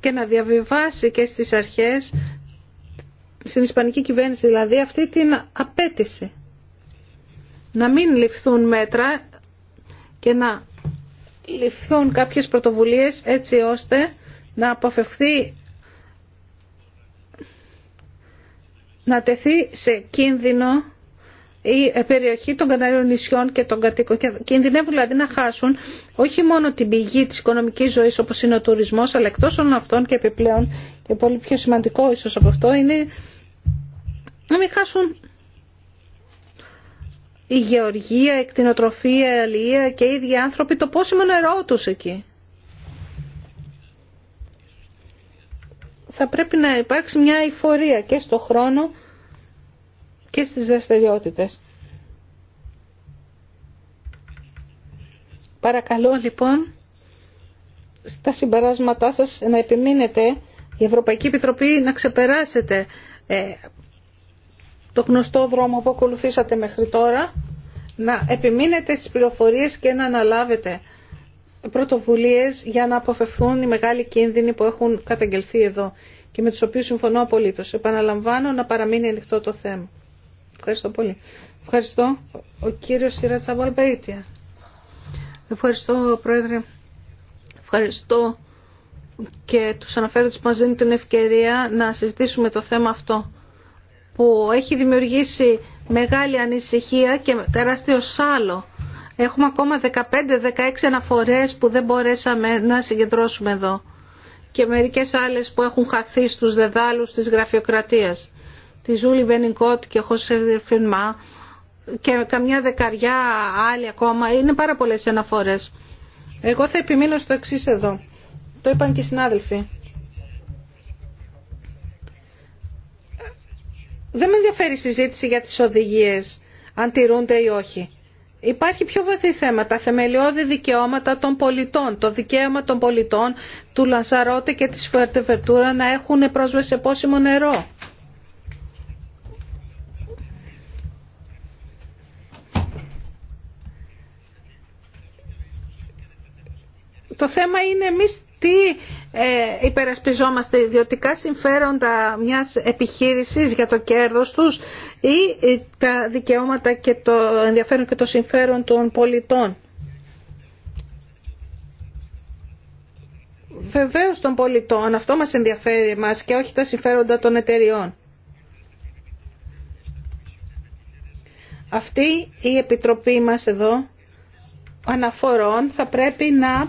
και να διαβιβάσει και στις αρχές, στην Ισπανική κυβέρνηση δηλαδή, αυτή την απέτηση. Να μην ληφθούν μέτρα και να ληφθούν κάποιες πρωτοβουλίες έτσι ώστε να αποφευθεί να τεθεί σε κίνδυνο η περιοχή των Καναρίων νησιών και των κατοίκων και κινδυνεύουν δηλαδή να χάσουν όχι μόνο την πηγή της οικονομικής ζωής όπως είναι ο τουρισμός αλλά εκτός των αυτών και επιπλέον και πολύ πιο σημαντικό ίσως από αυτό είναι να μην χάσουν η γεωργία, η κτηνοτροφία, η αλληλεία και οι ίδιοι άνθρωποι το πόσιμο νερό τους εκεί. Θα πρέπει να υπάρξει μια ειφορία και στο χρόνο και στις δραστηριότητε. Παρακαλώ λοιπόν στα συμπεράσματά σας να επιμείνετε η Ευρωπαϊκή Επιτροπή να ξεπεράσετε ε, το γνωστό δρόμο που ακολουθήσατε μέχρι τώρα, να επιμείνετε στις πληροφορίες και να αναλάβετε πρωτοβουλίες για να αποφευθούν οι μεγάλοι κίνδυνοι που έχουν καταγγελθεί εδώ και με τους οποίους συμφωνώ απολύτως. Επαναλαμβάνω να παραμείνει ανοιχτό το θέμα. Ευχαριστώ πολύ. Ευχαριστώ. Ο κύριος Σιράτσα Παΐτια. Ευχαριστώ, Πρόεδρε. Ευχαριστώ και τους αναφέροντες που μας δίνουν την ευκαιρία να συζητήσουμε το θέμα αυτό που έχει δημιουργήσει μεγάλη ανησυχία και τεράστιο σάλο. Έχουμε ακόμα 15-16 αναφορές που δεν μπορέσαμε να συγκεντρώσουμε εδώ και μερικές άλλες που έχουν χαθεί στους δεδάλους της γραφειοκρατίας τη Ζούλη Βενικότ και ο Χωσέ Φινμά και καμιά δεκαριά άλλη ακόμα. Είναι πάρα πολλέ αναφορέ. Εγώ θα επιμείνω στο εξή εδώ. Το είπαν και οι συνάδελφοι. Δεν με ενδιαφέρει η συζήτηση για τις οδηγίες, αν τηρούνται ή όχι. Υπάρχει πιο βαθύ θέμα, τα θεμελιώδη δικαιώματα των πολιτών, το δικαίωμα των πολιτών του Λανσαρότε και της Φουαρτεβερτούρα να έχουν πρόσβαση σε πόσιμο νερό. Το θέμα είναι εμείς τι ε, υπερασπιζόμαστε ιδιωτικά συμφέροντα μιας επιχείρησης για το κέρδος τους ή ε, τα δικαιώματα και το ενδιαφέρον και το συμφέρον των πολιτών. Βεβαίως των πολιτών, αυτό μας ενδιαφέρει μας και όχι τα συμφέροντα των εταιριών. Αυτή η επιτροπή μας εδώ αναφορών θα πρέπει να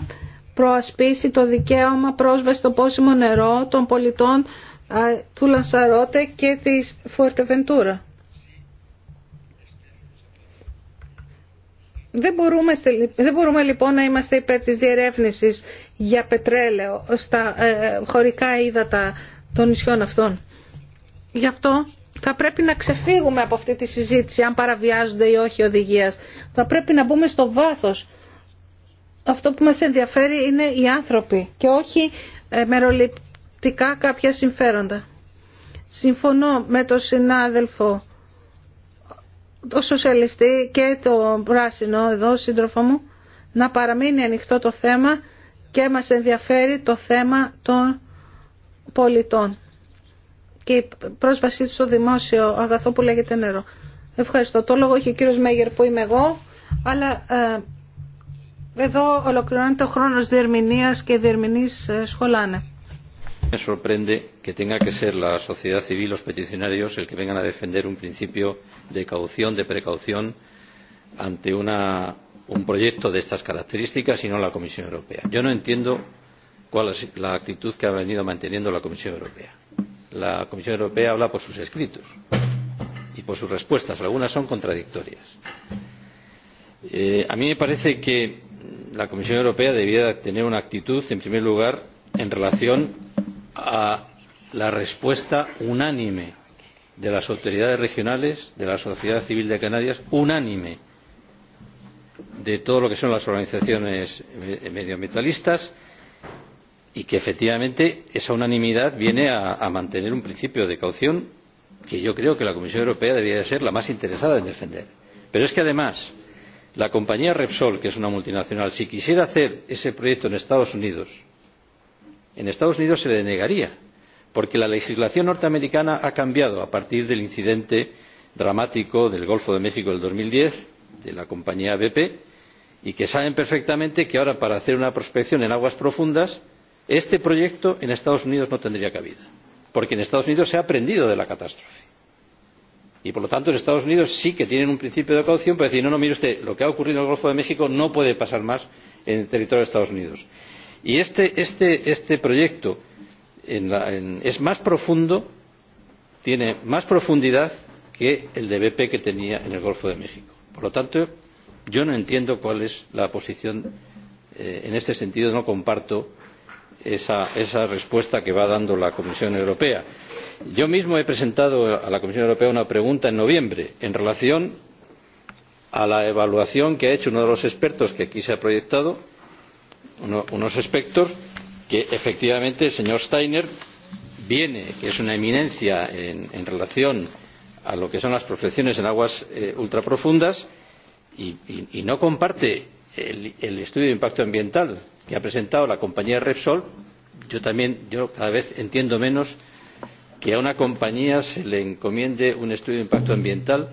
προασπίσει το δικαίωμα πρόσβαση στο πόσιμο νερό των πολιτών του Λανσαρότε και της Φουερτεβεντούρα. Δεν μπορούμε, λοιπόν να είμαστε υπέρ της διερεύνησης για πετρέλαιο στα ε, χωρικά ύδατα των νησιών αυτών. Γι' αυτό θα πρέπει να ξεφύγουμε από αυτή τη συζήτηση αν παραβιάζονται ή όχι οδηγίας. Θα πρέπει να μπούμε στο βάθος αυτό που μας ενδιαφέρει είναι οι άνθρωποι και όχι ε, μεροληπτικά κάποια συμφέροντα. Συμφωνώ με τον συνάδελφο το σοσιαλιστή και το πράσινο εδώ σύντροφο μου να παραμείνει ανοιχτό το θέμα και μας ενδιαφέρει το θέμα των πολιτών και η πρόσβασή του στο δημόσιο αγαθό που λέγεται νερό. Ευχαριστώ. Το λόγο έχει ο κύριος Μέγερ που είμαι εγώ, αλλά ε, εδώ ολοκληρώνεται ο χρόνος και διερμηνή σχολάνε. Me sorprende que tenga que ser la sociedad civil, los peticionarios, el que vengan a defender un principio de caución, de precaución, ante un proyecto de estas características y no la Comisión Europea. Yo no entiendo cuál es la actitud que ha venido manteniendo la Comisión Europea. La Comisión Europea habla por sus escritos y por sus respuestas. Algunas son contradictorias. A mí me parece que la Comisión Europea debiera tener una actitud, en primer lugar, en relación a la respuesta unánime de las autoridades regionales, de la sociedad civil de Canarias, unánime de todo lo que son las organizaciones medioambientalistas y que efectivamente esa unanimidad viene a mantener un principio de caución que yo creo que la Comisión Europea debería ser la más interesada en defender. Pero es que además la compañía repsol que es una multinacional si quisiera hacer ese proyecto en estados unidos en estados unidos se le denegaría porque la legislación norteamericana ha cambiado a partir del incidente dramático del golfo de méxico del dos mil diez de la compañía bp y que saben perfectamente que ahora para hacer una prospección en aguas profundas este proyecto en estados unidos no tendría cabida porque en estados unidos se ha aprendido de la catástrofe y por lo tanto los estados unidos sí que tienen un principio de precaución para decir no no mire usted lo que ha ocurrido en el golfo de méxico no puede pasar más en el territorio de los estados unidos. y este proyecto es más profundo tiene más profundidad que el de bp que tenía en el golfo de méxico. por lo tanto yo no entiendo cuál es la posición en este sentido no comparto esa respuesta que va dando la comisión europea yo mismo he presentado a la comisión europea una pregunta en noviembre en relación con la evaluación que ha hecho uno de los expertos que aquí se ha proyectado unos expertos que efectivamente el señor steiner viene que es una eminencia en relación a lo que son las prospecciones en aguas ultraprofundas y no comparte el estudio de impacto ambiental que ha presentado la compañía repsol yo también cada vez entiendo menos que a una compañía se le encomiende un estudio de impacto ambiental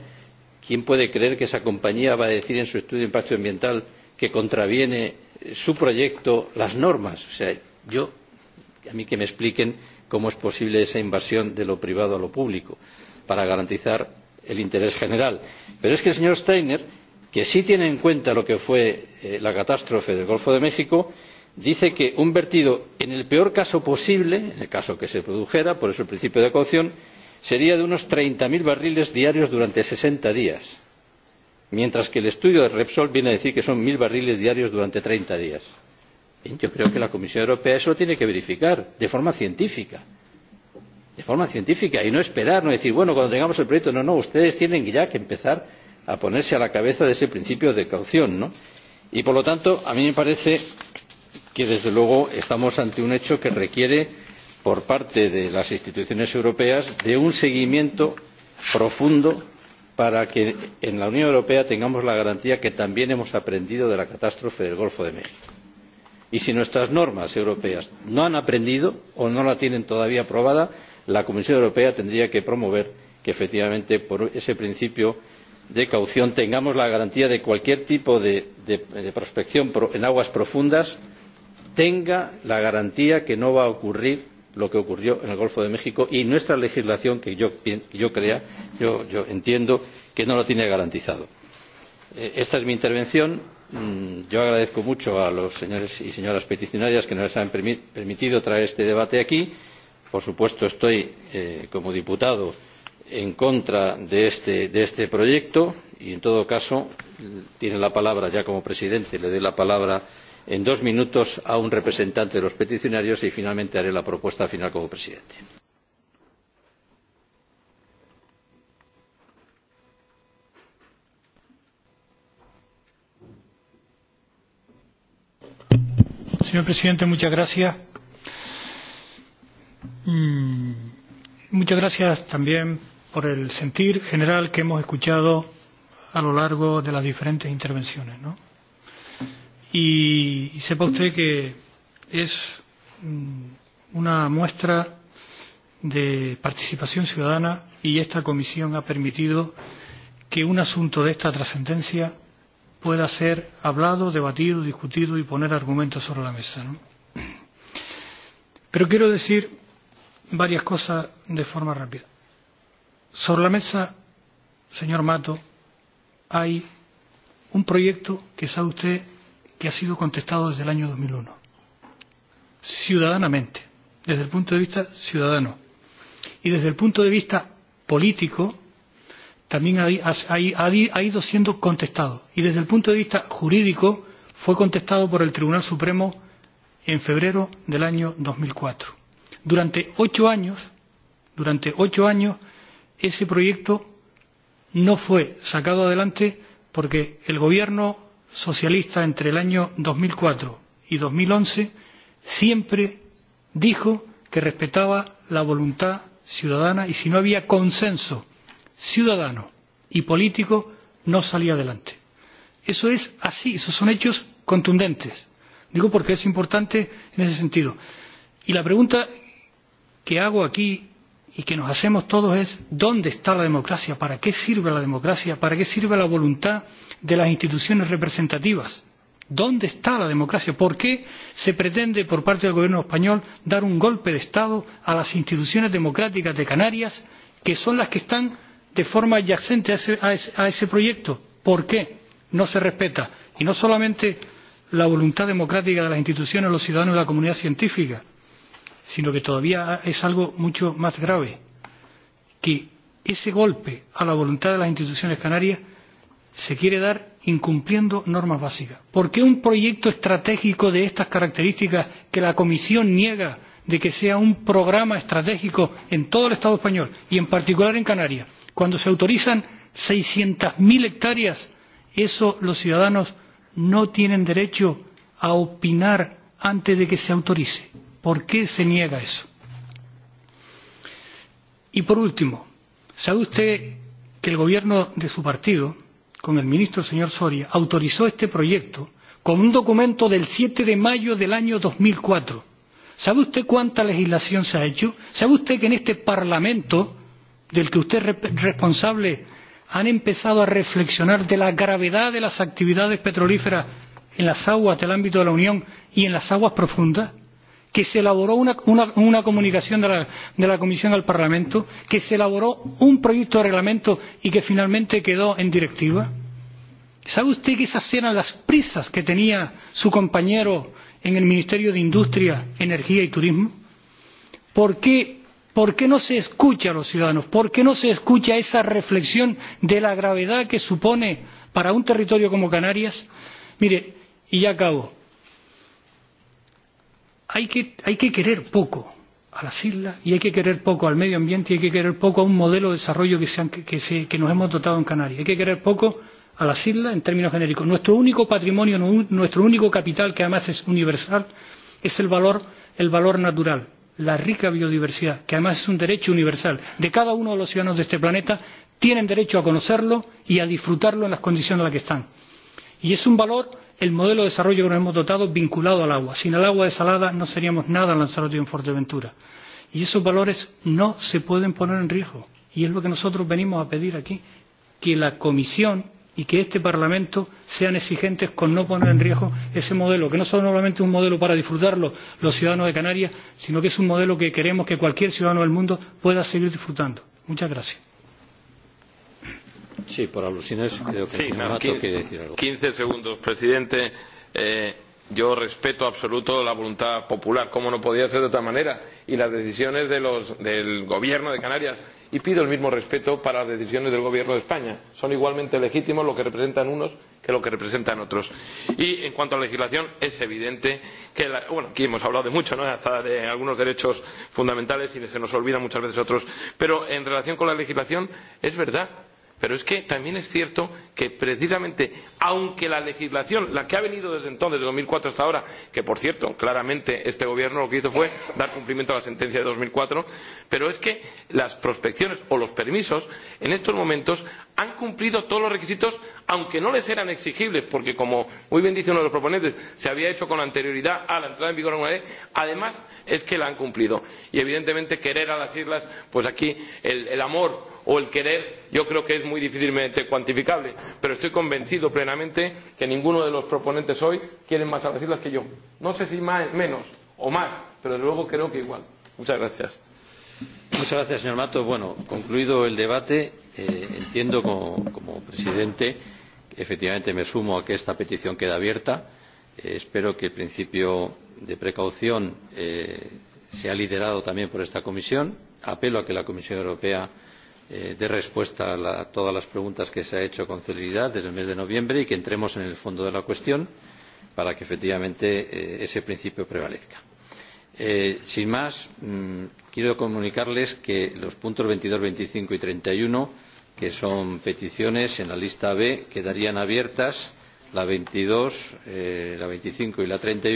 quién puede creer que esa compañía va a decir en su estudio de impacto ambiental que contraviene su proyecto las normas? o sea yo a mí que me expliquen cómo es posible esa invasión de lo privado a lo público para garantizar el interés general. pero es que el señor steiner que sí tiene en cuenta lo que fue la catástrofe del golfo de méxico dice que un vertido en el peor caso posible en el caso que se produjera por eso el principio de caución sería de unos treinta cero barriles diarios durante sesenta días mientras que el estudio de repsol viene a decir que son mil barriles diarios durante treinta días. yo creo que la comisión europea eso lo tiene que verificar de forma científica de forma científica y no esperar no decir bueno cuando tengamos el proyecto no no ustedes tienen ya que empezar a ponerse a la cabeza de ese principio de caución. y por lo tanto a mí me parece que desde luego estamos ante un hecho que requiere por parte de las instituciones europeas de un seguimiento profundo para que en la unión europea tengamos la garantía de que también hemos aprendido de la catástrofe del golfo de méxico. y si nuestras normas europeas no han aprendido o no la tienen todavía aprobada la comisión europea tendría que promover que efectivamente por ese principio de caución tengamos la garantía de cualquier tipo de prospección en aguas profundas tenga la garantía de que no va a ocurrir lo que ocurrió en el golfo de méxico y nuestra legislación que yo yo crea entiendo que no lo tiene garantizado. esta es mi intervención. yo agradezco mucho a los señores y señoras peticionarias que nos han permitido traer este debate aquí. por supuesto estoy como diputado en contra de este proyecto y en todo caso tiene la palabra ya como presidente le doy la palabra en dos minutos a un representante de los peticionarios y finalmente haré la propuesta final como presidente. Señor presidente, muchas gracias. Muchas gracias también por el sentir general que hemos escuchado a lo largo de las diferentes intervenciones. Y sepa usted que es una muestra de participación ciudadana y esta comisión ha permitido que un asunto de esta trascendencia pueda ser hablado, debatido, discutido y poner argumentos sobre la mesa. Pero quiero decir varias cosas de forma rápida. Sobre la mesa, señor Mato, hay un proyecto que sabe usted que ha sido contestado desde el año 2001, ciudadanamente, desde el punto de vista ciudadano. Y desde el punto de vista político, también ha ido siendo contestado. Y desde el punto de vista jurídico, fue contestado por el Tribunal Supremo en febrero del año 2004. Durante ocho años, durante ocho años, ese proyecto no fue sacado adelante porque el Gobierno socialista entre el año 2004 y 2011 siempre dijo que respetaba la voluntad ciudadana y si no había consenso ciudadano y político no salía adelante. Eso es así, esos son hechos contundentes. Digo porque es importante en ese sentido. Y la pregunta que hago aquí y que nos hacemos todos es ¿dónde está la democracia? ¿Para qué sirve la democracia? ¿Para qué sirve la voluntad de las instituciones representativas. ¿Dónde está la democracia? ¿Por qué se pretende por parte del gobierno español dar un golpe de Estado a las instituciones democráticas de Canarias, que son las que están de forma adyacente a ese proyecto? ¿Por qué no se respeta? Y no solamente la voluntad democrática de las instituciones, los ciudadanos y la comunidad científica, sino que todavía es algo mucho más grave, que ese golpe a la voluntad de las instituciones canarias se quiere dar incumpliendo normas básicas. ¿Por qué un proyecto estratégico de estas características que la Comisión niega de que sea un programa estratégico en todo el Estado español y en particular en Canarias, cuando se autorizan 600.000 hectáreas, eso los ciudadanos no tienen derecho a opinar antes de que se autorice? ¿Por qué se niega eso? Y por último, ¿sabe usted que el gobierno de su partido con el ministro señor Soria autorizó este proyecto con un documento del 7 de mayo del año 2004. ¿Sabe usted cuánta legislación se ha hecho? ¿Sabe usted que en este Parlamento, del que usted es responsable, han empezado a reflexionar de la gravedad de las actividades petrolíferas en las aguas del ámbito de la Unión y en las aguas profundas? que se elaboró una comunicación de la Comisión al Parlamento, que se elaboró un proyecto de reglamento y que finalmente quedó en directiva? ¿Sabe usted que esas eran las prisas que tenía su compañero en el Ministerio de Industria, Energía y Turismo? ¿Por qué no se escucha a los ciudadanos? ¿Por qué no se escucha esa reflexión de la gravedad que supone para un territorio como Canarias? Mire, y ya acabo hay que, querer poco a las islas y hay que querer poco al medio ambiente y hay que querer poco a un modelo de desarrollo que, se que, que nos hemos dotado en Canarias. Hay que querer poco a las islas en términos genéricos. Nuestro único patrimonio, nuestro único capital, que además es universal, es el valor, el valor natural, la rica biodiversidad, que además es un derecho universal de cada uno de los ciudadanos de este planeta, tienen derecho a conocerlo y a disfrutarlo en las condiciones en las que están. Y es un valor el modelo de desarrollo que nos hemos dotado vinculado al agua. Sin el agua desalada no seríamos nada en Lanzarote y en Fuerteventura. Y esos valores no se pueden poner en riesgo. Y es lo que nosotros venimos a pedir aquí, que la Comisión y que este Parlamento sean exigentes con no poner en riesgo ese modelo, que no solamente es un modelo para disfrutarlo los ciudadanos de Canarias, sino que es un modelo que queremos que cualquier ciudadano del mundo pueda seguir disfrutando. Muchas gracias. Sí, por segundos, presidente. yo respeto absoluto la voluntad popular, como no podía ser de otra manera, y las decisiones del gobierno de Canarias. Y pido el mismo respeto para las decisiones del gobierno de España. Son igualmente legítimos lo que representan unos que lo que representan otros. Y en cuanto a la legislación, es evidente que, bueno, aquí hemos hablado de mucho, ¿no? hasta de algunos derechos fundamentales y se nos olvidan muchas veces otros. Pero en relación con la legislación, es verdad pero es que también es cierto que precisamente aunque la legislación la que ha venido desde entonces de dos mil cuatro hasta ahora que por cierto claramente este gobierno lo que hizo fue dar cumplimiento a la sentencia de dos mil cuatro pero es que las prospecciones o los permisos en estos momentos han cumplido todos los requisitos aunque no les eran exigibles porque como muy bien dice uno de los proponentes se había hecho con anterioridad a la entrada en vigor de una ley además es que la han cumplido y evidentemente querer a las islas pues aquí el amor o el querer yo creo que es muy difícilmente cuantificable pero estoy convencido plenamente que ninguno de los proponentes hoy quiere más a que yo no sé si más, menos o más pero desde luego creo que igual muchas gracias muchas gracias señor mato bueno concluido el debate entiendo como presidente efectivamente me sumo a que esta petición queda abierta espero que el principio de precaución sea liderado también por esta comisión apelo a que la comisión europea dé respuesta a todas las preguntas que se han hecho con celeridad desde el mes de noviembre y que entremos en el fondo de la cuestión para que efectivamente ese principio prevalezca. Sin más, quiero comunicarles que los puntos veintidós, 25 y treinta y que son peticiones en la lista B, quedarían abiertas la veintidós, la veinticinco y la treinta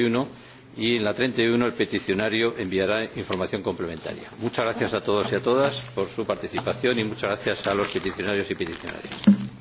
y en la 31 el peticionario enviará información complementaria. Muchas gracias a todos y a todas por su participación y muchas gracias a los peticionarios y peticionarias.